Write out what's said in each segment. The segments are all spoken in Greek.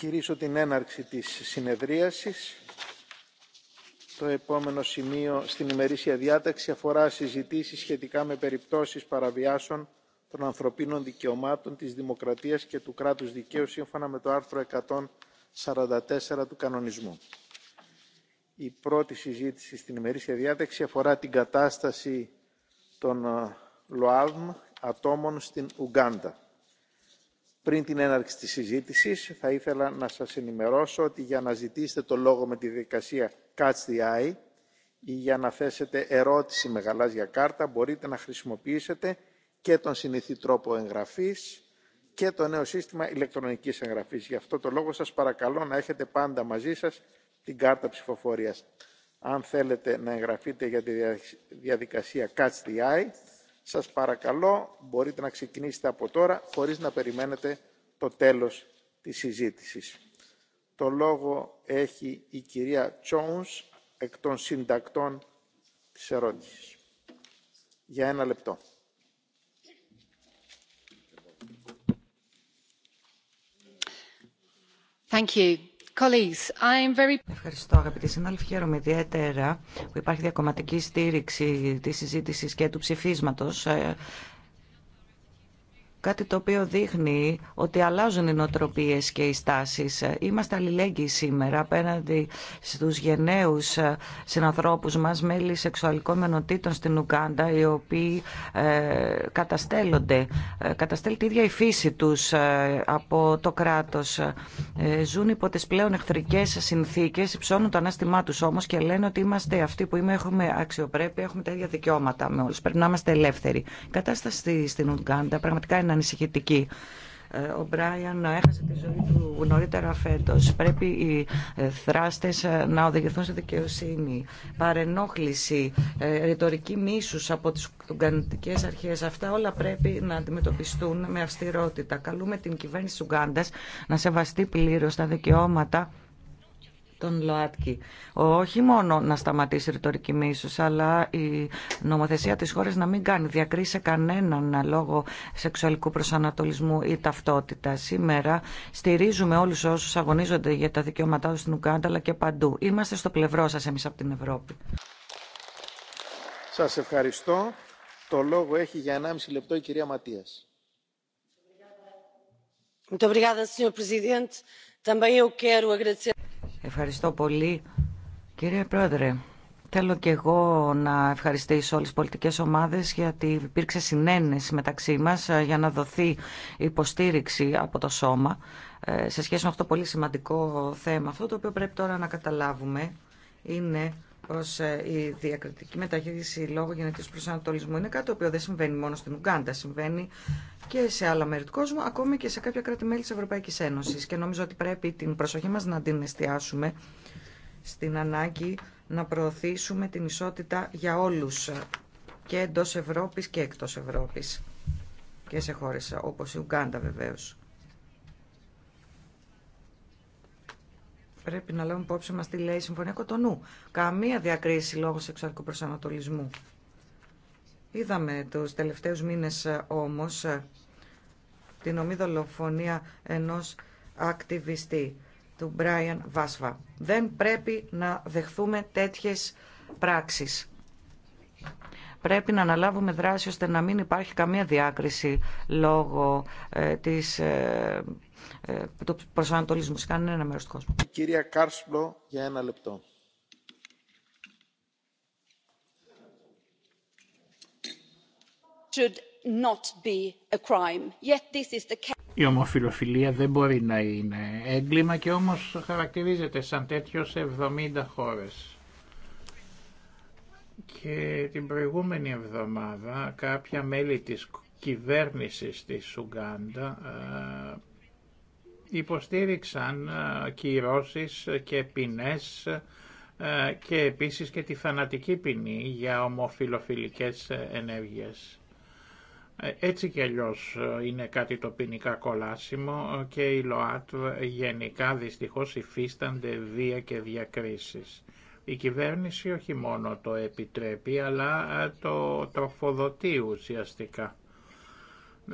κηρύσω την έναρξη της συνεδρίασης. Το επόμενο σημείο στην ημερήσια διάταξη αφορά συζητήσεις σχετικά με περιπτώσεις παραβιάσεων των ανθρωπίνων δικαιωμάτων, της δημοκρατίας και του κράτους δικαίου σύμφωνα με το άρθρο 144 του κανονισμού. Η πρώτη συζήτηση στην ημερήσια διάταξη αφορά την κατάσταση των ε, ΛΟΑΔΜ ατόμων στην Ουγγάντα. Πριν την έναρξη της συζήτησης θα ήθελα να σας ενημερώσω ότι για να ζητήσετε το λόγο με τη διαδικασία Catch the Eye ή για να θέσετε ερώτηση με γαλάζια κάρτα μπορείτε να χρησιμοποιήσετε και τον συνηθή τρόπο εγγραφής και το νέο σύστημα ηλεκτρονικής εγγραφής. Γι' αυτό το λόγο σας παρακαλώ να έχετε πάντα μαζί σας την κάρτα ψηφοφορίας. Αν θέλετε να εγγραφείτε για τη διαδικασία Catch the Eye σας παρακαλώ μπορείτε να ξεκινήσετε από τώρα χωρίς να περιμένετε το τέλος της συζήτησης. Το λόγο έχει η κυρία Τσόουνς εκ των συντακτών της ερώτησης. Για ένα λεπτό. Thank Ευχαριστώ αγαπητοί συνάδελφοι. Χαίρομαι ιδιαίτερα που υπάρχει διακομματική στήριξη της συζήτηση και του ψηφίσματος ε, Κάτι το οποίο δείχνει ότι αλλάζουν οι νοοτροπίες και οι στάσεις. Είμαστε αλληλέγγυοι σήμερα απέναντι στους γενναίους ε, συνανθρώπους μας, μέλη σεξουαλικών μενοτήτων στην Ουγκάντα, οι οποίοι ε, καταστέλλονται, ε, καταστέλλεται η ίδια η φύση τους από το κράτος. Ζουν υπό τις πλέον εχθρικές συνθήκες, υψώνουν το ανάστημά τους όμως και λένε ότι είμαστε αυτοί που είμαι, έχουμε αξιοπρέπεια, έχουμε τα ίδια δικαιώματα με όλους. Πρέπει να είμαστε ελεύθεροι. κατάσταση στην Ουγκάντα, πραγματικά είναι ανησυχητική. Ε, ο Μπράιαν έχασε τη ζωή του νωρίτερα φέτο. Πρέπει οι ε, θράστε ε, να οδηγηθούν σε δικαιοσύνη. Παρενόχληση, ρητορική μίσου από τι ουγγανικέ αρχέ. Αυτά όλα πρέπει να αντιμετωπιστούν με αυστηρότητα. Καλούμε την κυβέρνηση τη Ουγγάντα να σεβαστεί πλήρω τα δικαιώματα τον ΛΟΑΤΚΙ. Όχι μόνο να σταματήσει η ρητορική μίσο, αλλά η νομοθεσία τη χώρας να μην κάνει διακρίση σε κανέναν λόγω σεξουαλικού προσανατολισμού ή ταυτότητα. Σήμερα στηρίζουμε όλου όσου αγωνίζονται για τα δικαιώματά του στην Ουγκάντα, αλλά και παντού. Είμαστε στο πλευρό σα εμεί από την Ευρώπη. Σα ευχαριστώ. Το λόγο έχει για 1,5 λεπτό η κυρία Ματία. Muito obrigada, Sr. Ευχαριστώ πολύ. Κύριε Πρόεδρε, θέλω και εγώ να ευχαριστήσω όλες τις πολιτικές ομάδες γιατί υπήρξε συνένεση μεταξύ μας ε, για να δοθεί υποστήριξη από το σώμα ε, σε σχέση με αυτό το πολύ σημαντικό θέμα. Αυτό το οποίο πρέπει τώρα να καταλάβουμε είναι πω ε, η διακριτική μεταχείριση λόγω γενετή προσανατολισμού είναι κάτι το οποίο δεν συμβαίνει μόνο στην Ουγγάντα. Συμβαίνει και σε άλλα μέρη του κόσμου, ακόμη και σε κάποια κράτη-μέλη τη Ευρωπαϊκή Ένωση. Και νομίζω ότι πρέπει την προσοχή μα να την εστιάσουμε στην ανάγκη να προωθήσουμε την ισότητα για όλου ε, και εντό Ευρώπη και εκτό Ευρώπη. Και σε χώρε όπω η Ουγγάντα βεβαίω. πρέπει να λάβουμε υπόψη μα τι λέει η Συμφωνία Κοτονού. Καμία διακρίση λόγω σεξουαλικού προσανατολισμού. Είδαμε του τελευταίους μήνες ε, όμως ε, την ομή δολοφονία ενός ακτιβιστή, του Μπράιαν Βάσβα. Δεν πρέπει να δεχθούμε τέτοιες πράξεις. Πρέπει να αναλάβουμε δράση ώστε να μην υπάρχει καμία διάκριση λόγω ε, της ε, το προσανατολισμό σε κανένα μέρος του κόσμου. Η κυρία Κάρσπλο για ένα λεπτό. not be a crime. Η ομοφιλοφιλία δεν μπορεί να είναι έγκλημα και όμως χαρακτηρίζεται σαν τέτοιο σε 70 χώρες. Και την προηγούμενη εβδομάδα κάποια μέλη της κυβέρνησης της Ουγγάντα ε, υποστήριξαν ε, κυρώσεις και ποινές ε, και επίσης και τη θανατική ποινή για ομοφιλοφιλικές ε, ενέργειες. Έτσι κι αλλιώς είναι κάτι το ποινικά κολάσιμο και οι ΛΟΑΤΒ γενικά δυστυχώς υφίστανται βία και διακρίσεις. Η κυβέρνηση όχι μόνο το επιτρέπει αλλά το τροφοδοτεί ουσιαστικά.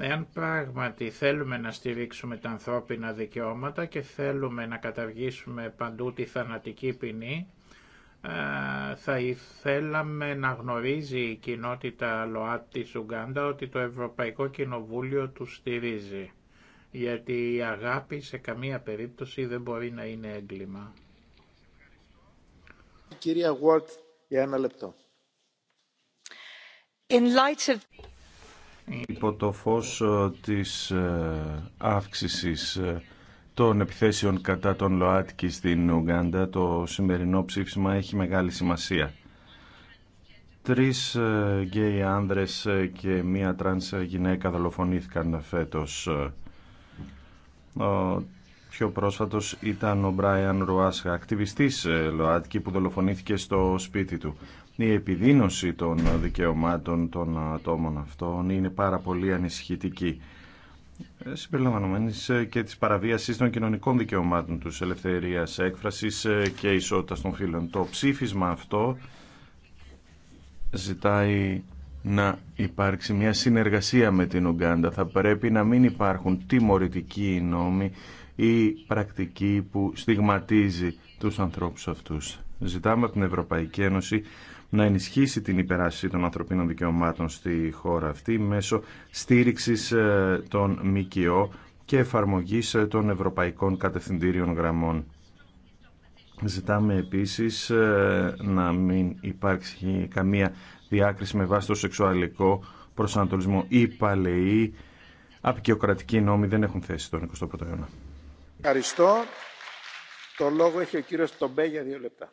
Εάν πράγματι θέλουμε να στηρίξουμε τα ανθρώπινα δικαιώματα και θέλουμε να καταργήσουμε παντού τη θανατική ποινή, θα ήθελαμε να γνωρίζει η κοινότητα ΛΟΑΤ της Ουγγάντα ότι το Ευρωπαϊκό Κοινοβούλιο του στηρίζει. Γιατί η αγάπη σε καμία περίπτωση δεν μπορεί να είναι έγκλημα. Κυρία Γουόρτ, για ένα λεπτό. In light υπό το φως ε, της ε, αύξησης ε, των επιθέσεων κατά των ΛΟΑΤΚΙ στην Ουγγάντα το σημερινό ψήφισμα έχει μεγάλη σημασία. Τρεις γκέι άνδρες και μία τρανς γυναίκα δολοφονήθηκαν φέτος. Ο πιο πρόσφατος ήταν ο Μπράιαν Ρουάσχα, ακτιβιστής ΛΟΑΤΚΙ που δολοφονήθηκε στο σπίτι του η επιδείνωση των δικαιωμάτων των ατόμων αυτών είναι πάρα πολύ ανησυχητική ε, συμπεριλαμβανομένης ε, και της παραβίασης των κοινωνικών δικαιωμάτων τους ελευθερίας έκφρασης ε, και ισότητας των φίλων. Το ψήφισμα αυτό ζητάει να υπάρξει μια συνεργασία με την Ουγγάντα. Θα πρέπει να μην υπάρχουν τιμωρητικοί νόμοι ή πρακτική που στιγματίζει τους ανθρώπους αυτούς. Ζητάμε από την Ευρωπαϊκή Ένωση να ενισχύσει την υπεράσπιση των ανθρωπίνων δικαιωμάτων στη χώρα αυτή μέσω στήριξης ε, των ΜΚΟ και εφαρμογής ε, των ευρωπαϊκών κατευθυντήριων γραμμών. Ζητάμε επίσης ε, να μην υπάρξει καμία διάκριση με βάση το σεξουαλικό προσανατολισμό. Οι παλαιοί απεικιοκρατικοί νόμοι δεν έχουν θέση τον 21ο αιώνα. Ευχαριστώ. Το λόγο έχει ο κύριος Τομπέ για δύο λεπτά.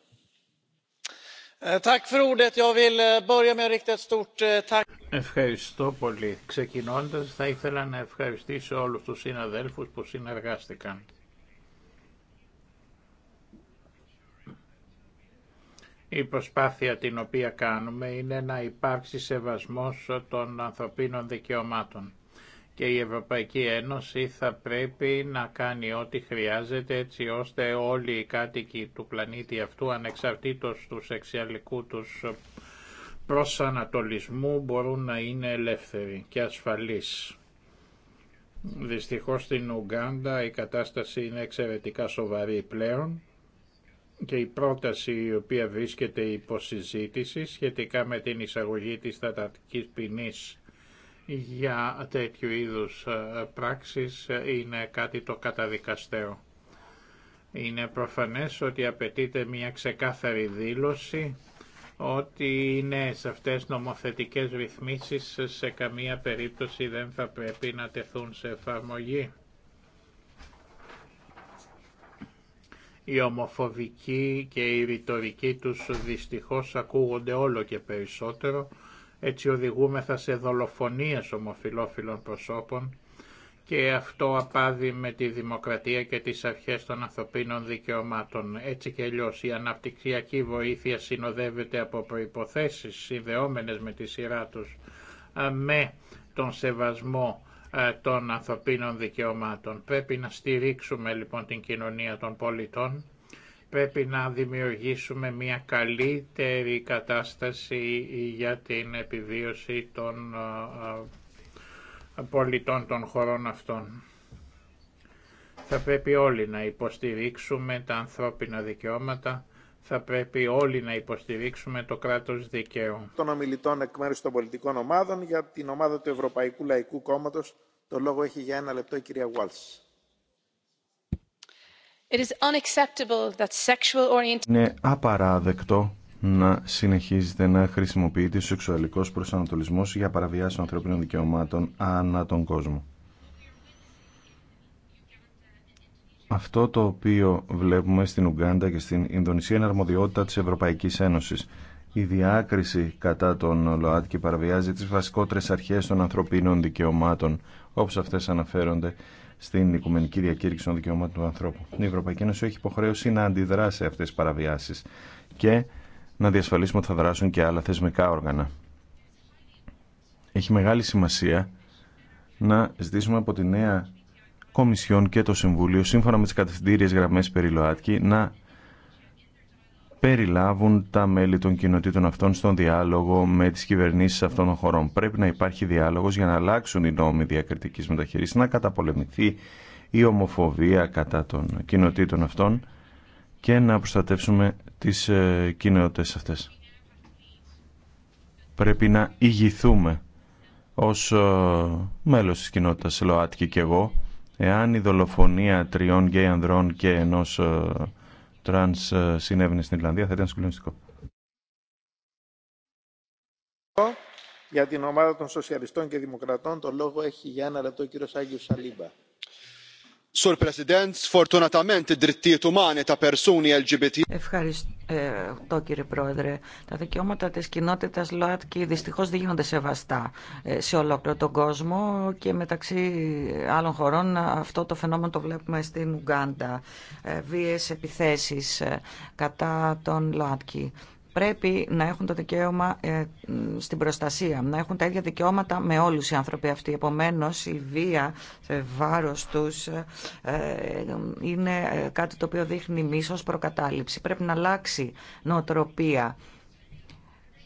Ευχαριστώ πολύ. Ξεκινώντας θα ήθελα να ευχαριστήσω όλους του συναδέλφους που συνεργάστηκαν. Η προσπάθεια την οποία κάνουμε είναι να υπάρξει σεβασμός των ανθρωπίνων δικαιωμάτων και η Ευρωπαϊκή Ένωση θα πρέπει να κάνει ό,τι χρειάζεται έτσι ώστε όλοι οι κάτοικοι του πλανήτη αυτού ανεξαρτήτως του σεξιαλικού τους προσανατολισμού μπορούν να είναι ελεύθεροι και ασφαλείς. Δυστυχώς στην Ουγγάντα η κατάσταση είναι εξαιρετικά σοβαρή πλέον και η πρόταση η οποία βρίσκεται υπό συζήτηση σχετικά με την εισαγωγή της στατατικής ποινής για τέτοιου είδους ε, πράξεις ε, είναι κάτι το καταδικαστέο. Είναι προφανές ότι απαιτείται μια ξεκάθαρη δήλωση ότι οι ναι, νέες αυτές νομοθετικές ρυθμίσεις ε, σε καμία περίπτωση δεν θα πρέπει να τεθούν σε εφαρμογή. Η ομοφοβική και η ρητορική τους δυστυχώς ακούγονται όλο και περισσότερο έτσι οδηγούμεθα σε δολοφονίες ομοφιλόφιλων προσώπων και αυτό απάδει με τη δημοκρατία και τις αρχές των ανθρωπίνων δικαιωμάτων. Έτσι και αλλιώ η αναπτυξιακή βοήθεια συνοδεύεται από προϋποθέσεις συνδεόμενες με τη σειρά τους με τον σεβασμό των ανθρωπίνων δικαιωμάτων. Πρέπει να στηρίξουμε λοιπόν την κοινωνία των πολιτών πρέπει να δημιουργήσουμε μια καλύτερη κατάσταση για την επιβίωση των πολιτών των χωρών αυτών. Θα πρέπει όλοι να υποστηρίξουμε τα ανθρώπινα δικαιώματα, θα πρέπει όλοι να υποστηρίξουμε το κράτος δικαίου. Των ομιλητών εκ μέρους των πολιτικών ομάδων για την ομάδα του Ευρωπαϊκού Λαϊκού Κόμματος, το λόγο έχει για ένα λεπτό η κυρία Γουάλς. Είναι απαράδεκτο να συνεχίζεται να χρησιμοποιείται ο σεξουαλικό προσανατολισμό για παραβιάσει των ανθρώπινων δικαιωμάτων ανά τον κόσμο. Αυτό το οποίο βλέπουμε στην Ουγγάντα και στην Ινδονησία είναι αρμοδιότητα της Ευρωπαϊκής Ένωσης. Η διάκριση κατά τον ΛΟΑΤΚΙ παραβιάζει τις βασικότερε αρχέ των ανθρωπίνων δικαιωμάτων, όπω αυτέ αναφέρονται στην Οικουμενική Διακήρυξη των Δικαιωμάτων του Ανθρώπου. Η Ευρωπαϊκή Ένωση έχει υποχρέωση να αντιδράσει αυτέ αυτές τις παραβιάσεις και να διασφαλίσουμε ότι θα δράσουν και άλλα θεσμικά όργανα. Έχει μεγάλη σημασία να ζητήσουμε από τη νέα Κομισιόν και το Συμβούλιο, σύμφωνα με τι κατευθυντήριε γραμμέ περί ΛΟΑΤΚΙ, να περιλάβουν τα μέλη των κοινοτήτων αυτών στον διάλογο με τις κυβερνήσεις αυτών των χωρών. Πρέπει να υπάρχει διάλογος για να αλλάξουν οι νόμοι διακριτικής μεταχειρίσης, να καταπολεμηθεί η ομοφοβία κατά των κοινοτήτων αυτών και να προστατεύσουμε τις ε, κοινότητε αυτές. Πρέπει να ηγηθούμε ως ε, μέλος της κοινότητας ΛΟΑΤΚΙ και εγώ, εάν η δολοφονία τριών γκέι ανδρών και ενός ε, τρανς ε, συνέβαινε στην Ιρλανδία θα ήταν συγκλονιστικό. Για την ομάδα των Σοσιαλιστών και Δημοκρατών το λόγο έχει για ένα λεπτό ο κύριος Άγιος Σαλίμπα. Ευχαριστώ ε, κύριε Πρόεδρε. Τα δικαιώματα της κοινότητας ΛΟΑΤΚΙ δυστυχώς δεν γίνονται σεβαστά ε, σε ολόκληρο τον κόσμο και μεταξύ άλλων χωρών αυτό το φαινόμενο το βλέπουμε στην Ουγγάντα. Ε, Βίες επιθέσεις κατά τον ΛΟΑΤΚΙ πρέπει να έχουν το δικαίωμα ε, στην προστασία, να έχουν τα ίδια δικαιώματα με όλους οι άνθρωποι αυτοί. Επομένως, η βία σε βάρος τους ε, ε, είναι κάτι το οποίο δείχνει μίσος προκατάληψη. Πρέπει να αλλάξει νοοτροπία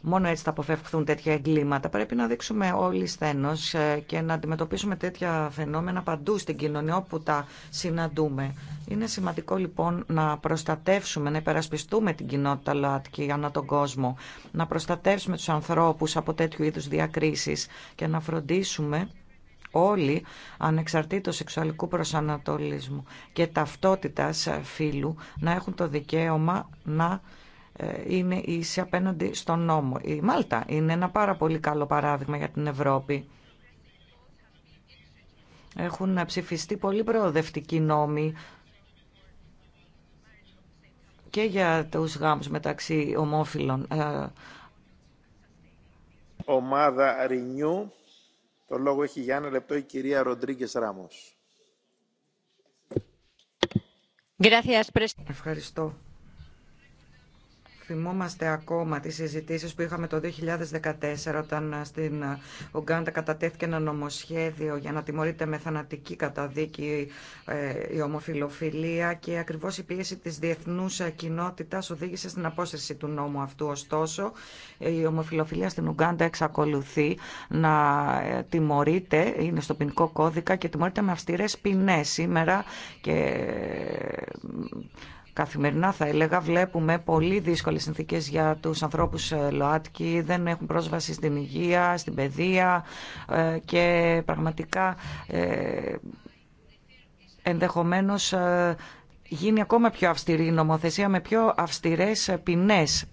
Μόνο έτσι θα αποφευχθούν τέτοια εγκλήματα. Πρέπει να δείξουμε όλοι σθένος ε, και να αντιμετωπίσουμε τέτοια φαινόμενα παντού στην κοινωνία όπου τα συναντούμε. Είναι σημαντικό λοιπόν να προστατεύσουμε, να υπερασπιστούμε την κοινότητα ΛΟΑΤΚΙ ανά τον κόσμο, να προστατεύσουμε τους ανθρώπους από τέτοιου είδους διακρίσεις και να φροντίσουμε όλοι ανεξαρτήτως σεξουαλικού προσανατολισμού και ταυτότητας ε, φύλου να έχουν το δικαίωμα να είναι ίση απέναντι στον νόμο. Η Μάλτα είναι ένα πάρα πολύ καλό παράδειγμα για την Ευρώπη. Έχουν ψηφιστεί πολύ προοδευτικοί νόμοι και για τους γάμους μεταξύ ομόφυλων. Ε, Ομάδα Το λόγο έχει για ένα λεπτό η κυρία Ροντρίγκε Ράμος. Ευχαριστώ. Θυμόμαστε ακόμα τις συζητήσεις που είχαμε το 2014 όταν ε, στην ε, Ουγγάντα κατατέθηκε ένα νομοσχέδιο για να τιμωρείται με θανατική καταδίκη ε, η ομοφιλοφιλία και ακριβώς η πίεση της διεθνούς κοινότητας οδήγησε στην απόσταση του νόμου αυτού. Ωστόσο, η ομοφιλοφιλία στην Ουγγάντα εξακολουθεί να τιμωρείται, είναι στο ποινικό κώδικα και τιμωρείται με αυστηρές ποινές σήμερα και Καθημερινά θα έλεγα βλέπουμε πολύ δύσκολες συνθήκες για τους ανθρώπους ε, ΛΟΑΤΚΙ, δεν έχουν πρόσβαση στην υγεία, στην παιδεία ε, και πραγματικά ε, ενδεχομένως γίνει ακόμα πιο αυστηρή η νομοθεσία με πιο αυστηρές ποινές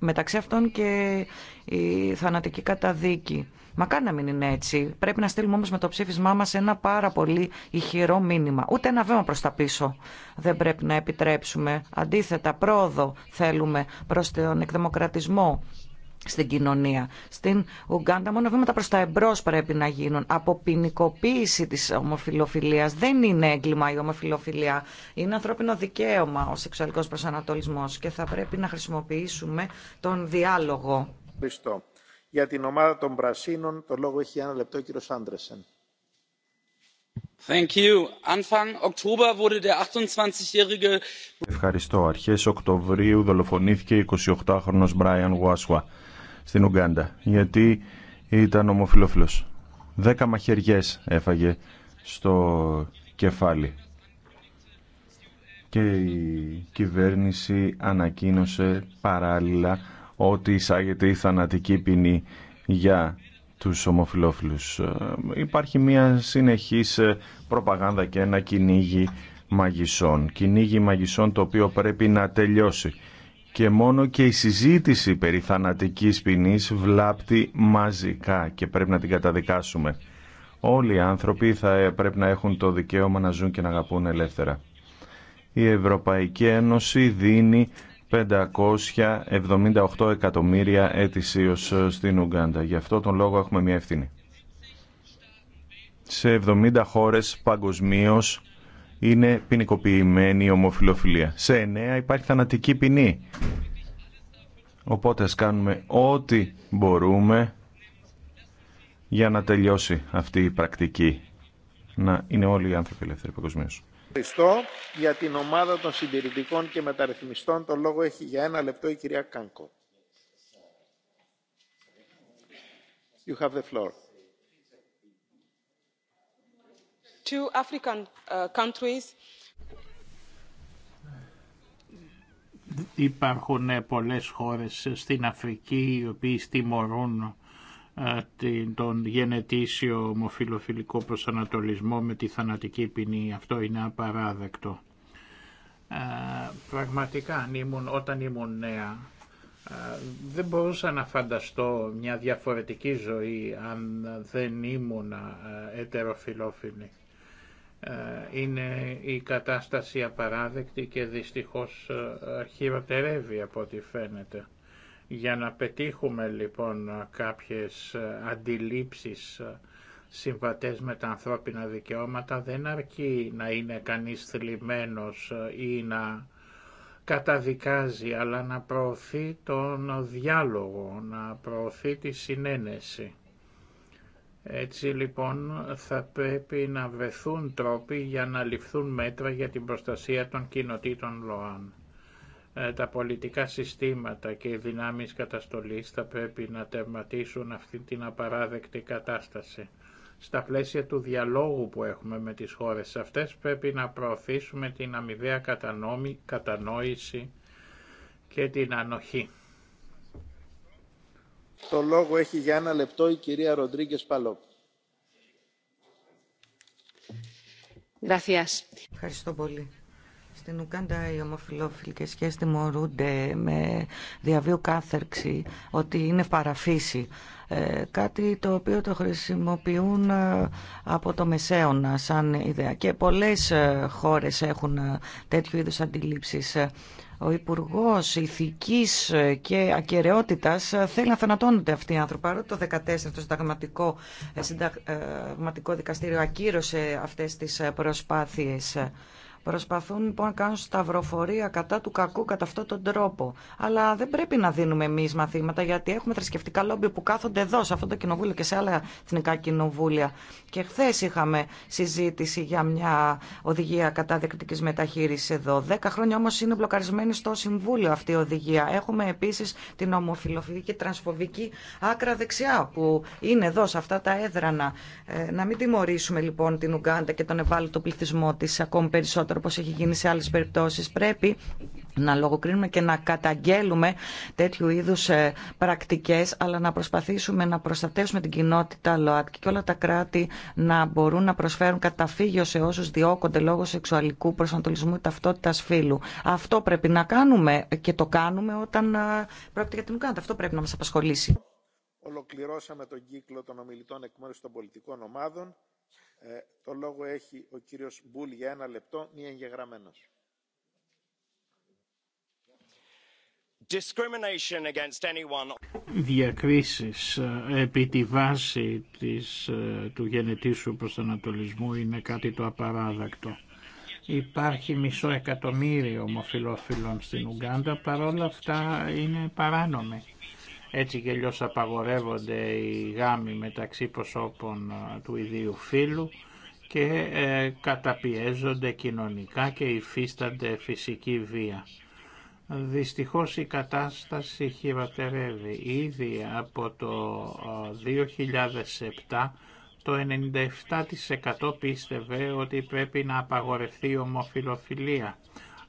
μεταξύ αυτών και η θανατική καταδίκη. Μακάρι να μην είναι έτσι. Πρέπει να στείλουμε όμω με το ψήφισμά μα ένα πάρα πολύ ηχηρό μήνυμα. Ούτε ένα βήμα προ τα πίσω δεν πρέπει να επιτρέψουμε. Αντίθετα, πρόοδο θέλουμε προ τον εκδημοκρατισμό στην κοινωνία. Στην Ουγγάντα μόνο βήματα προς τα εμπρός πρέπει να γίνουν. Από ποινικοποίηση της ομοφιλοφιλίας δεν είναι έγκλημα η ομοφιλοφιλία. Είναι ανθρώπινο δικαίωμα ο σεξουαλικός προσανατολισμός και θα πρέπει να χρησιμοποιήσουμε τον διάλογο. Ευχαριστώ. Για την ομάδα των Πρασίνων, το λόγο έχει ένα λεπτό ο κύριο αντρεσεν Άντρεσεν. Αρχέ Αρχές Οκτωβρίου δολοφονήθηκε χρονο Μπράιαν Γουάσουα στην Ουγγάντα. γιατί ήταν ομοφυλόφιλος. Δέκα μαχαιριές έφαγε στο κεφάλι. Και η κυβέρνηση ανακοίνωσε παράλληλα ότι εισάγεται η θανατική ποινή για τους ομοφιλόφιλους. Ε, υπάρχει μια συνεχής ε, προπαγάνδα και ένα κυνήγι μαγισσών. Κυνήγι μαγισσών το οποίο πρέπει να τελειώσει. Και μόνο και η συζήτηση περί θανατικής ποινής βλάπτει μαζικά και πρέπει να την καταδικάσουμε. Όλοι οι άνθρωποι θα ε, πρέπει να έχουν το δικαίωμα να ζουν και να αγαπούν ελεύθερα. Η Ευρωπαϊκή Ένωση δίνει 578 εκατομμύρια ετησίως ε, στην Ουγγάντα. Γι' αυτό τον λόγο έχουμε μια ευθύνη. Σε 70 χώρες παγκοσμίω είναι ποινικοποιημένη η ομοφιλοφιλία. Σε 9 υπάρχει θανατική ποινή. Οπότε ας κάνουμε ό,τι μπορούμε για να τελειώσει αυτή η πρακτική. Να είναι όλοι οι άνθρωποι ελεύθεροι παγκοσμίως. Ευχαριστώ για την ομάδα των συντηρητικών και μεταρρυθμιστών. Το λόγο έχει για ένα λεπτό η κυρία Κάνκο. You have the floor. Two African uh, countries. Υπάρχουν ε, πολλές χώρες στην Αφρική οι οποίες τιμωρούν τον γενετήσιο ομοφιλοφιλικό προσανατολισμό με τη θανατική ποινή. Αυτό είναι απαράδεκτο. Πραγματικά όταν ήμουν νέα δεν μπορούσα να φανταστώ μια διαφορετική ζωή αν δεν ήμουν ετεροφιλόφιλη. Είναι η κατάσταση απαράδεκτη και δυστυχώς χειροτερεύει από ό,τι φαίνεται. Για να πετύχουμε λοιπόν κάποιες ε, αντιλήψεις ε, συμβατές με τα ανθρώπινα δικαιώματα δεν αρκεί να είναι κανείς θλιμμένος ε, ή να καταδικάζει αλλά να προωθεί τον διάλογο, να προωθεί τη συνένεση. Έτσι λοιπόν θα πρέπει να βρεθούν τρόποι για να ληφθούν μέτρα για την προστασία των κοινοτήτων ΛΟΑΝ. Ε, τα πολιτικά συστήματα και οι δυνάμεις καταστολής θα πρέπει να τερματίσουν αυτή την απαράδεκτη κατάσταση. Στα πλαίσια του διαλόγου που έχουμε με τις χώρες αυτές πρέπει να προωθήσουμε την αμοιβαία κατανόμη, κατανόηση και την ανοχή. Το λόγο έχει για ένα λεπτό η κυρία Ροντρίγκες Παλό. Ευχαριστώ πολύ. Στην Ουκάντα οι και σχέσεις τιμωρούνται με διαβίου κάθερξη ότι είναι παραφύση. Ε, κάτι το οποίο το χρησιμοποιούν ε, από το Μεσαίωνα σαν ιδέα. Και πολλές ε, χώρες έχουν τέτοιου είδους αντιλήψεις. Ο Υπουργό ηθικής και Ακαιρεότητα θέλει να θανατώνονται αυτοί οι άνθρωποι. Παρότι το 2014 το συνταγματικό, συνταγματικό Δικαστήριο ακύρωσε αυτέ τι προσπάθειε. Προσπαθούν λοιπόν να κάνουν σταυροφορία κατά του κακού κατά αυτόν τον τρόπο. Αλλά δεν πρέπει να δίνουμε εμεί μαθήματα, γιατί έχουμε θρησκευτικά λόμπι που κάθονται εδώ, σε αυτό το κοινοβούλιο και σε άλλα εθνικά κοινοβούλια. Και χθε είχαμε συζήτηση για μια οδηγία κατά δεκτική μεταχείριση εδώ. Δέκα χρόνια όμω είναι μπλοκαρισμένη στο Συμβούλιο αυτή η οδηγία. Έχουμε επίση την ομοφιλοφιλική και τρανσφοβική άκρα δεξιά που είναι εδώ σε αυτά τα έδρανα. Ε, να μην τιμωρήσουμε λοιπόν την Ουγγάντα και τον ευάλωτο πληθυσμό τη ακόμη περισσότερο περισσότερο όπως έχει γίνει σε άλλες περιπτώσεις. Πρέπει να λογοκρίνουμε και να καταγγέλουμε τέτοιου είδους ε, πρακτικές, αλλά να προσπαθήσουμε να προστατεύσουμε την κοινότητα ΛΟΑΤΚΙ και όλα τα κράτη να μπορούν να προσφέρουν καταφύγιο σε όσους διώκονται λόγω σεξουαλικού προσανατολισμού ή ταυτότητας φύλου. Αυτό πρέπει να κάνουμε και το κάνουμε όταν ε, πρόκειται για την Ουκάντα. Αυτό πρέπει να μας απασχολήσει. Ολοκληρώσαμε τον κύκλο των ομιλητών εκ των πολιτικών ομάδων. Ε, το λόγο έχει ο κύριος Μπούλ για ένα λεπτό, μη εγγεγραμμένος. Discrimination Διακρίσεις ε, επί τη βάση της, ε, του γενετήσου προσανατολισμού είναι κάτι το απαράδεκτο. Υπάρχει μισό εκατομμύριο ομοφιλόφιλων στην Ουγγάντα, παρόλα αυτά είναι παράνομοι έτσι και αλλιώς απαγορεύονται οι γάμοι μεταξύ προσώπων ε, του ιδίου φύλου και ε, καταπιέζονται κοινωνικά και υφίστανται φυσική βία. Δυστυχώς η κατάσταση χειροτερεύει. Ήδη από το 2007 ε, το 97% πίστευε ότι πρέπει να απαγορευτεί η ομοφιλοφιλία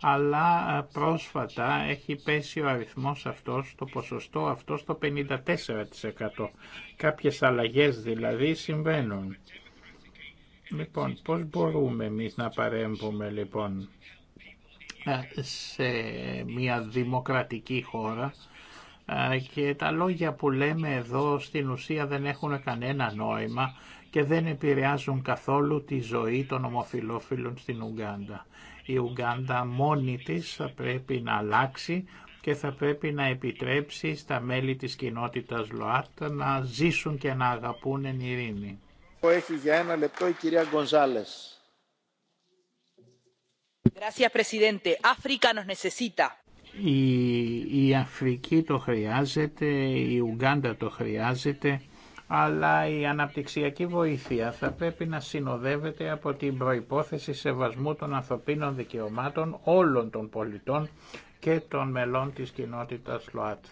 αλλά ε, πρόσφατα έχει πέσει ο αριθμός αυτός, το ποσοστό αυτό στο 54%. Κάποιες αλλαγές δηλαδή συμβαίνουν. Λοιπόν, πώς μπορούμε εμείς να παρέμβουμε λοιπόν ε, σε μια δημοκρατική χώρα ε, και τα λόγια που λέμε εδώ στην ουσία δεν έχουν κανένα νόημα και δεν επηρεάζουν καθόλου τη ζωή των ομοφιλόφιλων στην Ουγγάντα η Ουγγάντα μόνη της θα πρέπει να αλλάξει και θα πρέπει να επιτρέψει στα μέλη της κοινότητας ΛΟΑΤ να ζήσουν και να αγαπούν εν ειρήνη. Έχει για ένα λεπτό η κυρία Γκονζάλες. Gracias, presidente. África nos necesita. Η, η Αφρική το χρειάζεται, η Ουγγάντα το χρειάζεται αλλά η αναπτυξιακή βοήθεια θα πρέπει να συνοδεύεται από την προϋπόθεση σεβασμού των ανθρωπίνων δικαιωμάτων όλων των πολιτών και των μελών της κοινότητας ΛΟΑΤ.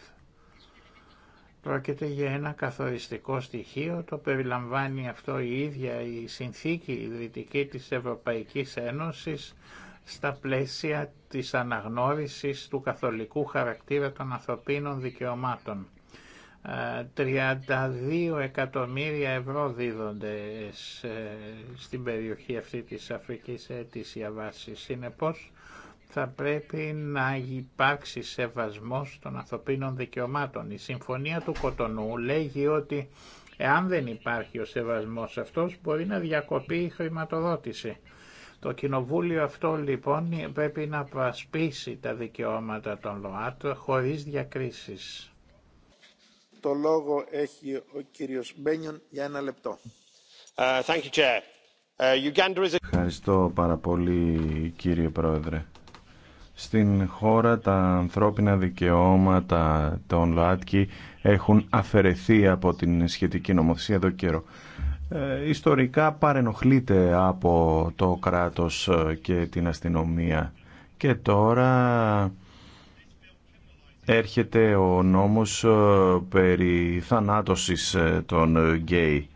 Πρόκειται για ένα καθοριστικό στοιχείο, το περιλαμβάνει αυτό η ίδια η συνθήκη δυτική της Ευρωπαϊκής Ένωσης στα πλαίσια της αναγνώρισης του καθολικού χαρακτήρα των ανθρωπίνων δικαιωμάτων. 32 εκατομμύρια ευρώ δίδονται στην περιοχή αυτή της Αφρικής ε, της βάση. Συνεπώς θα πρέπει να υπάρξει σεβασμός των ανθρωπίνων δικαιωμάτων. Η Συμφωνία του Κοτονού λέγει ότι εάν δεν υπάρχει ο σεβασμός αυτός μπορεί να διακοπεί η χρηματοδότηση. Το κοινοβούλιο αυτό λοιπόν πρέπει να προασπίσει τα δικαιώματα των ΛΟΑΤ χωρίς διακρίσεις. Το λόγο έχει ο κύριος Μπένιον για ένα λεπτό. Ε, ε, Ευχαριστώ πάρα πολύ κύριε Πρόεδρε. Στην χώρα τα ανθρώπινα δικαιώματα των ΛΟΑΤΚΙ έχουν αφαιρεθεί από την σχετική νομοθεσία εδώ καιρό. Ε, ιστορικά παρενοχλείται από το κράτος ε, και την αστυνομία και τώρα έρχεται ο νόμος ε, περί θανάτωσης ε, των ε, γκέι.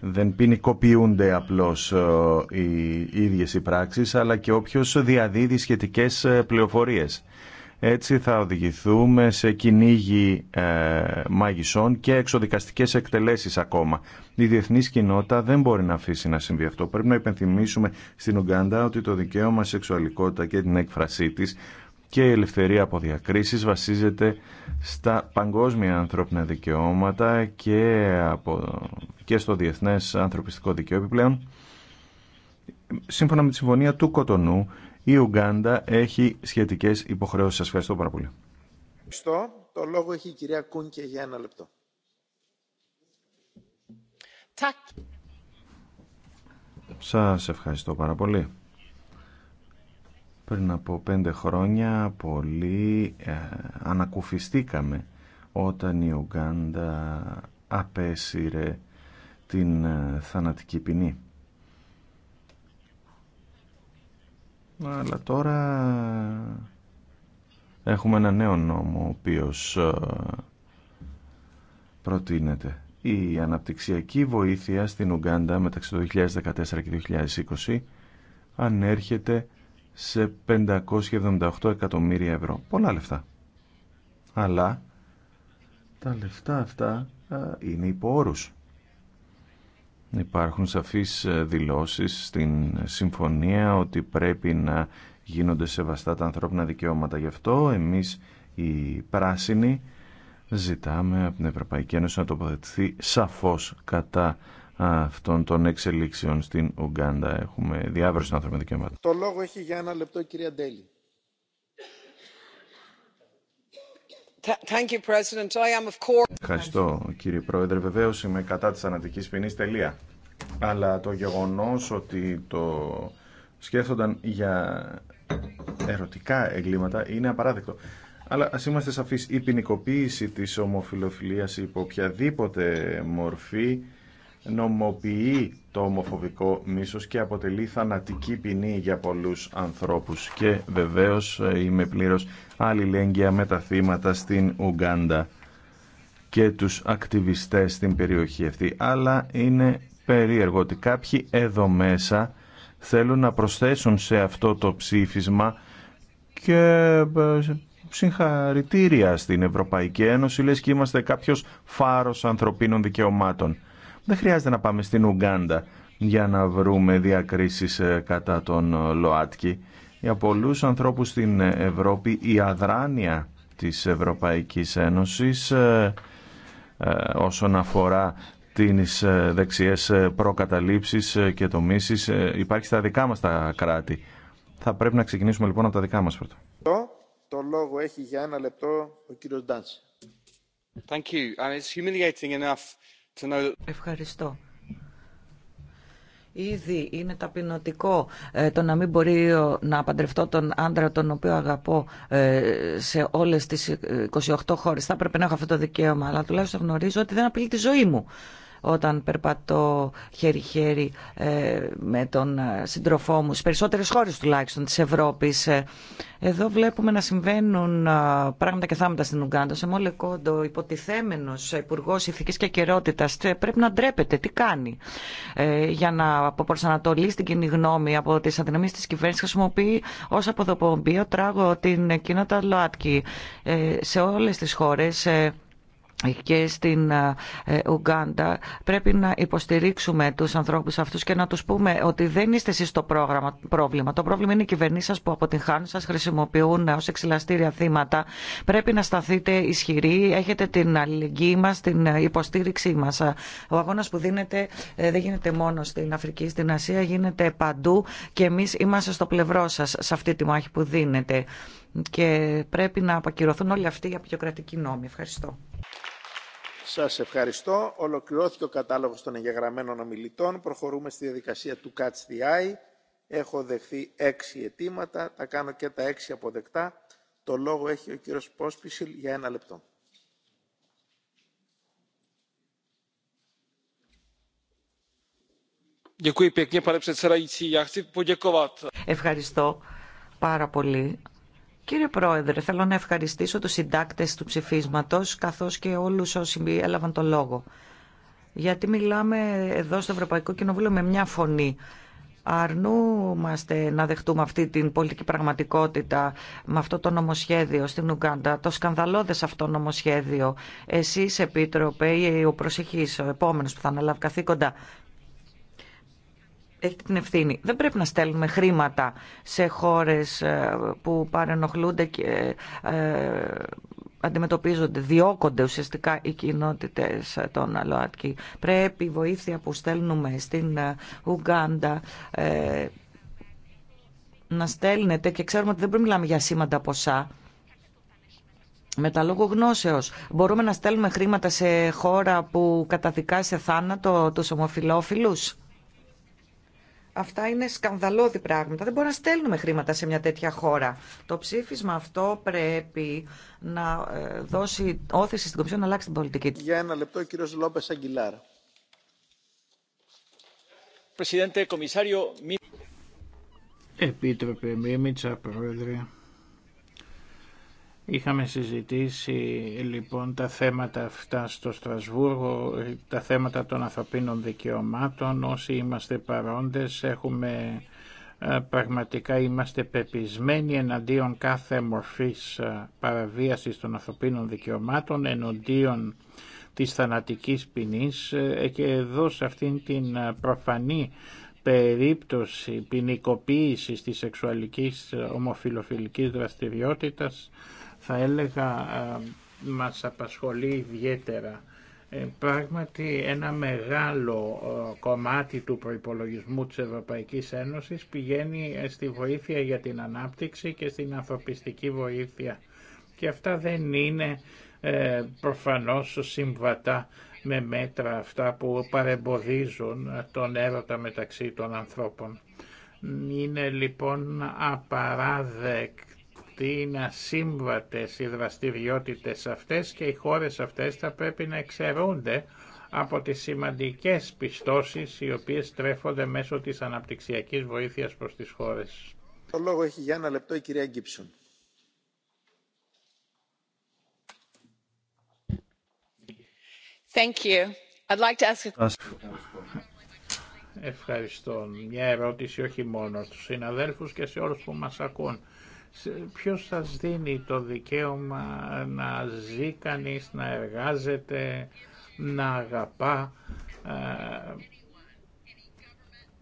Δεν ποινικοποιούνται απλώς οι ίδιες οι πράξεις, αλλά και όποιος διαδίδει σχετικές πληροφορίες. Έτσι θα οδηγηθούμε σε κυνήγι μάγισσών και εξοδικαστικές εκτελέσεις ακόμα. Η διεθνής κοινότητα δεν μπορεί να αφήσει να συμβεί αυτό. Πρέπει να υπενθυμίσουμε στην Ουγγάντα ότι το δικαίωμα σεξουαλικότητα και την έκφρασή της και η ελευθερία από διακρίσεις βασίζεται στα παγκόσμια ανθρώπινα δικαιώματα και, από, και στο διεθνές ανθρωπιστικό δικαίωμα. Επιπλέον, σύμφωνα με τη συμφωνία του Κοτονού, η Ουγγάντα έχει σχετικές υποχρεώσεις. Σας ευχαριστώ πάρα πολύ. Ευχαριστώ. Το λόγο έχει κυρία για ένα λεπτό. Σας ευχαριστώ πάρα πολύ. Πριν από πέντε χρόνια πολύ ε, ανακουφιστήκαμε όταν η Ουγκάντα απέσυρε την ε, θανατική ποινή. Αλλά τώρα έχουμε ένα νέο νόμο ο οποίος ε, προτείνεται. Η αναπτυξιακή βοήθεια στην Ουγκάντα μεταξύ του 2014 και 2020 ανέρχεται σε 578 εκατομμύρια ευρώ. Πολλά λεφτά. Αλλά τα λεφτά αυτά είναι υπό όρους. Υπάρχουν σαφείς ε, δηλώσεις στην συμφωνία ότι πρέπει να γίνονται σεβαστά τα ανθρώπινα δικαιώματα. Γι' αυτό εμείς οι πράσινοι ζητάμε από την Ευρωπαϊκή Ένωση να τοποθετηθεί σαφώς κατά αυτών των εξελίξεων στην Ουγκάντα. Έχουμε διάβρωση των ανθρώπινων δικαιωμάτων. Το λόγο έχει για ένα λεπτό η κυρία Ντέλη. Thank you, President. I am of course... Ευχαριστώ κύριε Πρόεδρε. Βεβαίω είμαι κατά τη ανατική ποινή. Τελεία. Αλλά το γεγονό ότι το σκέφτονταν για ερωτικά εγκλήματα είναι απαράδεκτο. Αλλά ας είμαστε σαφεί. η ποινικοποίηση τη ομοφιλοφιλίας υπό οποιαδήποτε μορφή νομοποιεί το ομοφοβικό μίσος και αποτελεί θανατική ποινή για πολλούς ανθρώπους. Και βεβαίως ε, είμαι πλήρως αλληλέγγυα με τα θύματα στην Ουγκάντα και τους ακτιβιστές στην περιοχή αυτή. Αλλά είναι περίεργο ότι κάποιοι εδώ μέσα θέλουν να προσθέσουν σε αυτό το ψήφισμα και ε, συγχαρητήρια στην Ευρωπαϊκή Ένωση, λες και είμαστε κάποιος φάρος ανθρωπίνων δικαιωμάτων. Δεν χρειάζεται να πάμε στην Ουγγάντα για να βρούμε διακρίσεις ε, κατά τον ε, ΛΟΑΤΚΙ. Για πολλούς ανθρώπους στην Ευρώπη η αδράνεια της Ευρωπαϊκής Ένωσης ε, όσον αφορά τις δεξιές προκαταλήψεις και τομήσεις υπάρχει στα δικά μας τα κράτη. Θα πρέπει να ξεκινήσουμε λοιπόν από τα δικά μας πρώτα. Το, το λόγο έχει για ένα λεπτό ο κύριος Thank you. Ευχαριστώ. Ήδη είναι ταπεινωτικό ε, το να μην μπορεί να παντρευτώ τον άντρα τον οποίο αγαπώ ε, σε όλες τις 28 ε, χώρες. Θα έπρεπε να έχω αυτό το δικαίωμα, αλλά τουλάχιστον γνωρίζω ότι δεν απειλεί τη ζωή μου όταν περπατώ χέρι-χέρι ε, με τον ε, συντροφό μου, στις περισσότερες χώρες τουλάχιστον της Ευρώπης. Ε, εδώ βλέπουμε να συμβαίνουν πράγματα και θάματα στην Ουγγάντα. Σε μόλε κόντο, υποτιθέμενος υπουργό ηθικής και καιρότητα, πρέπει να ντρέπεται. Τι κάνει για να αποπροσανατολίσει την κοινή γνώμη από τις αδυναμίες της κυβέρνησης. Χρησιμοποιεί ως αποδοπομπείο τράγω την κοινότητα ΛΟΑΤΚΙ σε όλες τις χώρες και στην ε, ε, Ουγγάντα πρέπει να υποστηρίξουμε τους ανθρώπους αυτούς και να τους πούμε ότι δεν είστε εσείς το πρόγραμμα, πρόβλημα. Το πρόβλημα είναι οι κυβερνήσεις σας που αποτυγχάνουν, σας χρησιμοποιούν ως εξυλαστήρια θύματα. Πρέπει να σταθείτε ισχυροί, έχετε την αλληλεγγύη μας, την ε, υποστήριξή μας. Ο αγώνας που δίνεται δεν γίνεται μόνο στην Αφρική, στην Ασία, γίνεται παντού και εμείς είμαστε στο πλευρό σας σε αυτή τη μάχη που δίνεται και πρέπει να απακυρωθούν όλοι αυτοί οι απεικιοκρατικοί νόμοι. Ευχαριστώ. Σας ευχαριστώ. Ολοκληρώθηκε ο κατάλογος των εγγεγραμμένων ομιλητών. Προχωρούμε στη διαδικασία του Catch the Eye. Έχω δεχθεί έξι αιτήματα. Τα κάνω και τα έξι αποδεκτά. Το λόγο έχει ο κύριο Πόσπισιλ για ένα λεπτό. Ευχαριστώ πάρα πολύ Κύριε Πρόεδρε, θέλω να ευχαριστήσω τους συντάκτες του ψηφίσματος, καθώς και όλους όσοι έλαβαν το λόγο. Γιατί μιλάμε εδώ στο Ευρωπαϊκό Κοινοβούλιο με μια φωνή αρνούμαστε να δεχτούμε αυτή την πολιτική πραγματικότητα με αυτό το νομοσχέδιο στην Ουγγάντα, το σκανδαλώδες αυτό νομοσχέδιο. Εσείς, Επίτροπε, ή ο προσεχής, ο επόμενος που θα αναλάβει καθήκοντα, έχετε την ευθύνη. Δεν πρέπει να στέλνουμε χρήματα σε χώρες ε, που παρενοχλούνται και ε, ε, αντιμετωπίζονται, διώκονται ουσιαστικά οι κοινότητες των ΛΟΑΤΚΙ. Πρέπει η βοήθεια που στέλνουμε στην Ουγγάντα να στέλνεται και ξέρουμε ότι δεν πρέπει να μιλάμε για σήματα ποσά. Με τα λόγω γνώσεως μπορούμε να στέλνουμε χρήματα σε χώρα που καταδικάζει θάνατο τους ομοφιλόφιλους. Αυτά είναι σκανδαλώδη πράγματα. Δεν μπορούμε να στέλνουμε χρήματα σε μια τέτοια χώρα. Το ψήφισμα αυτό πρέπει να ε, δώσει όθηση στην Κομισιόν να αλλάξει την πολιτική Για ένα λεπτό, κύριος Λόπες Αγγιλάρα. Επίτροπε Μίμητσα, Πρόεδρε, Είχαμε συζητήσει λοιπόν τα θέματα αυτά στο Στρασβούργο, τα θέματα των ανθρωπίνων δικαιωμάτων. Όσοι είμαστε παρόντες έχουμε ε, πραγματικά είμαστε πεπισμένοι εναντίον κάθε μορφής ε, παραβίασης των ανθρωπίνων δικαιωμάτων, εναντίον της θανατικής ποινής ε, και εδώ σε αυτήν την προφανή περίπτωση ποινικοποίηση της σεξουαλικής ομοφιλοφιλικής δραστηριότητας θα έλεγα ε, μας απασχολεί ιδιαίτερα. Ε, πράγματι ένα μεγάλο ε, κομμάτι του προϋπολογισμού της Ευρωπαϊκής Ένωσης πηγαίνει στη βοήθεια για την ανάπτυξη και στην ανθρωπιστική βοήθεια. Και αυτά δεν είναι προφανώς συμβατά με μέτρα αυτά που παρεμποδίζουν τον έρωτα μεταξύ των ανθρώπων. Είναι λοιπόν απαράδεκ, ότι είναι ασύμβατες οι δραστηριότητες αυτές και οι χώρες αυτές θα πρέπει να εξαιρούνται από τις σημαντικές πιστώσεις οι οποίες τρέφονται μέσω της αναπτυξιακής βοήθειας προς τις χώρες. Το λόγο έχει για ένα λεπτό η κυρία Thank you. I'd like to ask Ευχαριστώ. Μια ερώτηση όχι μόνο στους συναδέλφους και σε όλους που μας ακούν. Ποιος σας δίνει το δικαίωμα να ζει κανείς, να εργάζεται, να αγαπά ε,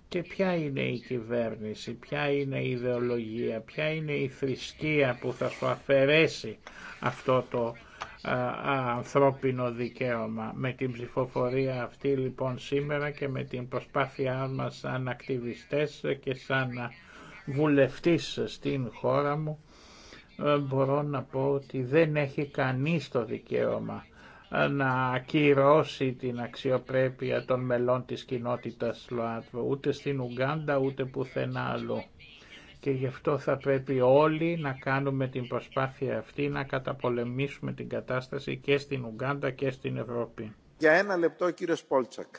και ποια είναι η κυβέρνηση, ποια είναι η ιδεολογία, ποια είναι η θρησκεία που θα σου αφαιρέσει αυτό το ε, ανθρώπινο δικαίωμα. Με την ψηφοφορία αυτή λοιπόν σήμερα και με την προσπάθειά μας σαν ακτιβιστές και σαν βουλευτής στην χώρα μου ε, μπορώ να πω ότι δεν έχει κανείς το δικαίωμα ε, να ακυρώσει την αξιοπρέπεια των μελών της κοινότητας ΛΟΑΤΒΟ ούτε στην Ουγγάντα ούτε πουθενά άλλο. Και γι' αυτό θα πρέπει όλοι να κάνουμε την προσπάθεια αυτή να καταπολεμήσουμε την κατάσταση και στην Ουγγάντα και στην Ευρώπη. Για ένα λεπτό κύριο Πόλτσακ.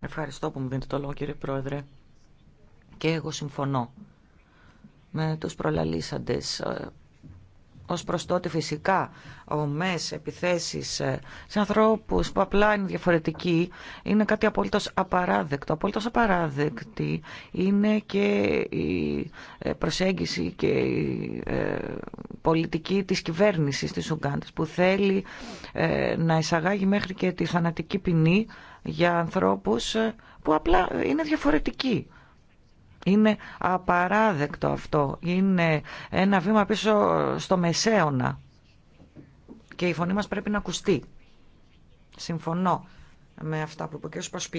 Ευχαριστώ που μου δίνετε το λόγο κύριε Πρόεδρε. Και εγώ συμφωνώ με τους προλαλήσαντες ε, ως προς τότε φυσικά ομές, επιθέσεις ε, σε ανθρώπους που απλά είναι διαφορετικοί είναι κάτι απολύτως απαράδεκτο. Απολύτως απαράδεκτη είναι και η ε, προσέγγιση και η ε, πολιτική της κυβέρνησης της Ουγκάντας που θέλει να εισαγάγει μέχρι και τη θανατική ποινή για ανθρώπους που απλά είναι διαφορετικοί είναι απαράδεκτο αυτό. Είναι ένα βήμα πίσω στο μεσαίωνα. Και η φωνή μας πρέπει να ακουστεί. Συμφωνώ με αυτά που είπε ο κ.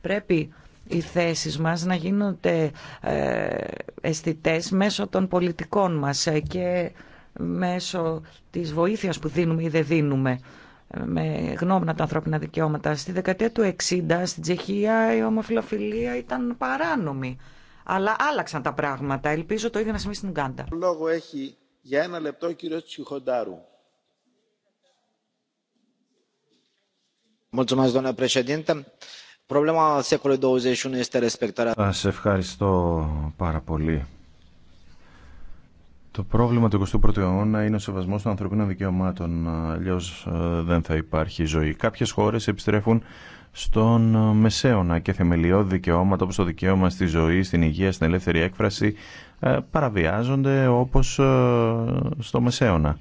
Πρέπει οι θέσεις μας να γίνονται ε, αισθητέ μέσω των πολιτικών μας και μέσω της βοήθειας που δίνουμε ή δεν δίνουμε με γνώμονα τα ανθρώπινα δικαιώματα. Στη δεκαετία του 60 στην Τσεχία η ομοφιλοφιλία ήταν παράνομη. Αλλά άλλαξαν τα πράγματα. Ελπίζω το ίδιο να συμβεί στην Γκάντα. Λόγο έχει για ένα λεπτό ο Τσιχοντάρου. Σας ευχαριστώ πάρα πολύ το πρόβλημα του 21ου αιώνα είναι ο σεβασμός των ανθρωπίνων δικαιωμάτων, αλλιώ ε, δεν θα υπάρχει ζωή. Κάποιες χώρες επιστρέφουν στον ε, μεσαίωνα και θεμελιώδη δικαιώματα όπως το δικαίωμα στη ζωή, στην υγεία, στην ελεύθερη έκφραση ε, παραβιάζονται όπως στο μεσαίωνα.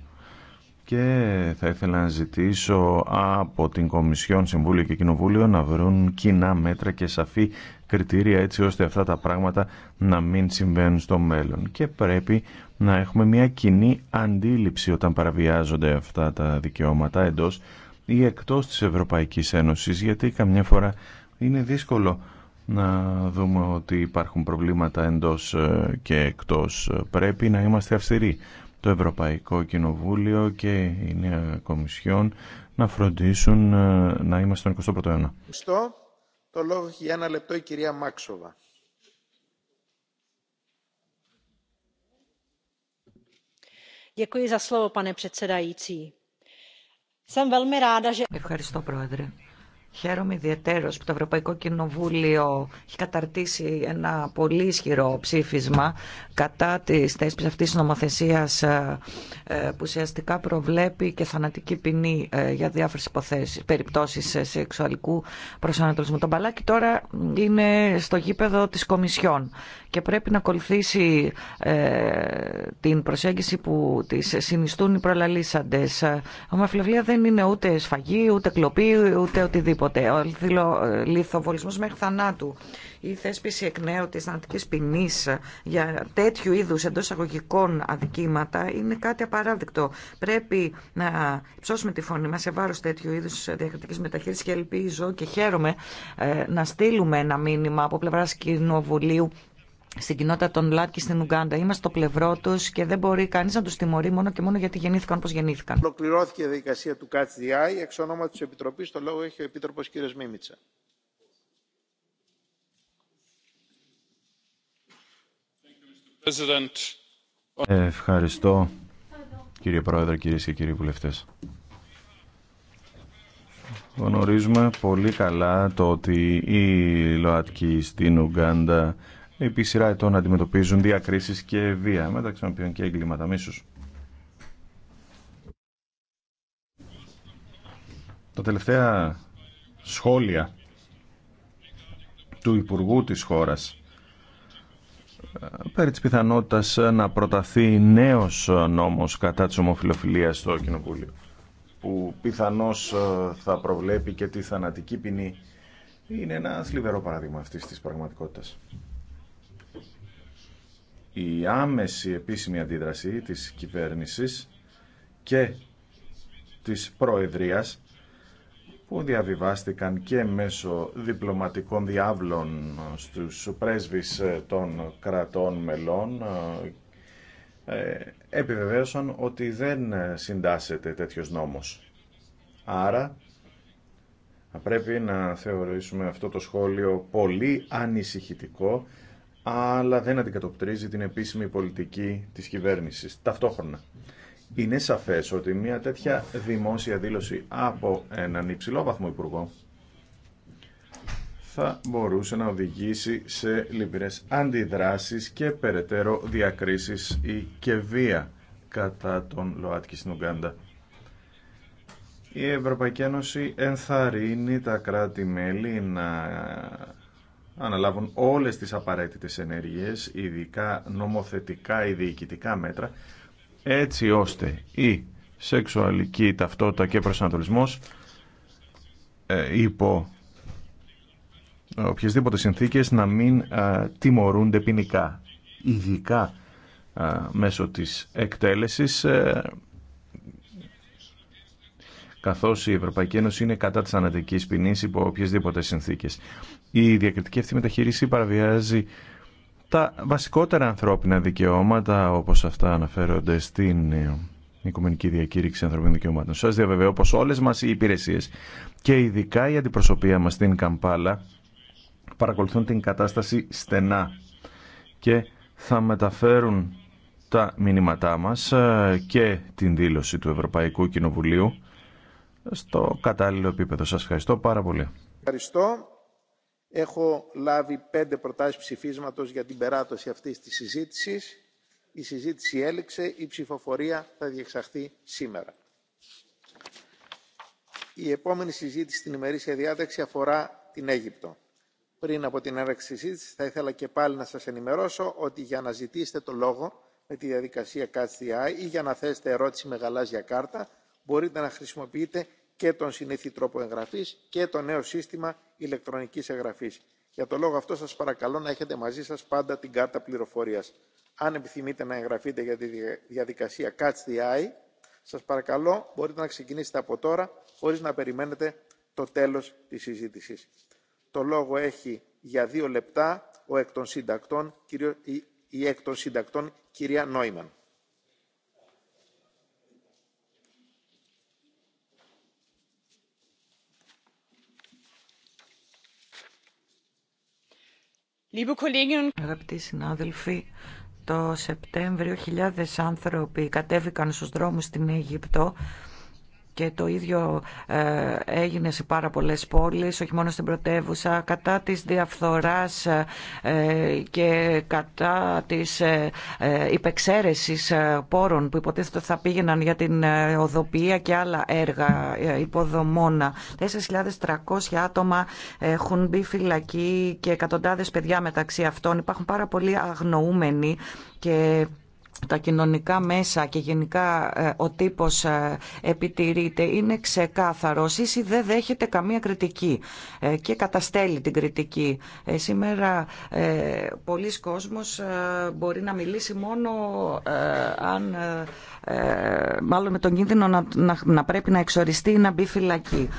Και θα ήθελα να ζητήσω από την Κομισιόν, Συμβούλιο και Κοινοβούλιο να βρουν κοινά μέτρα και σαφή κριτήρια έτσι ώστε αυτά τα πράγματα να μην συμβαίνουν στο μέλλον. Και πρέπει να έχουμε μια κοινή αντίληψη όταν παραβιάζονται αυτά τα δικαιώματα εντός ή εκτός της Ευρωπαϊκής Ένωσης γιατί καμιά φορά είναι δύσκολο να δούμε ότι υπάρχουν προβλήματα εντός ε, και εκτός. Πρέπει να είμαστε αυστηροί. Το Ευρωπαϊκό Κοινοβούλιο και η Νέα Κομισιόν να φροντίσουν ε, να είμαστε στον 21ο αιώνα. Το λόγο έχει για ένα λεπτό η κυρία Μάξοβα. Ευχαριστώ, Πρόεδρε. Χαίρομαι ιδιαίτερω που το Ευρωπαϊκό Κοινοβούλιο έχει καταρτήσει ένα πολύ ισχυρό ψήφισμα κατά τη θέσπιση αυτή τη νομοθεσία ε, ε, που ουσιαστικά προβλέπει και θανατική ποινή ε, για διάφορε περιπτώσει σεξουαλικού προσανατολισμού. Το μπαλάκι τώρα είναι στο γήπεδο τη Κομισιόν και πρέπει να ακολουθήσει ε, την προσέγγιση που τις συνιστούν οι προλαλήσαντες. Ομοφιλοφιλία δεν είναι ούτε σφαγή, ούτε κλοπή, ούτε οτιδήποτε. Ο ε, λιθοβολισμός μέχρι θανάτου, η θέσπιση εκ νέου της θανατικής ποινή για τέτοιου είδους εντό αγωγικών αδικήματα είναι κάτι απαράδεκτο. Πρέπει να ψώσουμε τη φωνή μας σε βάρος τέτοιου είδους διακριτικής μεταχείρισης και ελπίζω και χαίρομαι ε, να στείλουμε ένα μήνυμα από πλευράς Κοινοβουλίου στην κοινότητα των ΛΑΤΚΙ στην Ουγγάντα. Είμαστε στο πλευρό του και δεν μπορεί κανεί να του τιμωρεί μόνο και μόνο γιατί γεννήθηκαν όπω γεννήθηκαν. Ολοκληρώθηκε η διαδικασία του ΚΑΤΣΔΙΑΙ. Εξ ονόματο τη Επιτροπή, το λόγο έχει ο Επίτροπο κ. Μίμητσα. Ευχαριστώ κύριε Πρόεδρε, κυρίε και κύριοι βουλευτέ. Γνωρίζουμε πολύ καλά το ότι οι ΛΟΑΤΚΙ στην Ουγγάντα επί σειρά ετών αντιμετωπίζουν διακρίσεις και βία, μεταξύ των οποίων και εγκλήματα μίσους. Τα τελευταία σχόλια του Υπουργού της χώρας ε, περί της πιθανότητας να προταθεί νέος νόμος κατά της ομοφιλοφιλίας στο Κοινοβούλιο που πιθανώς ε, θα προβλέπει και τη θανατική ποινή είναι ένα θλιβερό παράδειγμα αυτής της πραγματικότητας η άμεση επίσημη αντίδραση της κυβέρνησης και της Προεδρίας που διαβιβάστηκαν και μέσω διπλωματικών διάβλων στους πρέσβεις ε, των κρατών μελών ε, ε, επιβεβαίωσαν ότι δεν συντάσσεται τέτοιος νόμος. Άρα πρέπει να θεωρήσουμε αυτό το σχόλιο πολύ ανησυχητικό αλλά δεν αντικατοπτρίζει την επίσημη πολιτική της κυβέρνησης. Ταυτόχρονα, είναι σαφές ότι μια τέτοια δημόσια δήλωση από έναν υψηλό βαθμό υπουργό θα μπορούσε να οδηγήσει σε λυπηρε αντιδράσεις και περαιτέρω διακρίσεις ή και βία κατά τον ΛΟΑΤΚΙ στην Ουγγάντα. Η Ευρωπαϊκή Ένωση ενθαρρύνει τα κράτη-μέλη να αναλάβουν όλες τις απαραίτητες ενέργειες, ειδικά νομοθετικά ή διοικητικά μέτρα, έτσι ώστε η σεξουαλική ταυτότητα και προσανατολισμός ε, υπό ε, οποιασδήποτε συνθήκες να μην ε, τιμωρούνται ποινικά, ειδικά ε, μέσω της εκτέλεσης, καθώ καθώς η Ευρωπαϊκή Ένωση είναι κατά της ανατικής ποινής υπό οποιασδήποτε συνθήκες. Η διακριτική αυτή μεταχείριση παραβιάζει τα βασικότερα ανθρώπινα δικαιώματα όπως αυτά αναφέρονται στην Οικουμενική Διακήρυξη Ανθρωπίνων Δικαιωμάτων. Σας διαβεβαιώ πως όλες μας οι υπηρεσίες και ειδικά η αντιπροσωπεία μας στην Καμπάλα παρακολουθούν την κατάσταση στενά και θα μεταφέρουν τα μηνύματά μας ε, και την δήλωση του Ευρωπαϊκού Κοινοβουλίου στο κατάλληλο επίπεδο. Σας ευχαριστώ πάρα πολύ. Ευχαριστώ. Έχω λάβει πέντε προτάσεις ψηφίσματος για την περάτωση αυτής της συζήτησης. Η συζήτηση έληξε, η ψηφοφορία θα διεξαχθεί σήμερα. Η επόμενη συζήτηση στην ημερήσια διάταξη αφορά την Αίγυπτο. Πριν από την έναρξη συζήτηση θα ήθελα και πάλι να σας ενημερώσω ότι για να ζητήσετε το λόγο με τη διαδικασια the Eye ή για να θέσετε ερώτηση με γαλάζια κάρτα μπορείτε να χρησιμοποιείτε και τον συνήθι τρόπο εγγραφής και το νέο σύστημα ηλεκτρονικής εγγραφής. Για το λόγο αυτό σας παρακαλώ να έχετε μαζί σας πάντα την κάρτα πληροφορίας. Αν επιθυμείτε να εγγραφείτε για τη διαδικασία Catch the Eye, σας παρακαλώ μπορείτε να ξεκινήσετε από τώρα χωρίς να περιμένετε το τέλος της συζήτησης. Το λόγο έχει για δύο λεπτά ο εκ των η εκ των συντακτών κυρία Νόημαν. Αγαπητοί συνάδελφοι, το Σεπτέμβριο χιλιάδες άνθρωποι κατέβηκαν στους δρόμους στην Αίγυπτο και το ίδιο ε, έγινε σε πάρα πολλές πόλεις, όχι μόνο στην πρωτεύουσα, κατά της διαφθοράς ε, και κατά της ε, υπεξαίρεσης πόρων που υποτίθεται θα πήγαιναν για την οδοποιία και άλλα έργα υποδομόνα. 4.300 άτομα έχουν μπει φυλακή και εκατοντάδες παιδιά μεταξύ αυτών. Υπάρχουν πάρα πολλοί αγνοούμενοι και τα κοινωνικά μέσα και γενικά ε, ο τύπος ε, επιτηρείται είναι ξεκάθαρος. Εσύ δεν δέχεται καμία κριτική ε, και καταστέλει την κριτική. Σήμερα πολλοί κόσμος μπορεί να μιλήσει μόνο αν μάλλον με τον κίνδυνο να, να πρέπει να εξοριστεί ή να μπει φυλακή.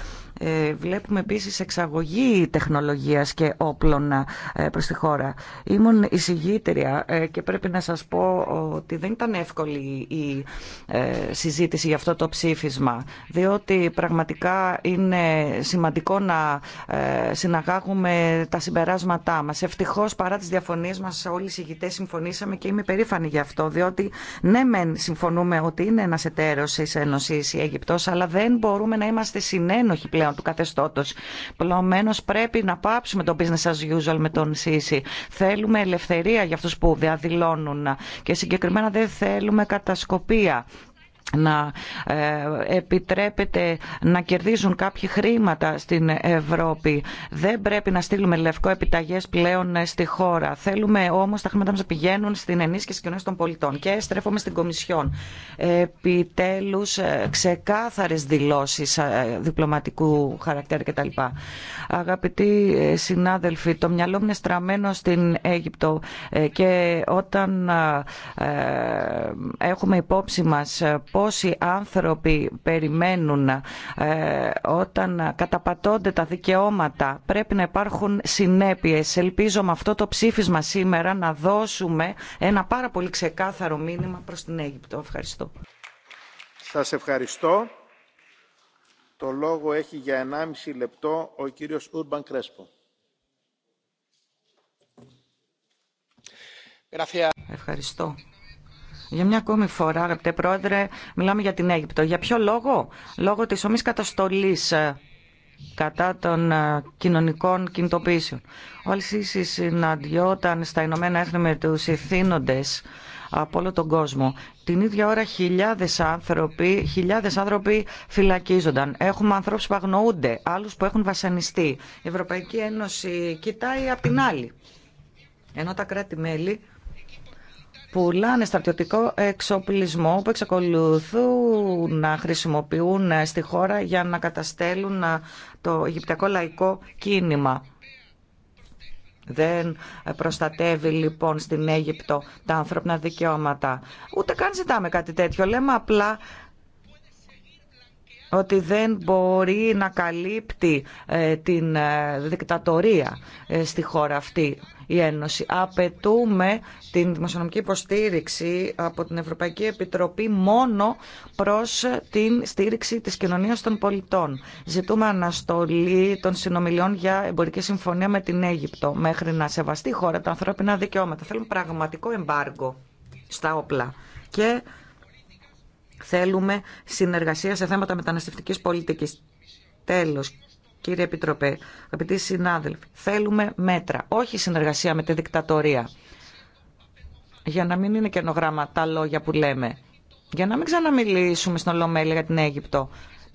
Ε, βλέπουμε επίσης εξαγωγή τεχνολογίας και όπλων ε, προς τη χώρα. Ήμουν εισηγήτρια ε, και πρέπει να σας πω ότι δεν ήταν εύκολη η συζήτηση για αυτό το ψήφισμα, διότι πραγματικά είναι σημαντικό να συναγάγουμε τα συμπεράσματά μας. Ευτυχώς παρά τις διαφωνίες μας όλοι οι εισηγητές συμφωνήσαμε και είμαι περήφανη γι' αυτό, διότι ναι μεν συμφωνούμε ότι είναι ένας εταίρος της Ένωσης η Αίγυπτος, αλλά δεν μπορούμε να είμαστε συνένοχοι πλέον πλέον του καθεστώτο. Πλωμένω πρέπει να πάψουμε το business as usual με τον Σίση. Θέλουμε ελευθερία για αυτού που διαδηλώνουν και συγκεκριμένα δεν θέλουμε κατασκοπία να ε, επιτρέπεται να κερδίζουν κάποια χρήματα στην Ευρώπη. Δεν πρέπει να στείλουμε λευκό επιταγές πλέον ε, στη χώρα. Θέλουμε όμως τα χρήματα μας να πηγαίνουν στην ενίσχυση κοινωνία των πολιτών. Και στρέφομαι στην Κομισιόν. Επιτέλους ε, ξεκάθαρες δηλώσεις διπλωματικού χαρακτήρα κτλ. Αγαπητοί συνάδελφοι, το μυαλό μου είναι στραμμένο στην Αίγυπτο και όταν έχουμε υπόψη μας πόσοι άνθρωποι περιμένουν ε, όταν καταπατώνται τα δικαιώματα. Πρέπει να υπάρχουν συνέπειες. Ελπίζω με αυτό το ψήφισμα σήμερα να δώσουμε ένα πάρα πολύ ξεκάθαρο μήνυμα προς την Αίγυπτο. Ευχαριστώ. Σας ευχαριστώ. Το λόγο έχει για 1,5 λεπτό ο κύριος Ούρμπαν Κρέσπο. Ευχαριστώ. Για μια ακόμη φορά, αγαπητέ πρόεδρε, μιλάμε για την Αίγυπτο. Για ποιο λόγο? Λόγω της ομής καταστολής ε, κατά των ε, κοινωνικών κινητοποίησεων. Όλες οι συναντιόταν στα Ηνωμένα Έθνη με τους ηθήνοντες από όλο τον κόσμο. Την ίδια ώρα χιλιάδες άνθρωποι, χιλιάδες άνθρωποι φυλακίζονταν. Έχουμε ανθρώπους που αγνοούνται, άλλους που έχουν βασανιστεί. Η Ευρωπαϊκή Ένωση κοιτάει απ' την άλλη. Ενώ τα κράτη-μέλη πουλάνε στρατιωτικό εξοπλισμό που εξακολουθούν να χρησιμοποιούν ε, στη χώρα για να καταστέλουν ε, το Αιγυπτιακό λαϊκό κίνημα. Δεν προστατεύει λοιπόν στην Αίγυπτο τα ανθρώπινα δικαιώματα. Ούτε καν ζητάμε κάτι τέτοιο. Λέμε απλά ότι δεν μπορεί να καλύπτει ε, την ε, δικτατορία ε, στη χώρα αυτή η Ένωση. Απαιτούμε την δημοσιονομική υποστήριξη από την Ευρωπαϊκή Επιτροπή μόνο προς την στήριξη της κοινωνίας των πολιτών. Ζητούμε αναστολή των συνομιλιών για εμπορική συμφωνία με την Αίγυπτο μέχρι να σεβαστεί η χώρα τα ανθρώπινα δικαιώματα. Θέλουμε πραγματικό εμπάργκο στα όπλα και Θέλουμε συνεργασία σε θέματα μεταναστευτικής πολιτικής. Τέλος, κύριε Επιτροπέ, αγαπητοί συνάδελφοι, θέλουμε μέτρα, όχι συνεργασία με τη δικτατορία. Για να μην είναι καινογράμμα τα λόγια που λέμε. Για να μην ξαναμιλήσουμε στην Ολομέλη για την Αίγυπτο.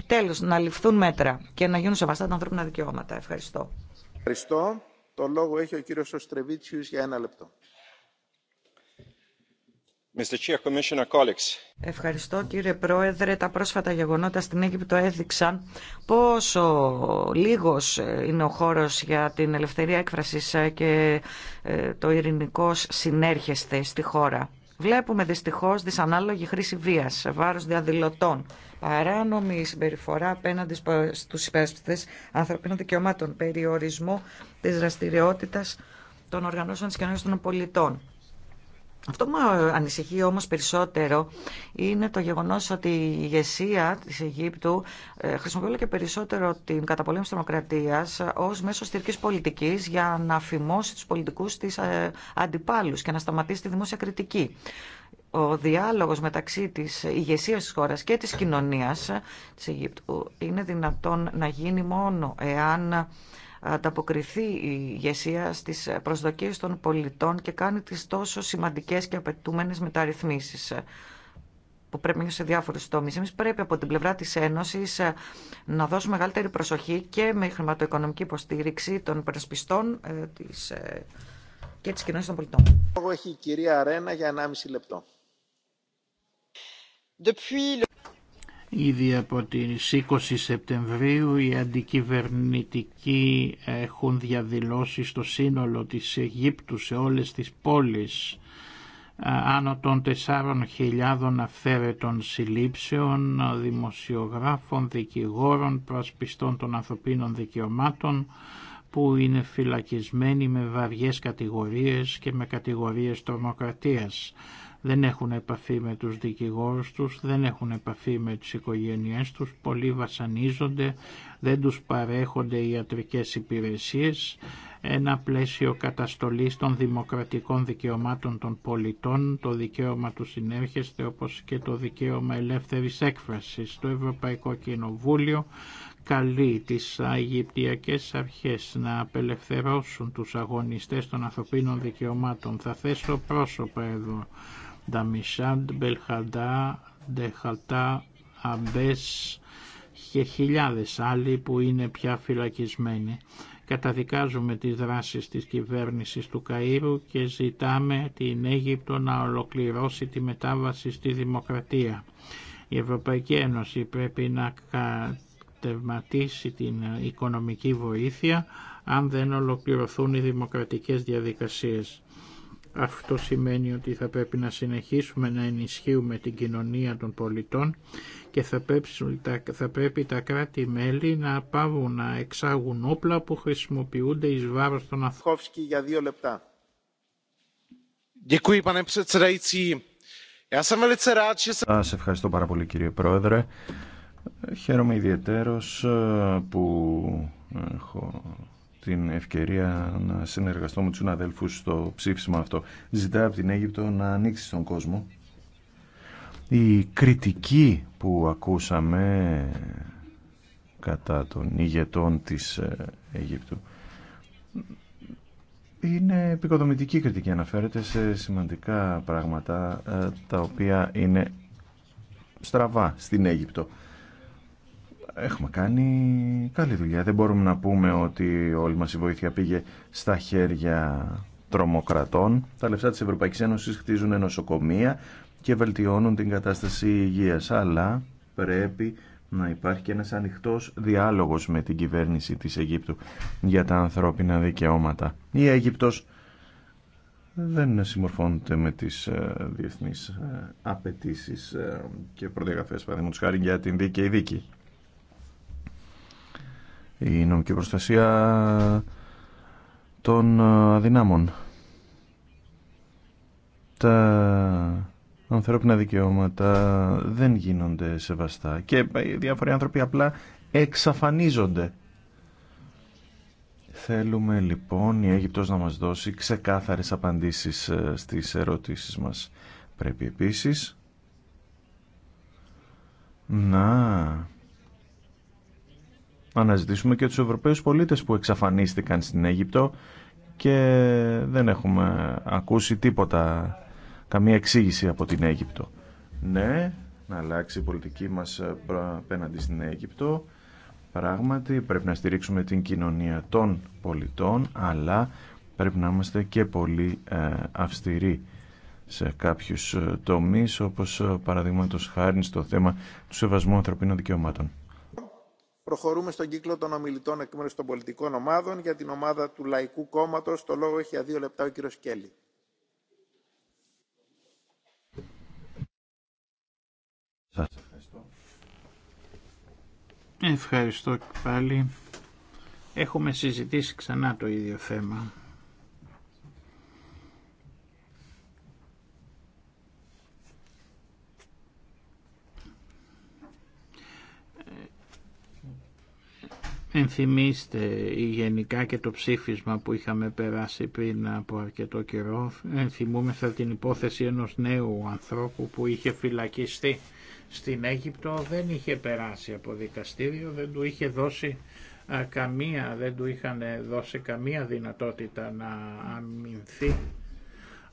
Τέλος, να ληφθούν μέτρα και να γίνουν σεβαστά τα ανθρώπινα δικαιώματα. Ευχαριστώ. Ευχαριστώ. Το λόγο έχει ο κύριο Οστρεβίτσιου για ένα λεπτό. Ευχαριστώ κύριε Πρόεδρε. Τα πρόσφατα γεγονότα στην Αίγυπτο έδειξαν πόσο λίγος είναι ο χώρος για την ελευθερία έκφρασης και ε, το ειρηνικό συνέρχεσθε στη χώρα. Βλέπουμε δυστυχώς δυσανάλογη χρήση βίας σε βάρος διαδηλωτών, παράνομη συμπεριφορά απέναντι στους υπέρασπιστές ανθρωπίνων δικαιωμάτων, περιορισμό της δραστηριότητας των οργανώσεων της κοινωνίας των πολιτών αυτό που με ανησυχεί όμως περισσότερο είναι το γεγονός ότι η ηγεσία της Αιγύπτου ε, χρησιμοποιεί και περισσότερο την καταπολέμηση της δημοκρατίας ε, ως μέσο στηρικής πολιτικής για να φημώσει τους πολιτικούς της ε, αντιπάλους και να σταματήσει τη δημόσια κριτική ο διάλογος μεταξύ της ηγεσία της χώρας και της κοινωνίας της Αιγύπτου είναι δυνατόν να γίνει μόνο εάν ανταποκριθεί η ηγεσία στις προσδοκίες των πολιτών και κάνει τις τόσο σημαντικές και απαιτούμενες μεταρρυθμίσεις που πρέπει να σε διάφορου τομείς. Εμεί πρέπει από την πλευρά της Ένωσης ε, να δώσουμε μεγαλύτερη προσοχή και με χρηματοοικονομική υποστήριξη των περασπιστών ε, της, ε, και της κοινωνία των πολιτών. Έχει η κυρία Αρένα για 1,5 λεπτό. Ήδη από τις 20 Σεπτεμβρίου οι αντικυβερνητικοί έχουν διαδηλώσει στο σύνολο της Αιγύπτου σε όλες τις πόλεις άνω των 4.000 αυθαίρετων συλλήψεων, δημοσιογράφων, δικηγόρων, προσπιστών των ανθρωπίνων δικαιωμάτων που είναι φυλακισμένοι με βαριές κατηγορίες και με κατηγορίες τρομοκρατίας δεν έχουν επαφή με τους δικηγόρους τους, δεν έχουν επαφή με τις οικογένειές τους, πολλοί βασανίζονται, δεν τους παρέχονται ιατρικές υπηρεσίες, ένα πλαίσιο καταστολής των δημοκρατικών δικαιωμάτων των πολιτών, το δικαίωμα του συνέρχεστε όπως και το δικαίωμα ελεύθερης έκφρασης. Το Ευρωπαϊκό Κοινοβούλιο καλεί τις Αιγυπτιακές αρχές να απελευθερώσουν τους αγωνιστές των ανθρωπίνων δικαιωμάτων. Θα θέσω πρόσωπα εδώ. Νταμισάντ, Μπελχαντά, Ντεχαλτά, Αμπές και χιλιάδες άλλοι που είναι πια φυλακισμένοι. Καταδικάζουμε τις δράσεις της κυβέρνησης του Καΐρου και ζητάμε την Αίγυπτο να ολοκληρώσει τη μετάβαση στη δημοκρατία. Η Ευρωπαϊκή Ένωση πρέπει να κατευματίσει την οικονομική βοήθεια αν δεν ολοκληρωθούν οι δημοκρατικές διαδικασίες. Αυτό σημαίνει ότι θα πρέπει να συνεχίσουμε να ενισχύουμε την κοινωνία των πολιτών και θα πρέπει, θα πρέπει τα κράτη-μέλη να πάβουν να εξάγουν όπλα που χρησιμοποιούνται εις βάρος των ανθρώπων. για δύο λεπτά. Σας ευχαριστώ πάρα πολύ κύριε Πρόεδρε. Χαίρομαι ιδιαίτερος ε, που έχω την ευκαιρία να συνεργαστώ με τους αδελφούς στο ψήφισμα αυτό. Ζητάει από την Αίγυπτο να ανοίξει στον κόσμο. Η κριτική που ακούσαμε κατά των ηγετών της ε, Αιγύπτου είναι επικοδομητική κριτική αναφέρεται σε σημαντικά πράγματα ε, τα οποία είναι στραβά στην Αίγυπτο έχουμε κάνει καλή δουλειά. Δεν μπορούμε να πούμε ότι όλη μας η βοήθεια πήγε στα χέρια τρομοκρατών. Τα λεφτά της Ευρωπαϊκής Ένωσης χτίζουν νοσοκομεία και βελτιώνουν την κατάσταση υγείας. Αλλά πρέπει να υπάρχει και ένας ανοιχτός διάλογος με την κυβέρνηση της Αιγύπτου για τα ανθρώπινα δικαιώματα. Η Αίγυπτος δεν συμμορφώνεται με τις ε, διεθνείς ε, απαιτήσεις ε, και προδιαγραφές, παραδείγματος χάρη για την δίκαιη δίκη η νομική προστασία των ε, αδυνάμων. Τα ανθρώπινα δικαιώματα δεν γίνονται σεβαστά και οι διάφοροι άνθρωποι απλά εξαφανίζονται. Θέλουμε λοιπόν η Αίγυπτος να μας δώσει ξεκάθαρες απαντήσεις ε, στις ερωτήσεις μας. Πρέπει επίσης να αναζητήσουμε και τους Ευρωπαίους πολίτες που εξαφανίστηκαν στην Αίγυπτο και δεν έχουμε ακούσει τίποτα, καμία εξήγηση από την Αίγυπτο. Ναι, να αλλάξει η πολιτική μας ε, απέναντι στην Αίγυπτο. Πράγματι πρέπει να στηρίξουμε την κοινωνία των πολιτών, αλλά πρέπει να είμαστε και πολύ ε, αυστηροί σε κάποιους ε, τομείς, όπως παραδείγματος χάρη στο θέμα του σεβασμού ανθρωπίνων δικαιωμάτων. Προχωρούμε στον κύκλο των ομιλητών εκ μέρου των πολιτικών ομάδων. Για την ομάδα του Λαϊκού Κόμματο, το λόγο έχει για δύο λεπτά ο κύριο Κέλλη. Σα ευχαριστώ. Ευχαριστώ και πάλι. Έχουμε συζητήσει ξανά το ίδιο θέμα Ενθυμίστε γενικά και το ψήφισμα που είχαμε περάσει πριν από αρκετό καιρό. Ενθυμούμεθα την υπόθεση ενός νέου ανθρώπου που είχε φυλακιστεί στην Αίγυπτο, δεν είχε περάσει από δικαστήριο, δεν του είχε δώσει καμία, δεν του είχαν δώσει καμία δυνατότητα να αμυνθεί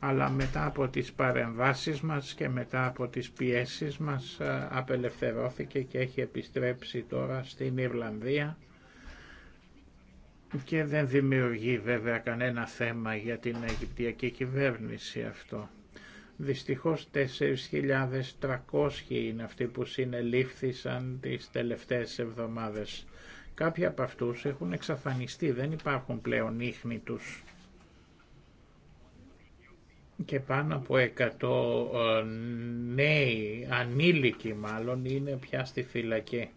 αλλά μετά από τις παρεμβάσεις μας και μετά από τις πιέσεις μας απελευθερώθηκε και έχει επιστρέψει τώρα στην Ιρλανδία και δεν δημιουργεί βέβαια κανένα θέμα για την Αιγυπτιακή κυβέρνηση αυτό. Δυστυχώς 4.300 είναι αυτοί που συνελήφθησαν τις τελευταίες εβδομάδες. Κάποιοι από αυτούς έχουν εξαφανιστεί, δεν υπάρχουν πλέον ίχνη τους. Και πάνω από 100 ε, νέοι, ανήλικοι μάλλον, είναι πια στη φυλακή.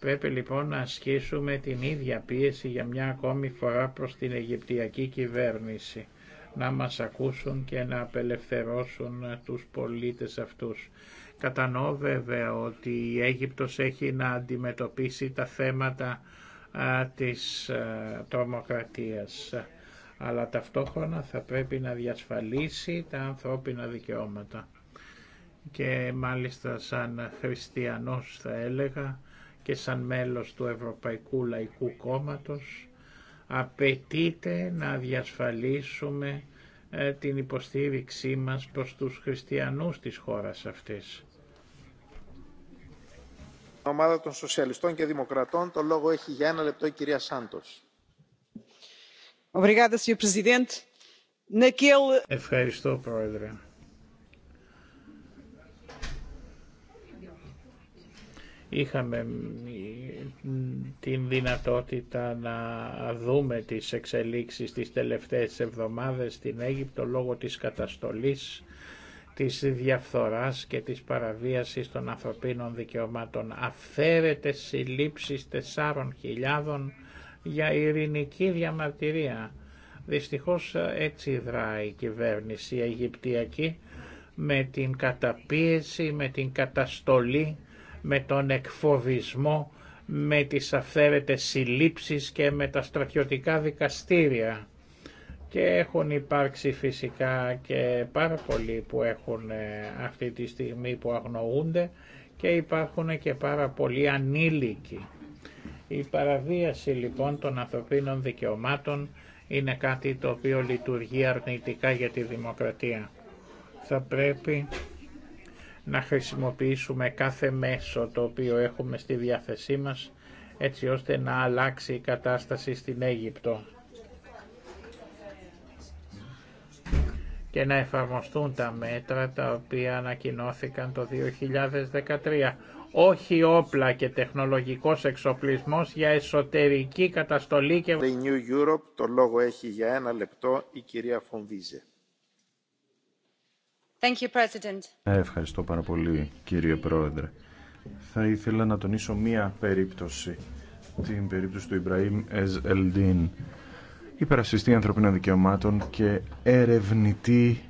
Πρέπει λοιπόν να ασκήσουμε την ίδια πίεση για μια ακόμη φορά προς την Αιγυπτιακή κυβέρνηση, να μας ακούσουν και να απελευθερώσουν τους πολίτες αυτούς. Κατανοώ βέβαια ότι η Αίγυπτος έχει να αντιμετωπίσει τα θέματα α, της α, τρομοκρατίας, αλλά ταυτόχρονα θα πρέπει να διασφαλίσει τα ανθρώπινα δικαιώματα. Και μάλιστα σαν χριστιανός θα έλεγα, και σαν μέλος του Ευρωπαϊκού Λαϊκού Κόμματος απαιτείται να διασφαλίσουμε ε, την υποστήριξή μας προς τους χριστιανούς της χώρας αυτής. Ομάδα των Σοσιαλιστών και Δημοκρατών, το λόγο έχει για ένα λεπτό η κυρία Σάντος. Ευχαριστώ, Πρόεδρε. είχαμε την δυνατότητα να δούμε τις εξελίξεις τις τελευταίες εβδομάδες στην Αίγυπτο λόγω της καταστολής, της διαφθοράς και της παραβίασης των ανθρωπίνων δικαιωμάτων. Αυθαίρετες συλλήψεις 4.000 για ειρηνική διαμαρτυρία. Δυστυχώς έτσι δράει η κυβέρνηση η Αιγυπτιακή με την καταπίεση, με την καταστολή με τον εκφοβισμό, με τις αυθαίρετες συλλήψεις και με τα στρατιωτικά δικαστήρια. Και έχουν υπάρξει φυσικά και πάρα πολλοί που έχουν ε, αυτή τη στιγμή που αγνοούνται και υπάρχουν και πάρα πολλοί ανήλικοι. Η παραβίαση λοιπόν των ανθρωπίνων δικαιωμάτων είναι κάτι το οποίο λειτουργεί αρνητικά για τη δημοκρατία. Θα πρέπει να χρησιμοποιήσουμε κάθε μέσο το οποίο έχουμε στη διάθεσή μας έτσι ώστε να αλλάξει η κατάσταση στην Αίγυπτο και να εφαρμοστούν τα μέτρα τα οποία ανακοινώθηκαν το 2013. Όχι όπλα και τεχνολογικός εξοπλισμός για εσωτερική καταστολή και... The New Europe, το λόγο έχει για ένα λεπτό η κυρία Φονδίζε. Ε, ευχαριστώ πάρα πολύ κύριε Πρόεδρε. Θα ήθελα να τονίσω μία περίπτωση, την περίπτωση του Ιμπραήμ Εζ Ελντίν, υπερασπιστή ανθρωπίνων δικαιωμάτων και ερευνητή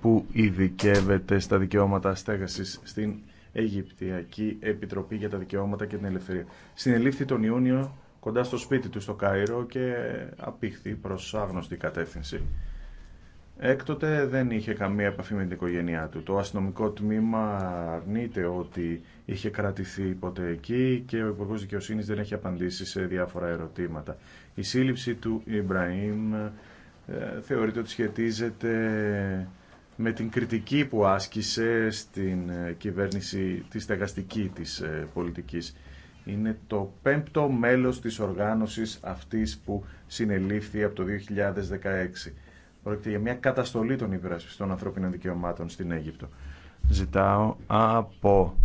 που ειδικεύεται στα δικαιώματα στέγασης στην Αιγυπτιακή Επιτροπή για τα Δικαιώματα και την Ελευθερία. Συνελήφθη τον Ιούνιο κοντά στο σπίτι του στο Κάιρο και απήχθη προς άγνωστη κατεύθυνση. Έκτοτε δεν είχε καμία επαφή με την οικογένειά του. Το αστυνομικό τμήμα αρνείται ότι είχε κρατηθεί ποτέ εκεί και ο Υπουργό Δικαιοσύνη δεν έχει απαντήσει σε διάφορα ερωτήματα. Η σύλληψη του Ιμπραήμ ε, θεωρείται ότι σχετίζεται με την κριτική που άσκησε στην ε, κυβέρνηση τη στεγαστική της ε, πολιτικής. Είναι το πέμπτο μέλος της οργάνωσης αυτής που συνελήφθη από το 2016. Πρόκειται για μια καταστολή των υπερασπιστών ανθρώπινων δικαιωμάτων στην Αίγυπτο. Ζητάω από,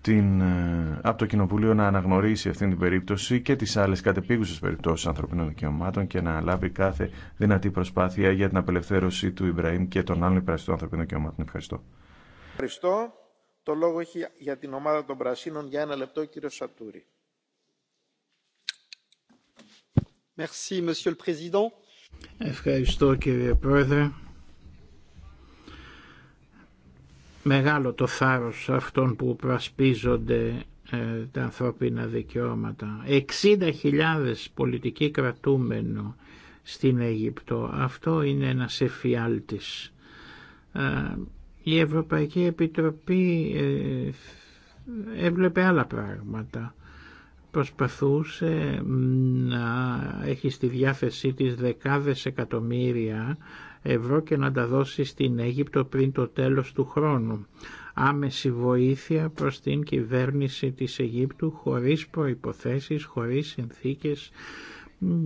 την, ε, από το Κοινοβούλιο να αναγνωρίσει αυτή την περίπτωση και τις άλλες κατεπίγουσες περιπτώσεις ανθρωπίνων δικαιωμάτων και να λάβει κάθε δυνατή προσπάθεια για την απελευθέρωση του Ιμπραήμ και των άλλων υπερασπιστών ανθρωπίνων δικαιωμάτων. Ευχαριστώ. Ευχαριστώ. Το λόγο έχει για την ομάδα των Πρασίνων για ένα λεπτό ο Σατούρη. Merci, Monsieur le Ευχαριστώ κύριε Πρόεδρε. Μεγάλο το θάρρος αυτών που πρασπίζονται ε, τα ανθρώπινα δικαιώματα. 60.000 πολιτικοί κρατούμενο στην Αίγυπτο. Αυτό είναι ένα εφιάλτης. Ε, η Ευρωπαϊκή Επιτροπή ε, έβλεπε άλλα πράγματα προσπαθούσε να έχει στη διάθεσή της δεκάδες εκατομμύρια ευρώ και να τα δώσει στην Αίγυπτο πριν το τέλος του χρόνου. Άμεση βοήθεια προς την κυβέρνηση της Αιγύπτου χωρίς προϋποθέσεις, χωρίς συνθήκες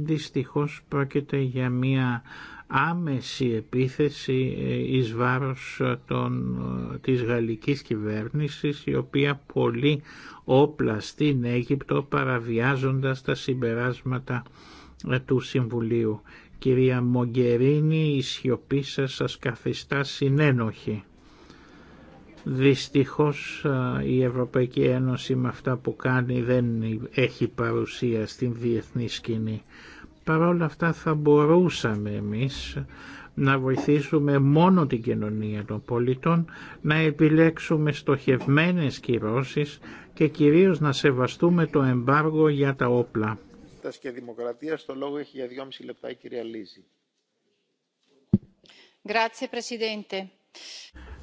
Δυστυχώς πρόκειται για μια άμεση επίθεση ε, εις βάρος ε, των, ε, της γαλλικής κυβέρνησης η οποία πολύ όπλα στην Αίγυπτο παραβιάζοντας τα συμπεράσματα του Συμβουλίου. Κυρία Μογκερίνη, η σιωπή σας σας καθιστά συνένοχη. Δυστυχώς η Ευρωπαϊκή Ένωση με αυτά που κάνει δεν έχει παρουσία στην διεθνή σκηνή. Παρ' όλα αυτά θα μπορούσαμε εμείς να βοηθήσουμε μόνο την κοινωνία των πολιτών, να επιλέξουμε στοχευμένες κυρώσεις και κυρίως να σεβαστούμε το εμπάργο για τα όπλα. Και λόγο έχει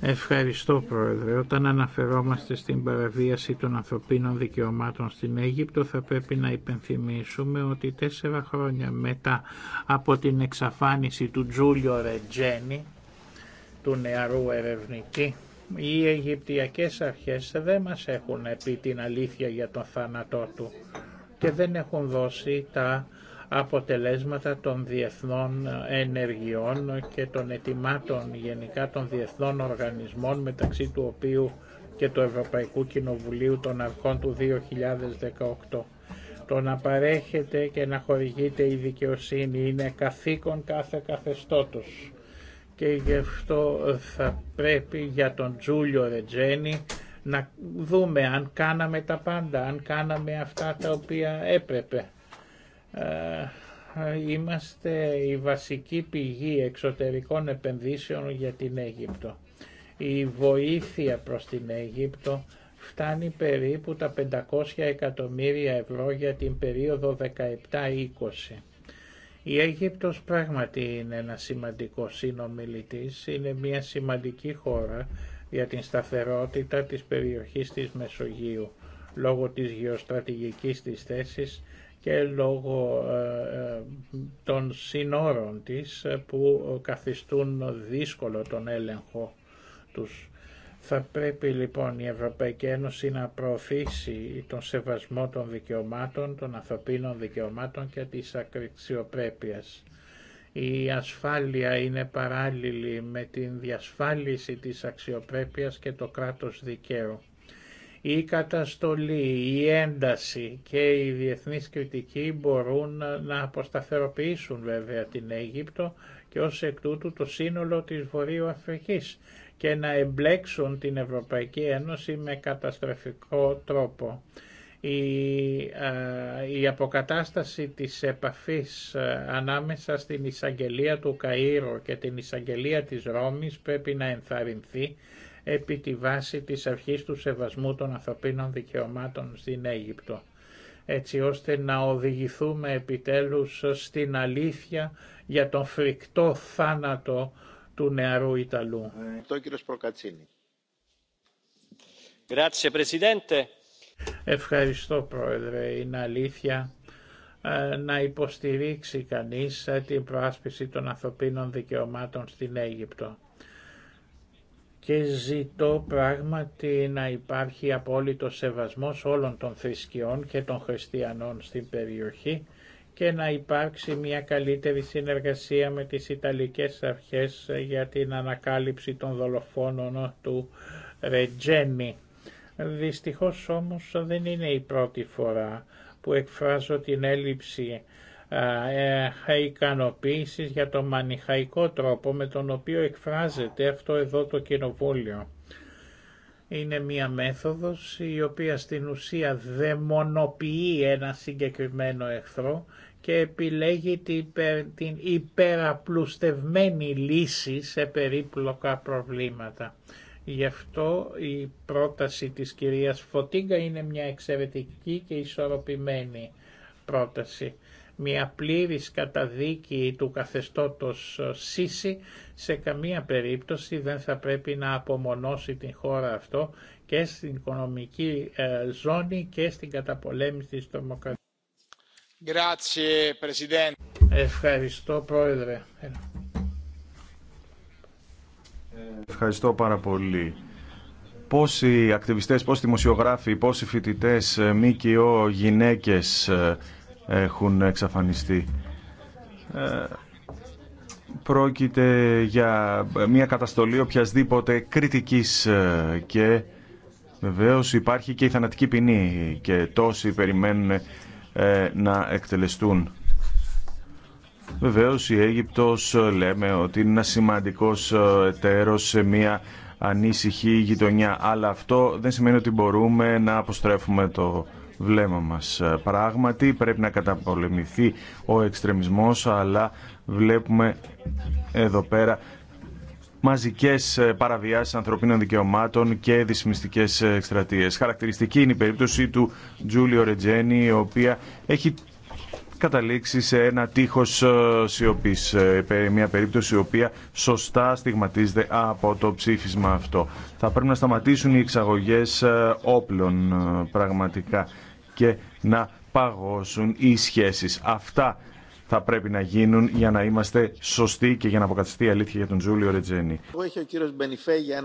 Ευχαριστώ Πρόεδρε. Όταν αναφερόμαστε στην παραβίαση των ανθρωπίνων δικαιωμάτων στην Αίγυπτο θα πρέπει να υπενθυμίσουμε ότι τέσσερα χρόνια μετά από την εξαφάνιση του Τζούλιο Ρετζένι, του νεαρού ερευνητή, οι Αιγυπτιακές αρχές δεν μας έχουν πει την αλήθεια για τον θάνατό του και δεν έχουν δώσει τα αποτελέσματα των διεθνών ενεργειών και των ετοιμάτων γενικά των διεθνών οργανισμών μεταξύ του οποίου και του Ευρωπαϊκού Κοινοβουλίου των Αρχών του 2018. Το να παρέχεται και να χορηγείται η δικαιοσύνη είναι καθήκον κάθε καθεστώτος και γι' αυτό θα πρέπει για τον Τζούλιο Ρετζένη να δούμε αν κάναμε τα πάντα, αν κάναμε αυτά τα οποία έπρεπε. Ε, είμαστε η βασική πηγή εξωτερικών επενδύσεων για την Αίγυπτο. Η βοήθεια προς την Αίγυπτο φτάνει περίπου τα 500 εκατομμύρια ευρώ για την περίοδο 17-20. Η Αίγυπτος πράγματι είναι ένα σημαντικό συνομιλητής, είναι μια σημαντική χώρα για την σταθερότητα της περιοχής της Μεσογείου, λόγω της γεωστρατηγικής της θέσης και λόγω ε, ε, των συνόρων της ε, που καθιστούν δύσκολο τον έλεγχο τους. Θα πρέπει λοιπόν η Ευρωπαϊκή Ένωση να προωθήσει τον σεβασμό των δικαιωμάτων, των ανθρωπίνων δικαιωμάτων και της αξιοπρέπειας. Η ασφάλεια είναι παράλληλη με την διασφάλιση της αξιοπρέπειας και το κράτος δικαίου η καταστολή, η ένταση και η διεθνής κριτική μπορούν να αποσταθεροποιήσουν βέβαια την Αίγυπτο και ως εκ τούτου το σύνολο της Βορείου Αφρικής και να εμπλέξουν την Ευρωπαϊκή Ένωση με καταστροφικό τρόπο. Η, η αποκατάσταση της επαφής ανάμεσα στην εισαγγελία του Καΐρου και την εισαγγελία της Ρώμης πρέπει να ενθαρρυνθεί επί τη βάση της αρχής του σεβασμού των ανθρωπίνων δικαιωμάτων στην Αίγυπτο έτσι ώστε να οδηγηθούμε επιτέλους στην αλήθεια για τον φρικτό θάνατο του νεαρού Ιταλού. Ευχαριστώ Πρόεδρε. Είναι αλήθεια ε, να υποστηρίξει κανείς ε, την προάσπιση των ανθρωπίνων δικαιωμάτων στην Αίγυπτο και ζητώ πράγματι να υπάρχει απόλυτο σεβασμός όλων των θρησκειών και των χριστιανών στην περιοχή και να υπάρξει μια καλύτερη συνεργασία με τις Ιταλικές αρχές για την ανακάλυψη των δολοφόνων του Ρετζένι. Δυστυχώς όμως δεν είναι η πρώτη φορά που εκφράζω την έλλειψη ικανοποίηση για το μανιχαϊκό τρόπο με τον οποίο εκφράζεται αυτό εδώ το κοινοβούλιο. Είναι μία μέθοδος η οποία στην ουσία δαιμονοποιεί ένα συγκεκριμένο εχθρό και επιλέγει την υπεραπλουστευμένη λύση σε περίπλοκα προβλήματα. Γι' αυτό η πρόταση της κυρίας Φωτίγκα είναι μια εξαιρετική και ισορροπημένη πρόταση. Μια πλήρης καταδίκη του καθεστώτος Σίση σε καμία περίπτωση δεν θα πρέπει να απομονώσει την χώρα αυτό και στην οικονομική ε, ζώνη και στην καταπολέμηση της τρομοκρατίας. Ευχαριστώ Πρόεδρε. Ευχαριστώ πάρα πολύ. Πόσοι ακτιβιστές, πόσοι δημοσιογράφοι, πόσοι φοιτητές, ε, ΜΚΟ, γυναίκες, ε, έχουν εξαφανιστεί. Ε, πρόκειται για μια καταστολή οποιασδήποτε κριτικής ε, και βεβαίως υπάρχει και η θανατική ποινή και τόσοι περιμένουν ε, να εκτελεστούν. Βεβαίως η Αίγυπτος λέμε ότι είναι ένα σημαντικός εταίρος σε μια ανήσυχη γειτονιά αλλά αυτό δεν σημαίνει ότι μπορούμε να αποστρέφουμε το βλέμμα μας. Ε, πράγματι πρέπει να καταπολεμηθεί ο εξτρεμισμός, αλλά βλέπουμε εδώ πέρα μαζικές ε, παραβιάσεις ανθρωπίνων δικαιωμάτων και δυσμιστικές ε, εκστρατείες. Χαρακτηριστική είναι η περίπτωση του Τζούλιο Ρετζένη, η οποία έχει καταλήξει σε ένα τείχος σιωπής, μια περίπτωση η οποία σωστά στιγματίζεται από το ψήφισμα αυτό. Θα πρέπει να σταματήσουν οι εξαγωγές όπλων πραγματικά και να παγώσουν οι σχέσεις. Αυτά θα πρέπει να γίνουν για να είμαστε σωστοί και για να αποκαταστεί η αλήθεια για τον Τζούλιο Ρετζένι. Εγώ έχει ο Μπενιφέ για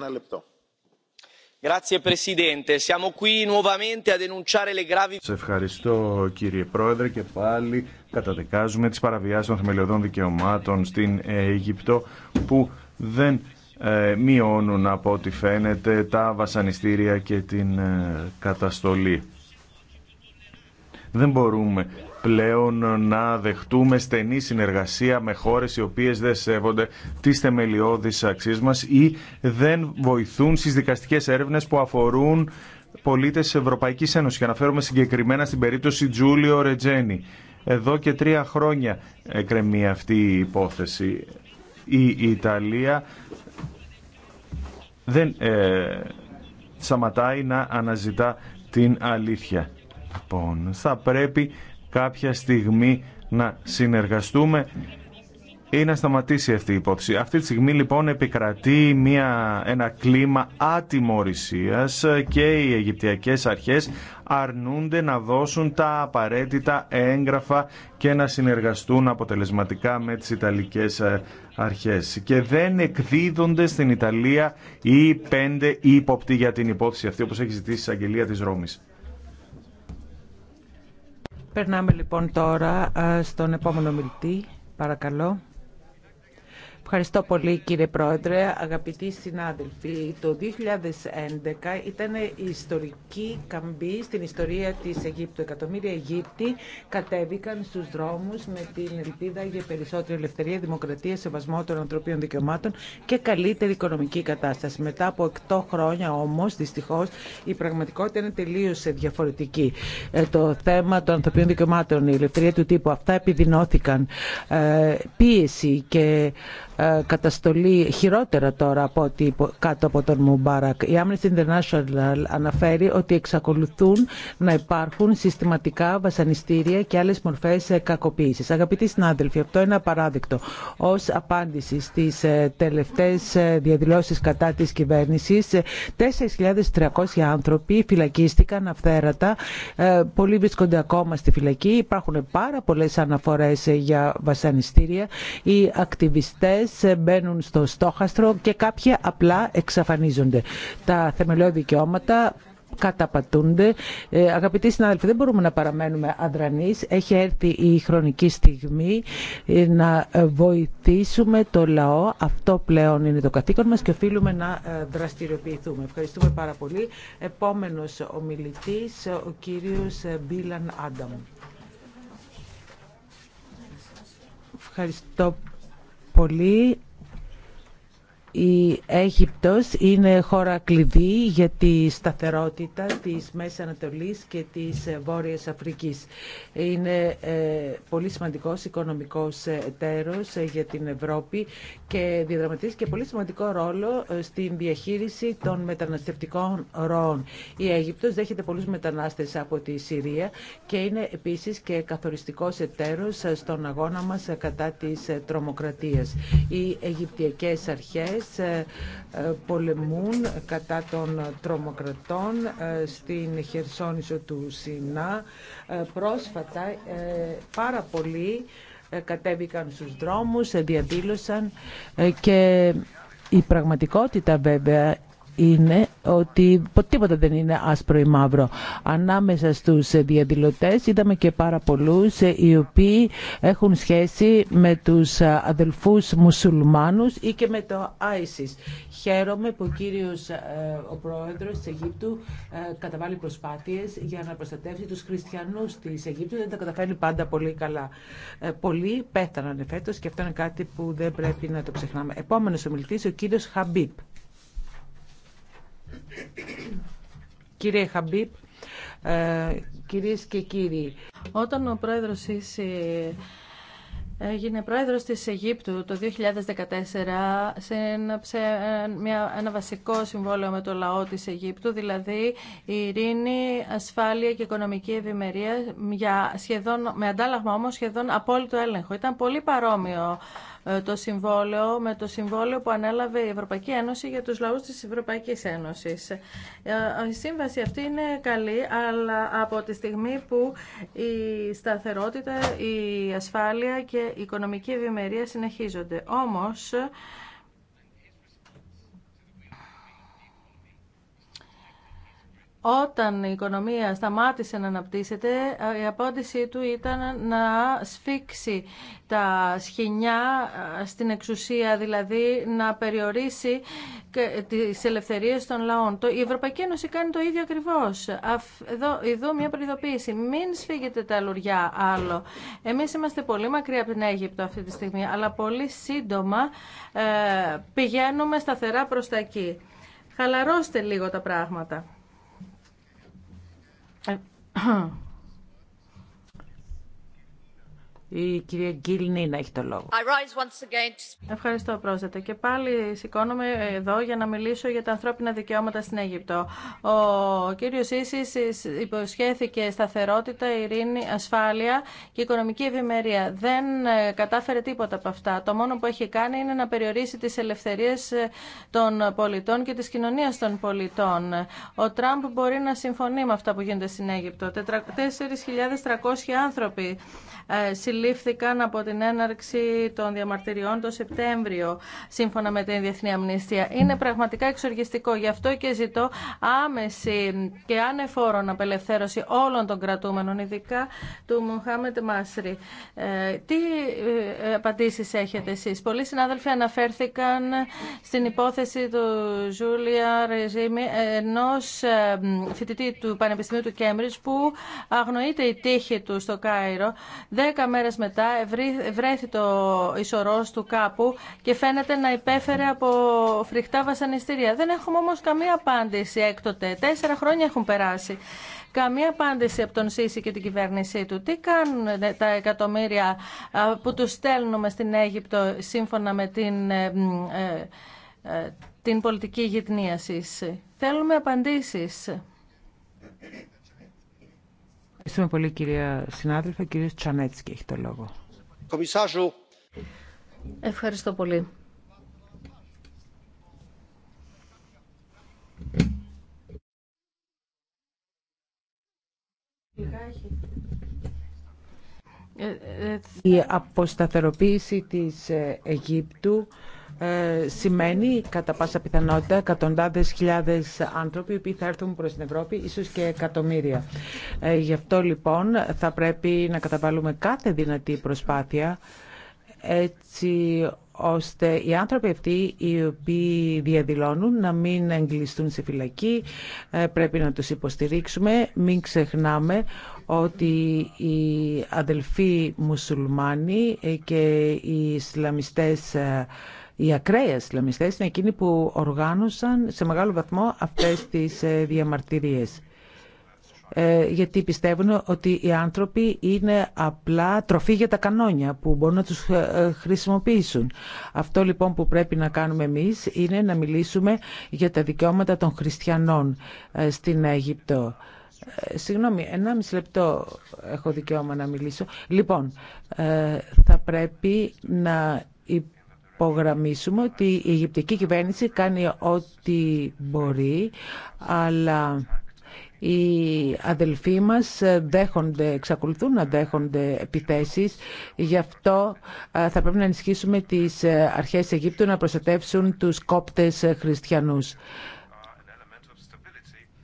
Σε ευχαριστώ κύριε Πρόεδρε και πάλι καταδικάζουμε τις παραβιάσεις των θεμελιωδών δικαιωμάτων στην Αίγυπτο που δεν ε, μειώνουν από ό,τι φαίνεται τα βασανιστήρια και την ε, καταστολή. Δεν μπορούμε πλέον να δεχτούμε στενή συνεργασία με χώρες οι οποίες δεν σέβονται τις θεμελιώδεις αξίες μας ή δεν βοηθούν στις δικαστικές έρευνες που αφορούν πολίτες της Ευρωπαϊκής Ένωσης. Και αναφέρομαι συγκεκριμένα στην περίπτωση Τζούλιο Ρετζένη. Εδώ και τρία χρόνια εκκρεμεί αυτή η υπόθεση. Η Ιταλία δεν ε, σταματάει να αναζητά την αλήθεια λοιπόν θα πρέπει κάποια στιγμή να συνεργαστούμε ή να σταματήσει αυτή η υπόθεση. Αυτή τη στιγμή λοιπόν επικρατεί μια, ένα κλίμα ατιμορρησίας και οι Αιγυπτιακές αρχές αρνούνται να δώσουν τα απαραίτητα έγγραφα και να συνεργαστούν αποτελεσματικά με τις Ιταλικές ε, αρχές. Και δεν εκδίδονται στην Ιταλία οι πέντε ύποπτοι για την υπόθεση αυτή όπως έχει ζητήσει η Αγγελία της Ρώμης. Περνάμε λοιπόν τώρα ε, στον επόμενο μιλητή. Παρακαλώ. Ευχαριστώ πολύ κύριε Πρόεδρε, αγαπητοί συνάδελφοι. Το 2011 ήταν η ιστορική καμπή στην ιστορία της Αιγύπτου. Εκατομμύρια Αιγύπτιοι κατέβηκαν στους δρόμους με την ελπίδα για περισσότερη ελευθερία, δημοκρατία, σεβασμό των ανθρωπίνων δικαιωμάτων και καλύτερη οικονομική κατάσταση. Μετά από 8 χρόνια όμως, δυστυχώς, η πραγματικότητα είναι τελείως διαφορετική. Ε, το θέμα των ανθρωπίνων δικαιωμάτων, η ελευθερία του τύπου, αυτά επιδεινώθηκαν. Ε, πίεση και ε, καταστολή χειρότερα τώρα από ότι κάτω από τον Μουμπάρακ. Η Amnesty International αναφέρει ότι εξακολουθούν να υπάρχουν συστηματικά βασανιστήρια και άλλες μορφές ε, κακοποίησης. Αγαπητοί συνάδελφοι, αυτό είναι απαράδεκτο. Ως απάντηση στις ε, τελευταίες διαδηλώσεις κατά της κυβέρνησης, 4.300 άνθρωποι φυλακίστηκαν αυθέρατα. Πολλοί βρίσκονται ακόμα στη φυλακή. Υπάρχουν πάρα πολλές αναφορές για βασανιστήρια. Οι ακτιβιστές μπαίνουν στο στόχαστρο και κάποια απλά εξαφανίζονται. Τα θεμελιώδη δικαιώματα καταπατούνται. Ε, αγαπητοί συνάδελφοι, δεν μπορούμε να παραμένουμε αδρανείς. Έχει έρθει η χρονική στιγμή ε, να ε, βοηθήσουμε το λαό. Αυτό πλέον είναι το καθήκον μας και οφείλουμε να ε, δραστηριοποιηθούμε. Ευχαριστούμε πάρα πολύ. Επόμενος ομιλητής, ο κύριος Μπίλαν Άνταμ. Ευχαριστώ πολύ. Η Αίγυπτος είναι χώρα κλειδί για τη σταθερότητα της Μέσης Ανατολής και της ε, Βόρειας Αφρικής. Είναι ε, πολύ σημαντικός οικονομικός ε, εταίρος για την Ευρώπη και διαδραματίζει και πολύ σημαντικό ρόλο ε, στην διαχείριση των μεταναστευτικών ροών. Η Αίγυπτος δέχεται πολλούς μετανάστες από τη Συρία και είναι επίσης και καθοριστικός εταίρος ε, στον αγώνα μας ε, κατά της τρομοκρατίας. Οι Αιγυπτιακές αρχές πολεμούν κατά των τρομοκρατών στην Χερσόνησο του Σινά. Πρόσφατα πάρα πολλοί κατέβηκαν στους δρόμους, διαδήλωσαν ε, και η πραγματικότητα βέβαια είναι ότι τίποτα δεν είναι άσπρο ή μαύρο. Ανάμεσα στους ε, διαδηλωτές είδαμε και πάρα πολλούς ε, οι οποίοι έχουν σχέση με τους ε, αδελφούς μουσουλμάνους ή και με το ISIS. Χαίρομαι που ο κύριος ο πρόεδρος της Αιγύπτου καταβάλει προσπάθειες για να προστατεύσει τους χριστιανούς της Αιγύπτου. Δεν τα καταφέρνει πάντα πολύ καλά. Πολλοί πέθαναν φέτος και αυτό είναι κάτι που δεν πρέπει να το ξεχνάμε. Επόμενος ομιλητής ο κύριος Χαμπίπ. Κύριε Χαμπίπ, ε, κυρίες και κύριοι, όταν ο πρόεδρος Σίση ε, Έγινε πρόεδρος της Αιγύπτου το 2014 σε ένα βασικό συμβόλαιο με το λαό της Αιγύπτου, δηλαδή η ειρήνη, ασφάλεια και οικονομική ευημερία για σχεδόν, με αντάλλαγμα όμως σχεδόν απόλυτο έλεγχο. Ήταν πολύ παρόμοιο ε, το συμβόλαιο με το συμβόλαιο που ανέλαβε η Ευρωπαϊκή Ένωση για τους λαούς της Ευρωπαϊκής Ένωσης. Ε, η σύμβαση αυτή είναι καλή, αλλά από τη στιγμή που η σταθερότητα, η ασφάλεια και η οικονομική ευημερία συνεχίζονται. Όμως, Όταν η οικονομία σταμάτησε να αναπτύσσεται, η απάντησή του ήταν να σφίξει τα σχοινιά ε, στην εξουσία, δηλαδή να περιορίσει τις ελευθερίες των λαών. Η Ευρωπαϊκή Ένωση κάνει το ίδιο ακριβώς. Εδώ, εδώ μια προειδοποίηση. Μην σφίγετε τα λουριά άλλο. Εμείς είμαστε πολύ μακριά από την Αίγυπτο αυτή τη στιγμή, αλλά πολύ σύντομα ε, πηγαίνουμε σταθερά προς τα εκεί. Χαλαρώστε λίγο τα πράγματα α η κυρία Γκίλνη να έχει το λόγο. Ευχαριστώ πρόσθετα. Και πάλι σηκώνομαι εδώ για να μιλήσω για τα ανθρώπινα δικαιώματα στην Αίγυπτο. Ο κύριο Ίσης υποσχέθηκε σταθερότητα, ειρήνη, ασφάλεια και οικονομική ευημερία. Δεν ε, κατάφερε τίποτα από αυτά. Το μόνο που έχει κάνει είναι να περιορίσει τι ελευθερίε ε, των πολιτών και τη κοινωνία των πολιτών. Ο Τραμπ μπορεί να συμφωνεί με αυτά που γίνονται στην Αίγυπτο. 4.300 άνθρωποι ε, συλλήφθηκαν από την έναρξη των διαμαρτυριών το Σεπτέμβριο, σύμφωνα με την Διεθνή Αμνηστία. Είναι πραγματικά εξοργιστικό. Γι' αυτό και ζητώ άμεση και ανεφόρον απελευθέρωση όλων των κρατούμενων, ειδικά του Μουχάμετ Μάσρη. Ε, τι ε, απαντήσεις έχετε εσείς. Πολλοί συνάδελφοι αναφέρθηκαν στην υπόθεση του Ζούλια Ρεζίμι, ενός ε, φοιτητή του Πανεπιστημίου του Κέμπριτζ που αγνοείται η τύχη του στο Κάιρο. Δέκα μετά βρέθη το ισορός του κάπου και φαίνεται να υπέφερε από φρικτά βασανιστήρια. Δεν έχουμε όμως καμία απάντηση έκτοτε. Τέσσερα χρόνια έχουν περάσει. Καμία απάντηση από τον Σίση και την κυβέρνησή του. Τι κάνουν τα εκατομμύρια που τους στέλνουμε στην Αίγυπτο σύμφωνα με την, ε, ε, ε, την πολιτική γυτνίασης. Θέλουμε απαντήσεις. Ευχαριστούμε πολύ κυρία συνάδελφα. Κύριε Τσανέτσκι έχει το λόγο. Ευχαριστώ πολύ. Η αποσταθεροποίηση της Αιγύπτου ε, σημαίνει κατά πάσα πιθανότητα εκατοντάδες χιλιάδες άνθρωποι που θα έρθουν προς την Ευρώπη, ίσως και εκατομμύρια. Ε, γι' αυτό λοιπόν θα πρέπει να καταβάλουμε κάθε δυνατή προσπάθεια έτσι ώστε οι άνθρωποι αυτοί οι οποίοι διαδηλώνουν να μην εγκλειστούν σε φυλακή. Ε, πρέπει να τους υποστηρίξουμε. Μην ξεχνάμε ότι οι αδελφοί μουσουλμάνοι και οι Ισλαμιστές οι ακραίε λαμιστέ είναι εκείνοι που οργάνωσαν σε μεγάλο βαθμό αυτές τις ε, διαμαρτυρίες. Ε, γιατί πιστεύουν ότι οι άνθρωποι είναι απλά τροφή για τα κανόνια που μπορούν να τους ε, χρησιμοποιήσουν. Αυτό λοιπόν που πρέπει να κάνουμε εμείς είναι να μιλήσουμε για τα δικαιώματα των χριστιανών στην Αίγυπτο. Συγγνώμη, ένα μισή λεπτό έχω δικαίωμα να μιλήσω. Λοιπόν, θα πρέπει να υπογραμμίσουμε ότι η Αιγυπτική κυβέρνηση κάνει ό,τι μπορεί, αλλά οι αδελφοί μας δέχονται, εξακολουθούν να δέχονται επιθέσεις. Γι' αυτό θα πρέπει να ενισχύσουμε τις ε, αρχές Αιγύπτου να προστατεύσουν τους κόπτες χριστιανούς.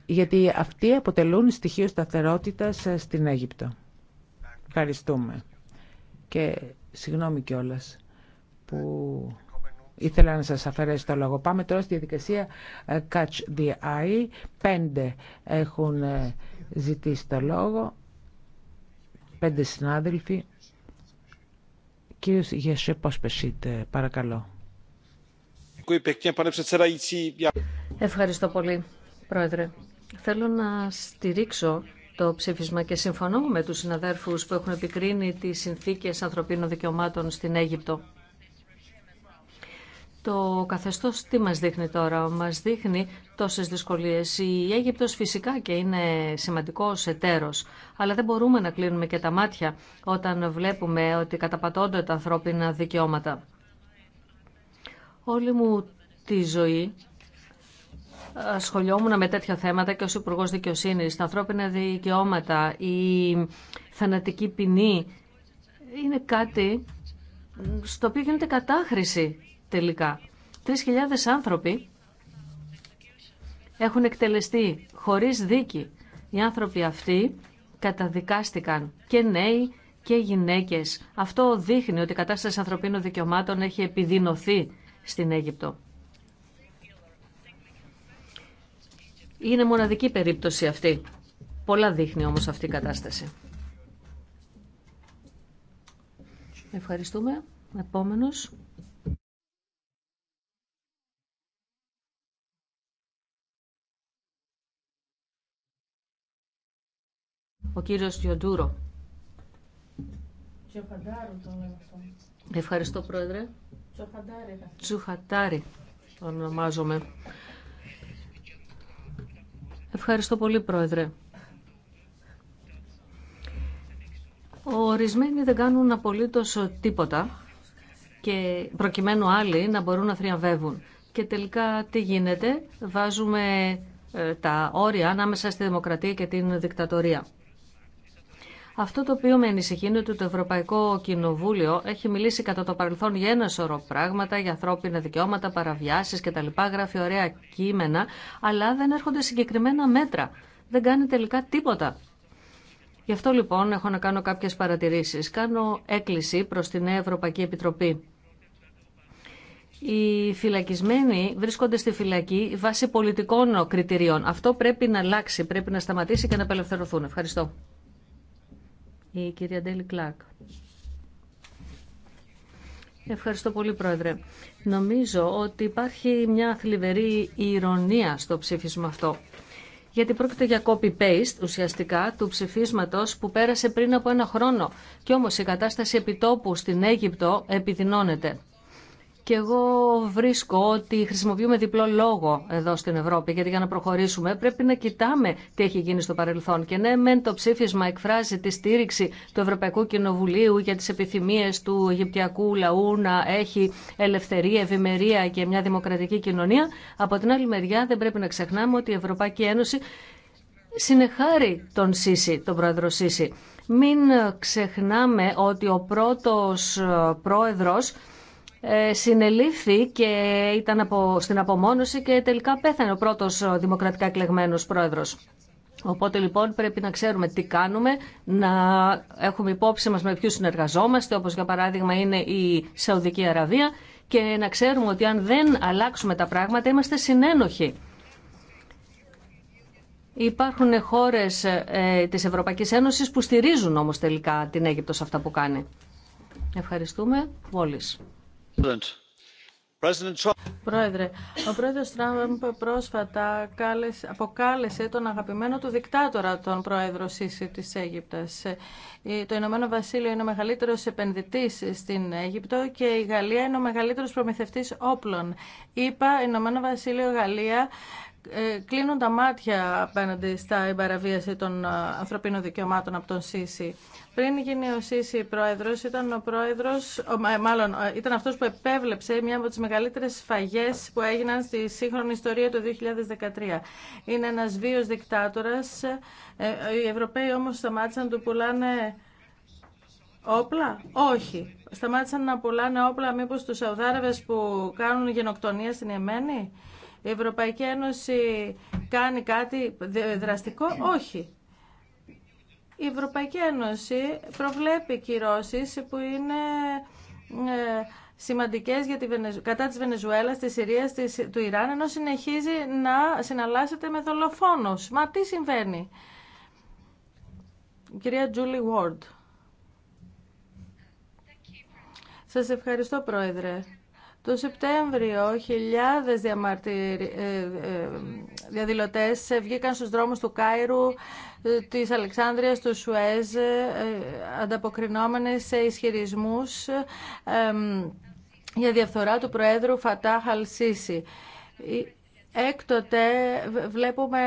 Γιατί αυτοί αποτελούν στοιχείο σταθερότητας ε, στην Αίγυπτο. Ευχαριστούμε. Και συγγνώμη κιόλας που ήθελα να σας αφαιρέσω το λόγο. Πάμε τώρα στη διαδικασία ε, Catch the Eye. Πέντε έχουν ε, ζητήσει το λόγο. Πέντε συνάδελφοι. Κύριος Γεσέ Πόσπεσίτ, παρακαλώ. Ευχαριστώ πολύ, Πρόεδρε. Θέλω να στηρίξω το ψήφισμα και συμφωνώ με τους συναδέρφους που έχουν επικρίνει τις συνθήκες ανθρωπίνων δικαιωμάτων στην Αίγυπτο. Το καθεστώς τι μας δείχνει τώρα, μας δείχνει τόσες δυσκολίες. Η Αίγυπτος φυσικά και είναι σημαντικός εταίρος, αλλά δεν μπορούμε να κλείνουμε και τα μάτια όταν βλέπουμε ότι καταπατώνται τα ανθρώπινα δικαιώματα. Όλη μου τη ζωή ασχολιόμουν με τέτοια θέματα και ως υπουργό Δικαιοσύνης, τα ανθρώπινα δικαιώματα, η θανατική ποινή, είναι κάτι στο οποίο γίνεται κατάχρηση τελικά. 3.000 άνθρωποι έχουν εκτελεστεί χωρίς δίκη. Οι άνθρωποι αυτοί καταδικάστηκαν και νέοι και γυναίκες. Αυτό δείχνει ότι η κατάσταση ανθρωπίνων δικαιωμάτων έχει επιδεινωθεί στην Αίγυπτο. Είναι μοναδική περίπτωση αυτή. Πολλά δείχνει όμως αυτή η κατάσταση. Ευχαριστούμε. Επόμενος. Ο κύριος Διοντούρο. Ευχαριστώ, Πρόεδρε. Τον Ονομάζομαι. Ευχαριστώ πολύ, Πρόεδρε. Ορισμένοι δεν κάνουν απολύτως τίποτα και προκειμένου άλλοι να μπορούν να θριαμβεύουν. Και τελικά τι γίνεται, βάζουμε ε, τα όρια ανάμεσα στη δημοκρατία και την δικτατορία. Αυτό το οποίο με ανησυχεί είναι ότι το Ευρωπαϊκό Κοινοβούλιο έχει μιλήσει κατά το παρελθόν για ένα σωρό πράγματα, για ανθρώπινα δικαιώματα, παραβιάσει κτλ. Γράφει ωραία κείμενα, αλλά δεν έρχονται συγκεκριμένα μέτρα. Δεν κάνει τελικά τίποτα. Γι' αυτό λοιπόν έχω να κάνω κάποιε παρατηρήσει. Κάνω έκκληση προ την Νέα Ευρωπαϊκή Επιτροπή. Οι φυλακισμένοι βρίσκονται στη φυλακή βάσει πολιτικών κριτηρίων. Αυτό πρέπει να αλλάξει, πρέπει να σταματήσει και να απελευθερωθούν. Ευχαριστώ η κυρία Ντέλη Κλακ. Ευχαριστώ πολύ, Πρόεδρε. Νομίζω ότι υπάρχει μια θλιβερή ηρωνία στο ψήφισμα αυτό. Γιατί πρόκειται για copy-paste ουσιαστικά του ψηφίσματος που πέρασε πριν από ένα χρόνο. Και όμως η κατάσταση επιτόπου στην Αίγυπτο επιδεινώνεται. Και εγώ βρίσκω ότι χρησιμοποιούμε διπλό λόγο εδώ στην Ευρώπη, γιατί για να προχωρήσουμε πρέπει να κοιτάμε τι έχει γίνει στο παρελθόν. Και ναι, μεν το ψήφισμα εκφράζει τη στήριξη του Ευρωπαϊκού Κοινοβουλίου για τις επιθυμίες του Αιγυπτιακού λαού να έχει ελευθερία, ευημερία και μια δημοκρατική κοινωνία. Από την άλλη μεριά δεν πρέπει να ξεχνάμε ότι η Ευρωπαϊκή Ένωση συνεχάρει τον Σίση, τον πρόεδρο Σίση. Μην ξεχνάμε ότι ο πρώτος ε, πρόεδρος ε, συνελήφθη και ήταν από, στην απομόνωση και τελικά πέθανε ο πρώτος δημοκρατικά εκλεγμένος πρόεδρος. Οπότε λοιπόν πρέπει να ξέρουμε τι κάνουμε, να έχουμε υπόψη μας με ποιους συνεργαζόμαστε, όπως για παράδειγμα είναι η Σαουδική Αραβία και να ξέρουμε ότι αν δεν αλλάξουμε τα πράγματα είμαστε συνένοχοι. Υπάρχουν χώρες ε, της Ευρωπαϊκής Ένωσης που στηρίζουν όμως τελικά την Αίγυπτο σε αυτά που κάνει. Ευχαριστούμε. Βόλης. Πρόεδρε, ο πρόεδρος Τραμπ πρόσφατα αποκάλεσε τον αγαπημένο του δικτάτορα τον πρόεδρο Σίση της Αίγυπτας. Ε, το Ηνωμένο Βασίλειο είναι ο μεγαλύτερος επενδυτής στην Αίγυπτο και η Γαλλία είναι ο μεγαλύτερος προμηθευτής όπλων. Είπα Ηνωμένο Βασίλειο Γαλλία ε, κλείνουν τα μάτια απέναντι στα εμπαραβίαση των ε, ανθρωπίνων δικαιωμάτων από τον Σίση. Πριν γίνει ο Σίση πρόεδρο, ήταν ο πρόεδρος, μάλλον ήταν αυτός που επέβλεψε μια από τις μεγαλύτερες σφαγέ που έγιναν στη σύγχρονη ιστορία το 2013. Είναι ένας βίος δικτάτορα. Ε, ε, οι Ευρωπαίοι όμως σταμάτησαν να του πουλάνε όπλα. Όχι. Σταμάτησαν να πουλάνε όπλα μήπως του Σαουδάραβε που κάνουν γενοκτονία στην Εμένη. Η Ευρωπαϊκή Ένωση κάνει κάτι δραστικό. Όχι η Ευρωπαϊκή Ένωση προβλέπει κυρώσεις που είναι ε, σημαντικές για τη Βενεζου... κατά της Βενεζουέλας, της Συρίας, της... του Ιράν, ενώ συνεχίζει να συναλλάσσεται με δολοφόνους. Μα τι συμβαίνει. κυρία Τζούλι Βόρντ. Σας ευχαριστώ, Πρόεδρε. Το Σεπτέμβριο χιλιάδες διαμαρτυρι... Ε, ε, διαδηλωτές βγήκαν στους δρόμους του Κάιρου, ε, της Αλεξάνδρειας, του Σουέζ, ανταποκρινόμενες σε ισχυρισμούς για διαφθορά του Προέδρου Φατά Χαλσίση. Έκτοτε βλέπουμε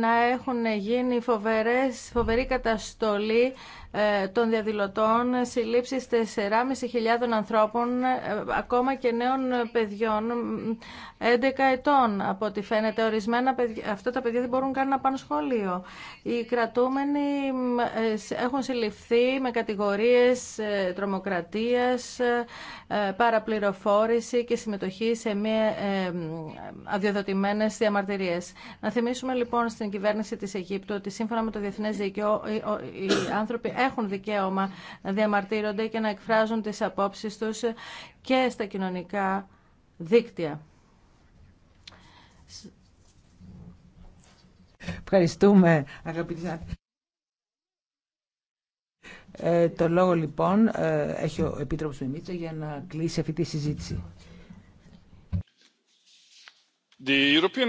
να έχουν γίνει φοβερές, φοβερή καταστολή ε, των διαδηλωτών, συλλήψεις 4.500 ανθρώπων, ε, ακόμα και νέων παιδιών, 11 ετών από ό,τι φαίνεται. Ορισμένα παιδιά, αυτά τα παιδιά δεν μπορούν καν να πάνε σχολείο. Οι κρατούμενοι ε, έχουν συλληφθεί με κατηγορίες τρομοκρατίας, παραπληροφόρηση και συμμετοχή σε μια αδειοδοτημένες διαμαρτυρίες. Να θυμίσουμε λοιπόν στην κυβέρνηση της Αιγύπτου ότι σύμφωνα με το Διεθνές Δίκαιο οι άνθρωποι έχουν δικαίωμα να διαμαρτύρονται και να εκφράζουν τις απόψεις τους και στα κοινωνικά δίκτυα. Ευχαριστούμε αγαπητοί Ε, το λόγο λοιπόν ε, έχει ο Επίτροπος για να κλείσει αυτή τη συζήτηση. Η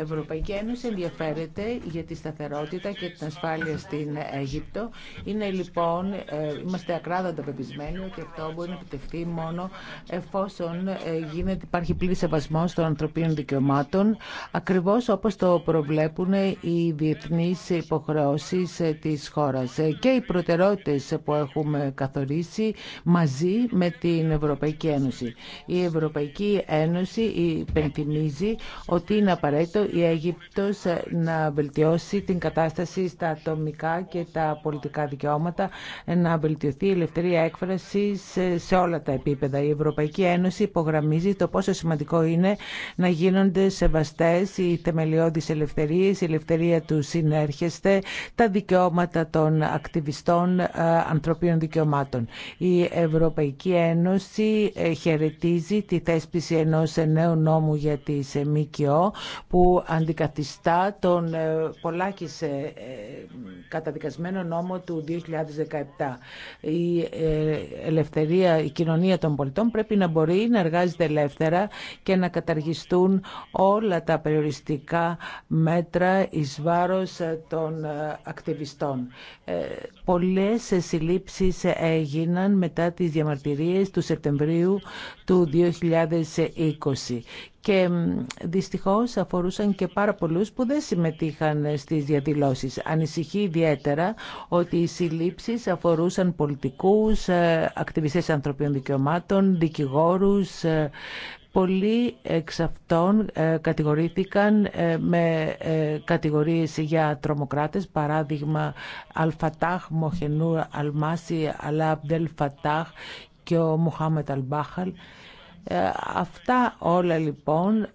Ευρωπαϊκή Ένωση ενδιαφέρεται για τη σταθερότητα και την ασφάλεια στην Αίγυπτο. Είναι λοιπόν, ε, είμαστε ακράδαντα πεπισμένοι ότι αυτό μπορεί να επιτευχθεί μόνο εφόσον ε, γίνεται, υπάρχει πλήρη σεβασμό των ανθρωπίνων δικαιωμάτων, ακριβώ όπω το προβλέπουν οι διεθνεί υποχρεώσει ε, τη χώρα και οι προτεραιότητε που έχουμε καθορίσει μαζί με την Ευρωπαϊκή Ένωση. Η Ευρωπαϊκή Ένωση υπενθυμίζει ότι είναι απαραίτητο η Αίγυπτος να βελτιώσει την κατάσταση στα ατομικά και τα πολιτικά δικαιώματα, να βελτιωθεί η ελευθερία έκφραση σε όλα τα επίπεδα. Η Ευρωπαϊκή Ένωση υπογραμμίζει το πόσο σημαντικό είναι να γίνονται σεβαστές οι θεμελιώδεις ελευθερίες, η ελευθερία του συνέρχεσθε, τα δικαιώματα των ακτιβιστών ε, ανθρωπίνων δικαιωμάτων. Η Ευρωπαϊκή Ένωση ε, χαιρετίζει τι τη θέσπιση ενός νέου νόμου για τις ε, ΜΚΟ που αντικαθιστά τον ε, πολλάκις ε, καταδικασμένο νόμο του 2017. Η ελευθερία, η κοινωνία των πολιτών πρέπει να μπορεί να εργάζεται ελεύθερα και να καταργιστούν όλα τα περιοριστικά μέτρα εις βάρος των ακτιβιστών. Πολλές συλλήψεις έγιναν μετά τις διαμαρτυρίες του Σεπτεμβρίου του 2020 και δυστυχώς αφορούσαν και πάρα πολλούς που δεν συμμετείχαν στις διαδηλώσεις. Ανησυχεί ιδιαίτερα ότι οι συλλήψεις αφορούσαν πολιτικούς, ε, ακτιβιστές ανθρωπίνων δικαιωμάτων, δικηγόρους, ε, Πολλοί εξ αυτών ε, κατηγορήθηκαν ε, με ε, κατηγορίες για τρομοκράτες, παράδειγμα Αλφατάχ, Μοχενούρ, Αλμάση, Αλάμπτελ Φατάχ και ο Μουχάμετ Αλμπάχαλ. Αυτά όλα λοιπόν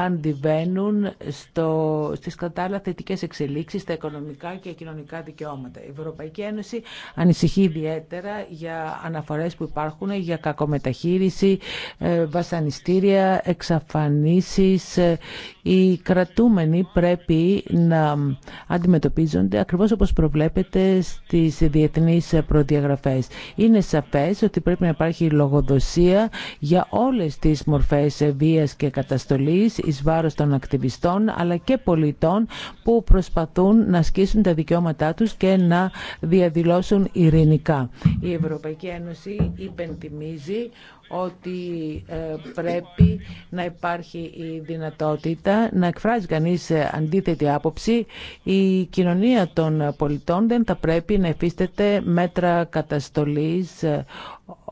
αντιβαίνουν στο, στις κατάλληλα θετικέ εξελίξεις στα οικονομικά και κοινωνικά δικαιώματα. Η Ευρωπαϊκή Ένωση ανησυχεί ιδιαίτερα για αναφορές που υπάρχουν για κακομεταχείριση, ε, βασανιστήρια, εξαφανίσεις. Ε, οι κρατούμενοι πρέπει να αντιμετωπίζονται ακριβώς όπως προβλέπεται στις διεθνείς προδιαγραφές. Είναι σαφές ότι πρέπει να υπάρχει λογοδοσία για όλες τις μορφές βίας και καταστολής εις βάρος των ακτιβιστών αλλά και πολιτών που προσπαθούν να ασκήσουν τα δικαιώματά τους και να διαδηλώσουν ειρηνικά. Η Ευρωπαϊκή Ένωση υπενθυμίζει ότι ε, πρέπει να υπάρχει η δυνατότητα να εκφράζει κανείς ε, αντίθετη άποψη. Η κοινωνία των πολιτών δεν θα πρέπει να εφίστεται μέτρα καταστολής ε,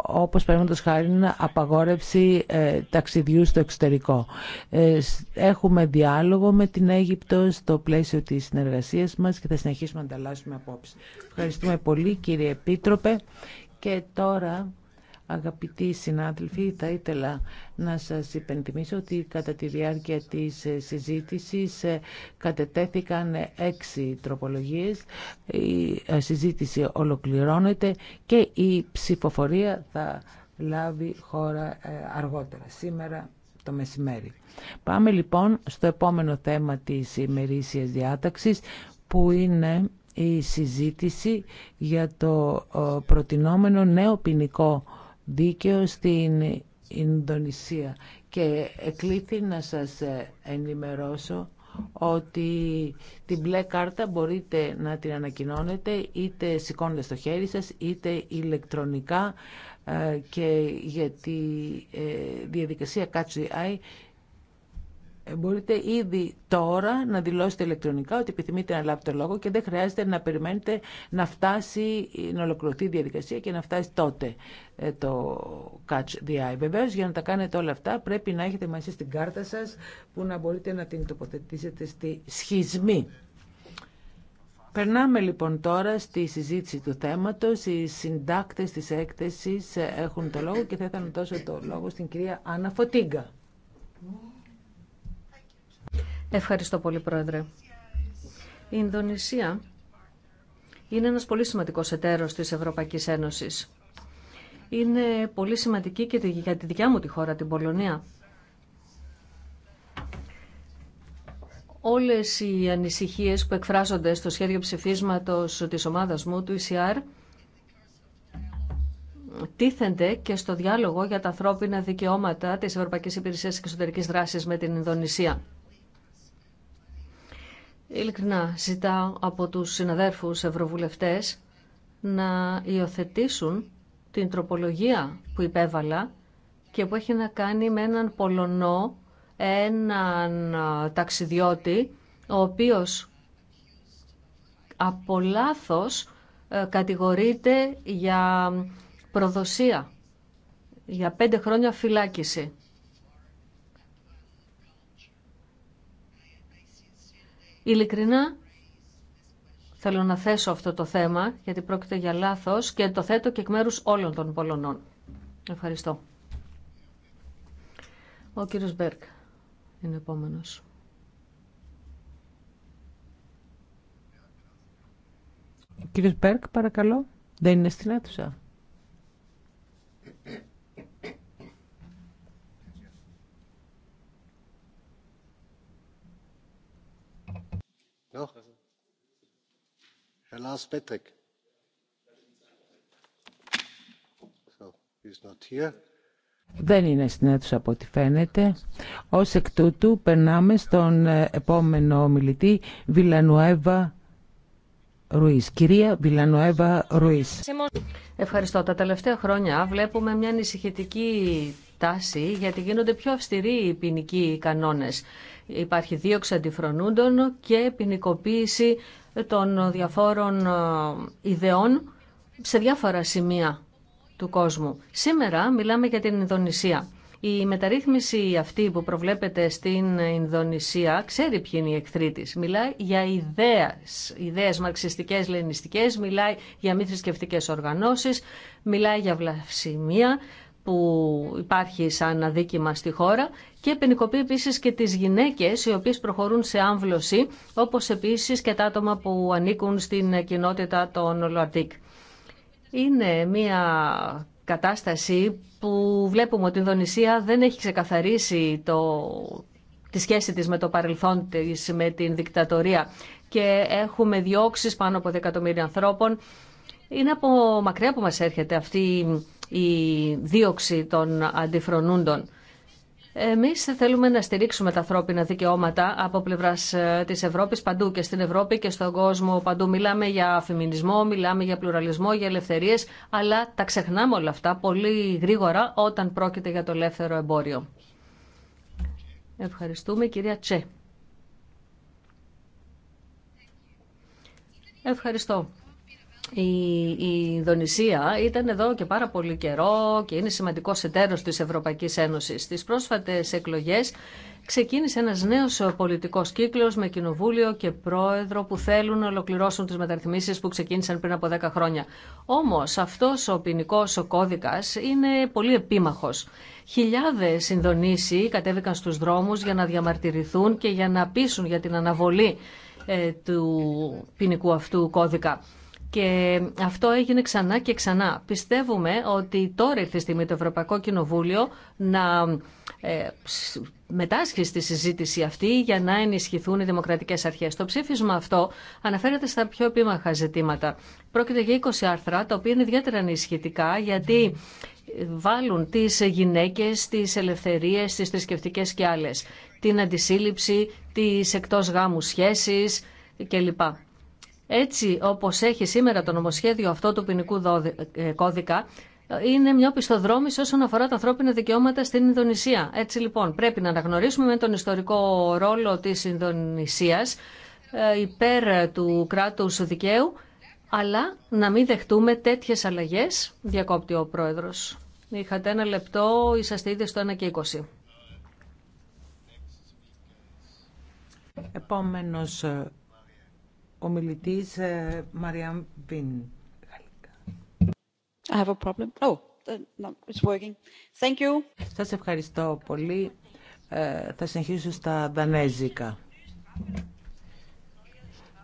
όπως παραδείγματος χάρη είναι απαγόρευση ε, ταξιδιού στο εξωτερικό. Ε, έχουμε διάλογο με την Αίγυπτο στο πλαίσιο της συνεργασίας μας και θα συνεχίσουμε να ανταλλάσσουμε απόψεις. Ευχαριστούμε πολύ κύριε Επίτροπε και τώρα... Αγαπητοί συνάδελφοι, θα ήθελα να σας υπενθυμίσω ότι κατά τη διάρκεια της συζήτησης ε, κατετέθηκαν έξι τροπολογίες. Η ε, συζήτηση ολοκληρώνεται και η ψηφοφορία θα λάβει χώρα ε, αργότερα, σήμερα το μεσημέρι. Πάμε λοιπόν στο επόμενο θέμα της ημερήσιας διάταξης που είναι η συζήτηση για το προτινόμενο νέο ποινικό δίκαιο στην Ινδονησία και εκλήθη να σας ε, ενημερώσω ότι την μπλε κάρτα μπορείτε να την ανακοινώνετε είτε σηκώνοντα στο χέρι σας είτε ηλεκτρονικά ε, και για τη ε, διαδικασία Catch ε, μπορείτε ήδη τώρα να δηλώσετε ηλεκτρονικά ότι επιθυμείτε να λάβετε λόγο και δεν χρειάζεται να περιμένετε να φτάσει, να ολοκληρωθεί η διαδικασία και να φτάσει τότε ε, το Catch the Eye. Βεβαίως για να τα κάνετε όλα αυτά πρέπει να έχετε μαζί στην κάρτα σας που να μπορείτε να την τοποθετήσετε στη σχισμή. Περνάμε λοιπόν τώρα στη συζήτηση του θέματος. Οι συντάκτες της έκθεσης ε, έχουν το λόγο και θα ήθελα να δώσω το λόγο στην κυρία Άννα Φωτίγκα. Ευχαριστώ πολύ, Πρόεδρε. Η Ινδονησία είναι ένας πολύ σημαντικός εταίρος της Ευρωπαϊκής Ένωσης. Είναι πολύ σημαντική και για τη δικιά μου τη χώρα, την Πολωνία. Όλες οι ανησυχίες που εκφράζονται στο σχέδιο ψηφίσματος της ομάδας μου, του ECR, τίθενται και στο διάλογο για τα ανθρώπινα δικαιώματα της Ευρωπαϊκής Υπηρεσίας Εξωτερικής Δράσης με την Ινδονησία. Ειλικρινά ζητάω από τους συναδέρφους ευρωβουλευτές να υιοθετήσουν την τροπολογία που υπέβαλα και που έχει να κάνει με έναν Πολωνό, έναν ταξιδιώτη, ο οποίος από λάθο ε, κατηγορείται για προδοσία, για πέντε χρόνια φυλάκιση. Ειλικρινά θέλω να θέσω αυτό το θέμα γιατί πρόκειται για λάθος και το θέτω και εκ μέρους όλων των Πολωνών. Ευχαριστώ. Ο κύριος Μπέρκ είναι επόμενος. Ο κύριος Μπέρκ παρακαλώ. Δεν είναι στην αίθουσα. Δεν είναι στην αίθουσα από ό,τι φαίνεται. ω εκ τούτου περνάμε στον ε, επόμενο ομιλητή Βιλανουέβα Ρουίς. Κυρία Βιλανουέβα Ρουίς. Ευχαριστώ. Τα τελευταία χρόνια βλέπουμε μια ανησυχητική τάση γιατί γίνονται πιο αυστηροί οι ποινικοί κανόνες. Υπάρχει δίωξη αντιφρονούντων και ποινικοποίηση των διαφόρων ε, ιδεών σε διάφορα σημεία του κόσμου. Σήμερα μιλάμε για την Ινδονησία. Η μεταρρύθμιση αυτή που προβλέπεται στην Ινδονησία ξέρει ποιοι είναι οι εχθροί Μιλάει για ιδέες, ιδέες μαρξιστικές, λενιστικές, μιλάει για μη θρησκευτικέ οργανώσεις, μιλάει για βλαυσιμία, που υπάρχει σαν αδίκημα στη χώρα και ποινικοποιεί επίση και τις γυναίκες οι οποίες προχωρούν σε άμβλωση όπως επίσης και τα άτομα που ανήκουν στην κοινότητα των ΛΟΑΤΙΚ. Είναι μια κατάσταση που βλέπουμε ότι η Ινδονησία δεν έχει ξεκαθαρίσει το, τη σχέση της με το παρελθόν της, με την δικτατορία και έχουμε διώξεις πάνω από δεκατομμύρια ανθρώπων. Είναι από μακριά που μας έρχεται αυτή η δίωξη των αντιφρονούντων. Εμείς θέλουμε να στηρίξουμε τα ανθρώπινα δικαιώματα από πλευράς ε, της Ευρώπης παντού και στην Ευρώπη και στον κόσμο παντού. Μιλάμε για φεμινισμό, μιλάμε για πλουραλισμό, για ελευθερίες, αλλά τα ξεχνάμε όλα αυτά πολύ γρήγορα όταν πρόκειται για το ελεύθερο εμπόριο. Ευχαριστούμε κυρία Τσε. Ευχαριστώ η, η Ινδονησία ήταν εδώ και πάρα πολύ καιρό και είναι σημαντικό εταίρος της Ευρωπαϊκής Ένωσης. Στις πρόσφατες εκλογές ξεκίνησε ένας νέος πολιτικός κύκλος με κοινοβούλιο και πρόεδρο που θέλουν να ολοκληρώσουν τις μεταρρυθμίσεις που ξεκίνησαν πριν από 10 χρόνια. Όμως αυτός ο ποινικό κώδικας είναι πολύ επίμαχος. Χιλιάδες Ινδονήσοι κατέβηκαν στους δρόμους για να διαμαρτυρηθούν και για να πείσουν για την αναβολή ε, του ποινικού αυτού κώδικα. Και αυτό έγινε ξανά και ξανά. Πιστεύουμε ότι τώρα ήρθε η στιγμή το Ευρωπαϊκό Κοινοβούλιο να ε, μετάσχει στη συζήτηση αυτή για να ενισχυθούν οι δημοκρατικές αρχές. Το ψήφισμα αυτό αναφέρεται στα πιο επίμαχα ζητήματα. Πρόκειται για 20 άρθρα, τα οποία είναι ιδιαίτερα ενισχυτικά, γιατί βάλουν τις γυναίκες, τις ελευθερίες, τις θρησκευτικέ και άλλες, την αντισύλληψη, τις εκτός γάμου σχέσεις κλπ. Έτσι όπως έχει σήμερα το νομοσχέδιο αυτό του ποινικού ε, κώδικα, είναι μια πιστοδρόμηση όσον αφορά τα ανθρώπινα δικαιώματα στην Ινδονησία. Έτσι λοιπόν πρέπει να αναγνωρίσουμε με τον ιστορικό ρόλο της Ινδονησίας ε, υπέρ του κράτους δικαίου, αλλά να μην δεχτούμε τέτοιες αλλαγές, διακόπτει ο Πρόεδρος. Είχατε ένα λεπτό, είσαστε ήδη στο 1 και 20. Επόμενος ε, ο μιλητής ε, Μαριάν Βιν. I have a problem. Oh, uh, Σας ευχαριστώ πολύ. Ε, θα συνεχίσω στα δανέζικα.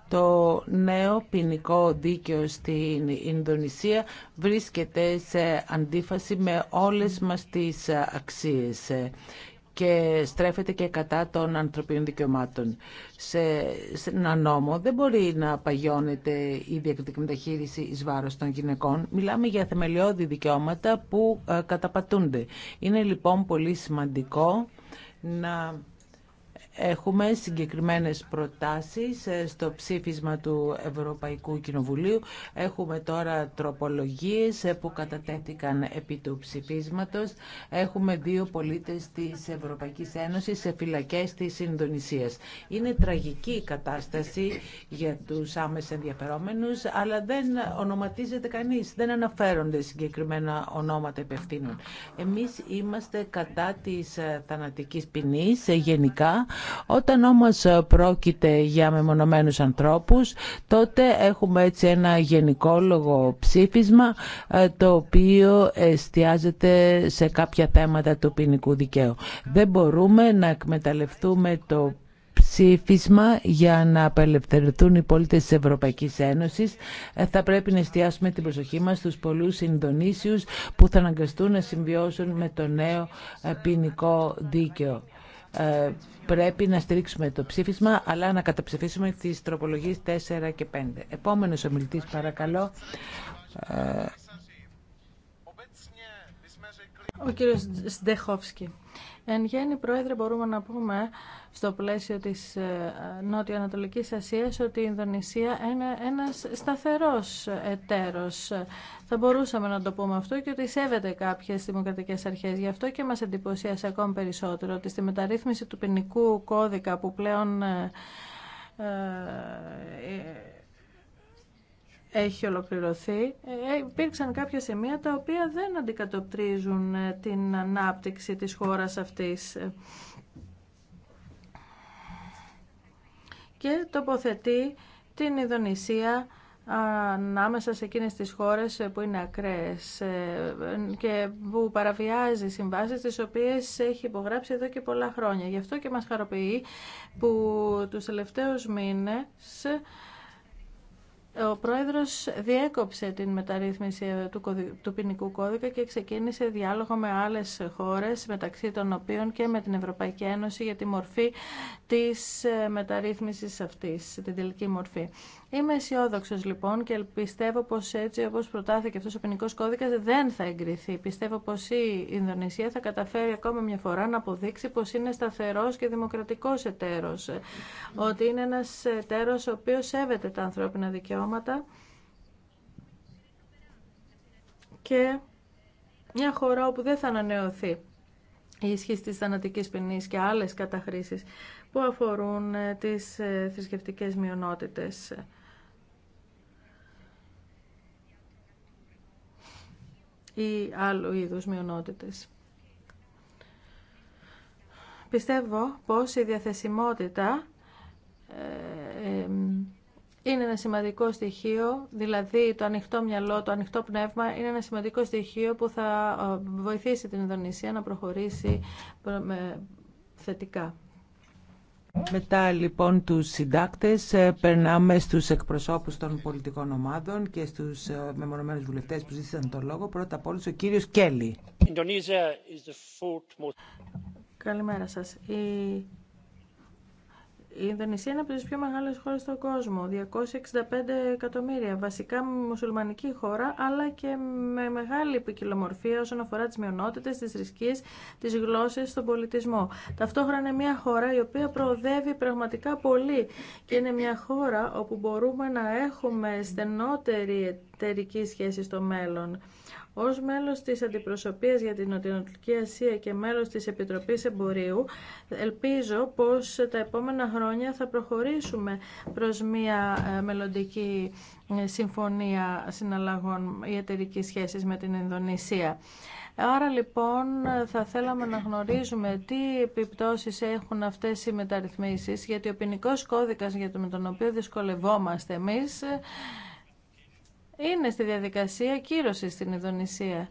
Το νέο ποινικό δίκαιο στην Ινδονησία βρίσκεται σε αντίφαση με όλες μας τις αξίες και στρέφεται και κατά των ανθρωπίνων δικαιωμάτων. Σε, σε ένα νόμο δεν μπορεί να παγιώνεται η διακριτική μεταχείριση εις βάρος των γυναικών. Μιλάμε για θεμελιώδη δικαιώματα που ε, καταπατούνται. Είναι λοιπόν πολύ σημαντικό να Έχουμε συγκεκριμένες προτάσεις ε, στο ψήφισμα του Ευρωπαϊκού Κοινοβουλίου. Έχουμε τώρα τροπολογίες ε, που κατατέθηκαν επί του ψηφίσματος. Έχουμε δύο πολίτες της Ευρωπαϊκής Ένωσης σε φυλακές της Ινδονησίας. Είναι τραγική η κατάσταση για τους άμεσα ενδιαφερόμενους, αλλά δεν ονοματίζεται κανείς, δεν αναφέρονται συγκεκριμένα ονόματα υπευθύνων. Εμείς είμαστε κατά της ε, θανατικής ποινής γενικά όταν όμως ε, πρόκειται για μεμονωμένους ανθρώπους, τότε έχουμε έτσι ένα γενικόλογο ψήφισμα ε, το οποίο εστιάζεται σε κάποια θέματα του ποινικού δικαίου. Δεν μπορούμε να εκμεταλλευτούμε το ψήφισμα για να απελευθερωθούν οι πολίτες της Ευρωπαϊκής Ένωσης. Ε, θα πρέπει να εστιάσουμε την προσοχή μας στους πολλούς Ινδονήσιους που θα αναγκαστούν να συμβιώσουν με το νέο ποινικό δίκαιο. Ε, πρέπει να στηρίξουμε το ψήφισμα, αλλά να καταψηφίσουμε τις τροπολογίες 4 και 5. Επόμενος ομιλητής, παρακαλώ. Ε, Ο κύριος Σντεχόφσκι. Εν γέννη, Πρόεδρε, μπορούμε να πούμε στο πλαίσιο της ε, Νότιο-Ανατολικής Ασίας ότι η Ινδονησία είναι ένας σταθερός εταίρος. Θα μπορούσαμε να το πούμε αυτό και ότι σέβεται κάποιες δημοκρατικές αρχές. Γι' αυτό και μας εντυπωσίασε ακόμη περισσότερο ότι στη μεταρρύθμιση του ποινικού κώδικα που πλέον ε, ε, έχει ολοκληρωθεί, ε, υπήρξαν κάποια σημεία τα οποία δεν αντικατοπτρίζουν ε, την ανάπτυξη της χώρας αυτής. Και τοποθετεί την Ιδονησία ε, ανάμεσα σε εκείνες τις χώρες που είναι ακραίες και που παραβιάζει συμβάσεις τις οποίες έχει υπογράψει εδώ και πολλά χρόνια. Γι' αυτό και μας χαροποιεί που τους τελευταίους μήνες ο Πρόεδρος διέκοψε την μεταρρύθμιση ε, του ποινικού κώδικα και ξεκίνησε διάλογο με άλλες χώρες, μεταξύ των οποίων και με την Ευρωπαϊκή Ένωση για τη μορφή της ε, μεταρρύθμισης αυτής, την τελική μορφή. Είμαι αισιόδοξο λοιπόν και πιστεύω πω έτσι όπω προτάθηκε αυτό ο ποινικό κώδικα δεν θα εγκριθεί. Πιστεύω πω η Ινδονησία θα καταφέρει ακόμα μια φορά να αποδείξει πω είναι σταθερό και δημοκρατικό εταίρο. Ότι είναι ένα εταίρο ο οποίο σέβεται τα ανθρώπινα δικαιώματα και μια χώρα όπου δεν θα ανανεωθεί η ισχύ της θανατικής ποινή και άλλες καταχρήσεις που αφορούν ε, τις ε, θρησκευτικές μειονότητες. ή άλλου είδους μειονότητες. Πιστεύω πως η διαθεσιμότητα ε, ε, είναι ένα σημαντικό στοιχείο, δηλαδή το ανοιχτό μυαλό, το ανοιχτό πνεύμα είναι ένα σημαντικό στοιχείο που θα ε, βοηθήσει την Ινδονησία να προχωρήσει θετικά. Μετά λοιπόν τους συντάκτες ε, περνάμε στους εκπροσώπους των πολιτικών ομάδων και στους ε, μεμονωμένους βουλευτές που ζήτησαν τον λόγο. Πρώτα απ' όλους ο κύριος Κέλλη. Καλημέρα σας. Η η Ινδονησία είναι από τις πιο μεγάλες χώρες στον κόσμο, 265 εκατομμύρια, βασικά μουσουλμανική χώρα, αλλά και με μεγάλη ποικιλομορφία όσον αφορά τις μειονότητες, τις ρισκίες, τις γλώσσες, τον πολιτισμό. Ταυτόχρονα είναι μια χώρα η οποία προοδεύει πραγματικά πολύ και είναι μια χώρα όπου μπορούμε να έχουμε στενότερη εταιρική σχέση στο μέλλον. Ως μέλος της Αντιπροσωπείας για την Νοτιοανατολική Ασία και μέλος της Επιτροπής Εμπορίου, ελπίζω πως τα επόμενα χρόνια θα προχωρήσουμε προς μια ε, μελλοντική ε, συμφωνία συναλλαγών ή εταιρική σχέση με την Ινδονησία. Άρα λοιπόν θα θέλαμε να γνωρίζουμε τι επιπτώσεις έχουν αυτές οι μεταρρυθμίσεις, γιατί ο ποινικό κώδικας για τον οποίο δυσκολευόμαστε εμείς είναι στη διαδικασία κύρωση στην Ινδονησία.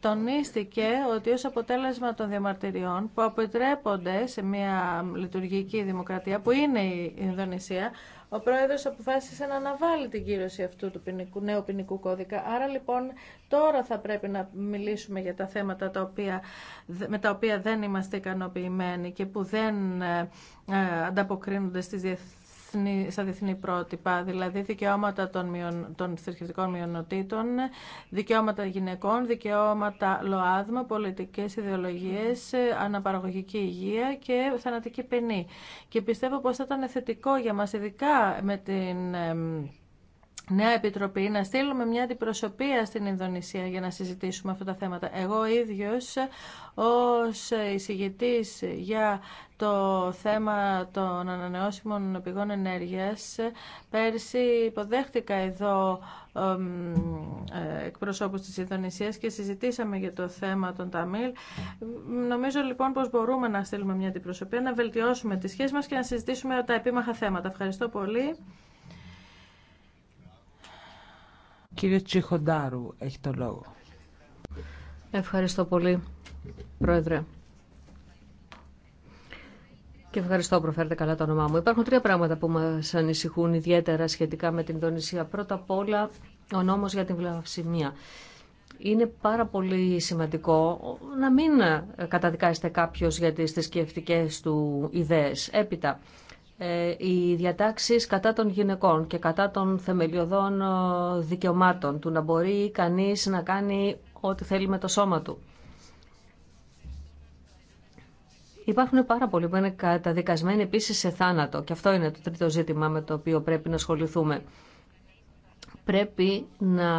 Τονίστηκε ότι ως αποτέλεσμα των διαμαρτυριών που αποτρέπονται σε μια λειτουργική δημοκρατία που είναι η Ινδονησία, ο πρόεδρος αποφάσισε να αναβάλει την κύρωση αυτού του ποινικού, νέου ποινικού κώδικα. Άρα λοιπόν τώρα θα πρέπει να μιλήσουμε για τα θέματα τα οποία, με τα οποία δεν είμαστε ικανοποιημένοι και που δεν ε, ε, ανταποκρίνονται στις διεθνείς σαν διεθνή πρότυπα, δηλαδή δικαιώματα των, μειον, των θρησκευτικών μειονοτήτων, δικαιώματα γυναικών, δικαιώματα ΛΟΑΔΜΑ, πολιτικές ιδεολογίες, αναπαραγωγική υγεία και θανατική ποινή. Και πιστεύω πως θα ήταν θετικό για μας, ειδικά με την νέα επιτροπή, να στείλουμε μια αντιπροσωπεία στην Ινδονησία για να συζητήσουμε αυτά τα θέματα. Εγώ ίδιος ως εισηγητής για το θέμα των ανανεώσιμων πηγών ενέργειας πέρσι υποδέχτηκα εδώ εκπροσώπους της Ινδονησίας και συζητήσαμε για το θέμα των Ταμίλ. Νομίζω λοιπόν πως μπορούμε να στείλουμε μια αντιπροσωπεία, να βελτιώσουμε τις σχέσεις μας και να συζητήσουμε τα επίμαχα θέματα. Ευχαριστώ πολύ. Κύριε Τσιχοντάρου, έχει το λόγο. Ευχαριστώ πολύ, Πρόεδρε. Και ευχαριστώ που προφέρετε καλά το όνομά μου. Υπάρχουν τρία πράγματα που μας ανησυχούν ιδιαίτερα σχετικά με την Ινδονησία. Πρώτα απ' όλα, ο νόμος για την βλαυσιμία. Είναι πάρα πολύ σημαντικό να μην καταδικάσετε κάποιος για τις θρησκευτικέ του ιδέες. Έπειτα, ε, οι διατάξεις κατά των γυναικών και κατά των θεμελιωδών ε, δικαιωμάτων του να μπορεί κανείς να κάνει ό,τι θέλει με το σώμα του. Υπάρχουν πάρα πολλοί που είναι καταδικασμένοι επίσης σε θάνατο και αυτό είναι το τρίτο ζήτημα με το οποίο πρέπει να ασχοληθούμε. Πρέπει να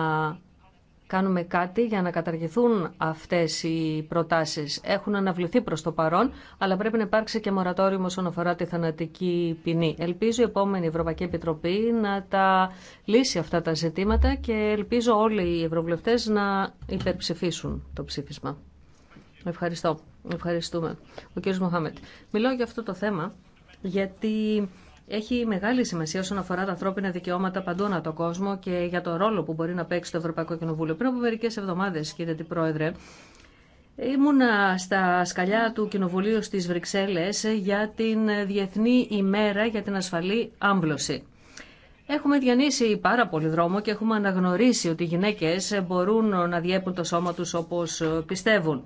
κάνουμε κάτι για να καταργηθούν αυτές οι προτάσεις. Έχουν αναβληθεί προς το παρόν, αλλά πρέπει να υπάρξει και μορατόριο όσον αφορά τη θανατική ποινή. Ελπίζω η επόμενη Ευρωπαϊκή Επιτροπή να τα λύσει αυτά τα ζητήματα και ελπίζω όλοι οι ευρωβουλευτές να υπερψηφίσουν το ψήφισμα. Ευχαριστώ. Ευχαριστούμε. Ο κ. Μοχάμετ. Μιλάω για αυτό το θέμα γιατί έχει μεγάλη σημασία όσον αφορά τα ανθρώπινα δικαιώματα παντού ανά τον κόσμο και για το ρόλο που μπορεί να παίξει το Ευρωπαϊκό Κοινοβούλιο. Πριν από μερικέ εβδομάδε, κύριε την Πρόεδρε, ήμουνα στα σκαλιά του Κοινοβουλίου στι Βρυξέλλε για την Διεθνή ημέρα για την ασφαλή άμβλωση. Έχουμε διανύσει πάρα πολύ δρόμο και έχουμε αναγνωρίσει ότι οι γυναίκες μπορούν να διέπουν το σώμα τους όπως πιστεύουν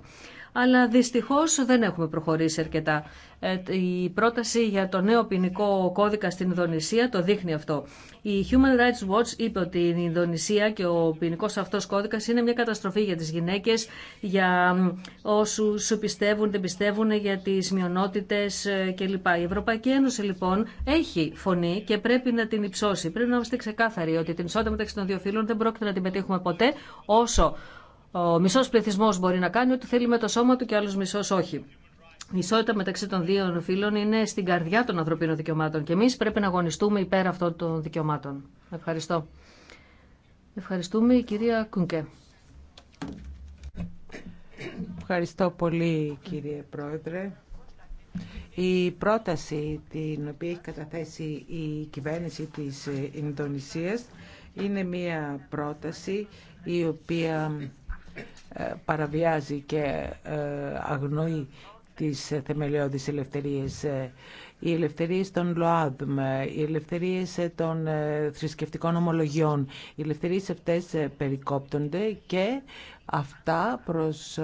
αλλά δυστυχώς δεν έχουμε προχωρήσει αρκετά. Ε, η πρόταση για το νέο ποινικό κώδικα στην Ινδονησία το δείχνει αυτό. Η Human Rights Watch είπε ότι η Ινδονησία και ο ποινικό αυτό κώδικα είναι μια καταστροφή για τι γυναίκε, για όσου πιστεύουν, δεν πιστεύουν, για τι μειονότητε ε, κλπ. Η Ευρωπαϊκή Ένωση λοιπόν έχει φωνή και πρέπει να την υψώσει. Πρέπει να είμαστε ξεκάθαροι ότι την ισότητα μεταξύ των δύο φύλων δεν πρόκειται να την πετύχουμε ποτέ όσο ο μισός πληθυσμό μπορεί να κάνει ό,τι θέλει με το σώμα του και άλλο μισός όχι. Η ισότητα μεταξύ των δύο φίλων είναι στην καρδιά των ανθρωπίνων δικαιωμάτων και εμεί πρέπει να αγωνιστούμε υπέρ αυτών των δικαιωμάτων. Ευχαριστώ. Ευχαριστούμε η κυρία Κούνκε. Ευχαριστώ πολύ κύριε Πρόεδρε. Η πρόταση την οποία έχει καταθέσει η κυβέρνηση της Ινδονησίας είναι μια πρόταση η οποία ε, παραβιάζει και ε, αγνοεί τις ε, θεμελιώδεις ελευθερίες. Οι ελευθερίες των ΛΟΑΔΜ, οι ελευθερίες των θρησκευτικών ομολογιών, οι ελευθερίες αυτές περικόπτονται και Αυτά προς ε,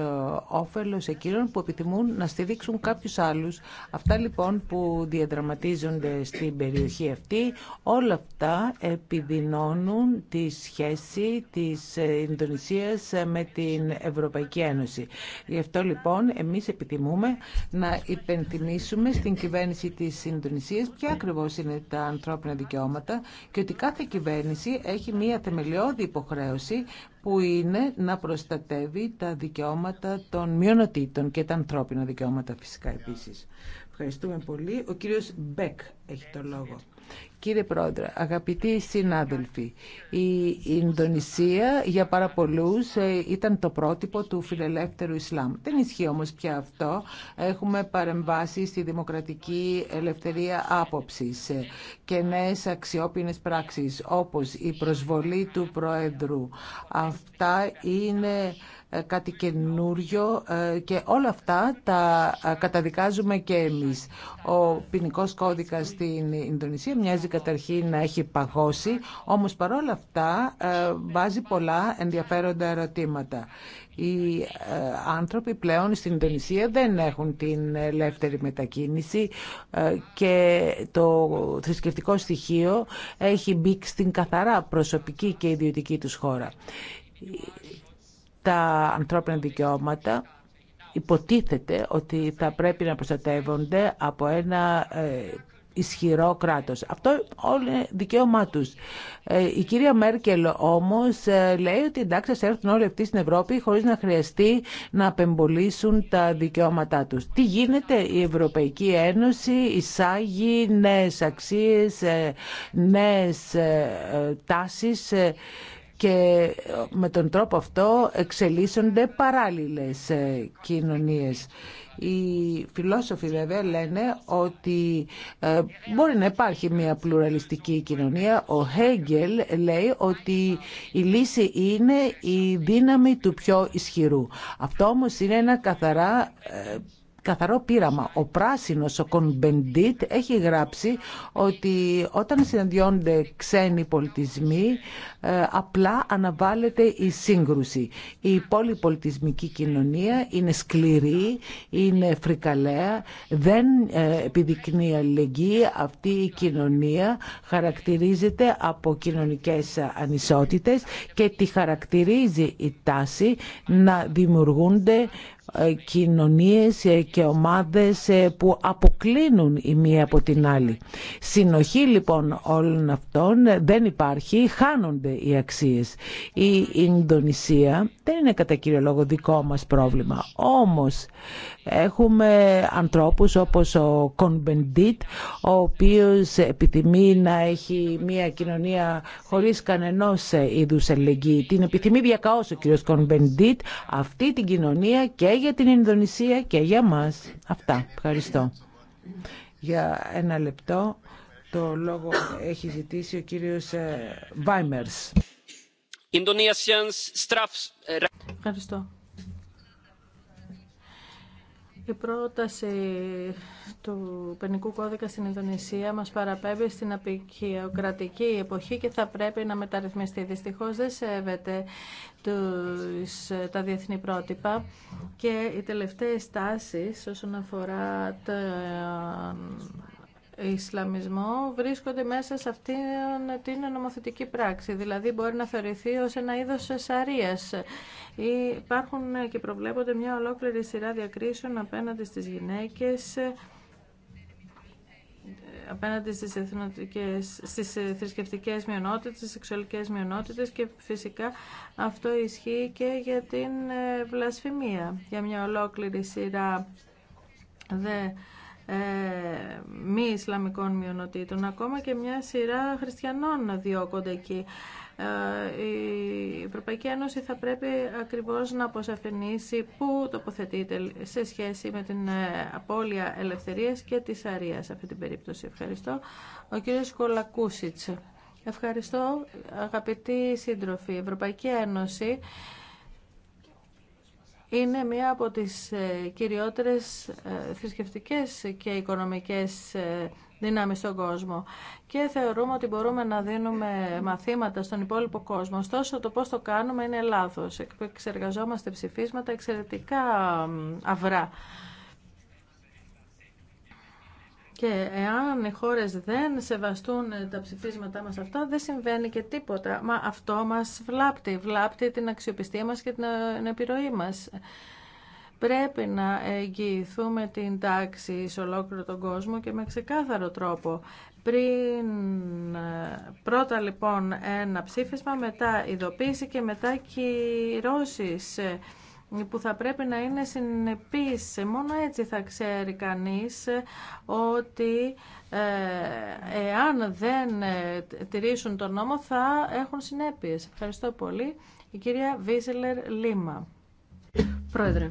όφελος εκείνων που επιθυμούν να στηρίξουν κάποιους άλλους. Αυτά λοιπόν που διαδραματίζονται στην περιοχή αυτή, όλα αυτά επιδεινώνουν τη σχέση της ε, Ινδονησίας ε, με την Ευρωπαϊκή Ένωση. Γι' αυτό λοιπόν εμείς επιθυμούμε να υπενθυμίσουμε στην κυβέρνηση της Ινδονησίας ποια ακριβώς είναι τα ανθρώπινα δικαιώματα και ότι κάθε κυβέρνηση έχει μία θεμελιώδη υποχρέωση που είναι να προστατεύει τα δικαιώματα των μειονοτήτων και τα ανθρώπινα δικαιώματα φυσικά επίσης. Ευχαριστούμε πολύ. Ο κύριος Μπέκ έχει το λόγο. Κύριε Πρόεδρε, αγαπητοί συνάδελφοι, η Ινδονησία για πάρα πολλού ε, ήταν το πρότυπο του φιλελεύθερου Ισλάμ. Δεν ισχύει όμω πια αυτό. Έχουμε παρεμβάσει στη δημοκρατική ελευθερία άποψη ε, και νέε αξιόπινε πράξει, όπω η προσβολή του Προέδρου. Αυτά είναι ε, κάτι καινούριο ε, και όλα αυτά τα ε, καταδικάζουμε και εμείς. Ο ποινικό κώδικας στην Ινδονησία μοιάζει καταρχήν να έχει παγώσει, όμως παρόλα αυτά βάζει πολλά ενδιαφέροντα ερωτήματα. Οι άνθρωποι πλέον στην Ινδονησία δεν έχουν την ελεύθερη μετακίνηση και το θρησκευτικό στοιχείο έχει μπει στην καθαρά προσωπική και ιδιωτική τους χώρα τα ανθρώπινα δικαιώματα υποτίθεται ότι θα πρέπει να προστατεύονται από ένα ε, ισχυρό κράτος. Αυτό όλοι είναι δικαίωμά του. Ε, η κυρία Μέρκελ όμως ε, λέει ότι εντάξει θα έρθουν όλοι αυτοί στην Ευρώπη χωρίς να χρειαστεί να απεμπολίσουν τα δικαιώματά τους. Τι γίνεται η Ευρωπαϊκή Ένωση εισάγει νέες αξίες, νέες τάσεις και με τον τρόπο αυτό εξελίσσονται παράλληλες ε, κοινωνίες. Οι φιλόσοφοι βέβαια λένε ότι ε, μπορεί να υπάρχει μια πλουραλιστική κοινωνία. Ο Χέγγελ λέει ότι η λύση είναι η δύναμη του πιο ισχυρού. Αυτό όμως είναι ένα καθαρά ε, καθαρό πείραμα. Ο πράσινος, ο Κονμπεντίτ, έχει γράψει ότι όταν συναντιόνται ξένοι πολιτισμοί, ε, απλά αναβάλλεται η σύγκρουση. Η πολυπολιτισμική κοινωνία είναι σκληρή, είναι φρικαλαία, δεν ε, επιδεικνύει αλληλεγγύη. Αυτή η κοινωνία χαρακτηρίζεται από κοινωνικές ανισότητες και τη χαρακτηρίζει η τάση να δημιουργούνται ε, κοινωνίες ε, και ομάδες ε, που αποκλίνουν η μία από την άλλη. Συνοχή λοιπόν όλων αυτών δεν υπάρχει, χάνονται οι αξίες. Η Ινδονησία δεν είναι κατά κύριο λόγο δικό μας πρόβλημα. Όμως Έχουμε ανθρώπους όπως ο Κονμπεντίτ, ο οποίος επιθυμεί να έχει μια κοινωνία χωρίς κανενός είδους ελεγγύη. Την επιθυμεί διακαώς ο κύριος Κονμπεντίτ αυτή την κοινωνία και για την Ινδονησία και για μας. Αυτά. Ευχαριστώ. Για ένα λεπτό το λόγο έχει ζητήσει ο κύριος ε, Βάιμερς. Ε, Ευχαριστώ. Η πρόταση του ποινικού κώδικα στην Ινδονησία μας παραπέμπει στην απεικιοκρατική εποχή και θα πρέπει να μεταρρυθμιστεί. Δυστυχώς δεν σέβεται τους, τα διεθνή πρότυπα και οι τελευταίες τάσεις όσον αφορά τα Ισλαμισμό βρίσκονται μέσα σε αυτήν την νομοθετική πράξη. Δηλαδή μπορεί να θεωρηθεί ως ένα είδος σαρίας. Υπάρχουν και προβλέπονται μια ολόκληρη σειρά διακρίσεων απέναντι στις γυναίκες, απέναντι στις, εθνοτικές, στις θρησκευτικές μειονότητες, στις σεξουαλικές μειονότητες και φυσικά αυτό ισχύει και για την ε, βλασφημία, για μια ολόκληρη σειρά δε ε, μη Ισλαμικών μειονοτήτων. Ακόμα και μια σειρά χριστιανών διώκονται εκεί. Ε, η Ευρωπαϊκή Ένωση θα πρέπει ακριβώς να αποσαφηνίσει πού τοποθετείται σε σχέση με την ε, απώλεια ελευθερίας και της αρίας σε αυτή την περίπτωση. Ευχαριστώ. Ο κύριος Κολακούσιτς. Ευχαριστώ αγαπητοί σύντροφοι. Η Ευρωπαϊκή Ένωση είναι μία από τις ε, κυριότερες ε, θρησκευτικές και οικονομικές ε, δυνάμεις στον κόσμο και θεωρούμε ότι μπορούμε να δίνουμε μαθήματα στον υπόλοιπο κόσμο. Ωστόσο το πώς το κάνουμε είναι λάθος. Εξεργαζόμαστε ψηφίσματα εξαιρετικά αυρά. Και εάν οι χώρε δεν σεβαστούν τα ψηφίσματά μας αυτά, δεν συμβαίνει και τίποτα. Μα αυτό μας βλάπτει. Βλάπτει την αξιοπιστία μας και την ε, επιρροή μας. Πρέπει να εγγυηθούμε την τάξη σε ολόκληρο τον κόσμο και με ξεκάθαρο τρόπο. Πριν, ε, πρώτα λοιπόν ένα ψήφισμα, μετά ειδοποίηση και μετά κυρώσεις που θα πρέπει να είναι συνεπής. Μόνο έτσι θα ξέρει κανείς ότι ε, εάν δεν ε, τηρήσουν τον νόμο θα έχουν συνέπειες. Ευχαριστώ πολύ. Η κυρία Βίζελερ Λίμα. Πρόεδρε,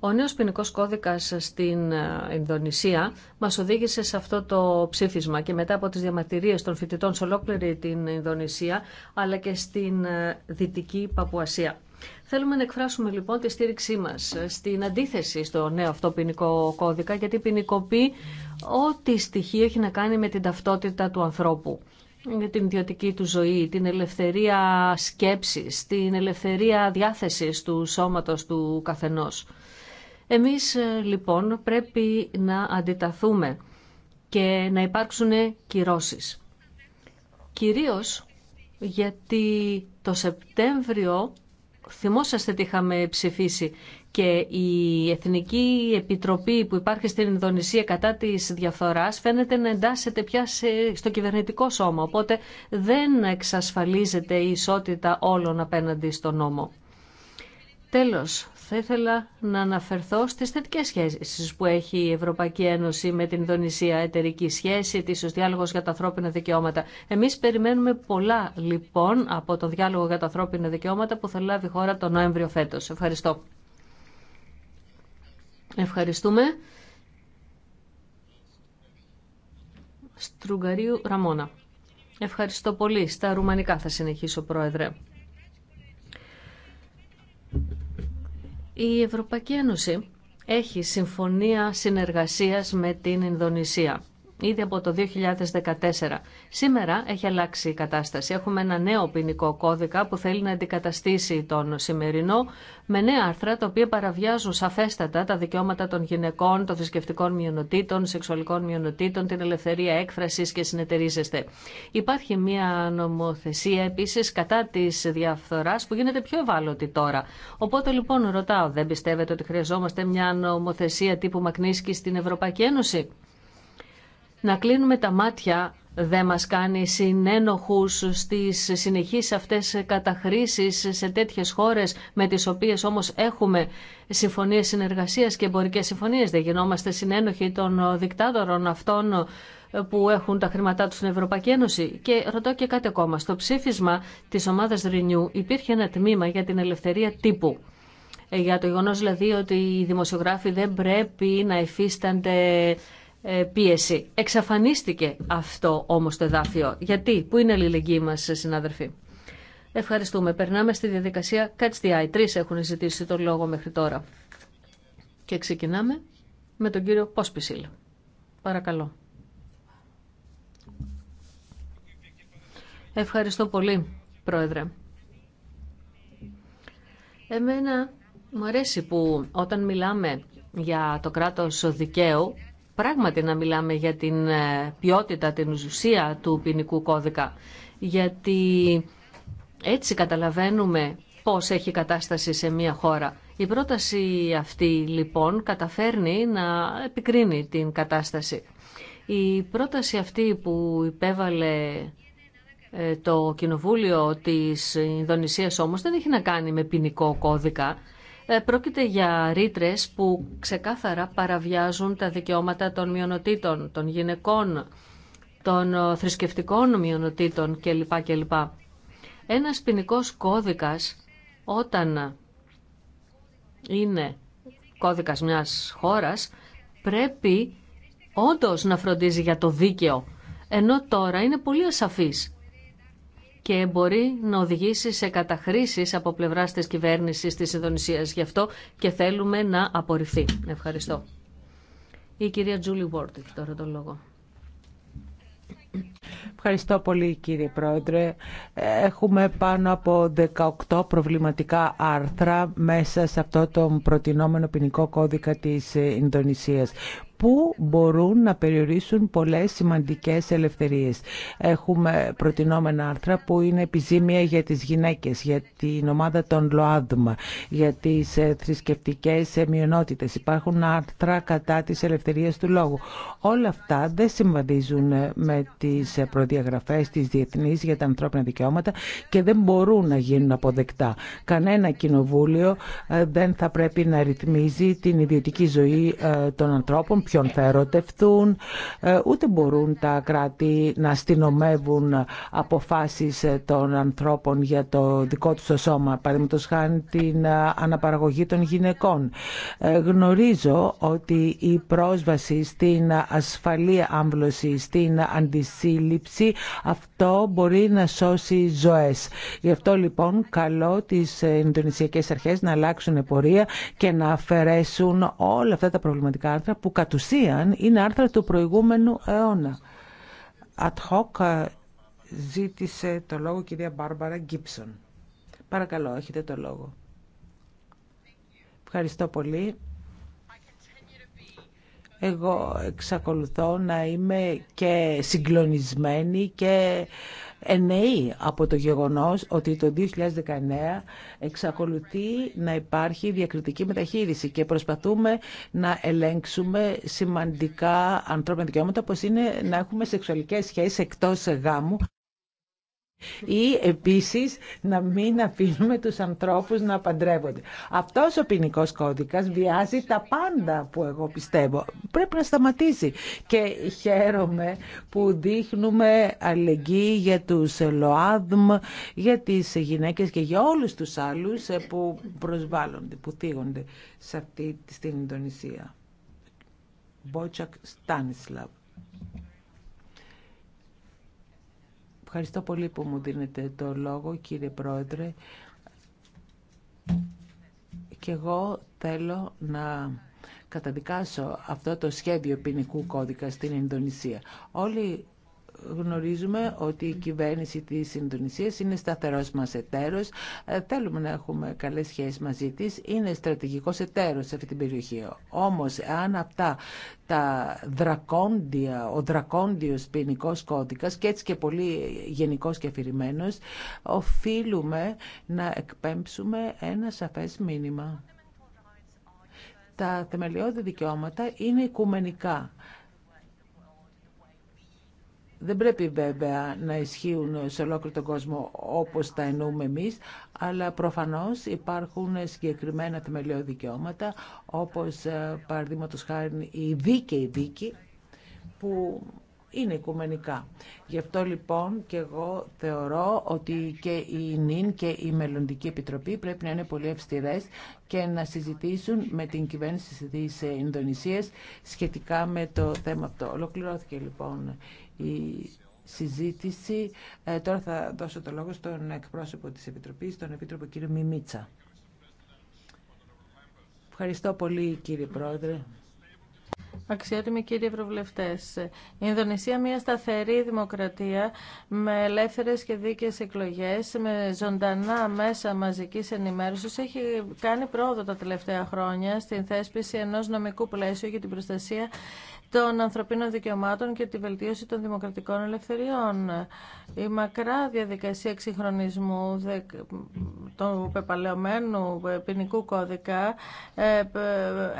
ο νέος ποινικό κώδικας στην ε, Ινδονησία μας οδήγησε σε αυτό το ψήφισμα και μετά από τις διαμαρτυρίες των φοιτητών σε ολόκληρη την Ινδονησία αλλά και στην Δυτική Παπουασία. Θέλουμε να εκφράσουμε λοιπόν τη στήριξή μα ε, στην αντίθεση στο νέο αυτό ποινικό κώδικα γιατί ποινικοποιεί ό,τι στοιχείο έχει να κάνει με την ταυτότητα του ανθρώπου για την ιδιωτική του ζωή, την ελευθερία σκέψης, την ελευθερία διάθεσης του σώματος του καθενός. Εμείς ε, λοιπόν πρέπει να αντιταθούμε και να υπάρξουν κυρώσεις. Κυρίως γιατί το Σεπτέμβριο θυμόσαστε τι είχαμε ψηφίσει και η Εθνική Επιτροπή που υπάρχει στην Ινδονησία κατά της διαφθοράς φαίνεται να εντάσσεται πια στο κυβερνητικό σώμα, οπότε δεν εξασφαλίζεται η ισότητα όλων απέναντι στον νόμο. Τέλος, θα ήθελα να αναφερθώ στις θετικές σχέσεις που έχει η Ευρωπαϊκή Ένωση με την Ινδονησία, εταιρική σχέση, της διάλογος για τα ανθρώπινα δικαιώματα. Εμείς περιμένουμε πολλά λοιπόν από τον διάλογο για τα ανθρώπινα δικαιώματα που θα λάβει η χώρα τον Νοέμβριο φέτος. Ευχαριστώ. Ευχαριστούμε. Στρουγκαρίου Ραμόνα. Ευχαριστώ πολύ. Στα ρουμανικά θα συνεχίσω, Πρόεδρε. Η Ευρωπαϊκή Ένωση έχει συμφωνία συνεργασίας με την Ινδονησία ήδη από το 2014. Σήμερα έχει αλλάξει η κατάσταση. Έχουμε ένα νέο ποινικό κώδικα που θέλει να αντικαταστήσει τον σημερινό με νέα άρθρα τα οποία παραβιάζουν σαφέστατα τα δικαιώματα των γυναικών, των θρησκευτικών μειονοτήτων, σεξουαλικών μειονοτήτων, την ελευθερία έκφραση και συνεταιρίζεστε. Υπάρχει μια νομοθεσία επίση κατά τη διαφθορά που γίνεται πιο ευάλωτη τώρα. Οπότε λοιπόν ρωτάω, δεν πιστεύετε ότι χρειαζόμαστε μια νομοθεσία τύπου Μακνίσκη στην Ευρωπαϊκή Ένωση. Να κλείνουμε τα μάτια δεν μας κάνει συνένοχους στις συνεχείς αυτές καταχρήσεις σε τέτοιες χώρες με τις οποίες όμως έχουμε συμφωνίες συνεργασίας και εμπορικές συμφωνίες. Δεν γινόμαστε συνένοχοι των δικτάτορων αυτών που έχουν τα χρήματά τους στην Ευρωπαϊκή Ένωση. Και ρωτώ και κάτι ακόμα. Στο ψήφισμα της ομάδας Renew υπήρχε ένα τμήμα για την ελευθερία τύπου ε, για το γεγονό δηλαδή ότι οι δημοσιογράφοι δεν πρέπει να υφίστανται ε, πίεση. Εξαφανίστηκε αυτό όμως το εδάφιο. Γιατί, πού είναι η αλληλεγγύη μας συνάδελφοι. Ευχαριστούμε. Περνάμε στη διαδικασία Catch the Eye. Τρεις έχουν ζητήσει τον λόγο μέχρι τώρα. Και ξεκινάμε με τον κύριο Πόσπισιλ. Παρακαλώ. Ευχαριστώ πολύ, Πρόεδρε. Εμένα μου αρέσει που όταν μιλάμε για το κράτος δικαίου πράγματι να μιλάμε για την ε, ποιότητα, την ουσία του ποινικού κώδικα. Γιατί έτσι καταλαβαίνουμε πώς έχει κατάσταση σε μια χώρα. Η πρόταση αυτή λοιπόν καταφέρνει να επικρίνει την κατάσταση. Η πρόταση αυτή που υπέβαλε ε, το Κοινοβούλιο της Ινδονησίας όμως δεν έχει να κάνει με ποινικό κώδικα. Ε, πρόκειται για ρήτρε που ξεκάθαρα παραβιάζουν τα δικαιώματα των μειονοτήτων, των γυναικών, των ε, θρησκευτικών μειονοτήτων κλπ. κλπ. Ένας ποινικό κώδικας όταν είναι κώδικας μιας χώρας πρέπει όντως να φροντίζει για το δίκαιο. Ενώ τώρα είναι πολύ ασαφής και μπορεί να οδηγήσει σε καταχρήσει από πλευρά της κυβέρνηση της Ινδονησίας. Γι' αυτό και θέλουμε να απορριφθεί. Ευχαριστώ. Η κυρία Τζούλι Βόρτ έχει τώρα τον λόγο. Ευχαριστώ πολύ κύριε Πρόεδρε. Έχουμε πάνω από 18 προβληματικά άρθρα μέσα σε αυτό το προτινόμενο ποινικό κώδικα της Ινδονησίας που μπορούν να περιορίσουν πολλές σημαντικές ελευθερίες. Έχουμε προτινόμενα άρθρα που είναι επιζήμια για τις γυναίκες, για την ομάδα των ΛΟΑΔΜΑ, για τις ε, θρησκευτικές ε, μειονότητες. Υπάρχουν άρθρα κατά της ελευθερίας του λόγου. Όλα αυτά δεν συμβαδίζουν ε, με τις προδιαγραφές της διεθνής για τα ανθρώπινα δικαιώματα και δεν μπορούν να γίνουν αποδεκτά. Κανένα κοινοβούλιο δεν θα πρέπει να ρυθμίζει την ιδιωτική ζωή των ανθρώπων ποιον θα ερωτευτούν, ε, ούτε μπορούν τα κράτη να αστυνομεύουν αποφάσεις ε, των ανθρώπων για το δικό τους το σώμα, παραδείγματος χάνει την ε, αναπαραγωγή των γυναικών. Γνωρίζω ότι η πρόσβαση στην ασφαλή άμβλωση, στην αντισύλληψη, αυτό μπορεί να σώσει ζωές. Γι' αυτό λοιπόν καλώ τις Ινδονησιακές αρχές να αλλάξουν πορεία και να αφαιρέσουν όλα αυτά τα προβληματικά άρθρα που είναι άρθρα του προηγούμενου αιώνα. Ad hoc ε, ζήτησε το λόγο κυρία Μπάρμπαρα Γκίψον. Παρακαλώ, έχετε το λόγο. Ευχαριστώ πολύ. Εγώ εξακολουθώ να είμαι και συγκλονισμένη και εννοεί από το γεγονός ότι το 2019 εξακολουθεί να υπάρχει διακριτική μεταχείριση και προσπαθούμε να ελέγξουμε σημαντικά ανθρώπινα δικαιώματα όπως είναι να έχουμε σεξουαλικές σχέσεις εκτός γάμου ή επίσης να μην αφήνουμε τους ανθρώπους να παντρεύονται. Αυτός ο ποινικό κώδικας βιάζει τα πάντα που εγώ πιστεύω. Πρέπει να σταματήσει. Και χαίρομαι που δείχνουμε αλληλεγγύη για τους ΛΟΑΔΜ, για τις γυναίκες και για όλους τους άλλους που προσβάλλονται, που θίγονται σε αυτή, στην Ινδονησία. Μπότσακ Στάνισλαβ. Ευχαριστώ πολύ που μου δίνετε το λόγο, κύριε Πρόεδρε. Και εγώ θέλω να καταδικάσω αυτό το σχέδιο ποινικού κώδικα στην Ινδονησία. Όλοι γνωρίζουμε ότι η κυβέρνηση της Ινδονησίας είναι σταθερός μας εταίρος. Ε, θέλουμε να έχουμε καλές σχέσεις μαζί της. Είναι στρατηγικός εταίρος σε αυτή την περιοχή. Όμως, αν αυτά τα δρακόντια, ο δρακόντιος ποινικό κώδικας και έτσι και πολύ γενικός και αφηρημένος, οφείλουμε να εκπέμψουμε ένα σαφές μήνυμα. Τα θεμελιώδη δικαιώματα είναι οικουμενικά. Δεν πρέπει βέβαια να ισχύουν σε ολόκληρο τον κόσμο όπως τα εννοούμε εμείς, αλλά προφανώς υπάρχουν συγκεκριμένα θεμελιώδη δικαιώματα, όπως ε, παραδείγματο χάρη η δίκαιη δίκη, που είναι οικουμενικά. Γι' αυτό λοιπόν και εγώ θεωρώ ότι και η ΝΙΝ και η Μελλοντική Επιτροπή πρέπει να είναι πολύ αυστηρές και να συζητήσουν με την κυβέρνηση της Ινδονησίας σχετικά με το θέμα αυτό. Ολοκληρώθηκε λοιπόν η συζήτηση. Ε, τώρα θα δώσω το λόγο στον εκπρόσωπο της Επιτροπής, τον Επίτροπο κύριο Μιμίτσα. Ευχαριστώ πολύ κύριε Πρόεδρε. Αξιότιμοι κύριοι Ευρωβουλευτέ, η Ινδονησία μια σταθερή δημοκρατία με ελεύθερε και δίκαιε εκλογέ, με ζωντανά μέσα μαζική ενημέρωση, έχει κάνει πρόοδο τα τελευταία χρόνια στην θέσπιση ενό νομικού πλαίσιο για την προστασία των ανθρωπίνων δικαιωμάτων και τη βελτίωση των δημοκρατικών ελευθεριών. Η μακρά διαδικασία εξυγχρονισμού του πεπαλαιωμένου ποινικού κώδικα ε,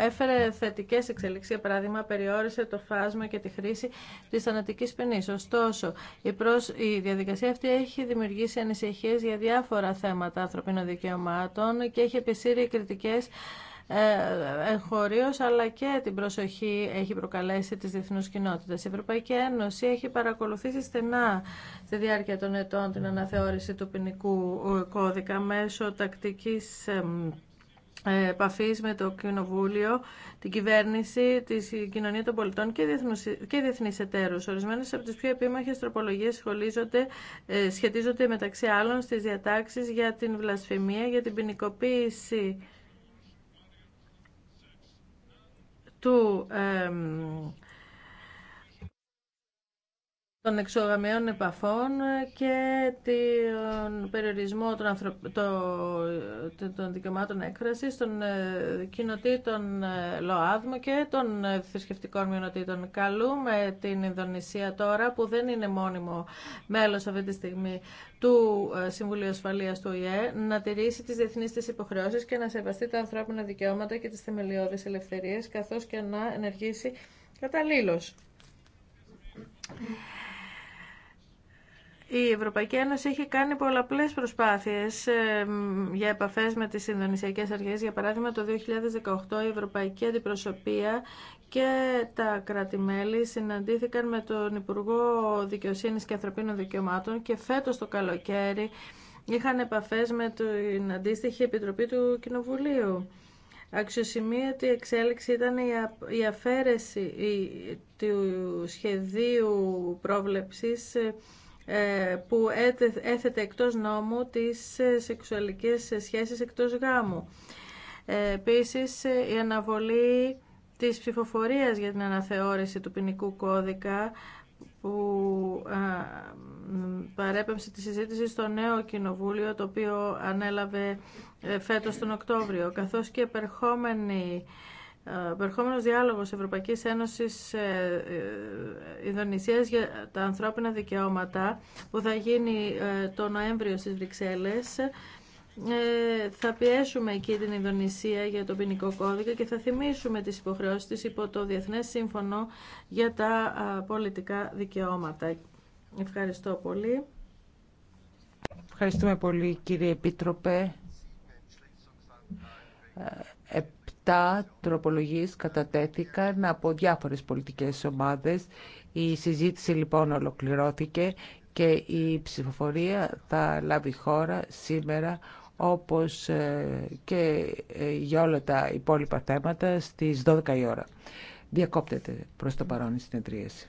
έφερε θετικές εξελίξεις. Για παράδειγμα, περιόρισε το φάσμα και τη χρήση της θανατικής ποινής. Ωστόσο, η, η διαδικασία αυτή έχει δημιουργήσει ανησυχίες για διάφορα θέματα ανθρωπίνων δικαιωμάτων και έχει επισύρει κριτικές ε, εγχωρίως αλλά και την προσοχή έχει προκαλέσει τις διεθνούς κοινότητες. Η Ευρωπαϊκή Ένωση έχει παρακολουθήσει στενά στη διάρκεια των ετών την αναθεώρηση του ποινικού ε, κώδικα μέσω τακτικής ε, επαφή με το Κοινοβούλιο, την κυβέρνηση, τη κοινωνία των πολιτών και, και διεθνεί εταίρου. Ορισμένε από τι πιο επίμαχε τροπολογίε σχετίζονται μεταξύ άλλων στι διατάξει για την βλασφημία, για την ποινικοποίηση του ε, των εξωγαμιών επαφών και τον περιορισμό των, ανθρωπ... των δικαιωμάτων έκφρασης, των ε, κοινοτήτων ε, ΛΟΑΔΜΟ και των ε, θρησκευτικών μειονοτήτων. Καλούμε την Ινδονησία τώρα που δεν είναι μόνιμο μέλος αυτή τη στιγμή του Συμβουλίου Ασφαλείας του Ι.Ε. να τηρήσει τις διεθνεί της υποχρεώσεις και να σεβαστεί τα ανθρώπινα δικαιώματα και τις θεμελιώδεις ελευθερίες καθώς και να ενεργήσει καταλήλως. Η Ευρωπαϊκή Ένωση έχει κάνει πολλαπλές προσπάθειες ε, για επαφές με τις Ινδονησιακές Αρχές. Για παράδειγμα, το 2018 η Ευρωπαϊκή Αντιπροσωπεία και τα κράτη-μέλη συναντήθηκαν με τον Υπουργό Δικαιοσύνης και Ανθρωπίνων Δικαιωμάτων και φέτος το καλοκαίρι είχαν επαφές με την αντίστοιχη Επιτροπή του Κοινοβουλίου. Αξιοσημείωτη εξέλιξη ήταν η αφαίρεση του σχεδίου πρόβλεψης ε, ε, που έθετε εκτός νόμου τις ε, σεξουαλικές σχέσεις εκτός γάμου. Ε, επίσης, η αναβολή της ψηφοφορίας για την αναθεώρηση του ποινικού κώδικα που παρέπεμψε τη συζήτηση στο νέο κοινοβούλιο το οποίο ανέλαβε φέτος τον Οκτώβριο καθώς και επερχόμενη ο διάλογος Ευρωπαϊκής Ένωσης ε, ε, Ινδονησίας για τα ανθρώπινα δικαιώματα που θα γίνει ε, το Νοέμβριο στις Βρυξέλλες θα πιέσουμε εκεί την Ινδονησία για τον ποινικό κώδικα και θα θυμίσουμε τις υποχρεώσεις της υπό το Διεθνές Σύμφωνο για τα πολιτικά δικαιώματα. Ευχαριστώ πολύ. Ευχαριστούμε πολύ κύριε Επίτροπε. Τα τροπολογίες κατατέθηκαν από διάφορες πολιτικές ομάδες. Η συζήτηση λοιπόν ολοκληρώθηκε και η ψηφοφορία θα λάβει χώρα σήμερα όπως ε, και ε, για όλα τα υπόλοιπα θέματα στις 12 η ώρα. Διακόπτεται προς το παρόν η συνεδρίαση.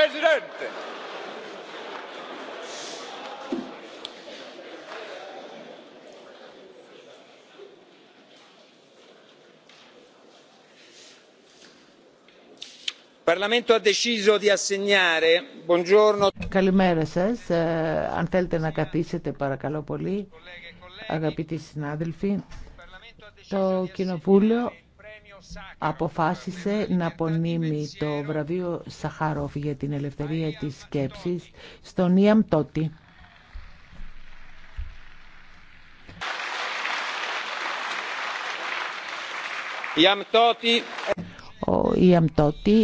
Presidente. Καλημέρα σας. Ε, αν θέλετε να καθίσετε παρακαλώ πολύ, αγαπητοί συνάδελφοι, το Κοινοβούλιο αποφάσισε να απονείμει το βραβείο Σαχάροφ για την ελευθερία της σκέψης στον Ιαμ Τότι. Ο Ιαμ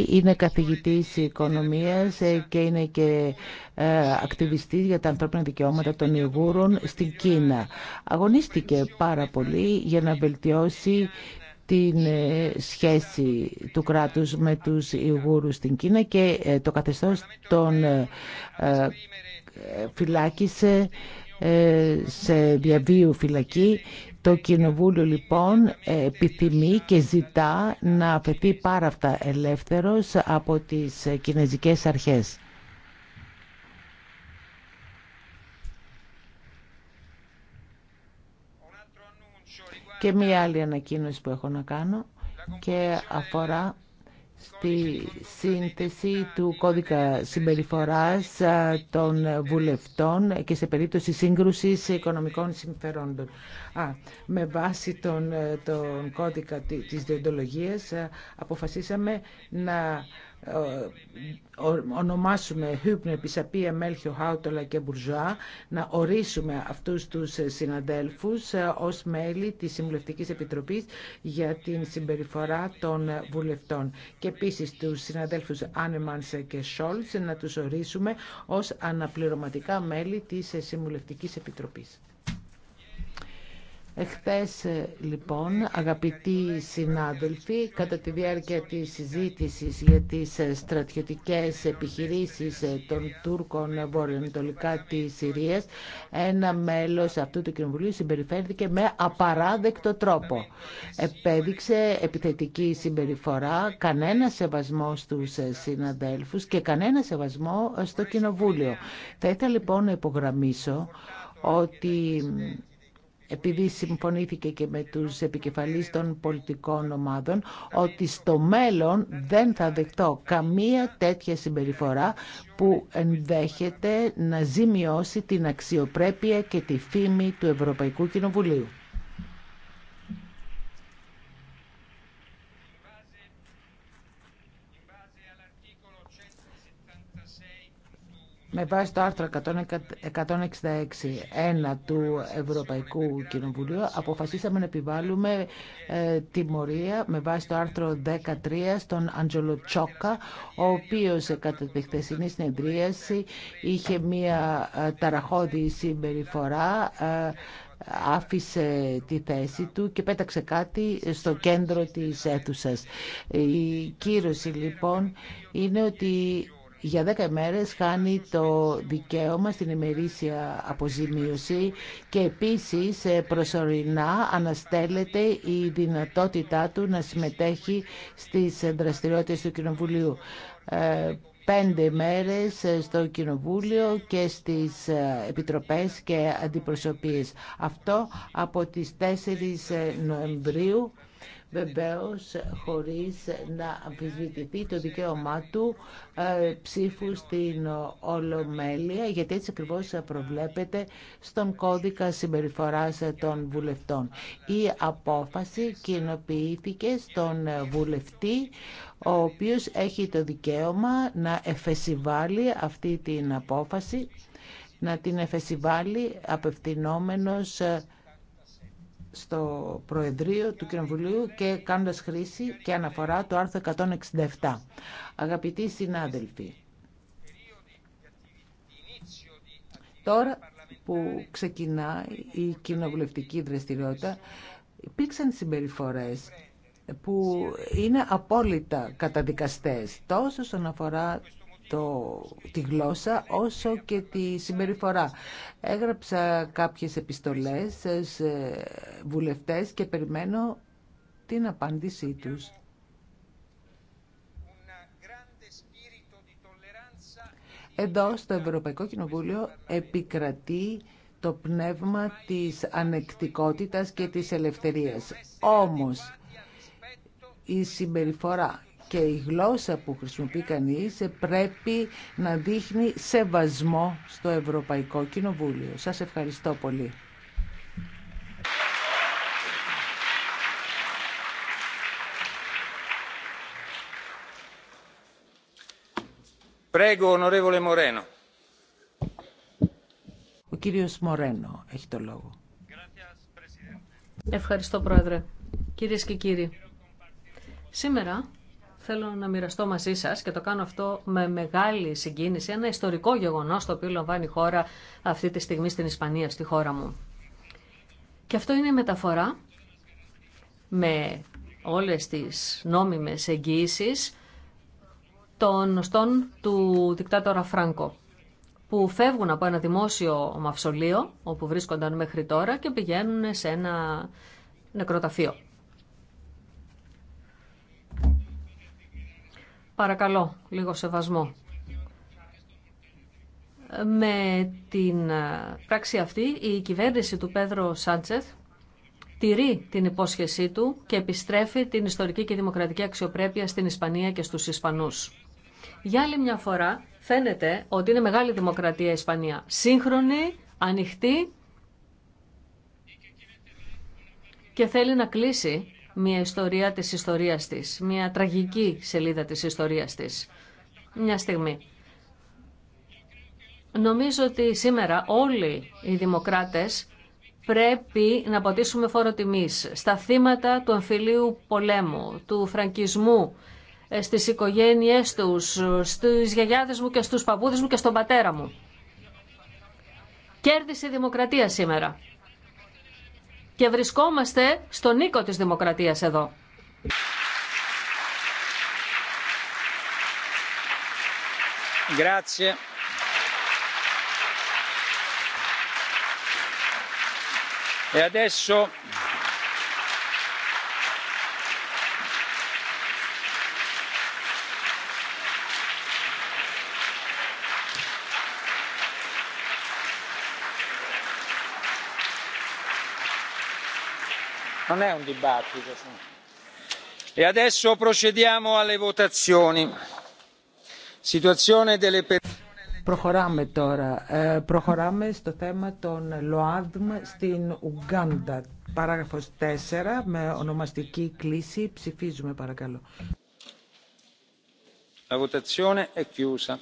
είναι καθηγητής οικονομίας και είναι και ε, ακτιβιστής για τα ανθρώπινα δικαιώματα των Ιγούρων στην Κίνα. Αγωνίστηκε πάρα πολύ για να βελτιώσει την ε, σχέση του κράτους με τους Ιγούρους στην Κίνα και ε, το καθεστώς τον ε, φυλάκισε σε διαβίου φυλακή. Το Κοινοβούλιο λοιπόν επιθυμεί και ζητά να αφαιθεί πάρα αυτά ελεύθερος από τις κινέζικες αρχές. Και μία άλλη ανακοίνωση που έχω να κάνω και αφορά στη σύνθεση του κώδικα συμπεριφοράς των βουλευτών και σε περίπτωση σύγκρουσης οικονομικών συμφερόντων. Α, με βάση τον, ε, τον κώδικα της διοντολογίας αποφασίσαμε να ε, ονομάσουμε Χούπνε, Πισαπία, Μέλχιο, Χάουτολα και Μπουρζουά, να ορίσουμε αυτούς τους συναδέλφους ε, ως μέλη της Συμβουλευτικής Επιτροπής για την συμπεριφορά των βουλευτών. Και επίσης τους συναδέλφους Άνεμανς και Σόλτς να τους ορίσουμε ως αναπληρωματικά μέλη της Συμβουλευτικής Επιτροπής. Εχθές ε, λοιπόν αγαπητοί συνάδελφοι κατά τη διάρκεια της συζήτησης για τις ε, στρατιωτικές επιχειρήσεις ε, των Τούρκων βορειοανατολικά της Συρίας ένα μέλος αυτού του κοινοβουλίου συμπεριφέρθηκε με απαράδεκτο τρόπο. Επέδειξε επιθετική συμπεριφορά, κανένα σεβασμό στους συναδέλφους και κανένα σεβασμό στο κοινοβούλιο. Θα ήθελα λοιπόν να υπογραμμίσω ότι επειδή συμφωνήθηκε και με τους επικεφαλείς των πολιτικών ομάδων, ότι στο μέλλον δεν θα δεχτώ καμία τέτοια συμπεριφορά που ενδέχεται να ζημιώσει την αξιοπρέπεια και τη φήμη του Ευρωπαϊκού Κοινοβουλίου. με βάση το άρθρο 166.1 του Ευρωπαϊκού Κοινοβουλίου αποφασίσαμε να επιβάλλουμε ε, τιμωρία με βάση το άρθρο 13 στον Αντζολο Τσόκα ο οποίος κατά τη χθεσινή συνεδρίαση είχε μία ε, ταραχώδη συμπεριφορά ε, άφησε τη θέση του και πέταξε κάτι στο κέντρο της αίθουσας. Η κύρωση λοιπόν είναι ότι για 10 μέρες χάνει το δικαίωμα στην ημερήσια αποζημίωση και επίσης ε, προσωρινά αναστέλλεται η δυνατότητά του να συμμετέχει στις δραστηριότητες του Κοινοβουλίου. Ε, πέντε μέρες ε, στο Κοινοβούλιο και στις επιτροπές και αντιπροσωπείες. Αυτό από τις 4 Νοεμβρίου βεβαίως χωρίς να αμφισβητηθεί το δικαίωμά του ε, ψήφου στην Ολομέλεια, γιατί έτσι ακριβώς προβλέπεται στον κώδικα συμπεριφοράς των βουλευτών. Η απόφαση κοινοποιήθηκε στον βουλευτή, ο οποίος έχει το δικαίωμα να εφεσιβάλει αυτή την απόφαση, να την εφεσιβάλει απευθυνόμενος στο Προεδρείο του Κοινοβουλίου και κάνοντας χρήση και αναφορά το άρθρο 167. Αγαπητοί συνάδελφοι, τώρα που ξεκινάει η κοινοβουλευτική δραστηριότητα, υπήρξαν συμπεριφορές που είναι απόλυτα καταδικαστές, τόσο στον αφορά το, τη γλώσσα όσο και τη συμπεριφορά. Έγραψα κάποιες επιστολές σε βουλευτές και περιμένω την απάντησή τους. Εδώ στο Ευρωπαϊκό Κοινοβούλιο επικρατεί το πνεύμα της ανεκτικότητας και της ελευθερίας. Όμως η συμπεριφορά και η γλώσσα που χρησιμοποιεί κανείς πρέπει να δείχνει σεβασμό στο Ευρωπαϊκό Κοινοβούλιο. Σας ευχαριστώ πολύ. Ο κύριος Μορένο έχει το λόγο. Ευχαριστώ, Πρόεδρε. Κυρίες και κύριοι, σήμερα θέλω να μοιραστώ μαζί σα και το κάνω αυτό με μεγάλη συγκίνηση, ένα ιστορικό γεγονό το οποίο λαμβάνει η χώρα αυτή τη στιγμή στην Ισπανία, στη χώρα μου. Και αυτό είναι η μεταφορά με όλες τις νόμιμες εγγύησεις των γνωστών του δικτάτορα Φράνκο που φεύγουν από ένα δημόσιο μαυσολείο όπου βρίσκονταν μέχρι τώρα και πηγαίνουν σε ένα νεκροταφείο. Παρακαλώ, λίγο σεβασμό. Με την ε, πράξη αυτή η κυβέρνηση του Πέδρο Σάντσεθ τηρεί την υπόσχεσή του και επιστρέφει την ιστορική και δημοκρατική αξιοπρέπεια στην Ισπανία και στους Ισπανούς. Για άλλη μια φορά φαίνεται ότι είναι μεγάλη δημοκρατία η Ισπανία. Σύγχρονη, ανοιχτή και θέλει να κλείσει μια ιστορία της ιστορίας της, μια τραγική σελίδα της ιστορίας της. Μια στιγμή. Νομίζω ότι σήμερα όλοι οι δημοκράτες πρέπει να ποτίσουμε φόρο τιμής στα θύματα του εμφυλίου πολέμου, του φραγκισμού, ε, στις οικογένειές τους, στις γιαγιάδες μου και στους παππούδες μου και στον πατέρα μου. Κέρδισε η δημοκρατία σήμερα και βρισκόμαστε στον οίκο της δημοκρατίας εδώ. Grazie. E adesso Non è un dibattito. E adesso procediamo alle votazioni. Προχωράμε τώρα. Ε, προχωράμε στο θέμα των ΛΟΑΔΜ στην Ουγγάντα. Παράγραφος 4 με ονομαστική κλίση. Ψηφίζουμε παρακαλώ. La votazione è chiusa.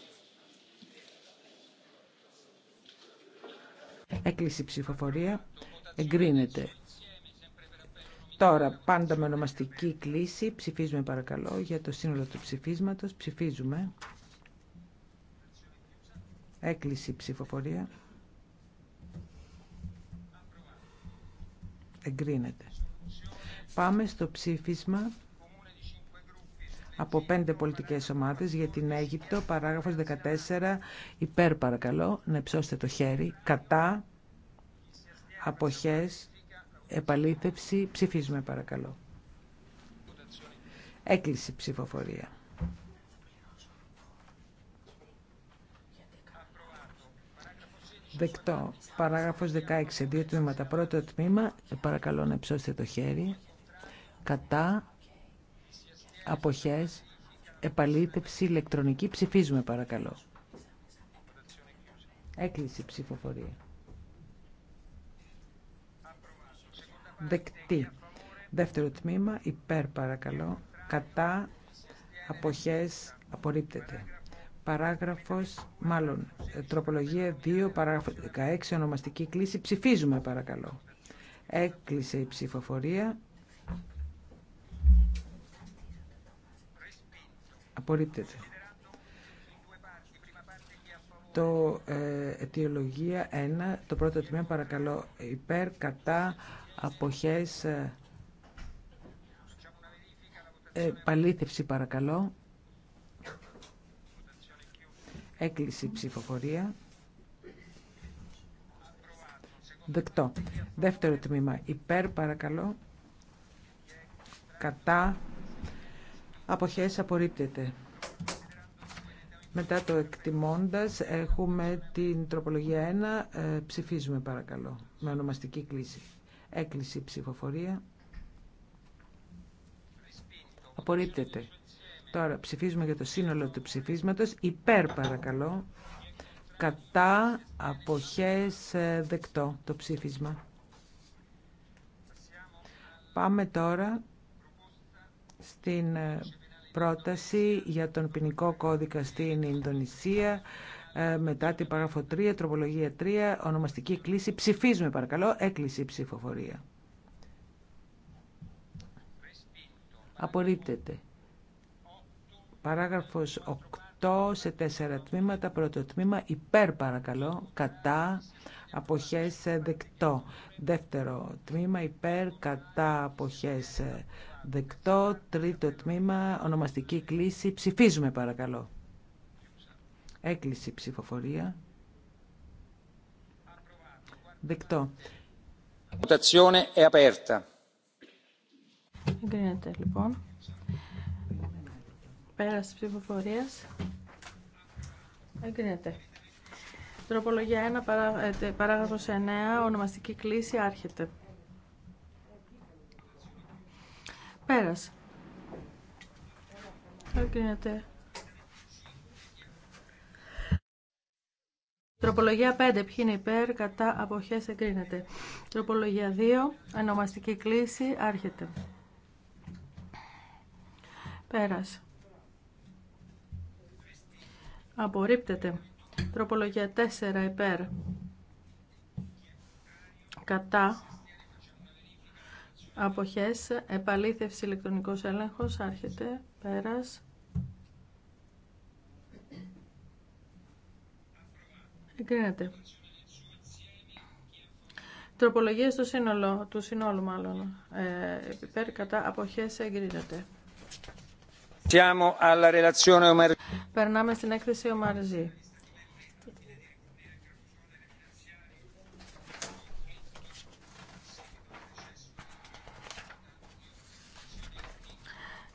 Έκλεισε η ψηφοφορία. Εγκρίνεται. Τώρα, πάντα με ονομαστική κλίση, ψηφίζουμε παρακαλώ για το σύνολο του ψηφίσματος. Ψηφίζουμε. Έκλειση ψηφοφορία. Εγκρίνεται. Πάμε στο ψήφισμα από πέντε πολιτικές ομάδες για την Αίγυπτο, παράγραφος 14, υπέρ παρακαλώ, να ψώσετε το χέρι, κατά, αποχές, επαλήθευση. Ψηφίζουμε παρακαλώ. Έκλειση ψηφοφορία. Δεκτό. Παράγραφος 16. Δύο τμήματα. Πρώτο τμήμα. Παρακαλώ να ψώσετε το χέρι. Κατά. Αποχές. Επαλήθευση ηλεκτρονική. Ψηφίζουμε παρακαλώ. Έκλεισε ψηφοφορία. δεκτή. Δεύτερο τμήμα, υπέρ παρακαλώ, κατά αποχές απορρίπτεται. Παράγραφος, μάλλον, ε, τροπολογία 2, παράγραφος 16, ονομαστική κλίση. Ψηφίζουμε παρακαλώ. Έκλεισε η ψηφοφορία. Απορρίπτεται. Το ε, αιτιολογία 1, το πρώτο τμήμα παρακαλώ υπέρ, κατά, αποχές ε, παλήθευση παρακαλώ έκλειση ψηφοφορία δεκτό δεύτερο τμήμα υπέρ παρακαλώ κατά αποχές απορρίπτεται μετά το εκτιμώντας έχουμε την τροπολογία 1 ε, ψηφίζουμε παρακαλώ με ονομαστική κλίση Έκλεισε ψηφοφορία. Απορρίπτεται. Τώρα ψηφίζουμε για το σύνολο του ψηφίσματος. Υπέρ παρακαλώ. Κατά αποχές ε, δεκτό το ψήφισμα. Πάμε τώρα στην ε, πρόταση για τον ποινικό κώδικα στην Ινδονησία. Ε, μετά την παράγραφο 3, τροπολογία 3, ονομαστική κλίση. Ψηφίζουμε παρακαλώ, έκλεισε η ψηφοφορία. Απορρίπτεται. Παράγραφος 8 σε 4 τμήματα, πρώτο τμήμα υπέρ παρακαλώ, κατά, αποχές ε, δεκτό. Δεύτερο τμήμα υπέρ, κατά, αποχές ε, δεκτό. Τρίτο τμήμα, ονομαστική κλίση, ψηφίζουμε παρακαλώ. Έκλεισε η ψηφοφορία. Δεκτό. Votazione è aperta. Εγκρίνεται λοιπόν. Πέραση ψηφοφορία. Εγκρίνεται. Τροπολογία 1, παράγραφο 9, ονομαστική κλίση, άρχεται. Πέρασε. Εγκρίνεται. Τροπολογία 5. Ποιοι είναι υπέρ, κατά, αποχές, εγκρίνεται. Τροπολογία 2. Ανομαστική κλίση. Άρχεται. Πέρας. Απορρίπτεται. Τροπολογία 4. Υπέρ. Κατά. Αποχές. Επαλήθευση ηλεκτρονικός έλεγχος. Άρχεται. Πέρας. Εγκρίνεται. Τροπολογίες του σύνολου, του συνόλου μάλλον. Ε, υπέρ κατά αποχές εγκρίνεται. Περνάμε στην έκθεση Ομαρζή.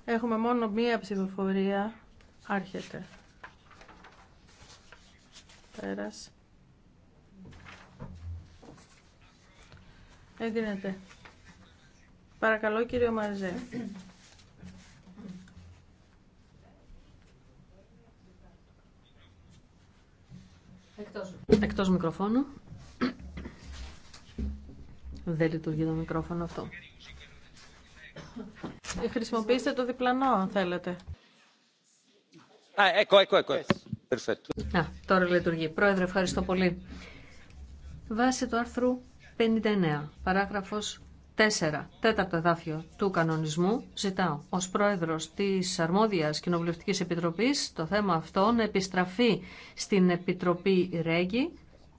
Έχουμε μόνο μία ψηφοφορία. Άρχεται. Πέρας. Εγκρίνεται. Παρακαλώ κύριο Μαρζέ. Εκτός. Εκτός μικροφώνου. Δεν λειτουργεί το μικρόφωνο αυτό. Ε, χρησιμοποιήστε το διπλανό αν θέλετε. Α, εκώ, εκώ, Α, τώρα λειτουργεί. Πρόεδρε, ευχαριστώ πολύ. Βάσει του άρθρου 59, παράγραφος 4, τέταρτο εδάφιο του κανονισμού, ζητάω ως πρόεδρος της αρμόδιας κοινοβουλευτικής επιτροπής το θέμα αυτό να επιστραφεί στην Επιτροπή Ρέγγι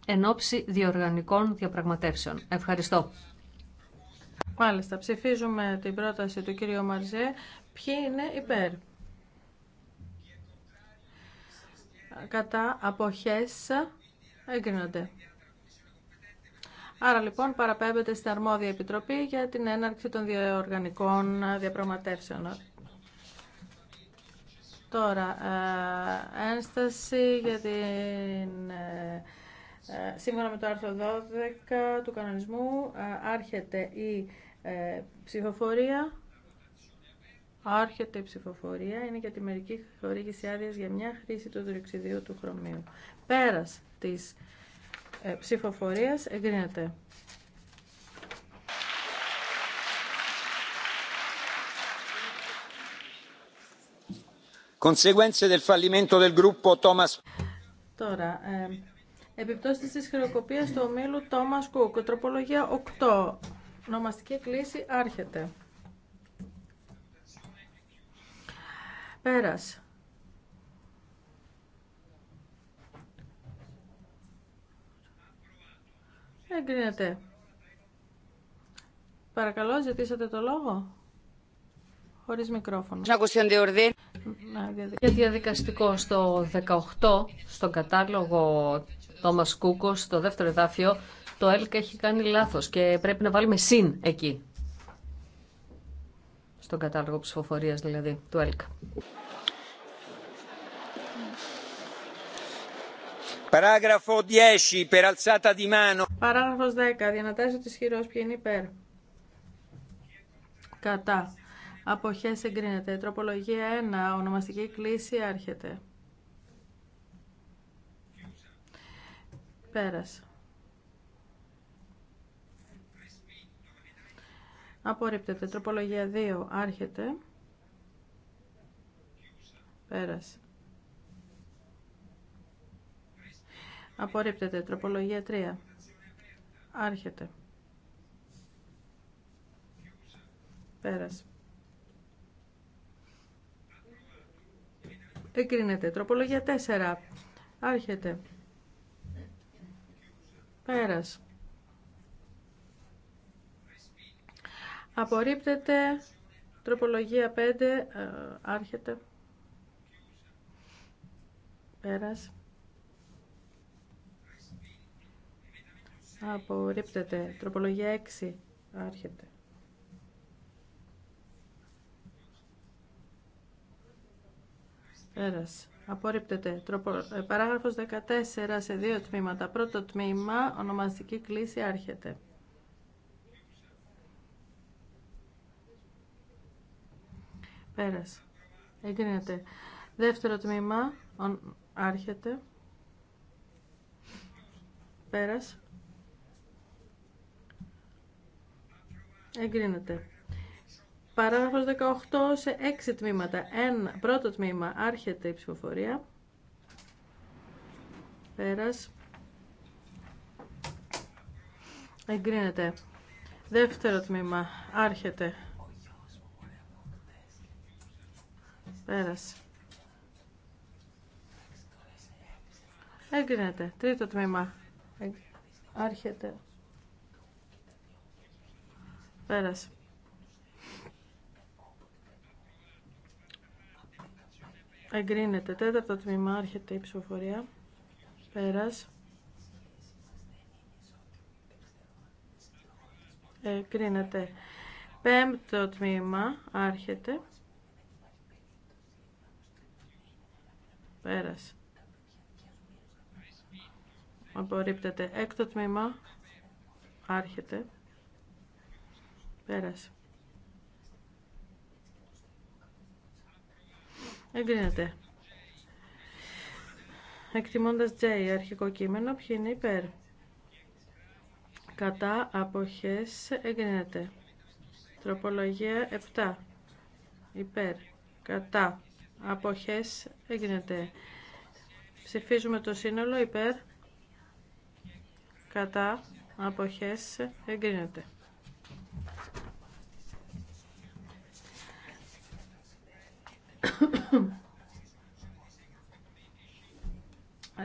εν ώψη διοργανικών διαπραγματεύσεων. Ευχαριστώ. Μάλιστα, ψηφίζουμε την πρόταση του κύριου Μαρζέ. Ποιοι είναι υπέρ. κατά αποχές εγκρίνονται. Άρα λοιπόν παραπέμπεται στην αρμόδια επιτροπή για την έναρξη των διοργανικών διαπραγματεύσεων. Τώρα, ε, ένσταση για την... Ε, ε, σύμφωνα με το άρθρο 12 του κανονισμού άρχεται η ψηφοφορία. Άρχεται η ψηφοφορία. Είναι για τη μερική χορήγηση άδεια για μια χρήση του διοξιδίου του χρωμίου. Πέρας της ε, ψηφοφορίας εγκρίνεται. Conseguenze del fallimento del gruppo Thomas. Τώρα, ε, επιπτώσεις της χειροκοπίας του ομίλου Thomas Cook. Τροπολογία 8. Νομαστική κλίση άρχεται. Πέρας. Εγκρίνεται. Παρακαλώ, ζητήσατε το λόγο. Χωρίς μικρόφωνο. Για διαδικαστικό στο 18, στον κατάλογο Τόμας Κούκος, στο δεύτερο εδάφιο, το ΕΛΚ έχει κάνει λάθος και πρέπει να βάλουμε συν εκεί στον κατάλογο ψηφοφορία δηλαδή του ΕΛΚΑ. Παράγραφο 10. Per alzata di mano. Παράγραφο 10. Διανατάσσω ότι ισχυρό Ποιο είναι υπέρ. Κατά. Αποχέ εγκρίνεται. Τροπολογία 1. Ονομαστική κλίση άρχεται. Πέρασε. Απορρίπτεται. Τροπολογία 2. Άρχεται. Πέρασε. Απορρίπτεται. Τροπολογία 3. Άρχεται. Πέρασε. Εγκρίνεται. Τροπολογία 4. Άρχεται. Πέρασε. Απορρίπτεται. Τροπολογία 5. Ε, άρχεται. Πέρας. Απορρίπτεται. Τροπολογία 6. Άρχεται. Πέρας. Απορρίπτεται. Τροπο... Ε, παράγραφος 14 σε δύο τμήματα. Πρώτο τμήμα, ονομαστική κλίση, άρχεται. Πέρασε. Εγκρίνεται. Δεύτερο τμήμα. Άρχεται. Πέρασε. Εγκρίνεται. Παράγραφος 18 σε 6 τμήματα. Ένα, πρώτο τμήμα. Άρχεται η ψηφοφορία. Πέρας. Εγκρίνεται. Δεύτερο τμήμα. Άρχεται. Πέρασε. Έγκρινεται. Τρίτο τμήμα. Άρχεται. Πέρασε. Εγκρίνεται. Τέταρτο τμήμα. Άρχεται η ψηφοφορία. Πέρασε. Εγκρίνεται. Πέμπτο τμήμα. Άρχεται. Πέρασε. Απορρίπτεται. Έκτο τμήμα. Άρχεται. Πέρασε. Εγκρίνεται. Εκτιμώντας J, αρχικό κείμενο, ποιοι είναι υπέρ. Κατά αποχές εγκρίνεται. Τροπολογία 7. Υπέρ. Κατά αποχές εγκρίνεται. Ψηφίζουμε το σύνολο υπέρ κατά αποχές εγκρίνεται.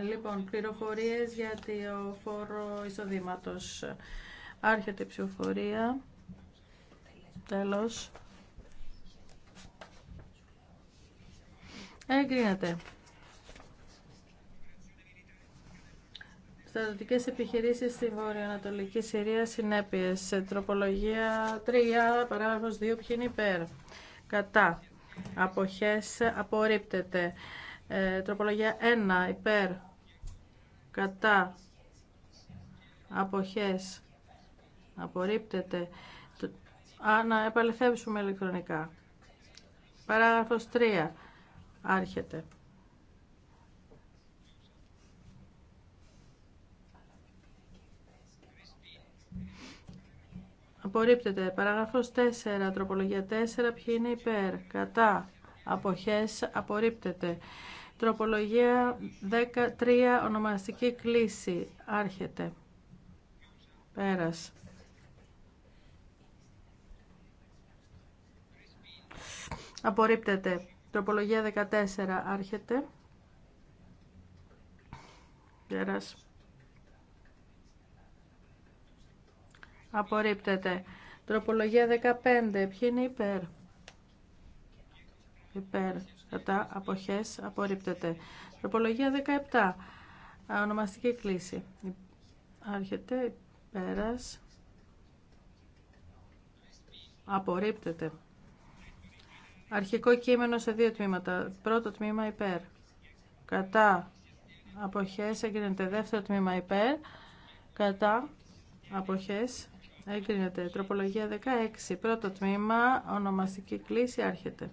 Λοιπόν, πληροφορίες για το φόρο εισοδήματο. Άρχεται η ψηφοφορία. Τέλος. Εγκρίνεται. Στρατιωτικές επιχειρήσεις στη Βορειοανατολική Συρία συνέπειες. Τροπολογία 3, παράγραφος 2, ποιοι είναι υπέρ. Κατά. Αποχές απορρίπτεται. Ε, τροπολογία 1, υπέρ. Κατά. Αποχές. Απορρίπτεται. Α, να επαληθεύσουμε ηλεκτρονικά. Παράγραφος 3. Άρχεται. Απορρίπτεται. Παραγραφός 4. Τροπολογία 4. Ποιοι είναι υπέρ. Κατά. Αποχές. Απορρίπτεται. Τροπολογία 13. Ονομαστική κλίση. Άρχεται. Πέρας. Απορρίπτεται. Τροπολογία 14 άρχεται. Πέρας. Απορρίπτεται. Τροπολογία 15. Ποιοι είναι υπέρ. Υπέρ. Κατά. Αποχές. Απορρίπτεται. Τροπολογία 17. Ονομαστική κλίση. Άρχεται. Πέρας. Απορρίπτεται. Αρχικό κείμενο σε δύο τμήματα. Πρώτο τμήμα υπέρ. Κατά. Αποχές εγκρίνεται. Δεύτερο τμήμα υπέρ. Κατά. Αποχές εγκρίνεται. Τροπολογία 16. Πρώτο τμήμα. Ονομαστική κλίση. Άρχεται.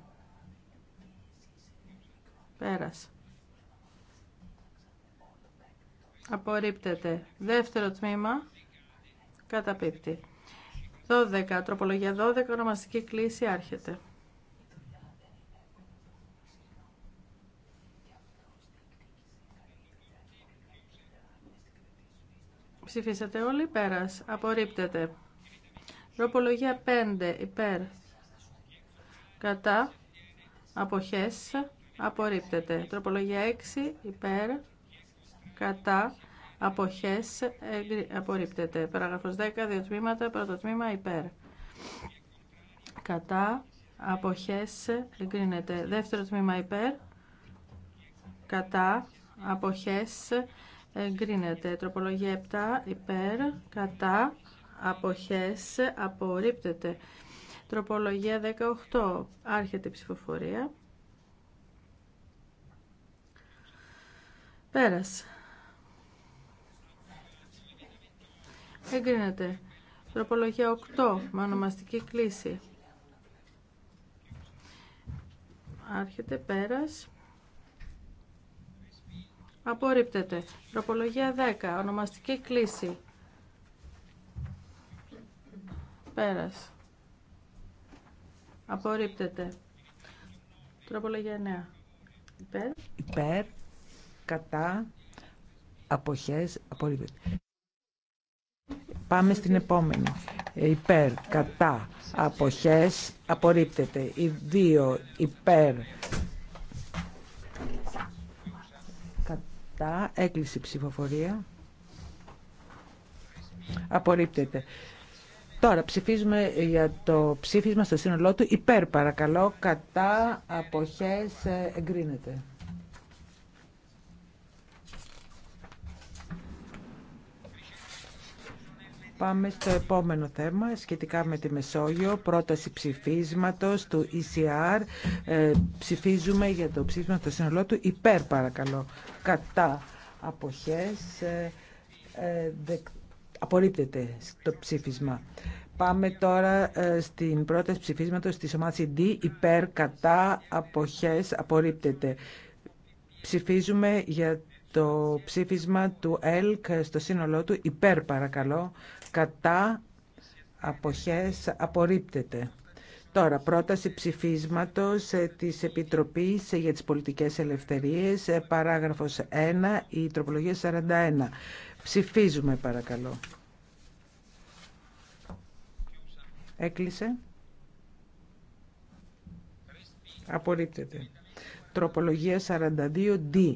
Πέρας. Απορρίπτεται. Δεύτερο τμήμα. Καταπίπτει. 12. Τροπολογία 12. Ονομαστική κλίση. Άρχεται. Ψηφίσατε όλοι. Πέρας. Απορρίπτεται. Τροπολογία 5. Υπέρ. Κατά. Αποχές. Απορρίπτεται. Τροπολογία 6. Υπέρ. Κατά. Αποχές. Απορρίπτεται. Παραγραφός 10. Δύο τμήματα. Πρώτο τμήμα. Υπέρ. Κατά. Αποχές. Εγκρίνεται. Δεύτερο τμήμα. Υπέρ. Κατά. Αποχές εγκρίνεται. Τροπολογία 7 υπέρ, κατά, αποχές, απορρίπτεται. Τροπολογία 18, άρχεται η ψηφοφορία. Πέρας. Εγκρίνεται. Τροπολογία 8, με ονομαστική κλίση. Άρχεται, πέρας. Απορρίπτεται. Τροπολογία 10. Ονομαστική κλίση. Πέρας. Απορρίπτεται. Τροπολογία 9. Υπέρ. Υπέρ. Κατά. Αποχές. Απορρίπτεται. Πάμε στην επόμενη. Υπέρ, κατά, αποχές, απορρίπτεται. Οι δύο υπέρ, έκλεισε η ψηφοφορία. Απορρίπτεται. Τώρα ψηφίζουμε για το ψήφισμα στο σύνολό του. Υπέρ παρακαλώ, κατά αποχές ε, εγκρίνεται. Πάμε στο επόμενο θέμα σχετικά με τη Μεσόγειο, πρόταση ψηφίσματος του ECR. Ε, ψηφίζουμε για το ψήφισμα στο σύνολό του υπέρ παρακαλώ. Κατά αποχές ε, ε απορρίπτεται το ψήφισμα. Πάμε τώρα ε, στην πρόταση ψηφίσματος της ομάδας e D. Υπέρ, κατά, αποχές, απορρίπτεται. Ψηφίζουμε για το ψήφισμα του ΕΛΚ στο σύνολό του. Υπέρ, παρακαλώ κατά αποχές απορρίπτεται. Τώρα, πρόταση ψηφίσματος ε, της Επιτροπής ε, για τις Πολιτικές Ελευθερίες, ε, παράγραφος 1, η τροπολογία 41. Ψηφίζουμε παρακαλώ. Έκλεισε. Απορρίπτεται. Τροπολογία 42D.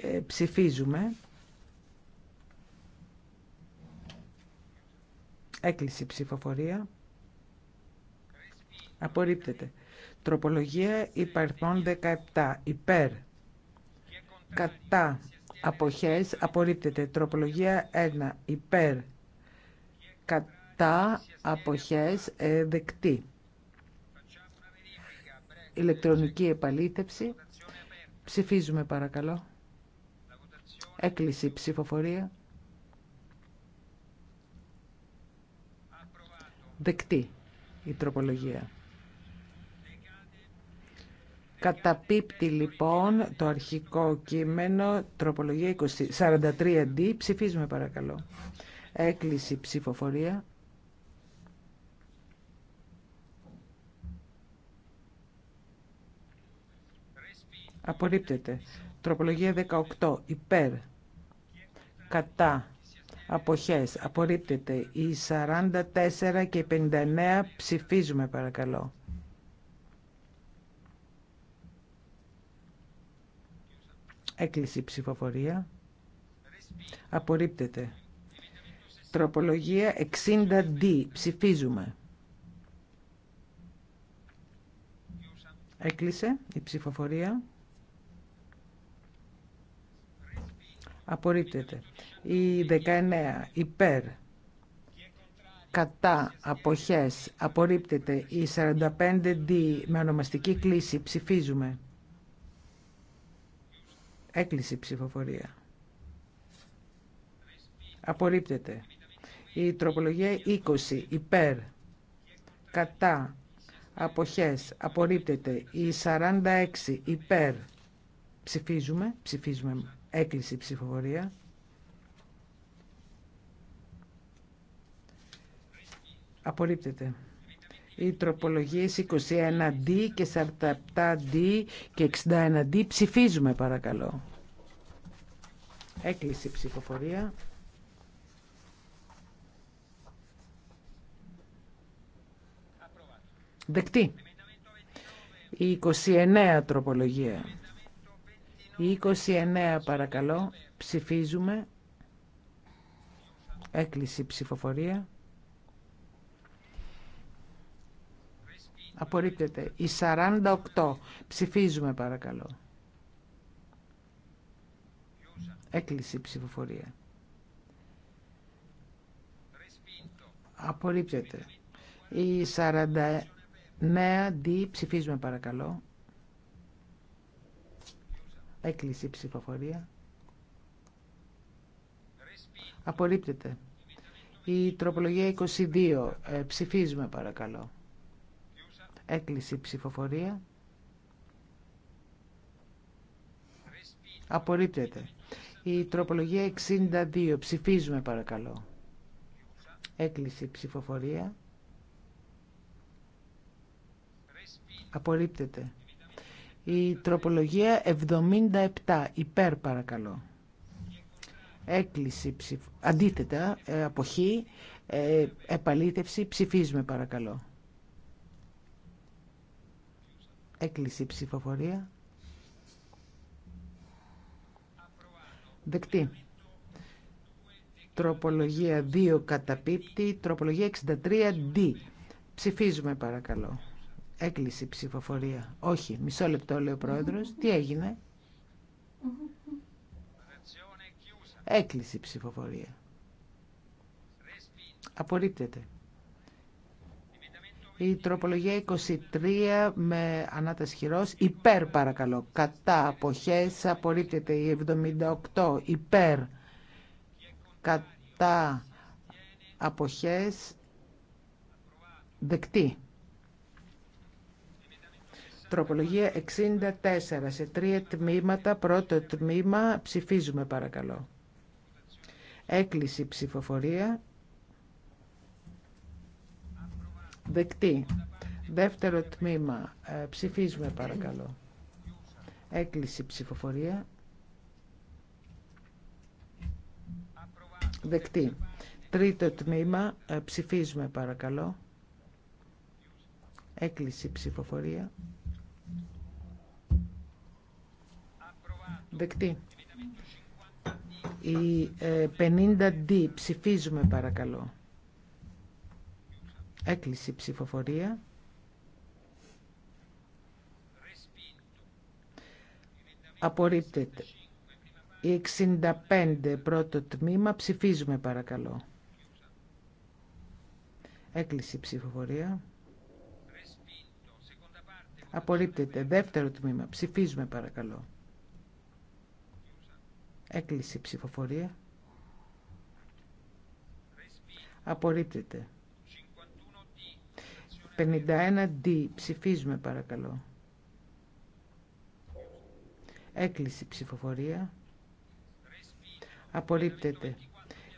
Ε, ψηφίζουμε. Έκλεισε η ψηφοφορία. Απορρίπτεται. Τροπολογία υπαρθών 17. Υπέρ. Κατά. Αποχές. Απορρίπτεται. Τροπολογία 1. Υπέρ. Κατά. Αποχές. Ε, δεκτή. Ηλεκτρονική επαλήθευση. Ψηφίζουμε παρακαλώ. Έκλεισε η ψηφοφορία. δεκτή η τροπολογία. Καταπίπτει λοιπόν το αρχικό κείμενο, τροπολογία 43D. Ψηφίζουμε παρακαλώ. Έκλειση ψηφοφορία. Απορρίπτεται. Τροπολογία 18. Υπέρ. Κατά αποχές απορρίπτεται η 44 και 59 ψηφίζουμε παρακαλώ έκλεισε η ψηφοφορία απορρίπτεται τροπολογία 60D ψηφίζουμε έκλεισε η ψηφοφορία Απορρίπτεται. Η 19 υπέρ κατά αποχές απορρίπτεται η 45 δι με ονομαστική κλίση ψηφίζουμε έκλειση ψηφοφορία απορρίπτεται η τροπολογία 20 υπέρ κατά αποχές απορρίπτεται η 46 υπέρ ψηφίζουμε ψηφίζουμε Έκλεισε η ψηφοφορία. Απορρίπτεται. Οι τροπολογίες 21D και 47D και 61D ψηφίζουμε παρακαλώ. Έκλεισε η ψηφοφορία. Δεκτή. Η 29 τροπολογία. 29 παρακαλώ. Ψηφίζουμε. Έκλειση ψηφοφορία. Απορρίπτεται. Η 48. Ψηφίζουμε παρακαλώ. Έκλειση ψηφοφορία. Απορρίπτεται. Η 49. Ψηφίζουμε παρακαλώ. Έκλεισε ψηφοφορία. Απορρίπτεται. Η τροπολογία 22. Ε, ψηφίζουμε παρακαλώ. Έκλεισε ψηφοφορία. Απορρίπτεται. Η τροπολογία 62. Ψηφίζουμε παρακαλώ. Έκλεισε ψηφοφορία. Απορρίπτεται. Η τροπολογία 77. Υπέρ παρακαλώ. Έκλειση ψηφ... Αντίθετα, ε, αποχή, ε, επαλήθευση, ψηφίζουμε παρακαλώ. Έκλειση ψηφοφορία. Δεκτή. Τροπολογία 2 καταπίπτει. Τροπολογία 63D. Ψηφίζουμε παρακαλώ. Έκλεισε η ψηφοφορία. Όχι, μισό λεπτό λέει ο πρόεδρος. Τι έγινε. Έκλεισε η ψηφοφορία. Απορρίπτεται. Η τροπολογία 23 με ανάταση χειρός υπέρ παρακαλώ. Κατά αποχές απορρίπτεται η 78 υπέρ. Κατά αποχές δεκτή. Τροπολογία 64 σε τρία τμήματα. Πρώτο τμήμα ψηφίζουμε παρακαλώ. Έκλειση ψηφοφορία. Δεκτή. Δεύτερο τμήμα. Ε, ψηφίζουμε παρακαλώ. Έκλειση ψηφοφορία. Δεκτή. Τρίτο τμήμα. Ε, ψηφίζουμε παρακαλώ. Έκλειση ψηφοφορία. Δεκτή. Η 50D. Ε, ψηφίζουμε παρακαλώ. Έκλεισε ψηφοφορία. Απορρίπτεται. Η 65 πρώτο τμήμα. Ψηφίζουμε παρακαλώ. Έκλεισε ψηφοφορία. Απορρίπτεται. Δεύτερο τμήμα. Ψηφίζουμε παρακαλώ. Έκλεισε η ψηφοφορία. Απορρίπτεται. 51D. Ψηφίζουμε παρακαλώ. Έκλεισε η ψηφοφορία. Απορρίπτεται.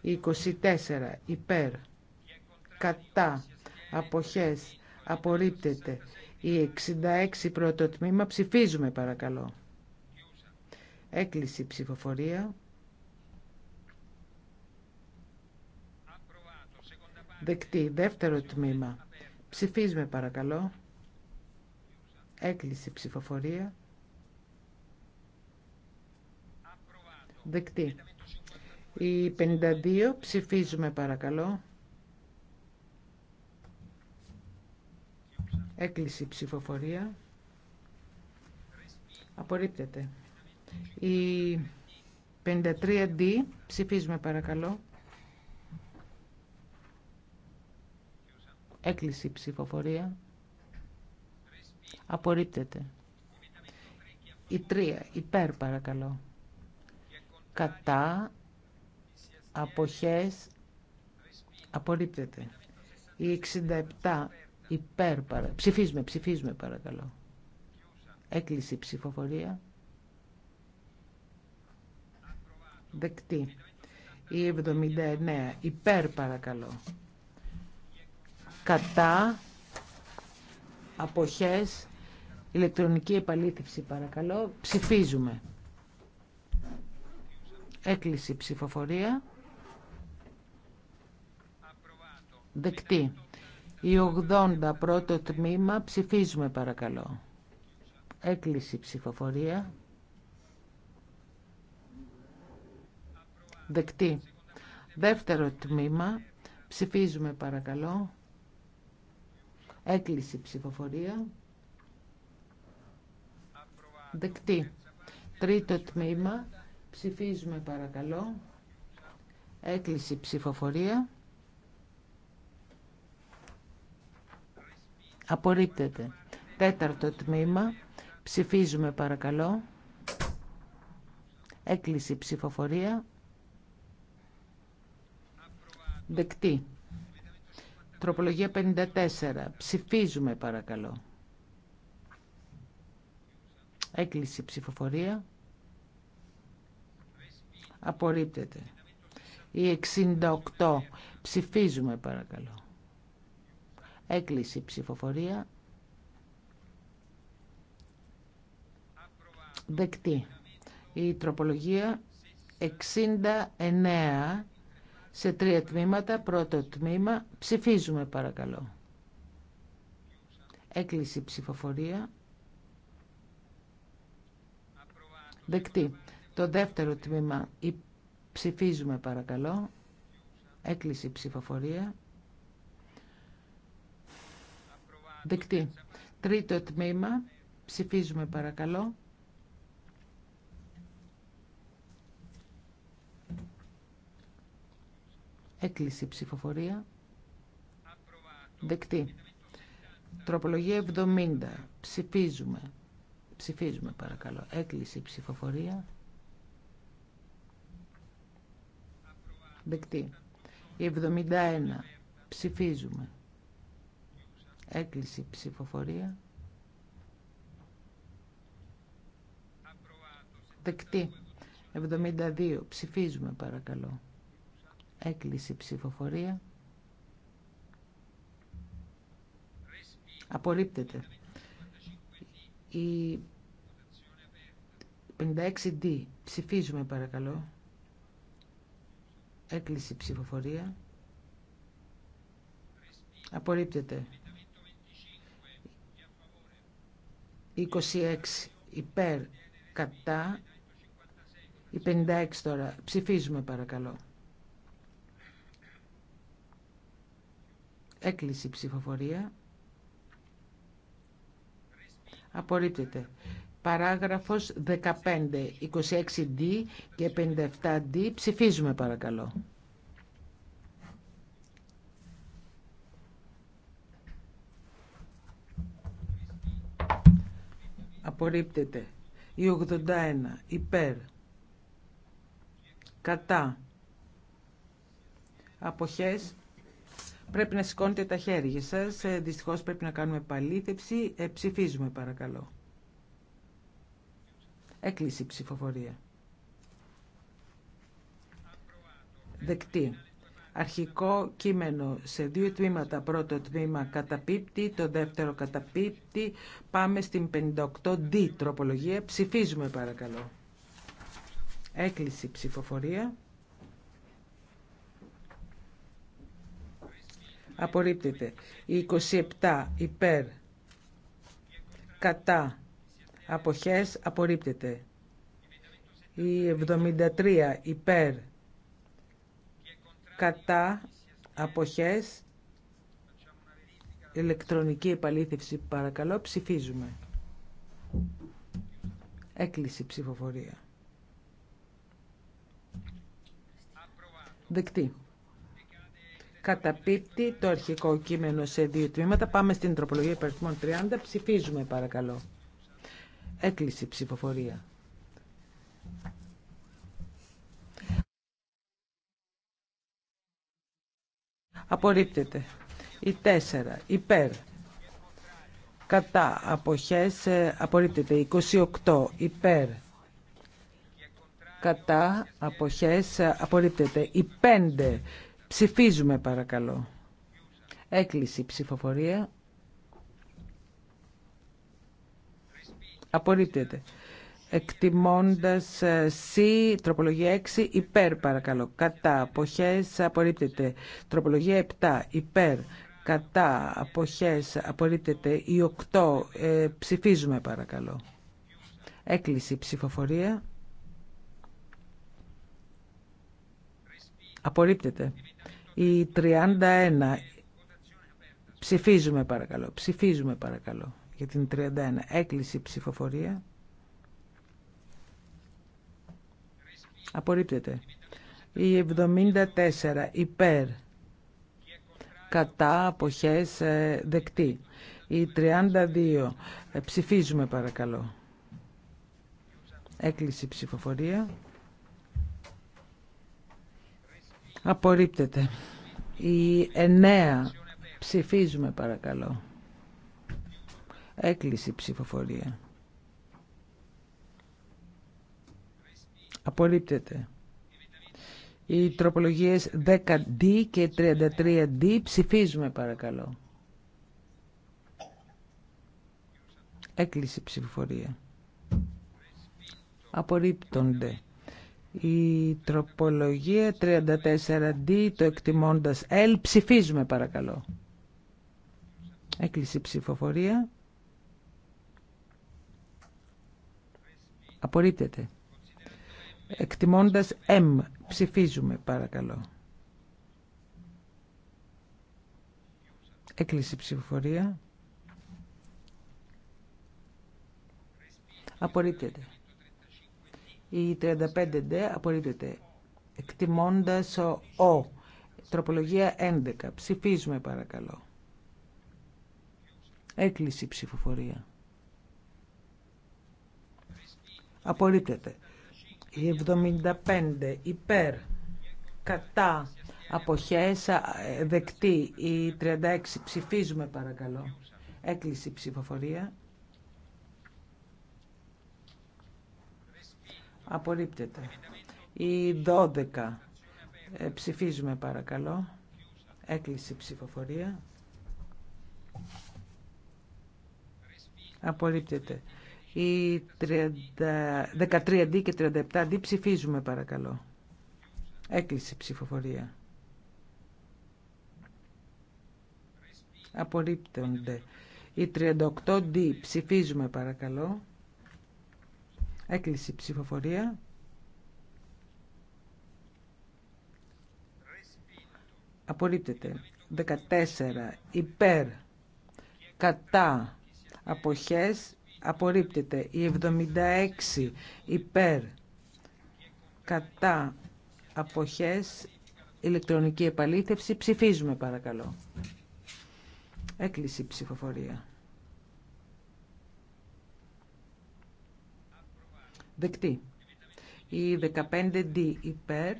24. Υπέρ. Κατά. Αποχές. Απορρίπτεται. Η 66 πρώτο Ψηφίζουμε παρακαλώ. Έκλεισε η ψηφοφορία. Δεκτή. Δεύτερο τμήμα. Ψηφίζουμε παρακαλώ. Έκλεισε η ψηφοφορία. Δεκτή. Η 52 ψηφίζουμε παρακαλώ. Έκλεισε η ψηφοφορία. Απορρίπτεται. Η 53D. Ψηφίζουμε παρακαλώ. Έκλεισε η ψηφοφορία. Απορρίπτεται. Η 3. Υπέρ παρακαλώ. Κατά. Αποχές. Απορρίπτεται. Η 67. Υπέρ παρακαλώ. Ψηφίζουμε, ψηφίζουμε παρακαλώ. Έκλεισε ψηφοφορία. Δεκτή. Η 79. Υπέρ παρακαλώ. Κατά. Αποχές. Ηλεκτρονική επαλήθευση παρακαλώ. Ψηφίζουμε. Έκλειση ψηφοφορία. Δεκτή. Η 80 πρώτο τμήμα ψηφίζουμε παρακαλώ. Έκλειση ψηφοφορία. Δεκτή. Δεύτερο τμήμα. Ψηφίζουμε παρακαλώ. Έκλειση ψηφοφορία. Δεκτή. Τρίτο τμήμα. Ψηφίζουμε παρακαλώ. Έκλειση ψηφοφορία. Απορρίπτεται. Τέταρτο τμήμα. Ψηφίζουμε παρακαλώ. Έκλειση ψηφοφορία. Δεκτή. Τροπολογία 54. Ψηφίζουμε παρακαλώ. Έκλειση ψηφοφορία. Απορρίπτεται. Η 68. Ψηφίζουμε παρακαλώ. Έκλειση ψηφοφορία. Δεκτή. Η τροπολογία 69 σε τρία τμήματα. Πρώτο τμήμα. Ψηφίζουμε παρακαλώ. Έκλεισε η ψηφοφορία. Δεκτή. Το δεύτερο τμήμα. Ψηφίζουμε παρακαλώ. Έκλεισε η ψηφοφορία. Δεκτή. Τρίτο τμήμα. Ψηφίζουμε παρακαλώ. Έκλειση ψηφοφορία. Δεκτή. Τροπολογία 70. Ψηφίζουμε. Ψηφίζουμε παρακαλώ. έκλειση ψηφοφορία. Δεκτή. 71. Ψηφίζουμε. Έκλειση ψηφοφορία. Δεκτή. 72. Ψηφίζουμε παρακαλώ. Έκλεισε η ψηφοφορία. Απορρίπτεται. Η 56D. Ψηφίζουμε παρακαλώ. Έκλεισε η ψηφοφορία. Απορρίπτεται. 26 υπέρ κατά. Η 56 τώρα. Ψηφίζουμε παρακαλώ. Έκλεισε η ψηφοφορία. Απορρίπτεται. Παράγραφος 15, 26D και 57D. Ψηφίζουμε παρακαλώ. Απορρίπτεται. Η 81. Υπέρ. Κατά. Αποχές. Πρέπει να σηκώνετε τα χέρια σας. Ε, δυστυχώς πρέπει να κάνουμε παλήθευση. Ε, ψηφίζουμε παρακαλώ. Έκλεισε η ψηφοφορία. Δεκτή. Αρχικό κείμενο σε δύο τμήματα. Πρώτο τμήμα καταπίπτει, το δεύτερο καταπίπτει. Πάμε στην 58D τροπολογία. Ψηφίζουμε παρακαλώ. Έκλεισε η ψηφοφορία. απορρίπτεται. Η 27 υπέρ κατά αποχές απορρίπτεται. Η 73 υπέρ κατά αποχές ηλεκτρονική επαλήθευση παρακαλώ ψηφίζουμε. Έκλεισε ψηφοφορία. Δεκτή καταπίπτει το αρχικό κείμενο σε δύο τμήματα. Πάμε στην τροπολογία υπαριθμών 30. Ψηφίζουμε παρακαλώ. Έκλεισε ψηφοφορία. Απορρίπτεται. Η 4. Υπέρ. Κατά αποχές ε, απορρίπτεται. Η 28. Υπέρ. Κατά αποχές ε, απορρίπτεται. Η 5. Ψηφίζουμε παρακαλώ. Έκλειση ψηφοφορία. Απορρίπτεται. Εκτιμώντας C, ε, τροπολογία 6, υπέρ παρακαλώ. Κατά, αποχές, απορρίπτεται. Τροπολογία 7, υπέρ. Κατά, αποχές, απορρίπτεται. Η 8, ε, ψηφίζουμε παρακαλώ. Έκλειση ψηφοφορία. Απορρίπτεται. Η 31. Ψηφίζουμε παρακαλώ. Ψηφίζουμε παρακαλώ για την 31. Έκλειση ψηφοφορία. Απορρίπτεται. Η 74. Υπέρ. Κατά αποχές ε, δεκτή. Η 32. Ε, ψηφίζουμε παρακαλώ. Έκλειση ψηφοφορία. Απορρίπτεται. Η 9. Ψηφίζουμε παρακαλώ. Έκλεισε η ψηφοφορία. Απορρίπτεται. Οι τροπολογίες 10D και 33D ψηφίζουμε παρακαλώ. Έκλεισε ψηφοφορία. Απορρίπτονται. Η τροπολογία 34D, το εκτιμώντας L, ψηφίζουμε παρακαλώ. Έκλεισε η ψηφοφορία. Απορρίπτεται. Εκτιμώντας M, ψηφίζουμε παρακαλώ. Έκλεισε η ψηφοφορία. Απορρίπτεται. Η 35D απορρίπτεται. Εκτιμώντας ο, ο. Τροπολογία 11. Ψηφίζουμε παρακαλώ. έκλειση ψηφοφορία. Απορρίπτεται. Η 75 υπέρ κατά αποχές δεκτή. Η 36 ψηφίζουμε παρακαλώ. έκλειση ψηφοφορία. Απορρίπτεται. Η 12. Ε, ψηφίζουμε παρακαλώ. Έκλεισε ψηφοφορία. Απορρίπτεται. Η 30, 13D και 37D ψηφίζουμε παρακαλώ. Έκλεισε ψηφοφορία. Απορρίπτονται. Η 38D ψηφίζουμε παρακαλώ. Έκλεισε η ψηφοφορία. Απορρίπτεται. 14 υπέρ κατά αποχές απορρίπτεται. Η 76 υπέρ κατά αποχές ηλεκτρονική επαλήθευση. Ψηφίζουμε παρακαλώ. Έκλεισε η ψηφοφορία. Δεκτή. Η 15D υπέρ,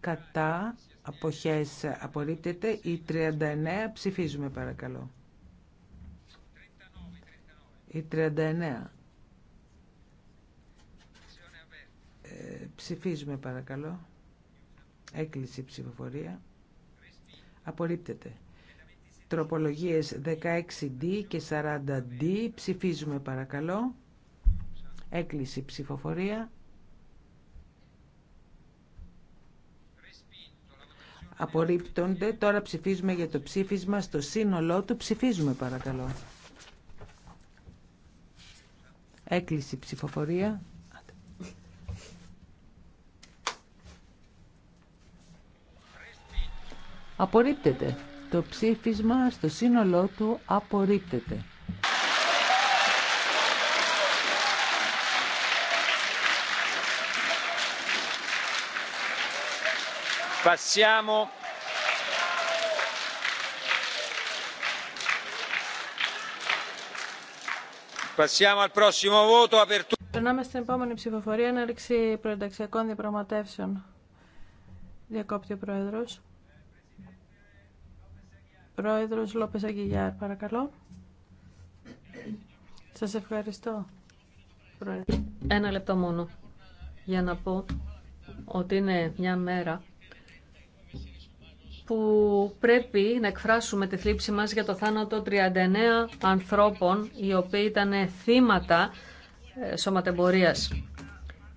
κατά, αποχές απορρίπτεται. Η 39 ψηφίζουμε παρακαλώ. Η 39. Ε, ψηφίζουμε παρακαλώ. Έκλεισε η ψηφοφορία. Απορρίπτεται. Τροπολογίες 16D και 40D. Ψηφίζουμε παρακαλώ. Έκλεισε ψηφοφορία. Απορρίπτονται. Τώρα ψηφίζουμε για το ψήφισμα. Στο σύνολό του ψηφίζουμε παρακαλώ. Έκλεισε ψηφοφορία. Απορρίπτεται. Το ψήφισμα στο σύνολό του απορρίπτεται. Passiamo Περνάμε στην επόμενη ψηφοφορία, έναρξη προενταξιακών διαπραγματεύσεων. Διακόπτει ο Πρόεδρος. Πρόεδρος Λόπες Αγγιγιάρ, παρακαλώ. Σας ευχαριστώ. Ένα λεπτό μόνο για να πω ότι είναι μια μέρα που πρέπει να εκφράσουμε τη θλίψη μας για το θάνατο 39 ανθρώπων οι οποίοι ήταν θύματα ε, σωματεμπορίας.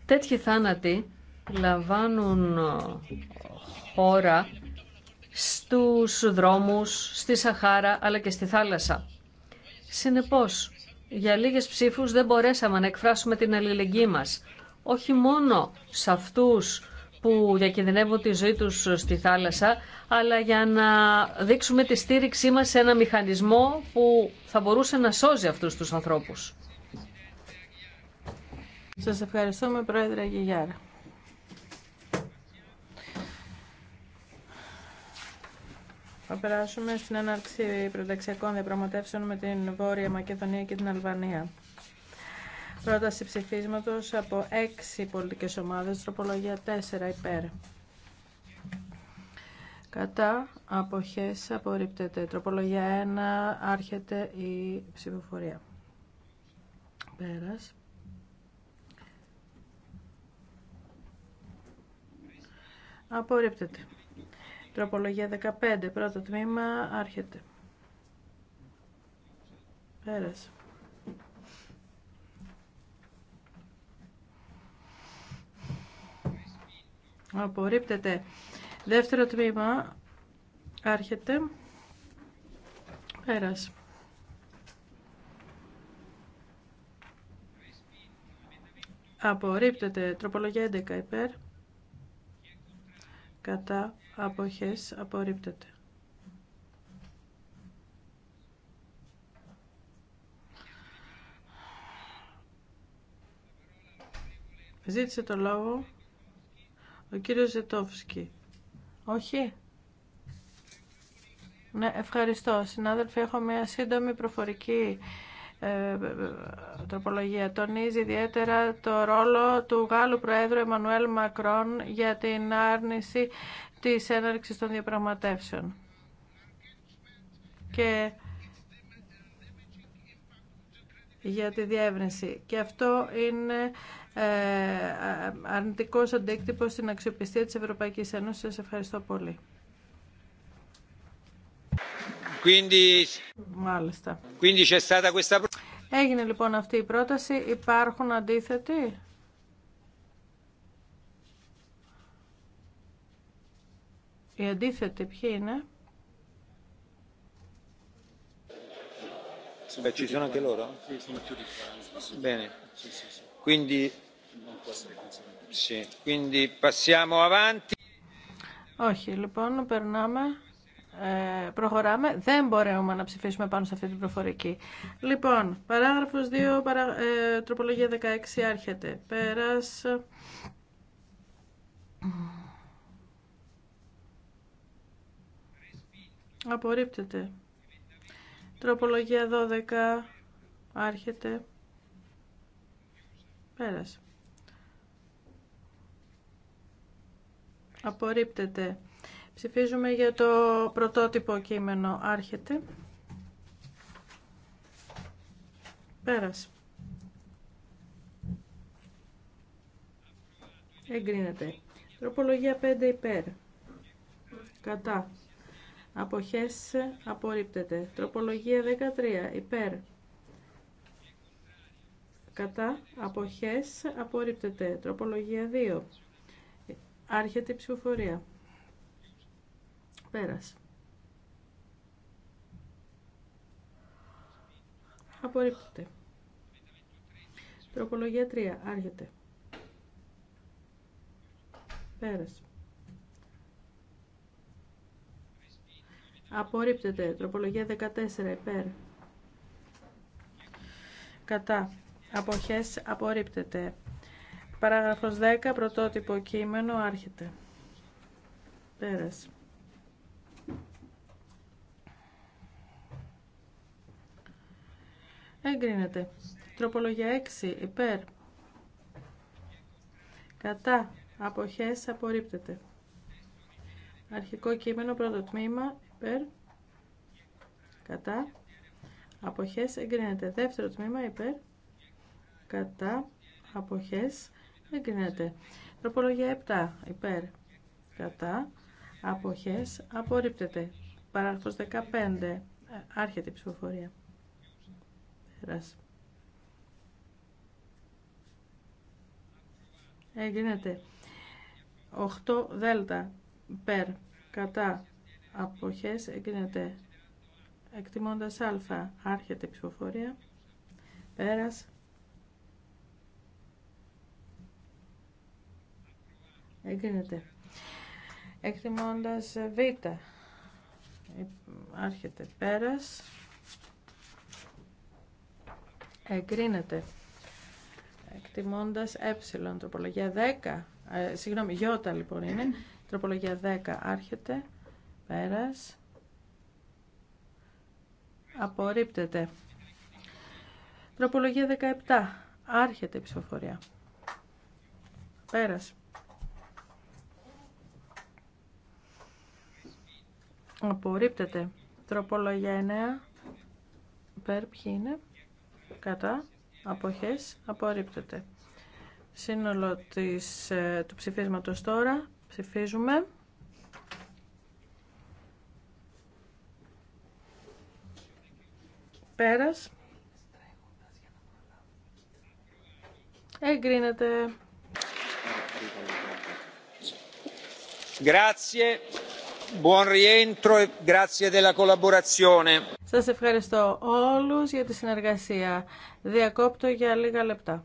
Τέτοιοι θάνατοι λαμβάνουν ε, χώρα στους δρόμους, στη Σαχάρα αλλά και στη θάλασσα. Συνεπώς, για λίγες ψήφους δεν μπορέσαμε να εκφράσουμε την αλληλεγγύη μας. Όχι μόνο σε αυτούς που διακινδυνεύουν τη ζωή τους στη θάλασσα, αλλά για να δείξουμε τη στήριξή μας σε ένα μηχανισμό που θα μπορούσε να σώζει αυτούς τους ανθρώπους. Σας ευχαριστούμε, Πρόεδρε Γιγιάρα. Θα περάσουμε στην έναρξη πρωταξιακών διαπραγματεύσεων με την Βόρεια Μακεδονία και την Αλβανία. Πρόταση ψηφίσματος από 6 πολιτικές ομάδες, τροπολογία 4 υπέρ. Κατά αποχές απορρίπτεται. Τροπολογία 1 άρχεται η ψηφοφορία. Πέρας. Απορρίπτεται. Τροπολογία 15, πρώτο τμήμα, άρχεται. Πέρασε. Απορρίπτεται. Δεύτερο τμήμα. Άρχεται. Πέρας. Απορρίπτεται. Τροπολογία 11 υπέρ. Κατά αποχές απορρίπτεται. Ζήτησε το λόγο ο κύριος Ζετόφσκι. Όχι. Ναι, ευχαριστώ. Συνάδελφοι, έχω μια σύντομη προφορική ε, τροπολογία. Τονίζει ιδιαίτερα το ρόλο του Γάλλου Προέδρου Εμμανουέλ Μακρόν για την άρνηση της έναρξης των διαπραγματεύσεων. Και για τη διεύρυνση. Και αυτό είναι ε, αρνητικός αντίκτυπος στην αξιοπιστία της Ευρωπαϊκής Ένωσης. Σας ευχαριστώ πολύ. Μάλιστα. Έγινε λοιπόν αυτή η πρόταση. Υπάρχουν αντίθετοι. Οι αντίθετοι ποιοι είναι. sono ci sono anche loro? Sì, sono più di 40. Bene. Sì, sì, sì. Quindi, sì. Quindi passiamo avanti. Όχι, λοιπόν, περνάμε. Ε, προχωράμε. Δεν μπορούμε να ψηφίσουμε πάνω σε αυτή την προφορική. Λοιπόν, παράγραφος 2, παρα, ε, τροπολογία 16 άρχεται. Πέρας. Απορρίπτεται. Τροπολογία 12. Άρχεται. Πέρασε. Απορρίπτεται. Ψηφίζουμε για το πρωτότυπο κείμενο. Άρχεται. Πέρασε. Εγκρίνεται. Τροπολογία 5 υπέρ. Κατά. Αποχές απορρίπτεται. Τροπολογία 13. Υπέρ. Κατά. Αποχές απορρίπτεται. Τροπολογία 2. Άρχεται η ψηφοφορία. Πέρας. Απορρίπτεται. Τροπολογία 3. Άρχεται. Πέρασε. Απορρίπτεται. Τροπολογία 14. Υπέρ. Κατά. Αποχές. Απορρίπτεται. Παράγραφος 10. Πρωτότυπο κείμενο. Άρχεται. Πέρας. Εγκρίνεται. Τροπολογία 6. Υπέρ. Κατά. Αποχές. Απορρίπτεται. Αρχικό κείμενο. Πρώτο τμήμα υπέρ κατά αποχές εγκρίνεται δεύτερο τμήμα υπέρ κατά αποχές εγκρίνεται τροπολογία 7 υπέρ κατά αποχές απορρίπτεται παράγραφος 15 ε, άρχεται η ψηφοφορία εγκρίνεται 8 δέλτα υπέρ κατά αποχές εγκρίνεται εκτιμώντας α άρχεται η ψηφοφορία πέρας εγκρίνεται εκτιμώντας β άρχεται πέρας εγκρίνεται εκτιμώντας ε τροπολογία 10 ε, συγγνώμη Ι λοιπόν είναι τροπολογία 10 άρχεται Πέρας. Απορρίπτεται. Τροπολογία 17. Άρχεται η ψηφοφορία. Πέρας. Απορρίπτεται. Τροπολογία 9. Περ ποιοι είναι. Κατά. Αποχές. Απορρίπτεται. Σύνολο της, ε, του ψηφίσματος τώρα. Ψηφίζουμε. Πέρας. Εγκρίνεται. Grazie. Buon rientro e grazie della collaborazione. Σας ευχαριστώ όλους για τη συνεργασία. Διακόπτω για λίγα λεπτά.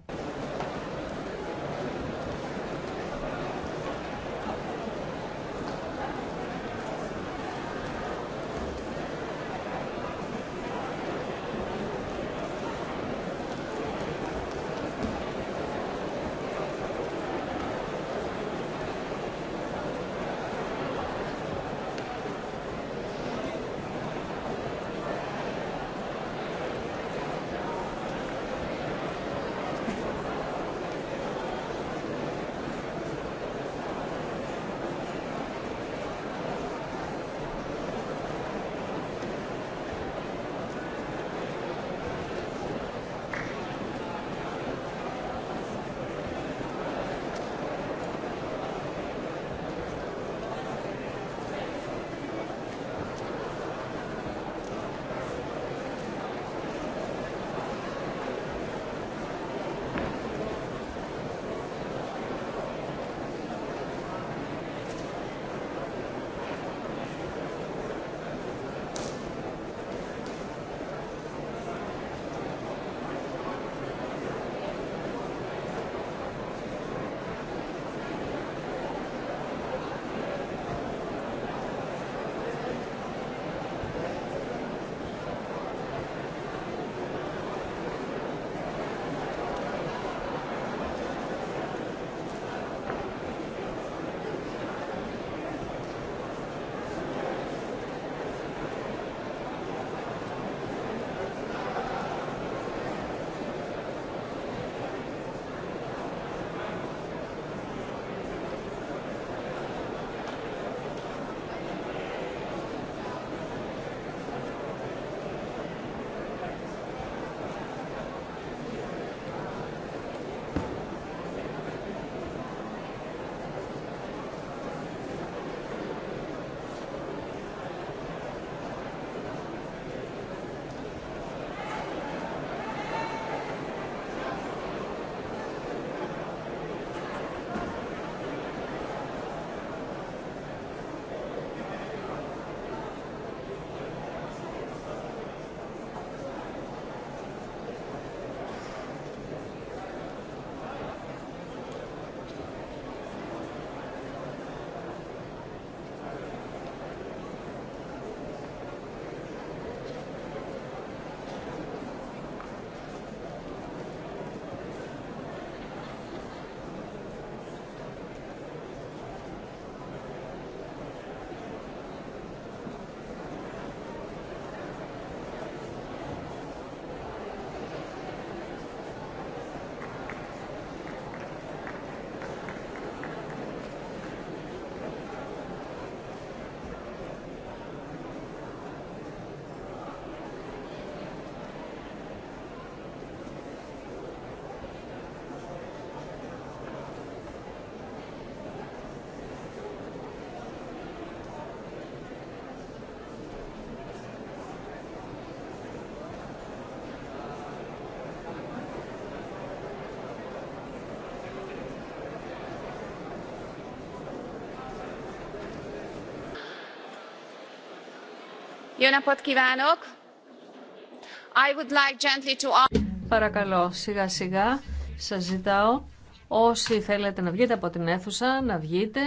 Παρακαλώ, σιγά σιγά σας ζητάω όσοι θέλετε να βγείτε από την αίθουσα να βγείτε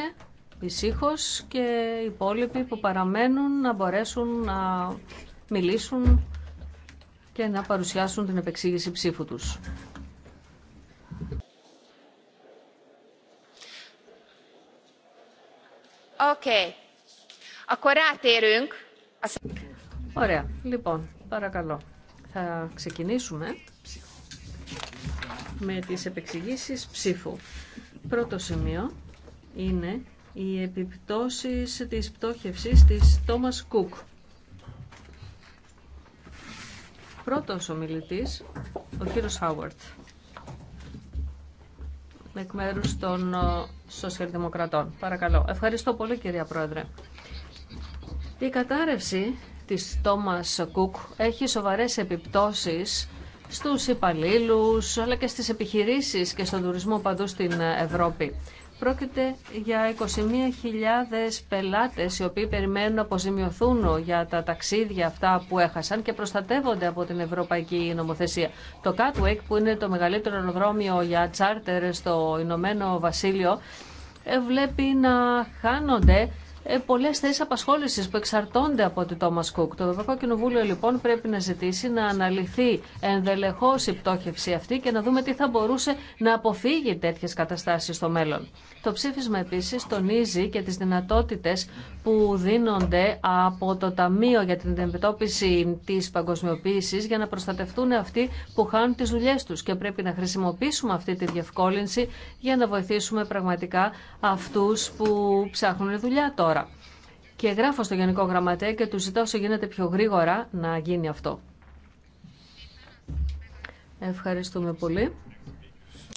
ησύχως και οι υπόλοιποι που παραμένουν να μπορέσουν να μιλήσουν και να παρουσιάσουν την επεξήγηση ψήφου τους. Okay. Akkor Ωραία. Λοιπόν, παρακαλώ. Θα ξεκινήσουμε με τις επεξηγήσεις ψήφου. Πρώτο σημείο είναι οι επιπτώσεις της πτώχευσης της Thomas Cook. Πρώτος ομιλητής, ο κύριος Χάουαρτ, εκ μέρου των ε, Σοσιαλδημοκρατών. Παρακαλώ. Ευχαριστώ πολύ κυρία Πρόεδρε. Η κατάρρευση της Thomas Cook έχει σοβαρές επιπτώσεις στους υπαλλήλους αλλά και στις επιχειρήσεις και στον τουρισμό παντού στην Ευρώπη. Πρόκειται για 21.000 πελάτες οι οποίοι περιμένουν να αποζημιωθούν για τα ταξίδια αυτά που έχασαν και προστατεύονται από την Ευρωπαϊκή Νομοθεσία. Το Catwick που είναι το μεγαλύτερο αεροδρόμιο για τσάρτερ στο Ηνωμένο Βασίλειο ε, βλέπει να χάνονται ε, Πολλέ θέσει απασχόληση που εξαρτώνται από τη Thomas Cook. Το Ευρωπαϊκό Κοινοβούλιο λοιπόν πρέπει να ζητήσει να αναλυθεί ενδελεχώ η πτώχευση αυτή και να δούμε τι θα μπορούσε να αποφύγει τέτοιε καταστάσει στο μέλλον. Το ψήφισμα επίση τονίζει και τι δυνατότητε που δίνονται από το Ταμείο για την Αντιμετώπιση τη παγκοσμιοποίηση για να προστατευτούν αυτοί που χάνουν τι δουλειέ του και πρέπει να χρησιμοποιήσουμε αυτή τη διευκόλυνση για να βοηθήσουμε πραγματικά αυτού που ψάχνουν δουλειά τώρα και γράφω στο Γενικό Γραμματέα και του ζητάω όσο γίνεται πιο γρήγορα να γίνει αυτό. Ευχαριστούμε πολύ.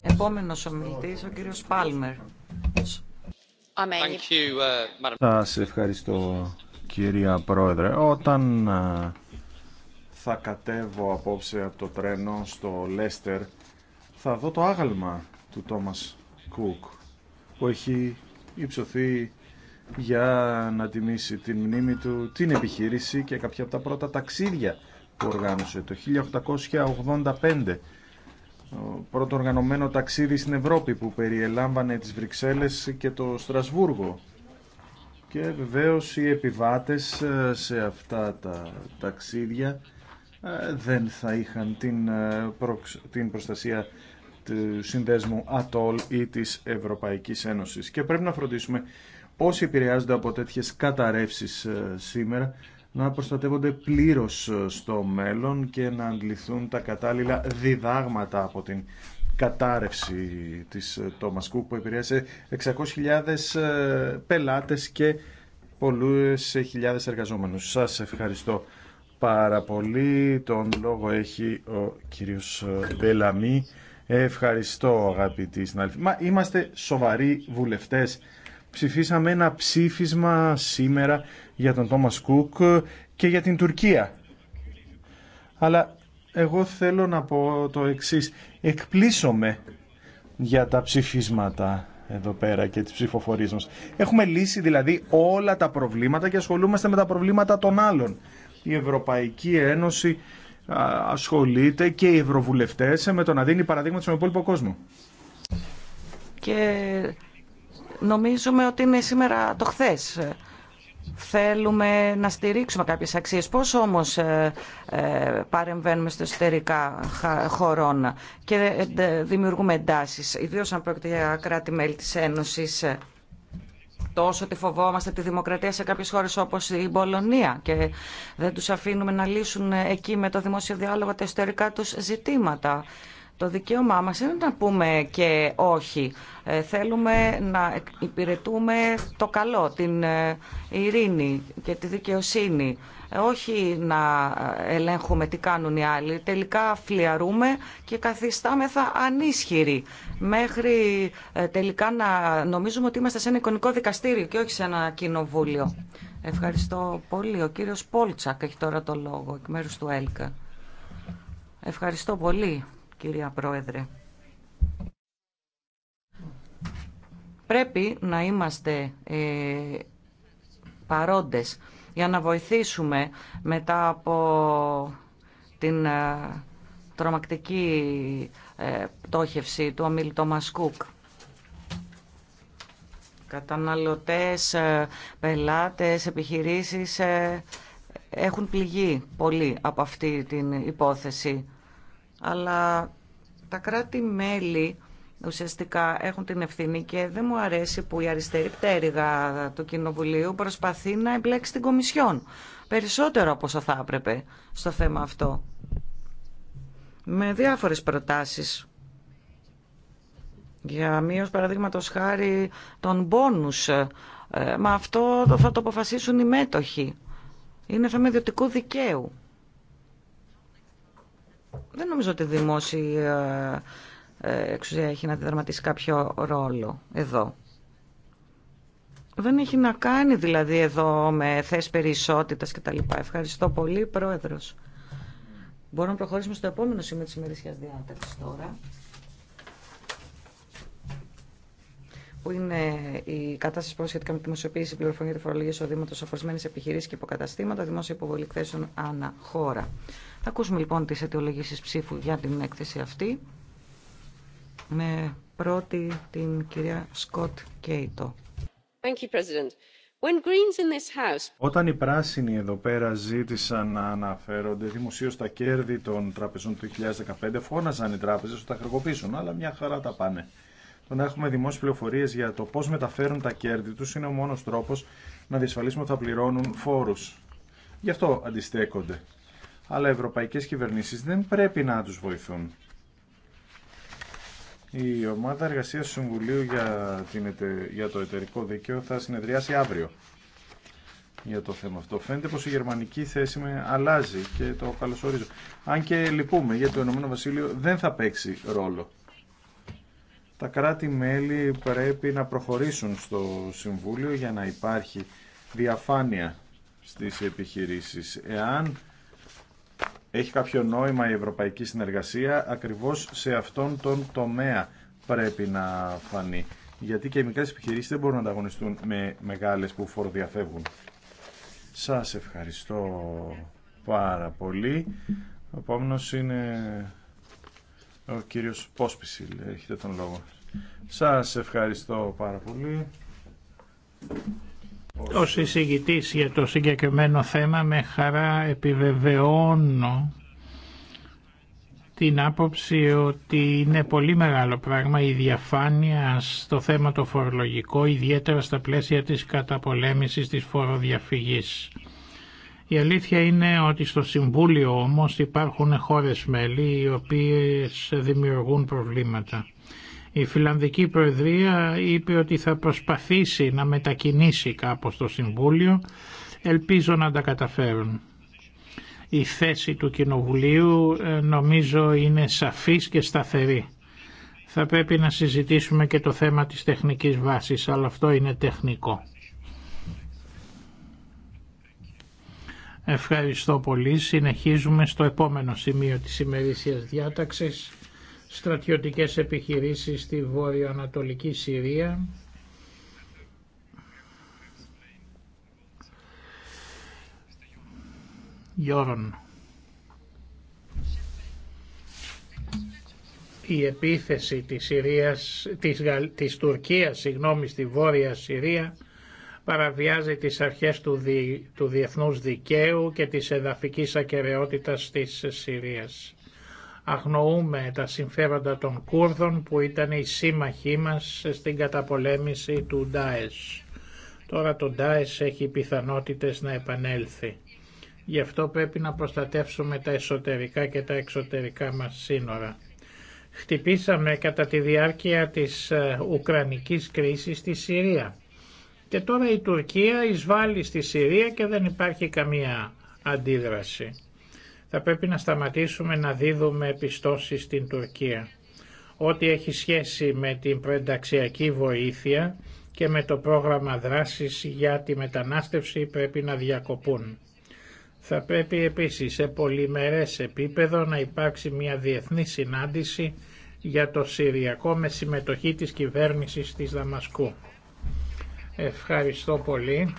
Επόμενος ομιλητής, ο κύριος Πάλμερ. Uh, Σας ευχαριστώ κυρία Πρόεδρε. Όταν θα κατέβω απόψε από το τρένο στο Λέστερ, θα δω το άγαλμα του Τόμας Κουκ, που έχει υψωθεί για να τιμήσει την μνήμη του, την επιχείρηση και κάποια από τα πρώτα ταξίδια που οργάνωσε το 1885. Πρώτο οργανωμένο ταξίδι στην Ευρώπη που περιελάμβανε τις Βρυξέλλες και το Στρασβούργο. Και βεβαίως οι επιβάτες ε, σε αυτά τα ταξίδια ε, δεν θα είχαν την, ε, την προστασία του συνδέσμου ΑΤΟΛ ή της Ευρωπαϊκής Ένωσης. Και πρέπει να φροντίσουμε όσοι επηρεάζονται από τέτοιες καταρρεύσεις ε, σήμερα να προστατεύονται πλήρως ε, στο μέλλον και να αντληθούν τα κατάλληλα διδάγματα από την κατάρρευση της ε, Thomas Cook που επηρέασε 600.000 πελάτες και πολλούς χιλιάδες εργαζόμενους. Σας ευχαριστώ πάρα πολύ. Τον λόγο έχει ο κύριος Μπελαμή. Ευχαριστώ αγαπητοί συνάδελφοι. Μα είμαστε σοβαροί βουλευτές ψηφίσαμε ένα ψήφισμα σήμερα για τον Τόμας Κούκ και για την Τουρκία. Αλλά εγώ θέλω να πω το εξής. εκπλήσωμε για τα ψηφίσματα εδώ πέρα και τις ψηφοφορίες μας. Έχουμε λύσει δηλαδή όλα τα προβλήματα και ασχολούμαστε με τα προβλήματα των άλλων. Η Ευρωπαϊκή Ένωση ασχολείται και οι ευρωβουλευτές με το να δίνει παραδείγμα στον υπόλοιπο κόσμο. Και νομίζουμε ότι είναι σήμερα το χθες. Θέλουμε να στηρίξουμε κάποιες αξίες. Πώς όμως ε, ε, παρεμβαίνουμε στο εσωτερικά χωρών και ε, δημιουργούμε εντάσεις, ιδίως αν πρόκειται για κράτη-μέλη της Ένωσης. Τόσο ότι φοβόμαστε τη δημοκρατία σε κάποιες χώρες όπως η Πολωνία και δεν τους αφήνουμε να λύσουν εκεί με το δημόσιο διάλογο τα εσωτερικά τους ζητήματα. Το δικαίωμά μας είναι να πούμε και όχι. Ε, θέλουμε να υπηρετούμε το καλό, την ε, ειρήνη και τη δικαιοσύνη. Ε, όχι να ελέγχουμε τι κάνουν οι άλλοι. Τελικά φλιαρούμε και καθιστάμεθα ανίσχυροι. Μέχρι τελικά να νομίζουμε ότι είμαστε σε ένα εικονικό δικαστήριο και όχι σε ένα κοινοβούλιο. Ευχαριστώ πολύ. Ο κύριος Πόλτσακ έχει τώρα το λόγο εκ μέρους του ΕΛΚΑ. Ευχαριστώ πολύ κυρία Πρόεδρε. Πρέπει να είμαστε ε, παρόντες για να βοηθήσουμε μετά από την ε, τρομακτική ε, πτώχευση του ομίλητο Μασκούκ. Καταναλωτές, ε, πελάτες, επιχειρήσεις ε, έχουν πληγεί πολύ από αυτή την υπόθεση. Αλλά τα κράτη-μέλη ουσιαστικά έχουν την ευθύνη και δεν μου αρέσει που η αριστερή πτέρυγα του Κοινοβουλίου προσπαθεί να εμπλέξει την Κομισιόν. Περισσότερο από όσο θα έπρεπε στο θέμα αυτό. Με διάφορες προτάσεις. Για μείωση παραδείγματο χάρη των πόνους. Ε, μα αυτό θα το αποφασίσουν οι μέτοχοι. Είναι θέμα ιδιωτικού δικαίου. Δεν νομίζω ότι η δημόσια ε, ε, εξουσία έχει να δραματίσει κάποιο ρόλο εδώ. Δεν έχει να κάνει δηλαδή εδώ με θέσει περί και Ευχαριστώ πολύ, Πρόεδρος. Μπορούμε να προχωρήσουμε στο επόμενο σημείο της ημερήσιας διάταξης τώρα. που είναι η κατάσταση που σχετικά με τη δημοσιοποίηση πληροφοριών για τη φορολογία εισοδήματο αφορισμένε επιχειρήσει και υποκαταστήματα, δημόσια υποβολή εκθέσεων ανά χώρα. Θα ακούσουμε λοιπόν τις αιτιολογήσεις ψήφου για την έκθεση αυτή με πρώτη την κυρία Σκοτ Κέιτο. Όταν οι πράσινοι εδώ πέρα ζήτησαν να αναφέρονται δημοσίω τα κέρδη των τραπεζών του 2015, φώναζαν οι τράπεζε ότι θα χρεοκοπήσουν, αλλά μια χαρά τα πάνε. Το να έχουμε δημόσιε πληροφορίε για το πώ μεταφέρουν τα κέρδη του είναι ο μόνο τρόπο να διασφαλίσουμε ότι θα πληρώνουν φόρου. Γι' αυτό αντιστέκονται αλλά ευρωπαϊκές κυβερνήσεις δεν πρέπει να τους βοηθούν. Η ομάδα εργασίας του Συμβουλίου για, την, για το εταιρικό δίκαιο θα συνεδριάσει αύριο για το θέμα αυτό. Φαίνεται πως η γερμανική θέση με αλλάζει και το καλωσορίζω. Αν και λυπούμε για το Ηνωμένο Βασίλειο δεν θα παίξει ρόλο. Τα κράτη-μέλη πρέπει να προχωρήσουν στο Συμβούλιο για να υπάρχει διαφάνεια στις επιχειρήσεις. Εάν έχει κάποιο νόημα η ευρωπαϊκή συνεργασία, ακριβώς σε αυτόν τον τομέα πρέπει να φανεί. Γιατί και οι μικρές επιχειρήσεις δεν μπορούν να ανταγωνιστούν με μεγάλες που φοροδιαφεύγουν. Σας ευχαριστώ πάρα πολύ. Ο επόμενος είναι ο κύριος Πόσπισιλ. Έχετε τον λόγο. Σας ευχαριστώ πάρα πολύ. Ως εισηγητής για το συγκεκριμένο θέμα με χαρά επιβεβαιώνω την άποψη ότι είναι πολύ μεγάλο πράγμα η διαφάνεια στο θέμα το φορολογικό, ιδιαίτερα στα πλαίσια της καταπολέμησης της φοροδιαφυγής. Η αλήθεια είναι ότι στο Συμβούλιο όμως υπάρχουν χώρες μέλη οι οποίες δημιουργούν προβλήματα. Η Φιλανδική Προεδρία είπε ότι θα προσπαθήσει να μετακινήσει κάπως το Συμβούλιο. Ελπίζω να τα καταφέρουν. Η θέση του Κοινοβουλίου ε, νομίζω είναι σαφής και σταθερή. Θα πρέπει να συζητήσουμε και το θέμα της τεχνικής βάσης, αλλά αυτό είναι τεχνικό. Ευχαριστώ πολύ. Συνεχίζουμε στο επόμενο σημείο της ημερήσιας διάταξης στρατιωτικές επιχειρήσεις στη βόρειο-ανατολική Συρία. Η επίθεση της, Συρίας, της, της Τουρκίας συγγνώμη, στη Βόρεια Συρία παραβιάζει τις αρχές του, δι, του διεθνούς δικαίου και της εδαφικής ακεραιότητας της Συρίας αγνοούμε τα συμφέροντα των Κούρδων που ήταν οι σύμμαχοί μας στην καταπολέμηση του Ντάες. Τώρα το Ντάες έχει πιθανότητες να επανέλθει. Γι' αυτό πρέπει να προστατεύσουμε τα εσωτερικά και τα εξωτερικά μας σύνορα. Χτυπήσαμε κατά τη διάρκεια της ε, Ουκρανικής κρίσης στη Συρία. Και τώρα η Τουρκία εισβάλλει στη Συρία και δεν υπάρχει καμία αντίδραση θα πρέπει να σταματήσουμε να δίδουμε επιστώσεις στην Τουρκία. Ό,τι έχει σχέση με την προενταξιακή βοήθεια και με το πρόγραμμα δράσης για τη μετανάστευση πρέπει να διακοπούν. Θα πρέπει επίσης σε πολυμερές επίπεδο να υπάρξει μια διεθνή συνάντηση για το Συριακό με συμμετοχή της κυβέρνησης της Δαμασκού. Ευχαριστώ πολύ.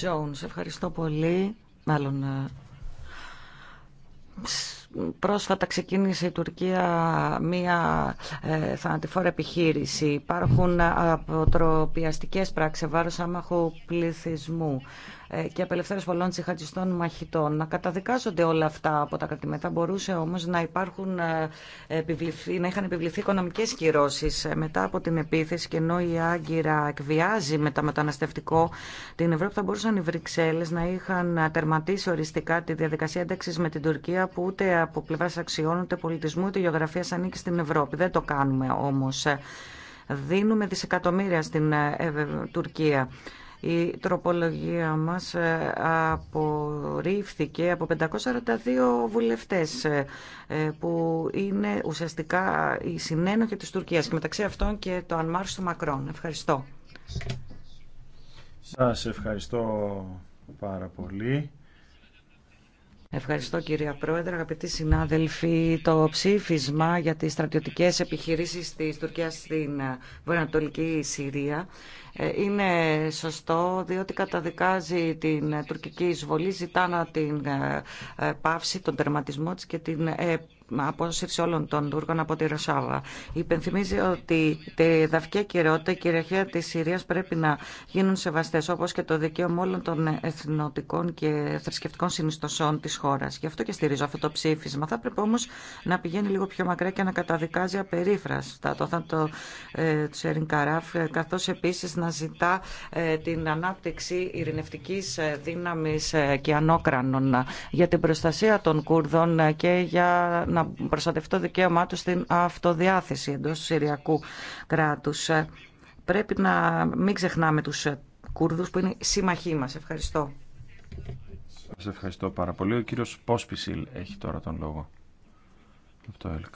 Jones, ευχαριστώ πολύ. Μάλλον ε, πρόσφατα ξεκίνησε η Τουρκία μία ε, θανατηφόρα επιχείρηση. Υπάρχουν ε, αποτροπιαστικές πράξεις βάρος άμαχου πληθυσμού. Ε, και απελευθέρωση πολλών τσιχατιστών μαχητών. Να καταδικάζονται όλα αυτά από τα κρατημένα. μπορούσε όμω να υπάρχουν ε, να είχαν επιβληθεί οικονομικέ κυρώσει ε, μετά από την επίθεση και ενώ η Άγκυρα εκβιάζει με μεταναστευτικό την Ευρώπη, θα μπορούσαν οι Βρυξέλλε να είχαν τερματίσει οριστικά τη διαδικασία ένταξη με την Τουρκία που ούτε από πλευρά αξιών, ούτε πολιτισμού, ούτε γεωγραφία ανήκει στην Ευρώπη. Δεν το κάνουμε όμω. Δίνουμε δισεκατομμύρια στην Τουρκία. Η τροπολογία μας ε, απορρίφθηκε από 542 βουλευτές ε, ε, που είναι ουσιαστικά η συνένοχη της Τουρκίας και μεταξύ αυτών και το Ανμάρς του Μακρόν. Ευχαριστώ. Σας ευχαριστώ πάρα πολύ. Ευχαριστώ κυρία Πρόεδρε, αγαπητοί συνάδελφοι. Το ψήφισμα για τις στρατιωτικές επιχειρήσεις της Τουρκίας στην ε, Βορειοανατολική Συρία ε, είναι σωστό διότι καταδικάζει την τουρκική εισβολή, ζητά να την ε, πάυση, τον τερματισμό της και την απόσυρση όλων των Τούρκων από τη Ρωσάβα. Υπενθυμίζει ότι η δαυκή κυριότητα, η κυριαρχία τη Συρία πρέπει να γίνουν σεβαστέ, όπω και το δικαίωμα όλων των εθνοτικών και θρησκευτικών συνιστοσών τη χώρα. Γι' αυτό και στηρίζω αυτό το ψήφισμα. Θα πρέπει όμω να πηγαίνει λίγο πιο μακρά και να καταδικάζει απερίφραστα το θάνατο ε, του Σεριν Καράφ, καθώ επίση να ζητά ε, την ανάπτυξη ειρηνευτική ε, δύναμη ε, και ανώκρανων για την προστασία των Κούρδων ε, και για να να δικαίωμά του στην αυτοδιάθεση εντό του Συριακού κράτου. Ε, πρέπει να μην ξεχνάμε του Κούρδους που είναι σύμμαχοί μα. Ευχαριστώ. Σα ευχαριστώ πάρα πολύ. Ο κύριο Πόσπισιλ έχει τώρα τον λόγο. Από το ΕΛΚ.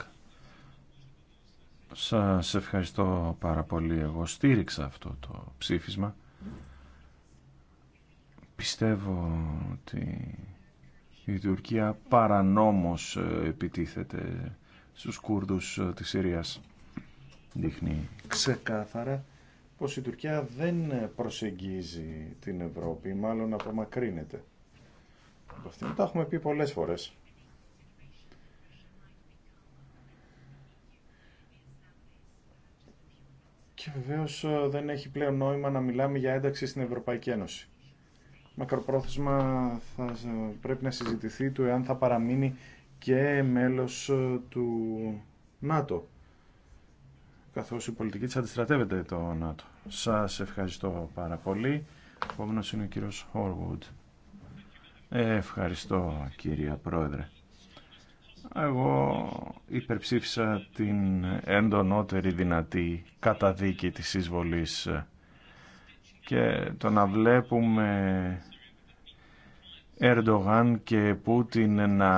Σας ευχαριστώ πάρα πολύ. Εγώ στήριξα αυτό το ψήφισμα. Πιστεύω ότι η Τουρκία παρανόμως ε, επιτίθεται στους Κούρδους ε, της Συρίας. Δείχνει ξεκάθαρα πως η Τουρκία δεν προσεγγίζει την Ευρώπη, μάλλον απομακρύνεται. Από αυτήν τα έχουμε πει πολλές φορές. Και βεβαίως ε, δεν έχει πλέον νόημα να μιλάμε για ένταξη στην Ευρωπαϊκή Ένωση μακροπρόθεσμα θα πρέπει να συζητηθεί του εάν θα παραμείνει και μέλος ε, του ΝΑΤΟ καθώς η πολιτική της αντιστρατεύεται το ΝΑΤΟ. Σας ευχαριστώ πάρα πολύ. είναι ο κύριος Χόρβουντ. Ε, ευχαριστώ κύριε Πρόεδρε. Εγώ υπερψήφισα την εντονότερη δυνατή καταδίκη της εισβολής ε, και το να βλέπουμε Ερντογάν και Πούτιν να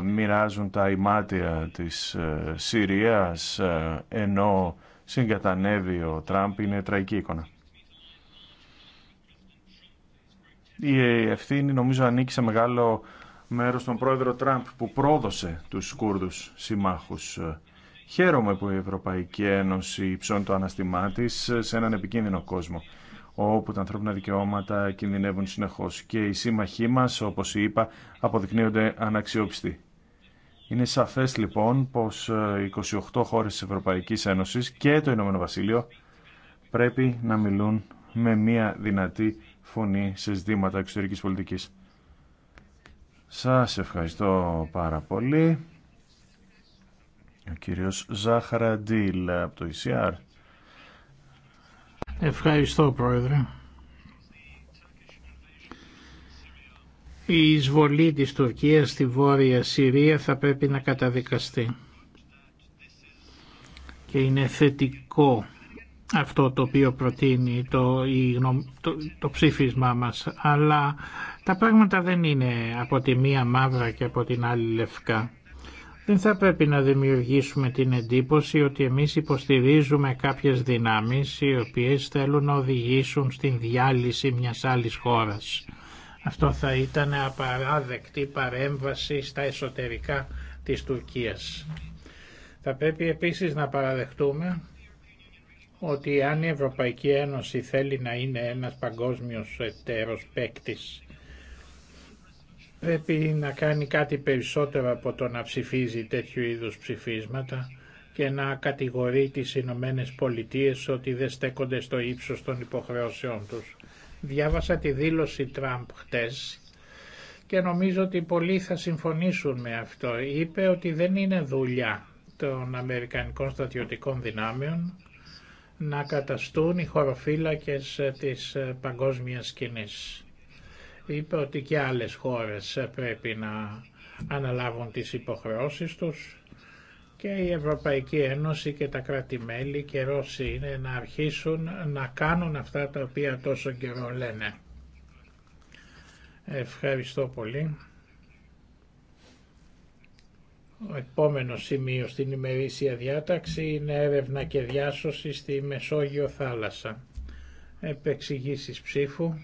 μοιράζουν τα ημάτια της ε, Συρίας ε, ενώ συγκατανεύει ο Τραμπ είναι τραγική εικόνα. Η ευθύνη νομίζω ανήκει σε μεγάλο μέρος στον πρόεδρο Τραμπ που πρόδωσε τους Κούρδους συμμάχους. Χαίρομαι που η Ευρωπαϊκή Ένωση υψώνει το αναστημά της σε έναν επικίνδυνο κόσμο όπου τα ανθρώπινα δικαιώματα κινδυνεύουν συνεχώς και οι σύμμαχοί μα, όπως είπα, αποδεικνύονται αναξιόπιστοι. Είναι σαφές λοιπόν πως 28 ε, χώρες τη Ευρωπαϊκής Ένωση και το Ηνωμένο Βασίλειο πρέπει να μιλούν με μια δυνατή φωνή σε ζητήματα εξωτερικής πολιτική. Σας ευχαριστώ πάρα πολύ. Ο κύριος Ζάχαρα από το e Ευχαριστώ Πρόεδρε. Η εισβολή της Τουρκίας στη Βόρεια Συρία θα πρέπει να καταδικαστεί. Και είναι θετικό αυτό το οποίο προτείνει το, η, το, το ψήφισμά μας. Αλλά τα πράγματα δεν είναι από τη μία μαύρα και από την άλλη λευκά. Δεν θα πρέπει να δημιουργήσουμε την εντύπωση ότι εμείς υποστηρίζουμε κάποιες δυνάμεις οι οποίες θέλουν να οδηγήσουν στην διάλυση μιας άλλης χώρας. Αυτό θα ήταν απαράδεκτη παρέμβαση στα εσωτερικά της Τουρκίας. Θα πρέπει επίσης να παραδεχτούμε ότι αν η Ευρωπαϊκή Ένωση θέλει να είναι ένας παγκόσμιος εταίρος παίκτης πρέπει να κάνει κάτι περισσότερο από το να ψηφίζει τέτοιου είδους ψηφίσματα και να κατηγορεί τις Ηνωμένε Πολιτείε ότι δεν στέκονται στο ύψος των υποχρεώσεών τους. Διάβασα τη δήλωση Τραμπ χτες και νομίζω ότι πολλοί θα συμφωνήσουν με αυτό. Είπε ότι δεν είναι δουλειά των Αμερικανικών στρατιωτικών δυνάμεων να καταστούν οι χωροφύλακες της παγκόσμιας σκηνής είπε ότι και άλλες χώρες πρέπει να αναλάβουν τις υποχρεώσεις τους και η Ευρωπαϊκή Ένωση και τα κράτη-μέλη και Ρώσοι είναι να αρχίσουν να κάνουν αυτά τα οποία τόσο καιρό λένε. Ευχαριστώ πολύ. Ο επόμενο σημείο στην ημερήσια διάταξη είναι έρευνα και διάσωση στη Μεσόγειο θάλασσα. Επεξηγήσεις ψήφου.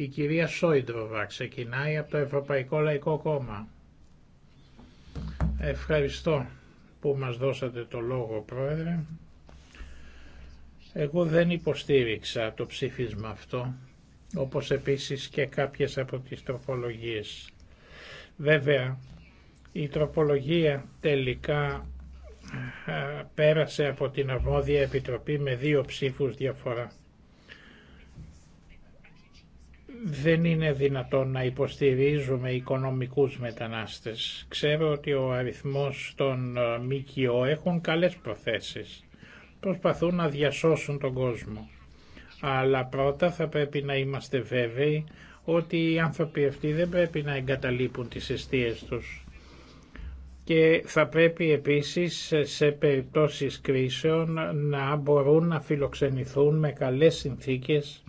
Η κυρία Σόιντροβα ξεκινάει από το Ευρωπαϊκό Λαϊκό Κόμμα. Ευχαριστώ που μας δώσατε το λόγο, Πρόεδρε. Εγώ δεν υποστήριξα το ψήφισμα αυτό, όπως επίσης και κάποιες από τις τροπολογίες. Βέβαια, η τροπολογία τελικά πέρασε από την αρμόδια επιτροπή με δύο ψήφους διαφορά δεν είναι δυνατόν να υποστηρίζουμε οικονομικούς μετανάστες. Ξέρω ότι ο αριθμός των ε, ΜΚΟ έχουν καλές προθέσεις. Προσπαθούν να διασώσουν τον κόσμο. Αλλά πρώτα θα πρέπει να είμαστε βέβαιοι ότι οι άνθρωποι αυτοί δεν πρέπει να εγκαταλείπουν τις αιστείες τους. Και θα πρέπει επίσης σε περιπτώσεις κρίσεων να μπορούν να φιλοξενηθούν με καλές συνθήκες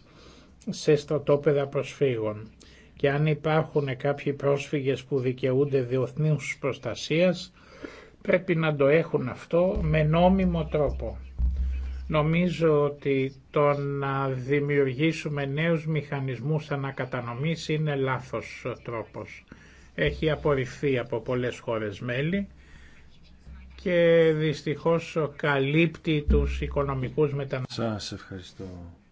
σε στρατόπεδα προσφύγων και αν υπάρχουν κάποιοι πρόσφυγες που δικαιούνται διεθνούς προστασίας πρέπει να το έχουν αυτό με νόμιμο τρόπο. Νομίζω ότι το να δημιουργήσουμε νέους μηχανισμούς ανακατανομής είναι λάθος τρόπος. Έχει απορριφθεί από πολλές χώρες μέλη και δυστυχώς καλύπτει τους οικονομικούς μετανάστες. Σας ευχαριστώ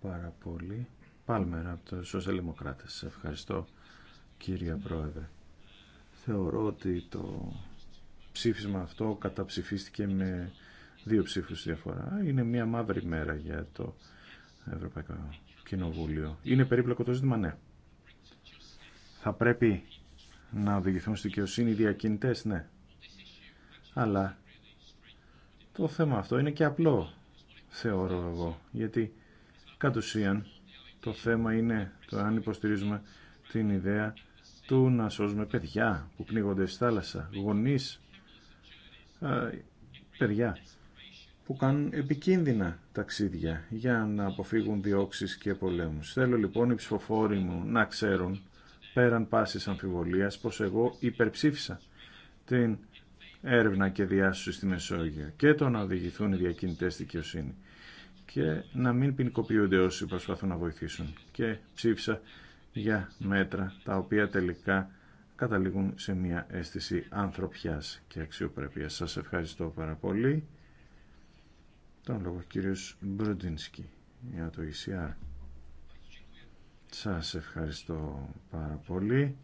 πάρα πολύ. Πάλμερ από το Σοσιαλδημοκράτες. Ευχαριστώ κύριε Πρόεδρε. Θεωρώ ότι το ψήφισμα αυτό καταψηφίστηκε με δύο ψήφους διαφορά. Είναι μια μαύρη μέρα για το Ευρωπαϊκό Κοινοβούλιο. Είναι περίπλοκο το ζήτημα, ναι. Θα πρέπει να οδηγηθούν στη δικαιοσύνη οι διακινητές, ναι. Αλλά το θέμα αυτό είναι και απλό, θεωρώ εγώ, γιατί κατ' ουσίαν το θέμα είναι το αν υποστηρίζουμε την ιδέα του να σώζουμε παιδιά που πνίγονται στη θάλασσα, γονείς, παιδιά που κάνουν επικίνδυνα ταξίδια για να αποφύγουν διώξεις και πολέμους. Θέλω λοιπόν οι ψηφοφόροι μου να ξέρουν, πέραν πάσης αμφιβολίας, πως εγώ υπερψήφισα την έρευνα και διάσωση στη Μεσόγειο και το να οδηγηθούν οι διακινητές δικαιοσύνη και να μην ποινικοποιούνται όσοι προσπαθούν να βοηθήσουν. Και ψήφισα για μέτρα τα οποία τελικά καταλήγουν σε μια αίσθηση ανθρωπιάς και αξιοπρέπειας. Σας ευχαριστώ πάρα πολύ. Τον λόγο κύριος Μπροντίνσκι για το ECR. Σας ευχαριστώ πάρα πολύ.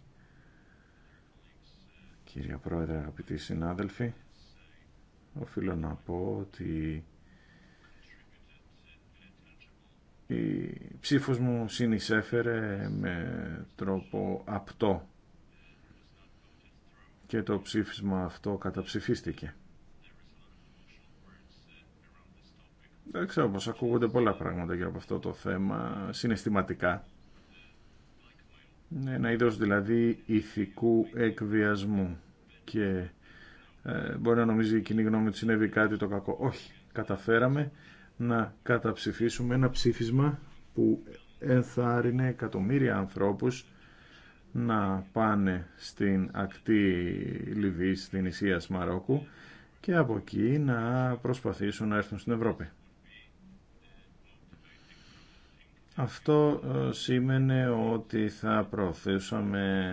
Κυρία Πρόεδρε, αγαπητοί συνάδελφοι, οφείλω να πω ότι η ψήφος μου συνεισέφερε με τρόπο απτό και το ψήφισμα αυτό καταψηφίστηκε. Δεν ξέρω πως ακούγονται πολλά πράγματα για από αυτό το θέμα, συναισθηματικά. Ένα είδος δηλαδή ηθικού εκβιασμού και ε, μπορεί να νομίζει η κοινή γνώμη ότι συνέβη κάτι το κακό. Όχι, καταφέραμε να καταψηφίσουμε ένα ψήφισμα που ενθάρρυνε εκατομμύρια ανθρώπους να πάνε στην ακτή Λιβύη στην Ισία Μαρόκου και από εκεί να προσπαθήσουν να έρθουν στην Ευρώπη. Αυτό ε, σήμαινε ότι θα προωθήσαμε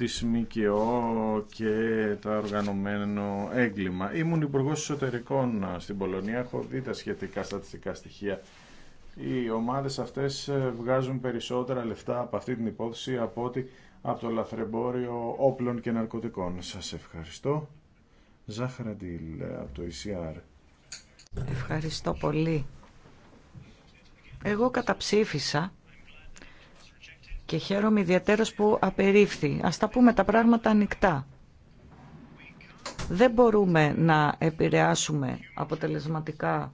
Τη ΜΚΟ και τα οργανωμένο έγκλημα. Ήμουν υπουργό εσωτερικών ε, στην Πολωνία, έχω δει τα σχετικά στατιστικά στοιχεία. Οι ομάδες αυτές ε, βγάζουν περισσότερα λεφτά από αυτή την υπόθεση από ότι από το λαθρεμπόριο όπλων και ναρκωτικών. Σας ευχαριστώ. Ντιλ ε, από το ECR. Ευχαριστώ πολύ. Εγώ καταψήφισα και χαίρομαι ιδιαίτερως που απερίφθη. Ας τα πούμε τα πράγματα ανοιχτά. Δεν μπορούμε να επηρεάσουμε αποτελεσματικά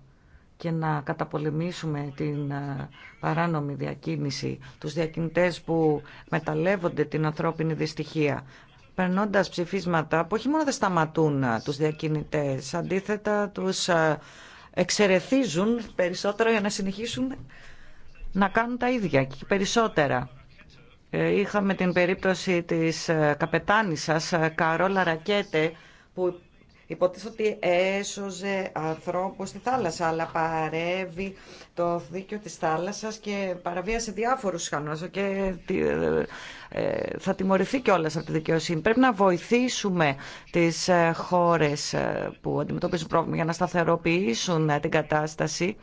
και να καταπολεμήσουμε την ε, παράνομη διακίνηση, τους διακινητές που μεταλλεύονται την ανθρώπινη δυστυχία, περνώντας ψηφίσματα που όχι μόνο δεν σταματούν ε, τους διακινητές, αντίθετα τους ε, εξαιρεθίζουν περισσότερο για να συνεχίσουν να κάνουν τα ίδια και περισσότερα. Είχαμε την περίπτωση της ε, καπετάνισσας ε, Καρόλα Ρακέτε που υποτίθεται ότι έσωζε ανθρώπους στη θάλασσα αλλά παρεύει το δίκαιο της θάλασσας και παραβίασε διάφορους κανόνες και ε, θα τιμωρηθεί κιόλας από τη δικαιοσύνη. Πρέπει να βοηθήσουμε τις χώρες που αντιμετωπίζουν πρόβλημα για να σταθεροποιήσουν την κατάσταση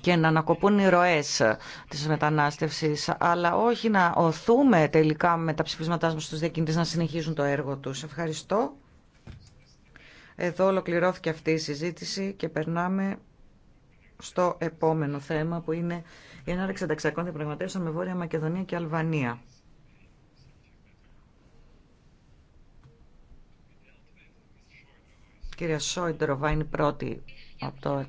και να ανακοπούν οι ροές της μετανάστευσης, αλλά όχι να οθούμε τελικά με τα ψηφίσματά μα στους διακινητές να συνεχίζουν το έργο τους. Ευχαριστώ. Εδώ ολοκληρώθηκε αυτή η συζήτηση και περνάμε στο επόμενο θέμα που είναι η ενάρξη ανταξιακών διαπραγματεύσεων με Βόρεια Μακεδονία και Αλβανία. Κυρία Σόιντροβα είναι η πρώτη από το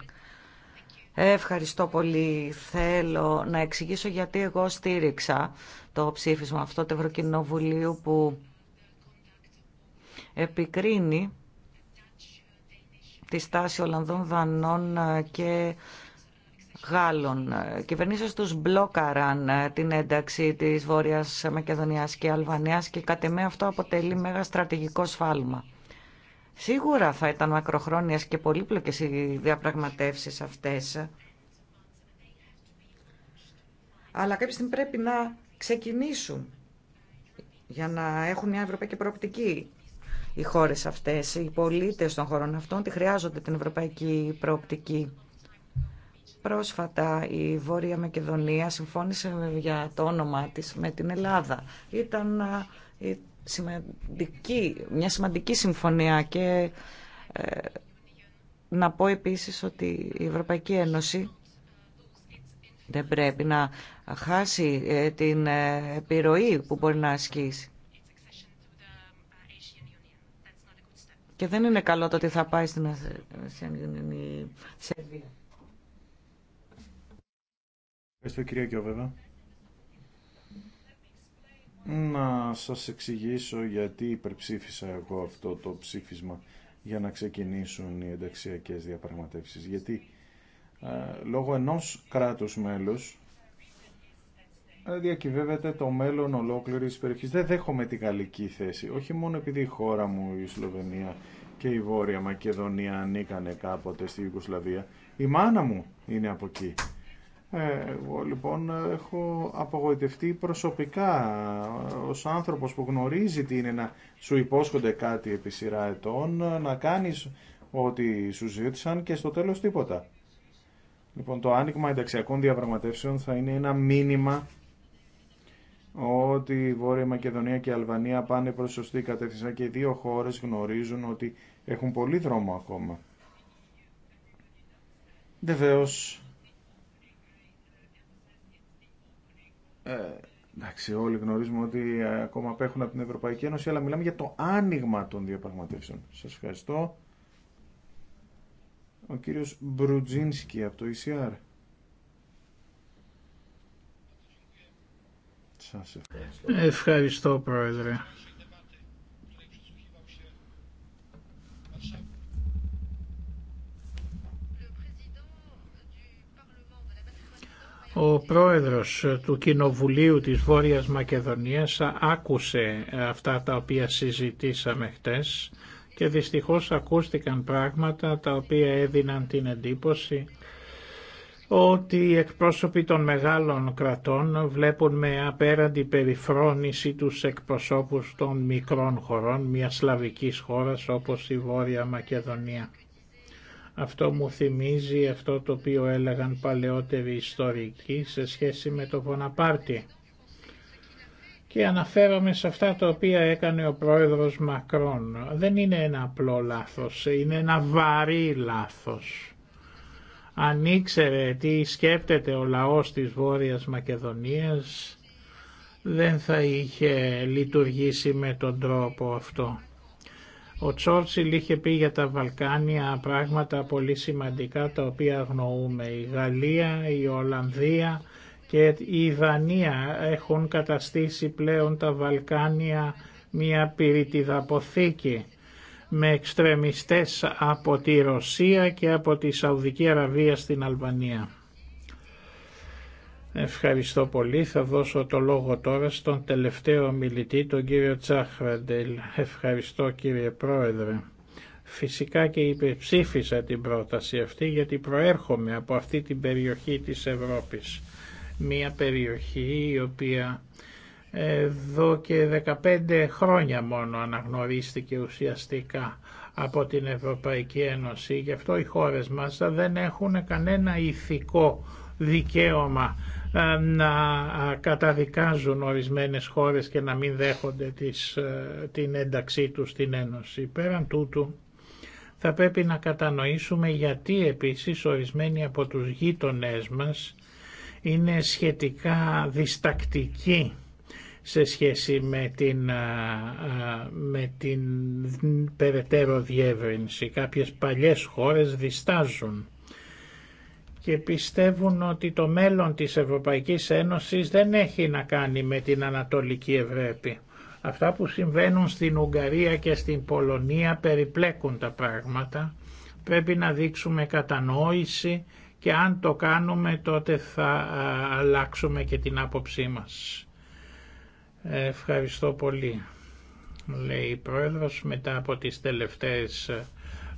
Ευχαριστώ πολύ. Θέλω να εξηγήσω γιατί εγώ στήριξα το ψήφισμα αυτό του Ευρωκοινοβουλίου που επικρίνει τη στάση Ολλανδών, Δανών και Γάλλων. Κυβερνήσεις τους μπλόκαραν την ένταξη της Βόρειας Μακεδονίας και Αλβανίας και κατ' εμέ αυτό αποτελεί μέγα στρατηγικό σφάλμα. Σίγουρα θα ήταν μακροχρόνιες και πολύπλοκες οι διαπραγματεύσεις αυτές. Αλλά κάποια στιγμή πρέπει να ξεκινήσουν για να έχουν μια ευρωπαϊκή προοπτική οι χώρες αυτές, οι πολίτες των χωρών αυτών, ότι χρειάζονται την ευρωπαϊκή προοπτική. Πρόσφατα η Βόρεια Μακεδονία συμφώνησε για το όνομά της με την Ελλάδα. Ήταν ε, σημαντική, μια σημαντική συμφωνία και ε, να πω επίσης ότι η Ευρωπαϊκή Ένωση δεν πρέπει να χάσει ε, την ε, επιρροή που μπορεί να ασκήσει. Και δεν είναι καλό το ότι θα πάει στην Σερβία. Ευχαριστώ κυρία Κιόβεβα να σας εξηγήσω γιατί υπερψήφισα εγώ αυτό το ψήφισμα για να ξεκινήσουν οι ενταξιακές διαπραγματεύσεις. Γιατί ε, λόγω ενός κράτους μέλους ε, διακυβεύεται το μέλλον ολόκληρης τη περιοχής. Δεν δέχομαι τη γαλλική θέση, όχι μόνο επειδή η χώρα μου, η Σλοβενία και η Βόρεια Μακεδονία ανήκανε κάποτε στη Ιουγκοσλαβία. Η μάνα μου είναι από εκεί. Εγώ λοιπόν έχω απογοητευτεί προσωπικά ως άνθρωπος που γνωρίζει τι είναι να σου υπόσχονται κάτι επί σειρά ετών, να κάνεις ό,τι σου ζήτησαν και στο τέλος τίποτα. Λοιπόν, το άνοιγμα ενταξιακών διαπραγματεύσεων θα είναι ένα μήνυμα ότι η Βόρεια Μακεδονία και η Αλβανία πάνε προς σωστή κατεύθυνση και οι δύο χώρες γνωρίζουν ότι έχουν πολύ δρόμο ακόμα. Βεβαίω Ε, εντάξει, όλοι γνωρίζουμε ότι ε, ακόμα απέχουν από την Ευρωπαϊκή Ένωση, αλλά μιλάμε για το άνοιγμα των διαπραγματεύσεων. Σας ευχαριστώ. Ο κύριος Μπρουτζίνσκι από το ECR. Ευχαριστώ, Πρόεδρε. Ο πρόεδρος του Κοινοβουλίου της Βόρειας Μακεδονίας άκουσε αυτά τα οποία συζητήσαμε χτες και δυστυχώς ακούστηκαν πράγματα τα οποία έδιναν την εντύπωση ότι οι εκπρόσωποι των μεγάλων κρατών βλέπουν με απέραντη περιφρόνηση τους εκπροσώπους των μικρών χωρών μια σλαβικής χώρας όπως η Βόρεια Μακεδονία. Αυτό μου θυμίζει αυτό το οποίο έλεγαν παλαιότεροι ιστορικοί σε σχέση με το Βοναπάρτη. Και αναφέρομαι σε αυτά τα οποία έκανε ο πρόεδρος Μακρόν. Δεν είναι ένα απλό λάθος, είναι ένα βαρύ λάθος. Αν ήξερε τι σκέπτεται ο λαός της Βόρειας Μακεδονίας, δεν θα είχε λειτουργήσει με τον τρόπο αυτό. Ο Τσόρτσιλ είχε πει για τα Βαλκάνια πράγματα πολύ σημαντικά τα οποία αγνοούμε. Η Γαλλία, η Ολλανδία και η Δανία έχουν καταστήσει πλέον τα Βαλκάνια μια πυρητιδαποθήκη με εξτρεμιστές από τη Ρωσία και από τη Σαουδική Αραβία στην Αλβανία. Ευχαριστώ πολύ. Θα δώσω το λόγο τώρα στον τελευταίο μιλητή, τον κύριο Τσάχραντελ. Ευχαριστώ κύριε Πρόεδρε. Φυσικά και υπεψήφισα την πρόταση αυτή γιατί προέρχομαι από αυτή την περιοχή της Ευρώπης. Μία περιοχή η οποία ε, εδώ και 15 χρόνια μόνο αναγνωρίστηκε ουσιαστικά από την Ευρωπαϊκή Ένωση. Γι' αυτό οι χώρες μας δεν έχουν κανένα ηθικό δικαίωμα ε, να ε, καταδικάζουν ορισμένες χώρες και να μην δέχονται τις, ε, την ένταξή τους στην Ένωση. Πέραν τούτου θα πρέπει να κατανοήσουμε γιατί επίσης ορισμένοι από τους γείτονές μας είναι σχετικά διστακτικοί σε σχέση με την, με την περαιτέρω διεύρυνση. Κάποιες παλιές χώρες διστάζουν και πιστεύουν ότι το μέλλον της Ευρωπαϊκής Ένωσης δεν έχει να κάνει με την Ανατολική Ευρώπη. Αυτά που συμβαίνουν στην Ουγγαρία και στην Πολωνία περιπλέκουν τα πράγματα. Πρέπει να δείξουμε κατανόηση και αν το κάνουμε τότε θα αλλάξουμε και την άποψή μας. Ε, ευχαριστώ πολύ, λέει η Πρόεδρος, μετά από τις τελευταίες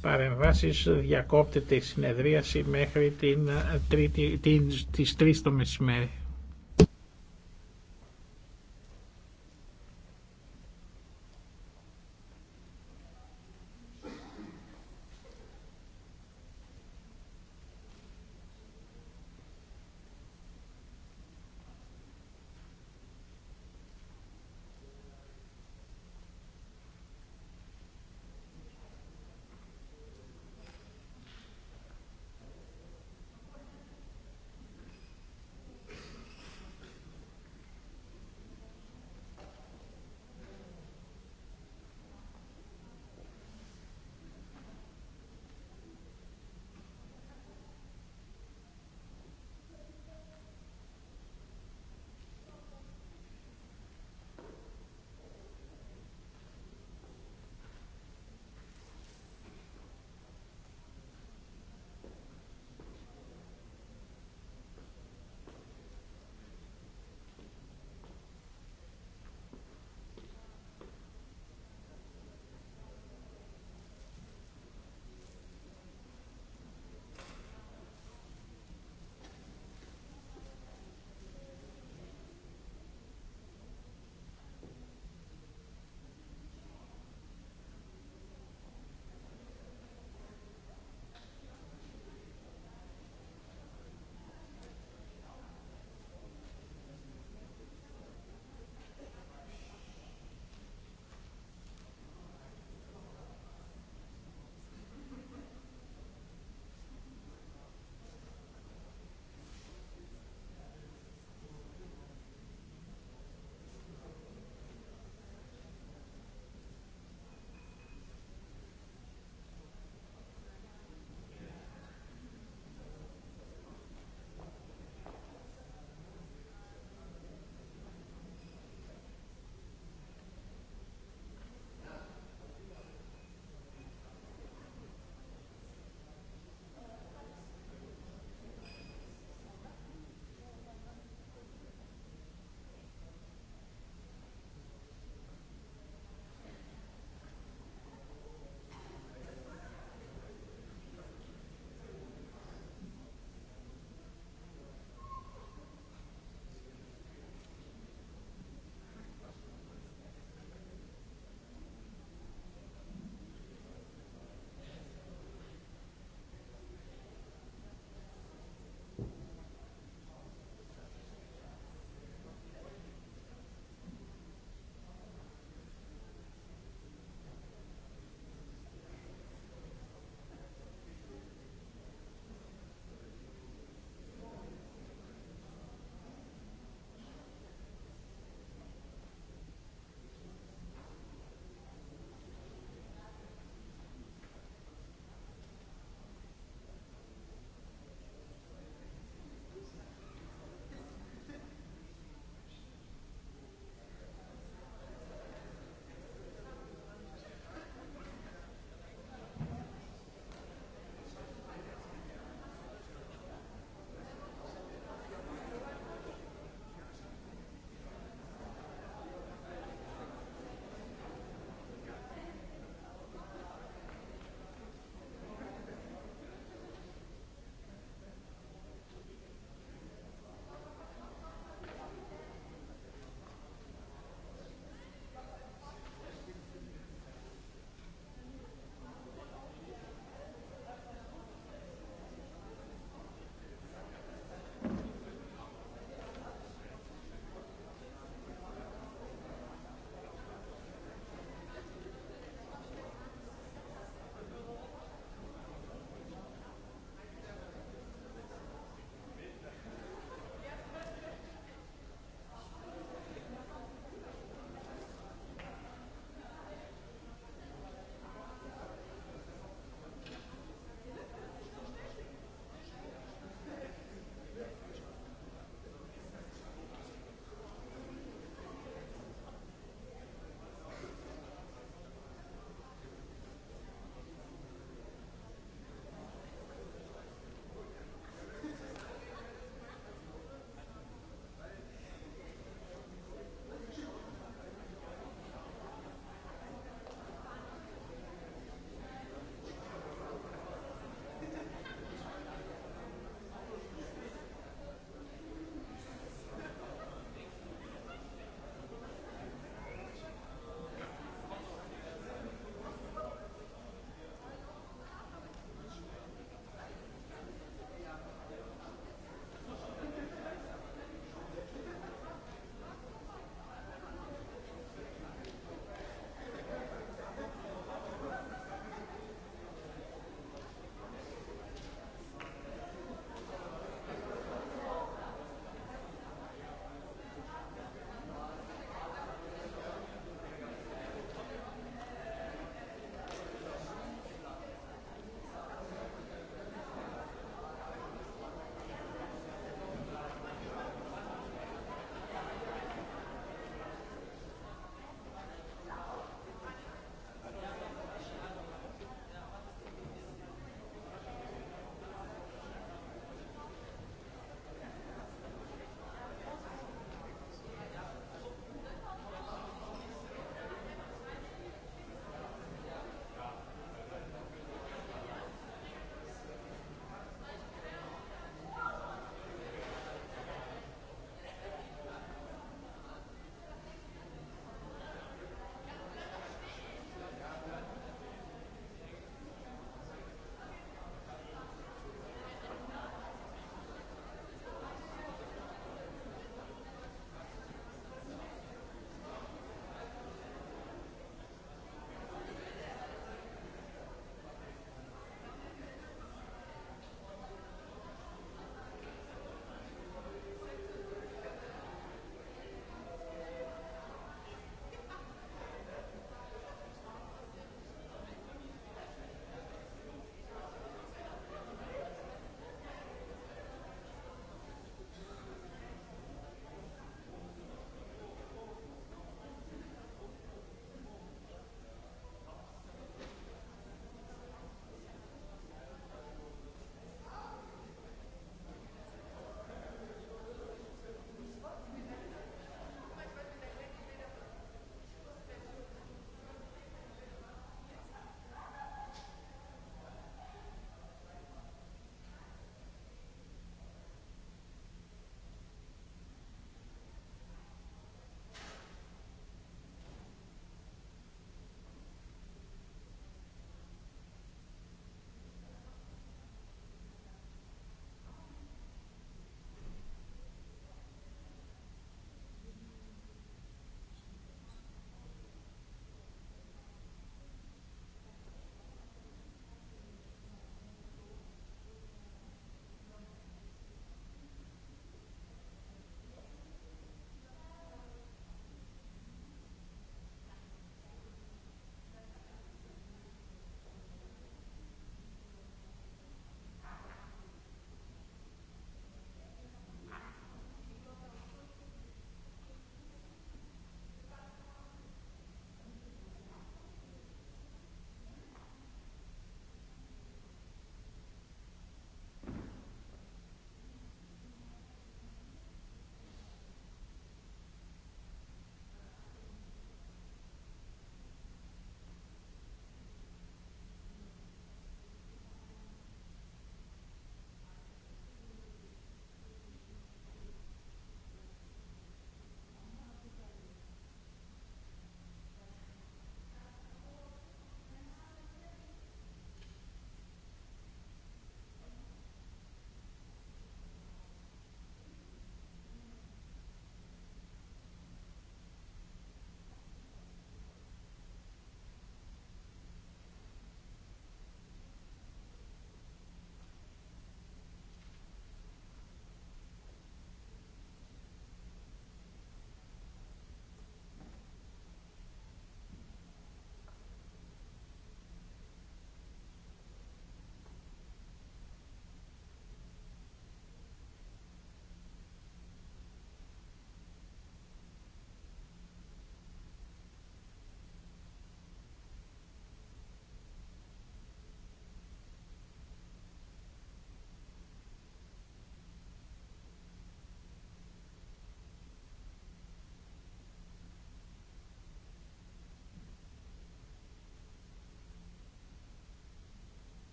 παρεμβάσεις διακόπτεται η συνεδρίαση μέχρι την, ε, τρίτη, την, τις 3 το μεσημέρι.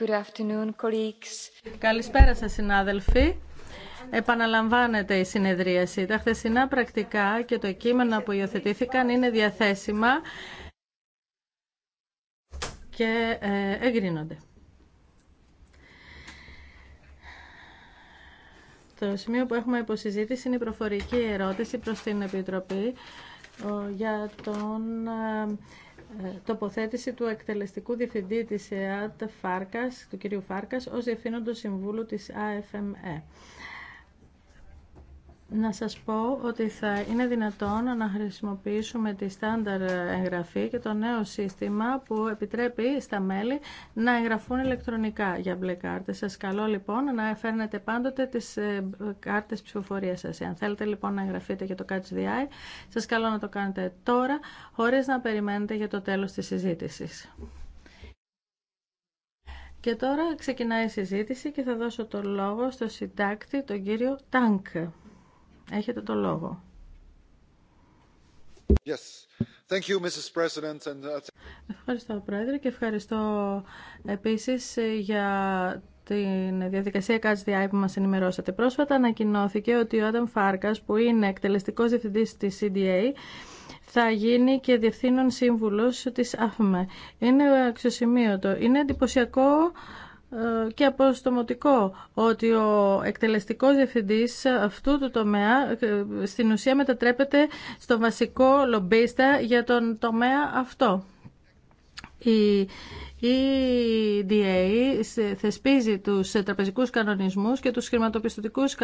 Good afternoon, colleagues. Καλησπέρα σας συνάδελφοι. Επαναλαμβάνεται η συνεδρίαση. Τα χθεσινά πρακτικά και το κείμενο που υιοθετήθηκαν είναι διαθέσιμα και ε, εγκρίνονται. Το σημείο που έχουμε υποσυζήτηση είναι η προφορική ερώτηση προς την Επιτροπή ε, για τον ε, τοποθέτηση του εκτελεστικού διευθυντή της ΕΑΤ Φάρκας, του κ. Φάρκας, ως διευθύνοντος συμβούλου της AFME. Να σας πω ότι θα είναι δυνατόν να χρησιμοποιήσουμε τη στάνταρ εγγραφή και το νέο σύστημα που επιτρέπει στα μέλη να εγγραφούν ηλεκτρονικά για μπλε κάρτες. Σας καλώ λοιπόν να φέρνετε πάντοτε τις ε, κάρτες ψηφοφορίας σας. Αν θέλετε λοιπόν να εγγραφείτε για το Catch the Eye, σας καλώ να το κάνετε τώρα, χωρίς να περιμένετε για το τέλος της συζήτησης. Και τώρα ξεκινάει η συζήτηση και θα δώσω το λόγο στο συντάκτη, τον κύριο Τάνκ. Έχετε το λόγο. Yes. Thank you, Mrs. President. Uh, ευχαριστώ, Πρόεδρε, και ευχαριστώ επίσης για την διαδικασία Catch the Eye που μας ενημερώσατε. Πρόσφατα ανακοινώθηκε ότι ο Άνταμ Φάρκας, που είναι εκτελεστικός διευθυντής της CDA, θα γίνει και διευθύνων σύμβουλος της ΑΦΜΕ. Είναι αξιοσημείωτο. Είναι εντυπωσιακό και αποστομωτικό ότι ο εκτελεστικός διευθυντής αυτού του τομέα ε, στην ουσία μετατρέπεται στο βασικό λομπίστα για τον τομέα αυτό η EDA θεσπίζει τους τραπεζικούς κανονισμούς και τους χρηματοπιστωτικούς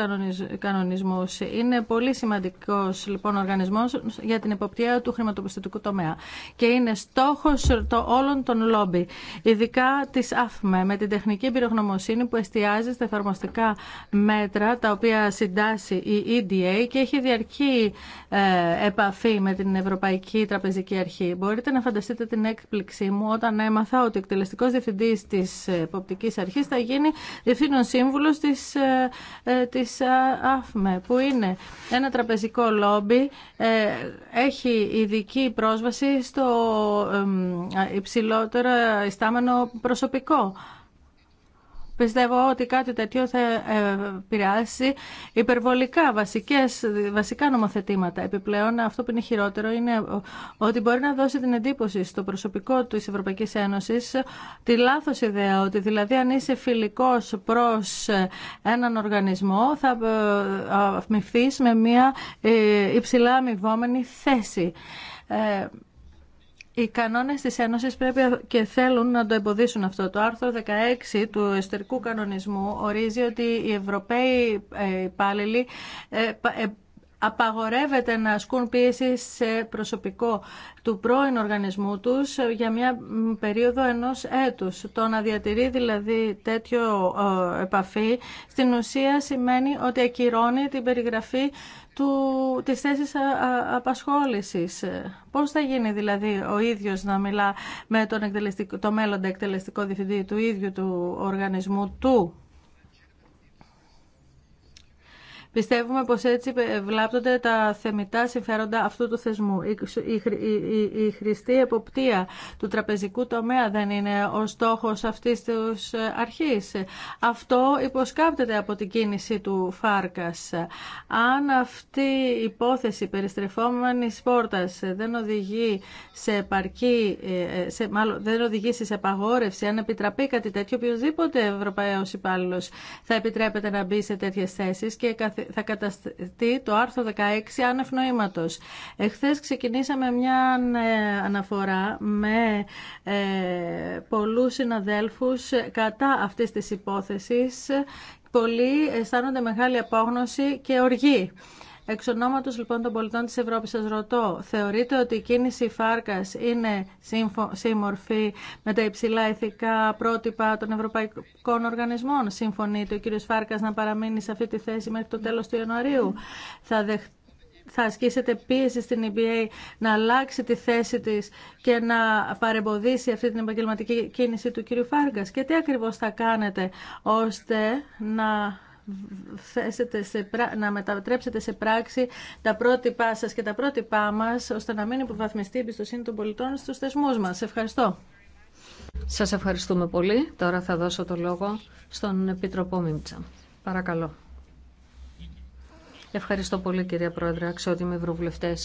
κανονισμούς. Είναι πολύ σημαντικός λοιπόν οργανισμός για την εποπτεία του χρηματοπιστωτικού τομέα και είναι στόχος το όλων των λόμπι, ειδικά της ΑΦΜΕ με την τεχνική εμπειρογνωμοσύνη που εστιάζει στα εφαρμοστικά μέτρα τα οποία συντάσσει η EDA και έχει διαρκή ε, επαφή με την Ευρωπαϊκή Τραπεζική Αρχή. Μπορείτε να φανταστείτε την έκπληξή μου όταν έμαθα ότι ο εκτελεστικό διευθύντη τη εποπτική Αρχής θα γίνει διευθύνων Σύμβουλο τη της ε, ε, ε, ΑΦΜΕ που είναι ένα τραπεζικό λόμπι, έχει ειδική πρόσβαση στο υψηλότερο ιστάμενο προσωπικό. Πιστεύω ότι κάτι τέτοιο θα ε, επηρεάσει υπερβολικά βασικές, βασικά νομοθετήματα. Επιπλέον, αυτό που είναι χειρότερο είναι ότι μπορεί να δώσει την εντύπωση στο προσωπικό της Ευρωπαϊκής Ένωσης τη λάθος ιδέα ότι δηλαδή αν είσαι φιλικός προς έναν οργανισμό θα αμυφθείς ε, ε, με μια υψηλά αμοιβόμενη θέση οι κανόνες της Ένωση πρέπει και θέλουν να το εμποδίσουν αυτό. Το άρθρο 16 του εστερικού κανονισμού ορίζει ότι οι Ευρωπαίοι ε, υπάλληλοι ε, ε, απαγορεύεται να ασκούν πίεση σε προσωπικό του πρώην οργανισμού τους για μια περίοδο ενός έτους. Το να διατηρεί δηλαδή τέτοιο επαφή στην ουσία σημαίνει ότι ακυρώνει την περιγραφή του, της θέσης απασχόλησης. Πώς θα γίνει δηλαδή ο ίδιος να μιλά με τον εκτελεστικό, το μέλλοντα εκτελεστικό διευθυντή του ίδιου του οργανισμού του Πιστεύουμε πως έτσι βλάπτονται τα θεμητά συμφέροντα αυτού του θεσμού. Η χρηστή εποπτεία του τραπεζικού τομέα δεν είναι ο στόχος αυτής της αρχής. Αυτό υποσκάπτεται από την κίνηση του Φάρκας. Αν αυτή η υπόθεση περιστρεφόμενης πόρτας δεν οδηγεί σε επαρκή, ε, ε, σε, μάλλον, δεν οδηγήσει σε επαγόρευση αν επιτραπεί κάτι τέτοιο, οποιοδήποτε Ευρωπαίος υπάλληλο θα επιτρέπεται να μπει σε τέτοιες θέσεις και καθ' θα καταστεί το άρθρο 16 άνευ Εχθές ξεκινήσαμε μια ε, αναφορά με ε, πολλούς συναδέλφους κατά αυτής της υπόθεσης. Πολλοί αισθάνονται μεγάλη απόγνωση και οργή. Εξ ονόματος λοιπόν των πολιτών της Ευρώπης σας ρωτώ, θεωρείτε ότι η κίνηση φάρκας είναι σύμμορφη με τα υψηλά ηθικά πρότυπα των ευρωπαϊκών οργανισμών. Συμφωνείτε ο κύριος Φάρκας να παραμείνει σε αυτή τη θέση μέχρι το τέλος του Ιανουαρίου. Θα θα ασκήσετε πίεση στην EBA να αλλάξει τη θέση της και να παρεμποδίσει αυτή την επαγγελματική κίνηση του κύριου Φάρκας. και τι ακριβώς θα κάνετε ώστε να θέσετε σε, να μετατρέψετε σε πράξη τα πρότυπά σα και τα πρότυπά μας, ώστε να μην υποβαθμιστεί η εμπιστοσύνη των πολιτών στους θεσμού μα. Ευχαριστώ. Σας ευχαριστούμε πολύ. Τώρα θα δώσω το λόγο στον Επιτροπό Μίμτσα. Παρακαλώ. Ευχαριστώ πολύ κυρία Πρόεδρε, αξιότιμοι ευρωβουλευτέ.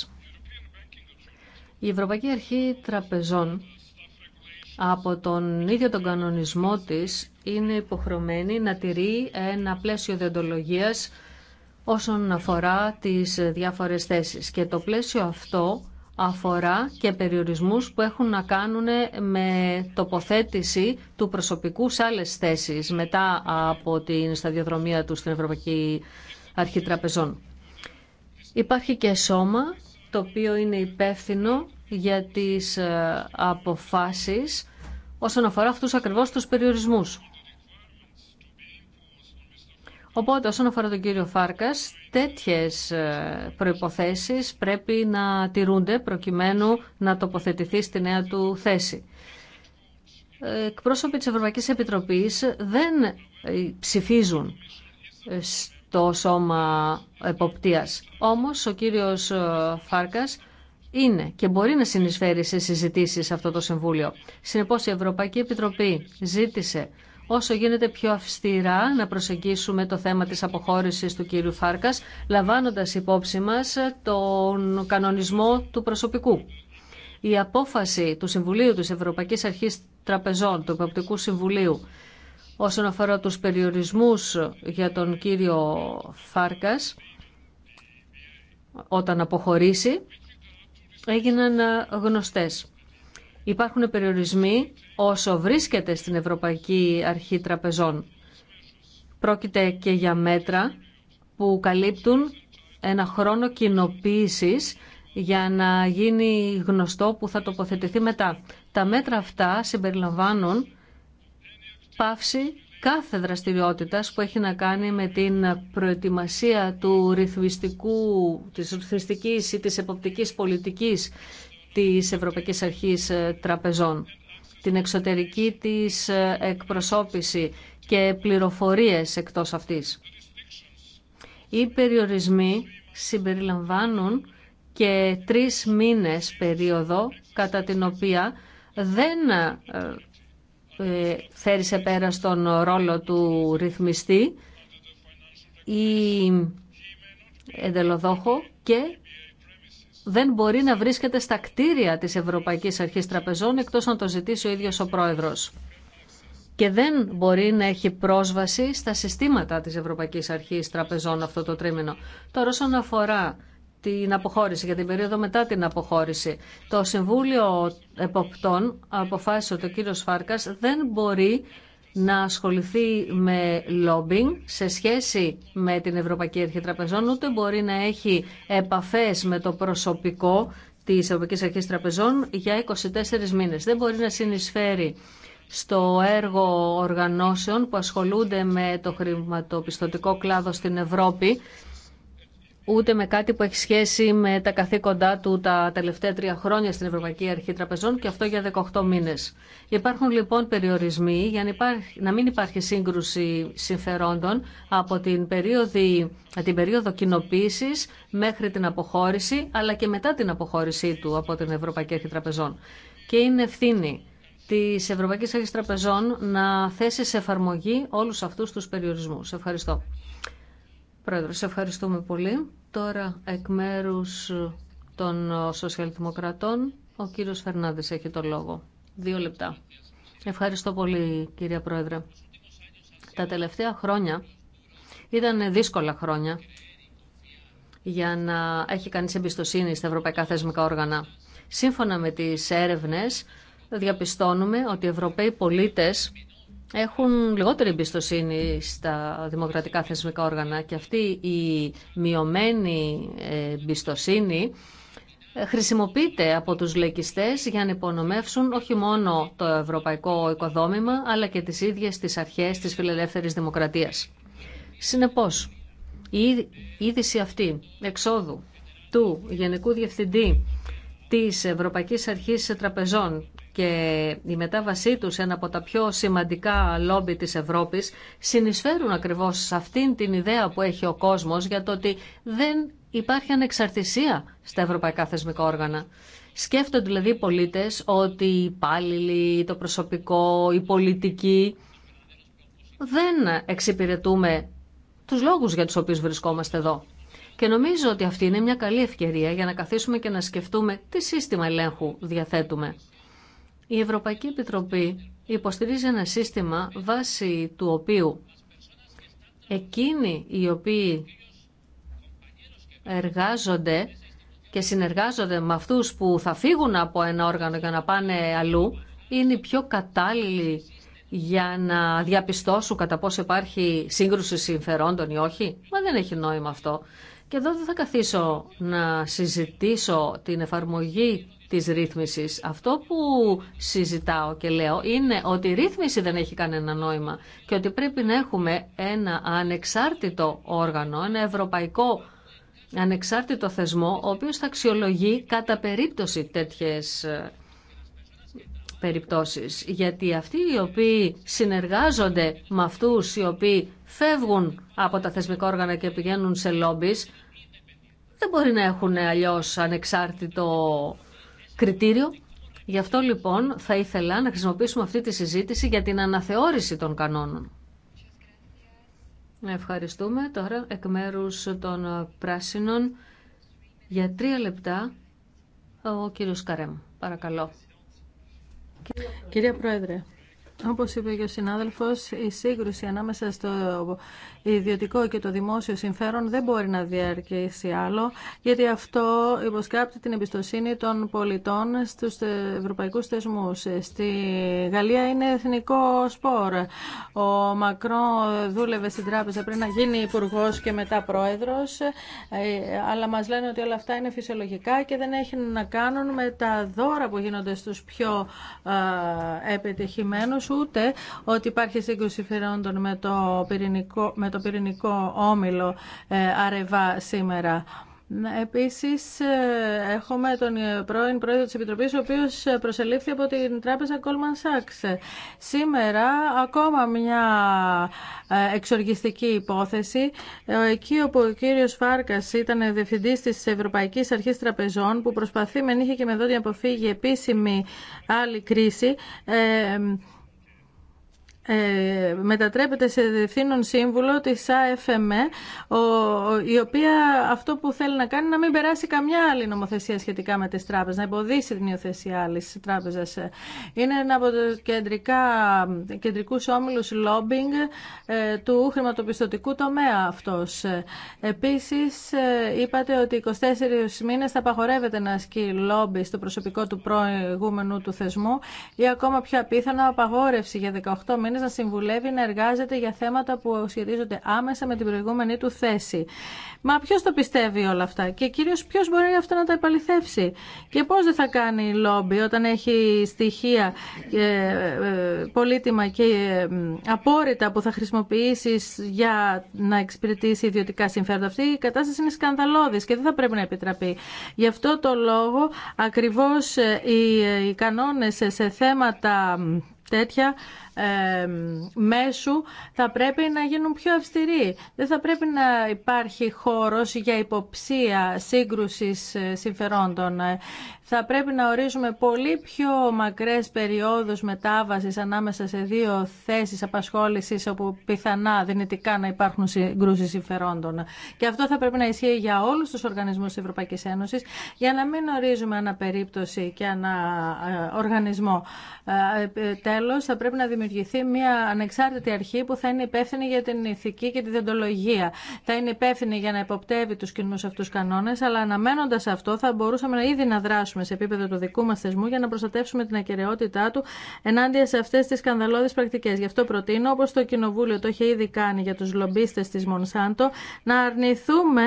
Η Ευρωπαϊκή Αρχή Τραπεζών από τον ίδιο τον κανονισμό της είναι υποχρεωμένη να τηρεί ένα πλαίσιο διοντολογίας όσον αφορά τις διάφορες θέσεις. Και το πλαίσιο αυτό αφορά και περιορισμούς που έχουν να κάνουν με τοποθέτηση του προσωπικού σε άλλες θέσεις μετά από την σταδιοδρομία του στην Ευρωπαϊκή Αρχή Τραπεζών. Υπάρχει και σώμα το οποίο είναι υπεύθυνο για τις ε, αποφάσεις όσον αφορά αυτούς ακριβώς τους περιορισμούς. Οπότε, όσον αφορά τον κύριο Φάρκας, τέτοιες ε, προϋποθέσεις πρέπει να τηρούνται προκειμένου να τοποθετηθεί στη νέα του θέση. Ε, εκπρόσωποι της Ευρωπαϊκής Επιτροπής δεν ψηφίζουν στο σώμα εποπτείας. Όμως, ο κύριος Φάρκας είναι και μπορεί να συνεισφέρει σε σε αυτό το Συμβούλιο. Συνεπώ η Ευρωπαϊκή Επιτροπή ζήτησε όσο γίνεται πιο αυστηρά να προσεγγίσουμε το θέμα της αποχώρησης του κύριου Φάρκας, λαμβάνοντας υπόψη μας τον κανονισμό του προσωπικού. Η απόφαση του Συμβουλίου της Ευρωπαϊκής Αρχής Τραπεζών, του Ευρωπαϊκού Συμβουλίου, όσον αφορά τους περιορισμούς για τον κύριο Φάρκας, όταν αποχωρήσει, έγιναν ε, γνωστές. Υπάρχουν περιορισμοί όσο βρίσκεται στην Ευρωπαϊκή Αρχή Τραπεζών. Πρόκειται και για μέτρα που καλύπτουν ένα χρόνο κοινοποίηση για να γίνει γνωστό που θα τοποθετηθεί μετά. Τα μέτρα αυτά συμπεριλαμβάνουν πάυση κάθε δραστηριότητας που έχει να κάνει με την προετοιμασία του ρυθμιστικού, της ρυθμιστικής ή της εποπτικής πολιτικής της Ευρωπαϊκής Αρχής ε, Τραπεζών, την εξωτερική της ε, εκπροσώπηση και πληροφορίες εκτός αυτής. Οι περιορισμοί συμπεριλαμβάνουν και τρεις μήνες περίοδο κατά την οποία δεν ε, ε, φέρει σε πέρα στον ρόλο του ρυθμιστή ή εντελοδόχο και δεν μπορεί να βρίσκεται στα κτίρια της Ευρωπαϊκής Αρχής Τραπεζών εκτός να το ζητήσει ο ίδιος ο πρόεδρος. Και δεν μπορεί να έχει πρόσβαση στα συστήματα της Ευρωπαϊκής Αρχής Τραπεζών αυτό το τρίμηνο. Τώρα όσον αφορά την αποχώρηση, για την περίοδο μετά την αποχώρηση. Το Συμβούλιο Εποπτών αποφάσισε ότι ο κύριος Φάρκας δεν μπορεί να ασχοληθεί με λόμπινγκ σε σχέση με την Ευρωπαϊκή Αρχή Τραπεζών, ούτε μπορεί να έχει επαφές με το προσωπικό της Ευρωπαϊκής Αρχής Τραπεζών για 24 μήνες. Δεν μπορεί να συνεισφέρει στο έργο οργανώσεων που ασχολούνται με το χρηματοπιστωτικό κλάδο στην Ευρώπη ούτε με κάτι που έχει σχέση με τα καθήκοντά του τα τελευταία τρία χρόνια στην Ευρωπαϊκή Αρχή Τραπεζών και αυτό για 18 μήνες. Υπάρχουν λοιπόν περιορισμοί για να, υπάρχει, να μην υπάρχει σύγκρουση συμφερόντων από την, την περίοδο κοινοποίηση μέχρι την αποχώρηση αλλά και μετά την αποχώρησή του από την Ευρωπαϊκή Αρχή Τραπεζών. Και είναι ευθύνη τη Ευρωπαϊκή Αρχή Τραπεζών να θέσει σε εφαρμογή όλου αυτού του περιορισμού. Ευχαριστώ. Πρόεδρος, ευχαριστούμε πολύ. Τώρα εκ μέρου των Σοσιαλδημοκρατών, ο κύριος Φερνάνδης έχει το λόγο. Δύο λεπτά. Ευχαριστώ πολύ, κύριε Πρόεδρε. Τα τελευταία χρόνια ήταν δύσκολα χρόνια για να έχει κανείς εμπιστοσύνη στα ευρωπαϊκά θεσμικά όργανα. Σύμφωνα με τις έρευνες, διαπιστώνουμε ότι οι Ευρωπαίοι πολίτες έχουν λιγότερη εμπιστοσύνη στα δημοκρατικά θεσμικά όργανα και αυτή η μειωμένη εμπιστοσύνη ε, χρησιμοποιείται από τους λεκιστές για να υπονομεύσουν όχι μόνο το ευρωπαϊκό οικοδόμημα, αλλά και τις ίδιες τις αρχές της φιλελεύθερης δημοκρατίας. Συνεπώς, η είδηση αυτή εξόδου του Γενικού Διευθυντή της Ευρωπαϊκής Αρχής Τραπεζών και η μετάβασή του σε ένα από τα πιο σημαντικά λόμπι της Ευρώπης συνεισφέρουν ακριβώς σε αυτήν την ιδέα που έχει ο κόσμος για το ότι δεν υπάρχει ανεξαρτησία στα ευρωπαϊκά θεσμικά όργανα. Σκέφτονται δηλαδή οι πολίτες ότι οι υπάλληλοι, το προσωπικό, οι πολιτικοί δεν εξυπηρετούμε τους λόγους για τους οποίους βρισκόμαστε εδώ. Και νομίζω ότι αυτή είναι μια καλή ευκαιρία για να καθίσουμε και να σκεφτούμε τι σύστημα ελέγχου διαθέτουμε. Η Ευρωπαϊκή Επιτροπή υποστηρίζει ένα σύστημα βάσει του οποίου εκείνοι οι οποίοι εργάζονται και συνεργάζονται με αυτούς που θα φύγουν από ένα όργανο για να πάνε αλλού είναι πιο κατάλληλοι για να διαπιστώσουν κατά πόσο υπάρχει σύγκρουση συμφερόντων ή όχι. Μα δεν έχει νόημα αυτό. Και εδώ δεν θα καθίσω να συζητήσω την εφαρμογή της ρύθμισης. Αυτό που συζητάω και λέω είναι ότι η ρύθμιση δεν έχει κανένα νόημα και ότι πρέπει να έχουμε ένα ανεξάρτητο όργανο, ένα ευρωπαϊκό ανεξάρτητο θεσμό, ο οποίος θα αξιολογεί κατά περίπτωση τέτοιες ε, περιπτώσεις. Γιατί αυτοί οι οποίοι συνεργάζονται με αυτούς οι οποίοι φεύγουν από τα θεσμικά όργανα και πηγαίνουν σε λόμπις, δεν μπορεί να έχουν αλλιώς ανεξάρτητο κριτήριο. Γι' αυτό λοιπόν θα ήθελα να χρησιμοποιήσουμε αυτή τη συζήτηση για την αναθεώρηση των κανόνων. Ευχαριστούμε τώρα εκ μέρου των πράσινων για τρία λεπτά ο κύριος Καρέμ. Παρακαλώ. Κυρία Πρόεδρε, όπως είπε και ο συνάδελφος, η σύγκρουση ανάμεσα στο ιδιωτικό και το δημόσιο συμφέρον δεν μπορεί να διαρκέσει άλλο, γιατί αυτό υποσκάπτει την εμπιστοσύνη των πολιτών στους ευρωπαϊκούς θεσμούς. Στη Γαλλία είναι εθνικό σπορ. Ο Μακρό δούλευε στην τράπεζα πριν να γίνει υπουργό και μετά πρόεδρος, ε, αλλά μας λένε ότι όλα αυτά είναι φυσιολογικά και δεν έχουν να κάνουν με τα δώρα που γίνονται στους πιο ε, επιτυχημένους ούτε ότι υπάρχει σύγκρουση φερόντων με το πυρηνικό, με το πυρηνικό όμιλο ε, Αρεβά σήμερα. Επίσης ε, έχουμε τον ε, πρώην πρόεδρο της Επιτροπής ο οποίος προσελήφθη από την τράπεζα Goldman Sachs. Σήμερα ακόμα μια εξοργιστική υπόθεση εκεί όπου ο κύριος Φάρκας ήταν διευθυντής της Ευρωπαϊκής Αρχής Τραπεζών που προσπαθεί με νύχη και με δόντια αποφύγει επίσημη άλλη κρίση ε, μετατρέπεται σε διευθύνων σύμβουλο της ΑΕΦΜΕ, η οποία αυτό που θέλει να κάνει να μην περάσει καμιά άλλη νομοθεσία σχετικά με τις τράπεζες, να εμποδίσει την υιοθεσία άλλης τράπεζας. Είναι ένα από τους κεντρικά, κεντρικούς όμιλους λόμπινγκ ε, του χρηματοπιστωτικού τομέα αυτός. Επίσης, ε, είπατε ότι 24 μήνες θα απαγορεύεται να ασκεί λόμπι στο προσωπικό του προηγούμενου του θεσμού ή ακόμα πιο απίθανα απαγόρευση για 18 μήνες να συμβουλεύει να εργάζεται για θέματα που σχετίζονται άμεσα με την προηγούμενη του θέση. Μα ποιος το πιστεύει όλα αυτά και κυρίως ποιος μπορεί αυτό να τα επαληθεύσει και πώς δεν θα κάνει λόμπι όταν έχει στοιχεία ε, ε, πολύτιμα και ε, απόρριτα που θα χρησιμοποιήσει για να εξυπηρετήσει ιδιωτικά συμφέροντα. Αυτή η κατάσταση είναι σκανδαλώδης και δεν θα πρέπει να επιτραπεί. Γι' αυτό το λόγο ακριβώς οι κανόνες σε θέματα τέτοια μέσου θα πρέπει να γίνουν πιο αυστηροί. Δεν θα πρέπει να υπάρχει χώρος για υποψία σύγκρουσης ε, συμφερόντων. Ε, θα πρέπει να ορίζουμε πολύ πιο μακρές περιόδους μετάβασης ανάμεσα σε δύο θέσεις απασχόλησης όπου πιθανά δυνητικά να υπάρχουν συγκρούσεις συμφερόντων. Και αυτό θα πρέπει να ισχύει για όλους τους οργανισμούς της Ευρωπαϊκής Ένωσης για να μην ορίζουμε περίπτωση και ένα οργανισμό. Ε, τέλος, θα πρέπει να δημιουργηθεί μια ανεξάρτητη αρχή που θα είναι υπεύθυνη για την ηθική και τη διοντολογία. Θα είναι υπεύθυνη για να υποπτεύει του κοινού αυτού κανόνε, αλλά αναμένοντα αυτό θα μπορούσαμε ήδη να δράσουμε σε επίπεδο του δικού μα θεσμού για να προστατεύσουμε την ακαιρεότητά του ενάντια σε αυτέ τι σκανδαλώδει πρακτικέ. Γι' αυτό προτείνω, όπω το Κοινοβούλιο το έχει ήδη κάνει για του λομπίστε τη Μονσάντο, να αρνηθούμε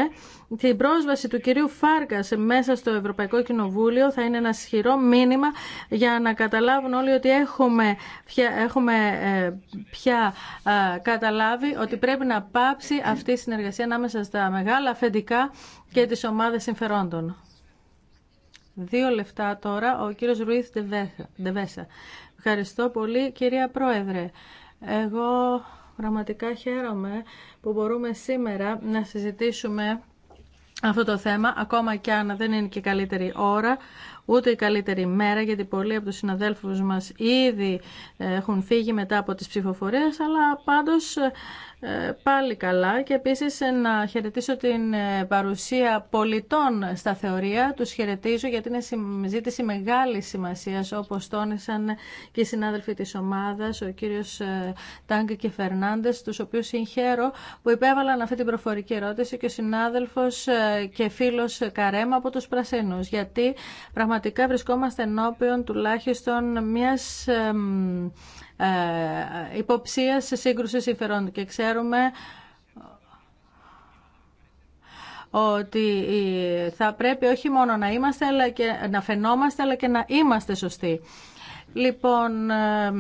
την πρόσβαση του κυρίου Φάρκα μέσα στο Ευρωπαϊκό Κοινοβούλιο. Θα είναι ένα ισχυρό μήνυμα για να καταλάβουν όλοι ότι έχουμε ε, πια ε, καταλάβει ότι πρέπει να πάψει αυτή η συνεργασία ανάμεσα στα μεγάλα αφεντικά και τις ομάδες συμφερόντων. Δύο λεφτά τώρα, ο κύριος Ρουίθ Ντεβέσα. Ευχαριστώ πολύ, κυρία Πρόεδρε. Εγώ πραγματικά χαίρομαι που μπορούμε σήμερα να συζητήσουμε αυτό το θέμα, ακόμα και αν δεν είναι και καλύτερη ώρα, ούτε η καλύτερη μέρα, γιατί πολλοί από τους συναδέλφους μας ήδη έχουν φύγει μετά από τις ψηφοφορίες, αλλά πάντως ε, πάλι καλά και επίσης ε, να χαιρετήσω την ε, παρουσία πολιτών στα θεωρία. Τους χαιρετίζω γιατί είναι ζήτηση μεγάλης σημασίας όπως τόνισαν και οι συνάδελφοι της ομάδας, ο κύριος Τάγκ και Φερνάντες, τους οποίους συγχαίρω που υπέβαλαν αυτή την προφορική ερώτηση και ο συνάδελφος και φίλος Καρέμα από τους Πρασίνους. Γιατί πραγματικά βρισκόμαστε ενώπιον τουλάχιστον μιας ε, υποψία σε σύγκρουση συμφερόντων και ξέρουμε ότι θα πρέπει όχι μόνο να είμαστε αλλά και να φαινόμαστε αλλά και να είμαστε σωστοί. Λοιπόν, ε,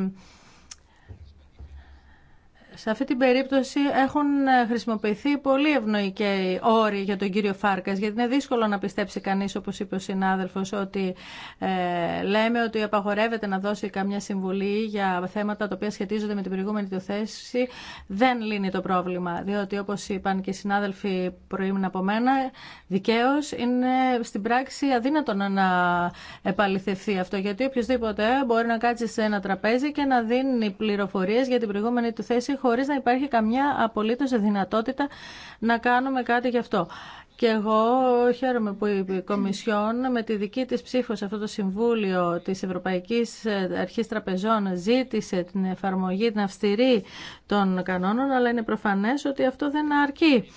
σε αυτή την περίπτωση έχουν ε, χρησιμοποιηθεί πολύ ευνοϊκοί όροι για τον κύριο Φάρκα, γιατί είναι δύσκολο να πιστέψει κανεί, όπω είπε ο συνάδελφο, ότι ε, λέμε ότι απαγορεύεται να δώσει καμιά συμβουλή για θέματα τα οποία σχετίζονται με την προηγούμενη του θέση. Δεν λύνει το πρόβλημα, διότι όπω είπαν και οι συνάδελφοι προήμουν από μένα, δικαίω είναι στην πράξη αδύνατο να επαληθευθεί αυτό, γιατί οποιοδήποτε μπορεί να κάτσει σε ένα τραπέζι και να δίνει πληροφορίε για την προηγούμενη του θέση χωρί να υπάρχει καμιά απολύτως δυνατότητα να κάνουμε κάτι γι' αυτό. Και εγώ χαίρομαι που η Κομισιόν με τη δική της ψήφο σε αυτό το Συμβούλιο της Ευρωπαϊκής Αρχής Τραπεζών ζήτησε την εφαρμογή, την αυστηρή των κανόνων, αλλά είναι προφανές ότι αυτό δεν αρκεί.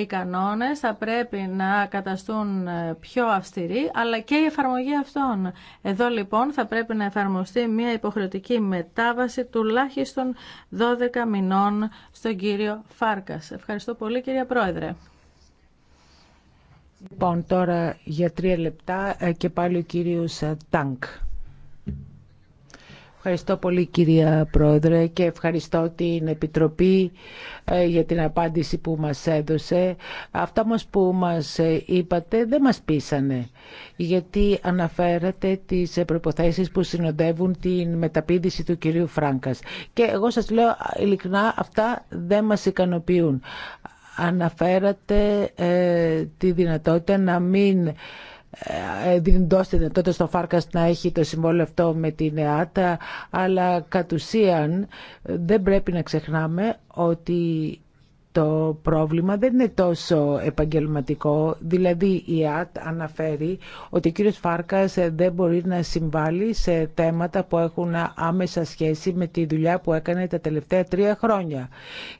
Οι κανόνες θα πρέπει να καταστούν ε, πιο αυστηροί, αλλά και η εφαρμογή αυτών. Εδώ λοιπόν θα πρέπει να εφαρμοστεί μια υποχρεωτική μετάβαση τουλάχιστον 12 μηνών στον κύριο Φάρκας. Ευχαριστώ πολύ κυρία Πρόεδρε. Λοιπόν, τώρα για τρία λεπτά ε, και πάλι ο κύριος ε, Τάνκ. Ευχαριστώ πολύ κυρία Πρόεδρε και ευχαριστώ την Επιτροπή ε, για την απάντηση που μας έδωσε. Αυτά μας που μας ε, είπατε δεν μας πείσανε γιατί αναφέρατε τις ε, προϋποθέσεις που συνοδεύουν την μεταπίδηση του κυρίου Φράγκας. Και εγώ σας λέω ειλικρινά αυτά δεν μας ικανοποιούν. Αναφέρατε τη δυνατότητα να μην δεν τότε τότε στο Φάρκας να έχει το συμβόλαιο αυτό με την ΕΑΤΑ αλλά κατ' ουσίαν ε, δεν πρέπει να ξεχνάμε ότι το πρόβλημα δεν είναι τόσο επαγγελματικό. Δηλαδή η ΑΤ αναφέρει ότι ο κύριος Φάρκας ε, δεν μπορεί να συμβάλλει σε θέματα που έχουν άμεσα σχέση με τη δουλειά που έκανε τα τελευταία τρία χρόνια.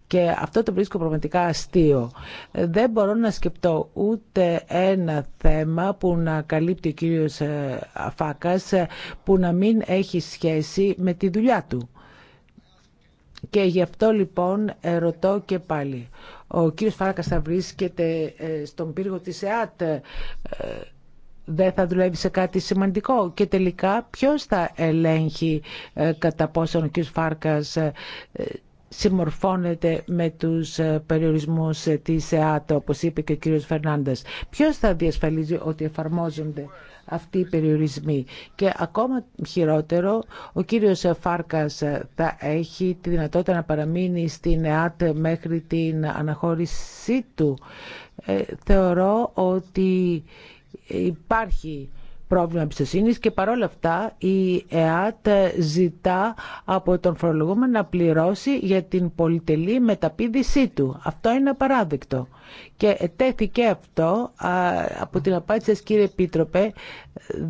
Και αυτό το βρίσκω πραγματικά αστείο. Ε, δεν μπορώ να σκεπτώ ούτε ένα θέμα που να καλύπτει ο κύριος ε, Φάκας που να μην έχει σχέση με τη δουλειά του. Και γι' αυτό λοιπόν ρωτώ και πάλι. Ο κύριος Φάρακας θα βρίσκεται ε, στον πύργο της ΕΑΤ ε, δεν θα δουλεύει σε κάτι σημαντικό και τελικά ποιος θα ελέγχει ε, κατά πόσον ο κύριος Φάρκας συμμορφώνεται με τους περιορισμούς της ΕΑΤ όπως είπε και ο κύριος Φερνάντας. Ποιος θα διασφαλίζει ότι εφαρμόζονται αυτοί οι περιορισμοί. Και ακόμα χειρότερο, ο κύριος Φάρκας θα έχει τη δυνατότητα να παραμείνει στην ΕΑΤ μέχρι την αναχώρησή του. Ε, θεωρώ ότι υπάρχει πρόβλημα εμπιστοσύνη και παρόλα αυτά η ΕΑΤ ζητά από τον φορολογούμενο να πληρώσει για την πολυτελή μεταπίδησή του. Αυτό είναι απαράδεκτο. Και τέθηκε αυτό από την απάντηση σας κύριε Επίτροπε.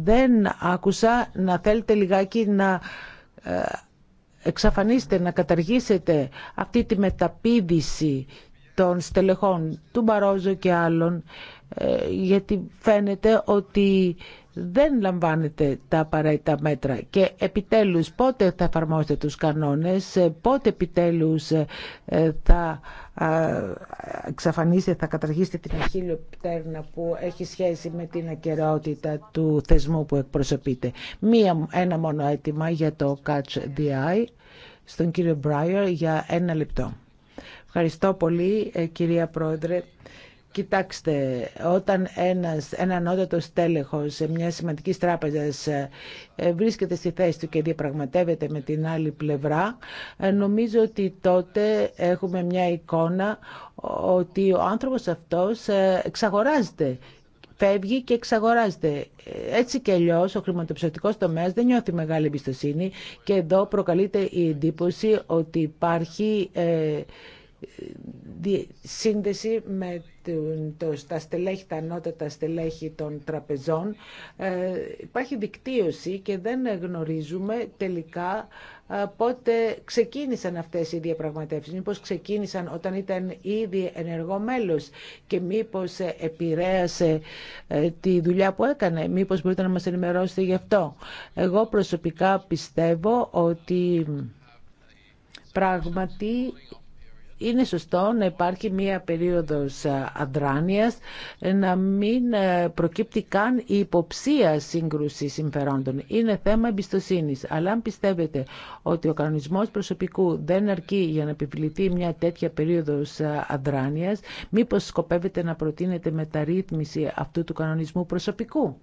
Δεν άκουσα να θέλετε λιγάκι να ε, εξαφανίσετε, να καταργήσετε αυτή τη μεταπίδηση των στελεχών του Μπαρόζο και άλλων ε, γιατί φαίνεται ότι δεν λαμβάνετε τα απαραίτητα μέτρα και επιτέλους πότε θα εφαρμόσετε τους κανόνες, ε, πότε επιτέλους ε, ε, θα εξαφανίσετε, θα καταργήσετε την αχίλιο πτέρνα που έχει σχέση με την ακεραιότητα του θεσμού που εκπροσωπείτε. Μία, ένα μόνο αίτημα για το Catch the Eye στον κύριο Μπράιερ για ένα λεπτό. Ευχαριστώ πολύ κυρία Πρόεδρε. Κοιτάξτε, όταν ένας, ένα ανώτατος τέλεχος μια σημαντική τράπεζα ε, ε, βρίσκεται στη θέση του και διαπραγματεύεται με την άλλη πλευρά, ε, νομίζω ότι τότε έχουμε μια εικόνα ότι ο άνθρωπος αυτός εξαγοράζεται φεύγει και εξαγοράζεται. Έτσι και αλλιώ ο χρηματοπιστωτικό τομέα δεν νιώθει μεγάλη εμπιστοσύνη και εδώ προκαλείται η εντύπωση ότι υπάρχει σύνδεση με στα στελέχη, τα ανώτατα στελέχη των τραπεζών. Ε, υπάρχει δικτύωση και δεν γνωρίζουμε τελικά ε, πότε ξεκίνησαν αυτές οι διαπραγματεύσεις. Μήπως ξεκίνησαν όταν ήταν ήδη ενεργό μέλος και μήπως ε, επηρέασε τη δουλειά που έκανε. Μήπως μπορείτε να μας ενημερώσετε γι' αυτό. Εγώ προσωπικά πιστεύω ότι πράγματι είναι σωστό να υπάρχει μία περίοδος αδράνειας, να μην ε, προκύπτει καν η υποψία σύγκρουση συμφερόντων. Είναι θέμα εμπιστοσύνης. Αλλά αν πιστεύετε ότι ο κανονισμός προσωπικού δεν αρκεί για να επιβληθεί μια τέτοια περίοδος αδράνειας, μήπως σκοπεύετε να προτείνετε μεταρρύθμιση αυτού του κανονισμού προσωπικού.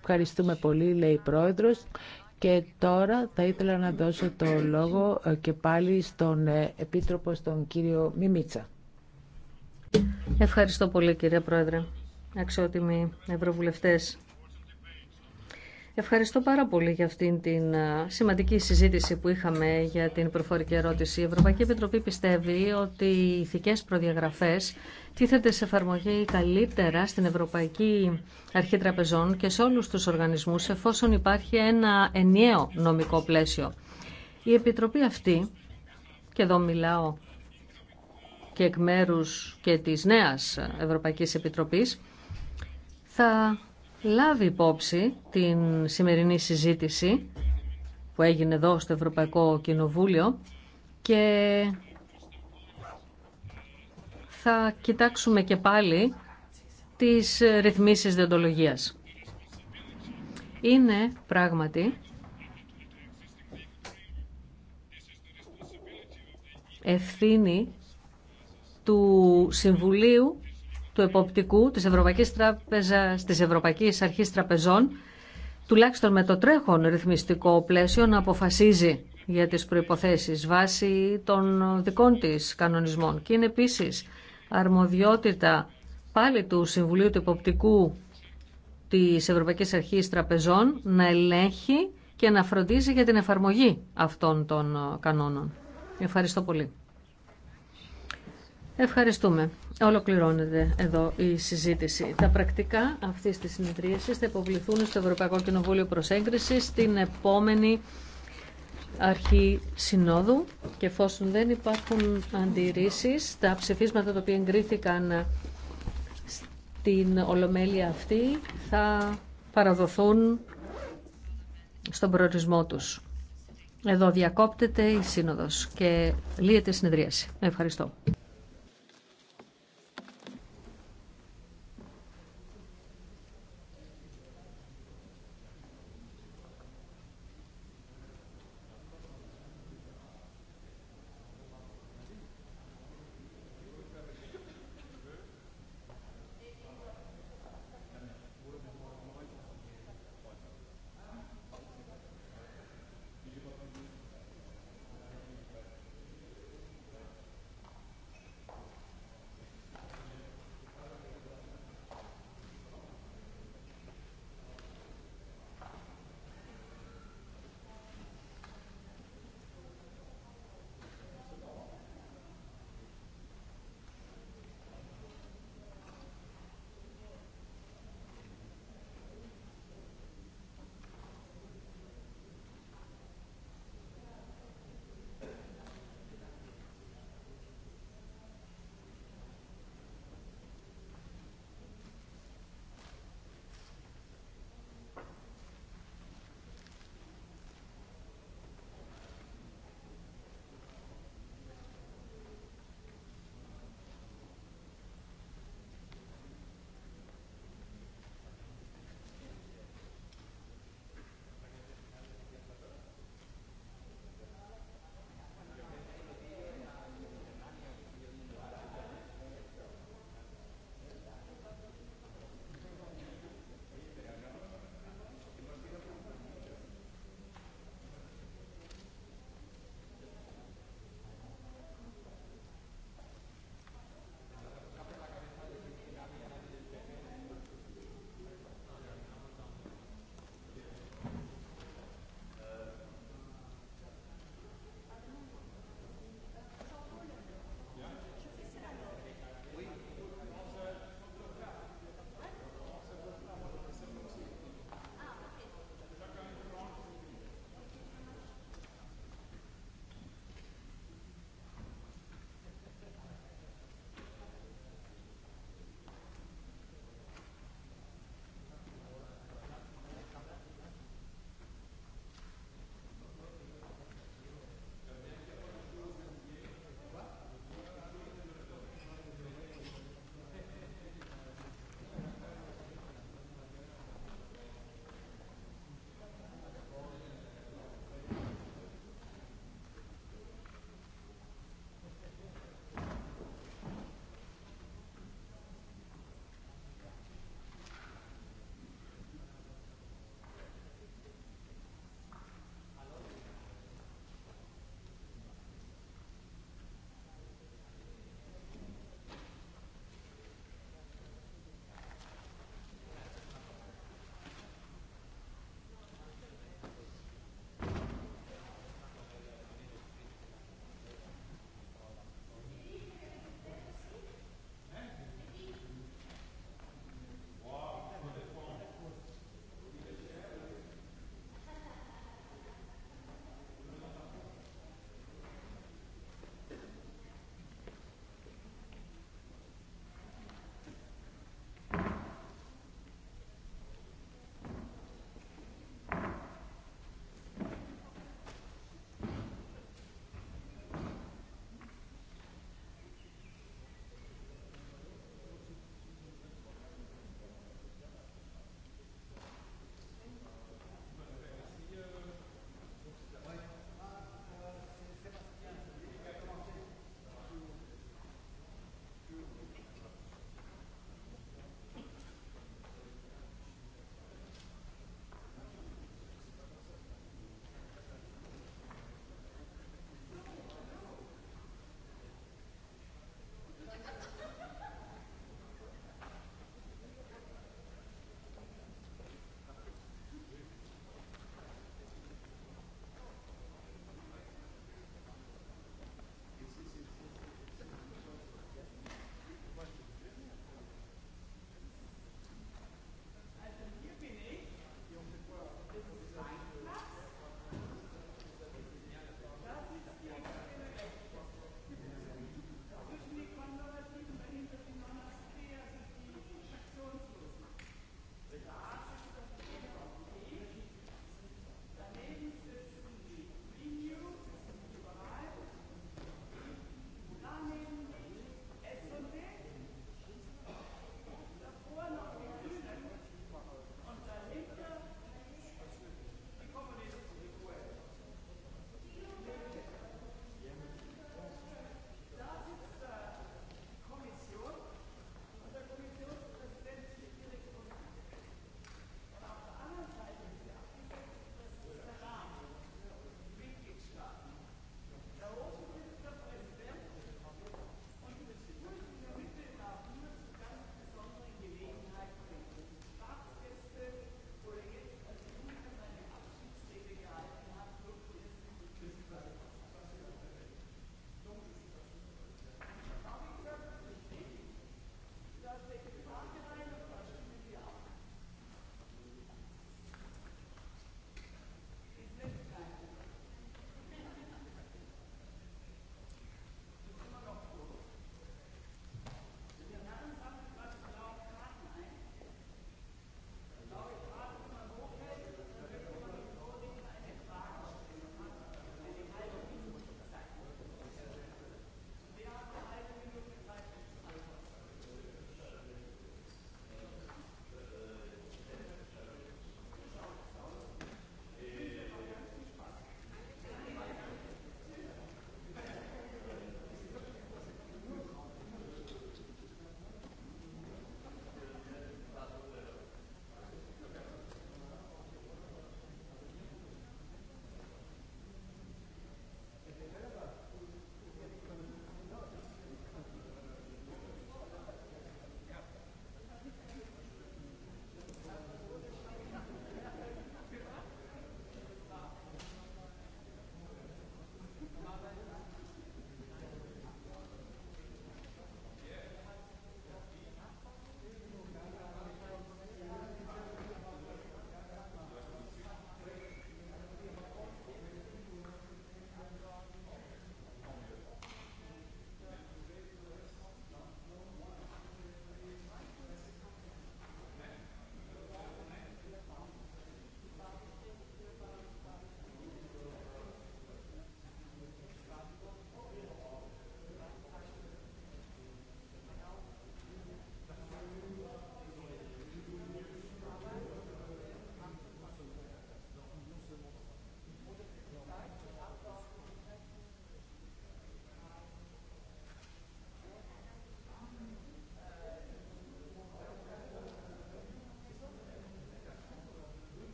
Ευχαριστούμε πολύ, λέει η Πρόεδρος. Και τώρα θα ήθελα να δώσω το λόγο ε, και πάλι στον ε, Επίτροπο, στον κύριο Μιμίτσα. Ευχαριστώ πολύ κύριε Πρόεδρε, αξιότιμοι ευρωβουλευτές. Ευχαριστώ πάρα πολύ για αυτήν την ε, σημαντική συζήτηση που είχαμε για την προφορική ερώτηση. Η Ευρωπαϊκή Επιτροπή πιστεύει ότι οι ηθικές προδιαγραφές τίθεται σε εφαρμογή καλύτερα στην Ευρωπαϊκή Αρχή Τραπεζών και σε όλους τους οργανισμούς εφόσον υπάρχει ένα ενιαίο νομικό πλαίσιο. Η Επιτροπή αυτή, και εδώ μιλάω και εκ μέρους και της νέας Ευρωπαϊκής Επιτροπής, θα λάβει υπόψη την σημερινή συζήτηση που έγινε εδώ στο Ευρωπαϊκό Κοινοβούλιο και θα κοιτάξουμε και πάλι τις ρυθμίσεις διοντολογίας. Είναι πράγματι ευθύνη του Συμβουλίου του Εποπτικού της Ευρωπαϊκής, Τράπεζας, της Ευρωπαϊκής Αρχής Τραπεζών τουλάχιστον με το τρέχον ρυθμιστικό πλαίσιο να αποφασίζει για τις προϋποθέσεις βάσει των δικών της κανονισμών. Και είναι επίσης αρμοδιότητα πάλι του Συμβουλίου του Υποπτικού της Ευρωπαϊκής Αρχής Τραπεζών να ελέγχει και να φροντίζει για την εφαρμογή αυτών των ε, κανόνων. Ευχαριστώ πολύ. Ευχαριστούμε. Ολοκληρώνεται εδώ η συζήτηση. Τα πρακτικά αυτή τη συνεδρίασης θα υποβληθούν στο Ευρωπαϊκό Κοινοβούλιο προ έγκριση στην επόμενη αρχή συνόδου και εφόσον δεν υπάρχουν αντιρρήσεις, τα ψηφίσματα τα οποία εγκρίθηκαν στην Ολομέλεια αυτή θα παραδοθούν στον προορισμό τους. Εδώ διακόπτεται η σύνοδος και λύεται η συνεδρίαση. Ευχαριστώ.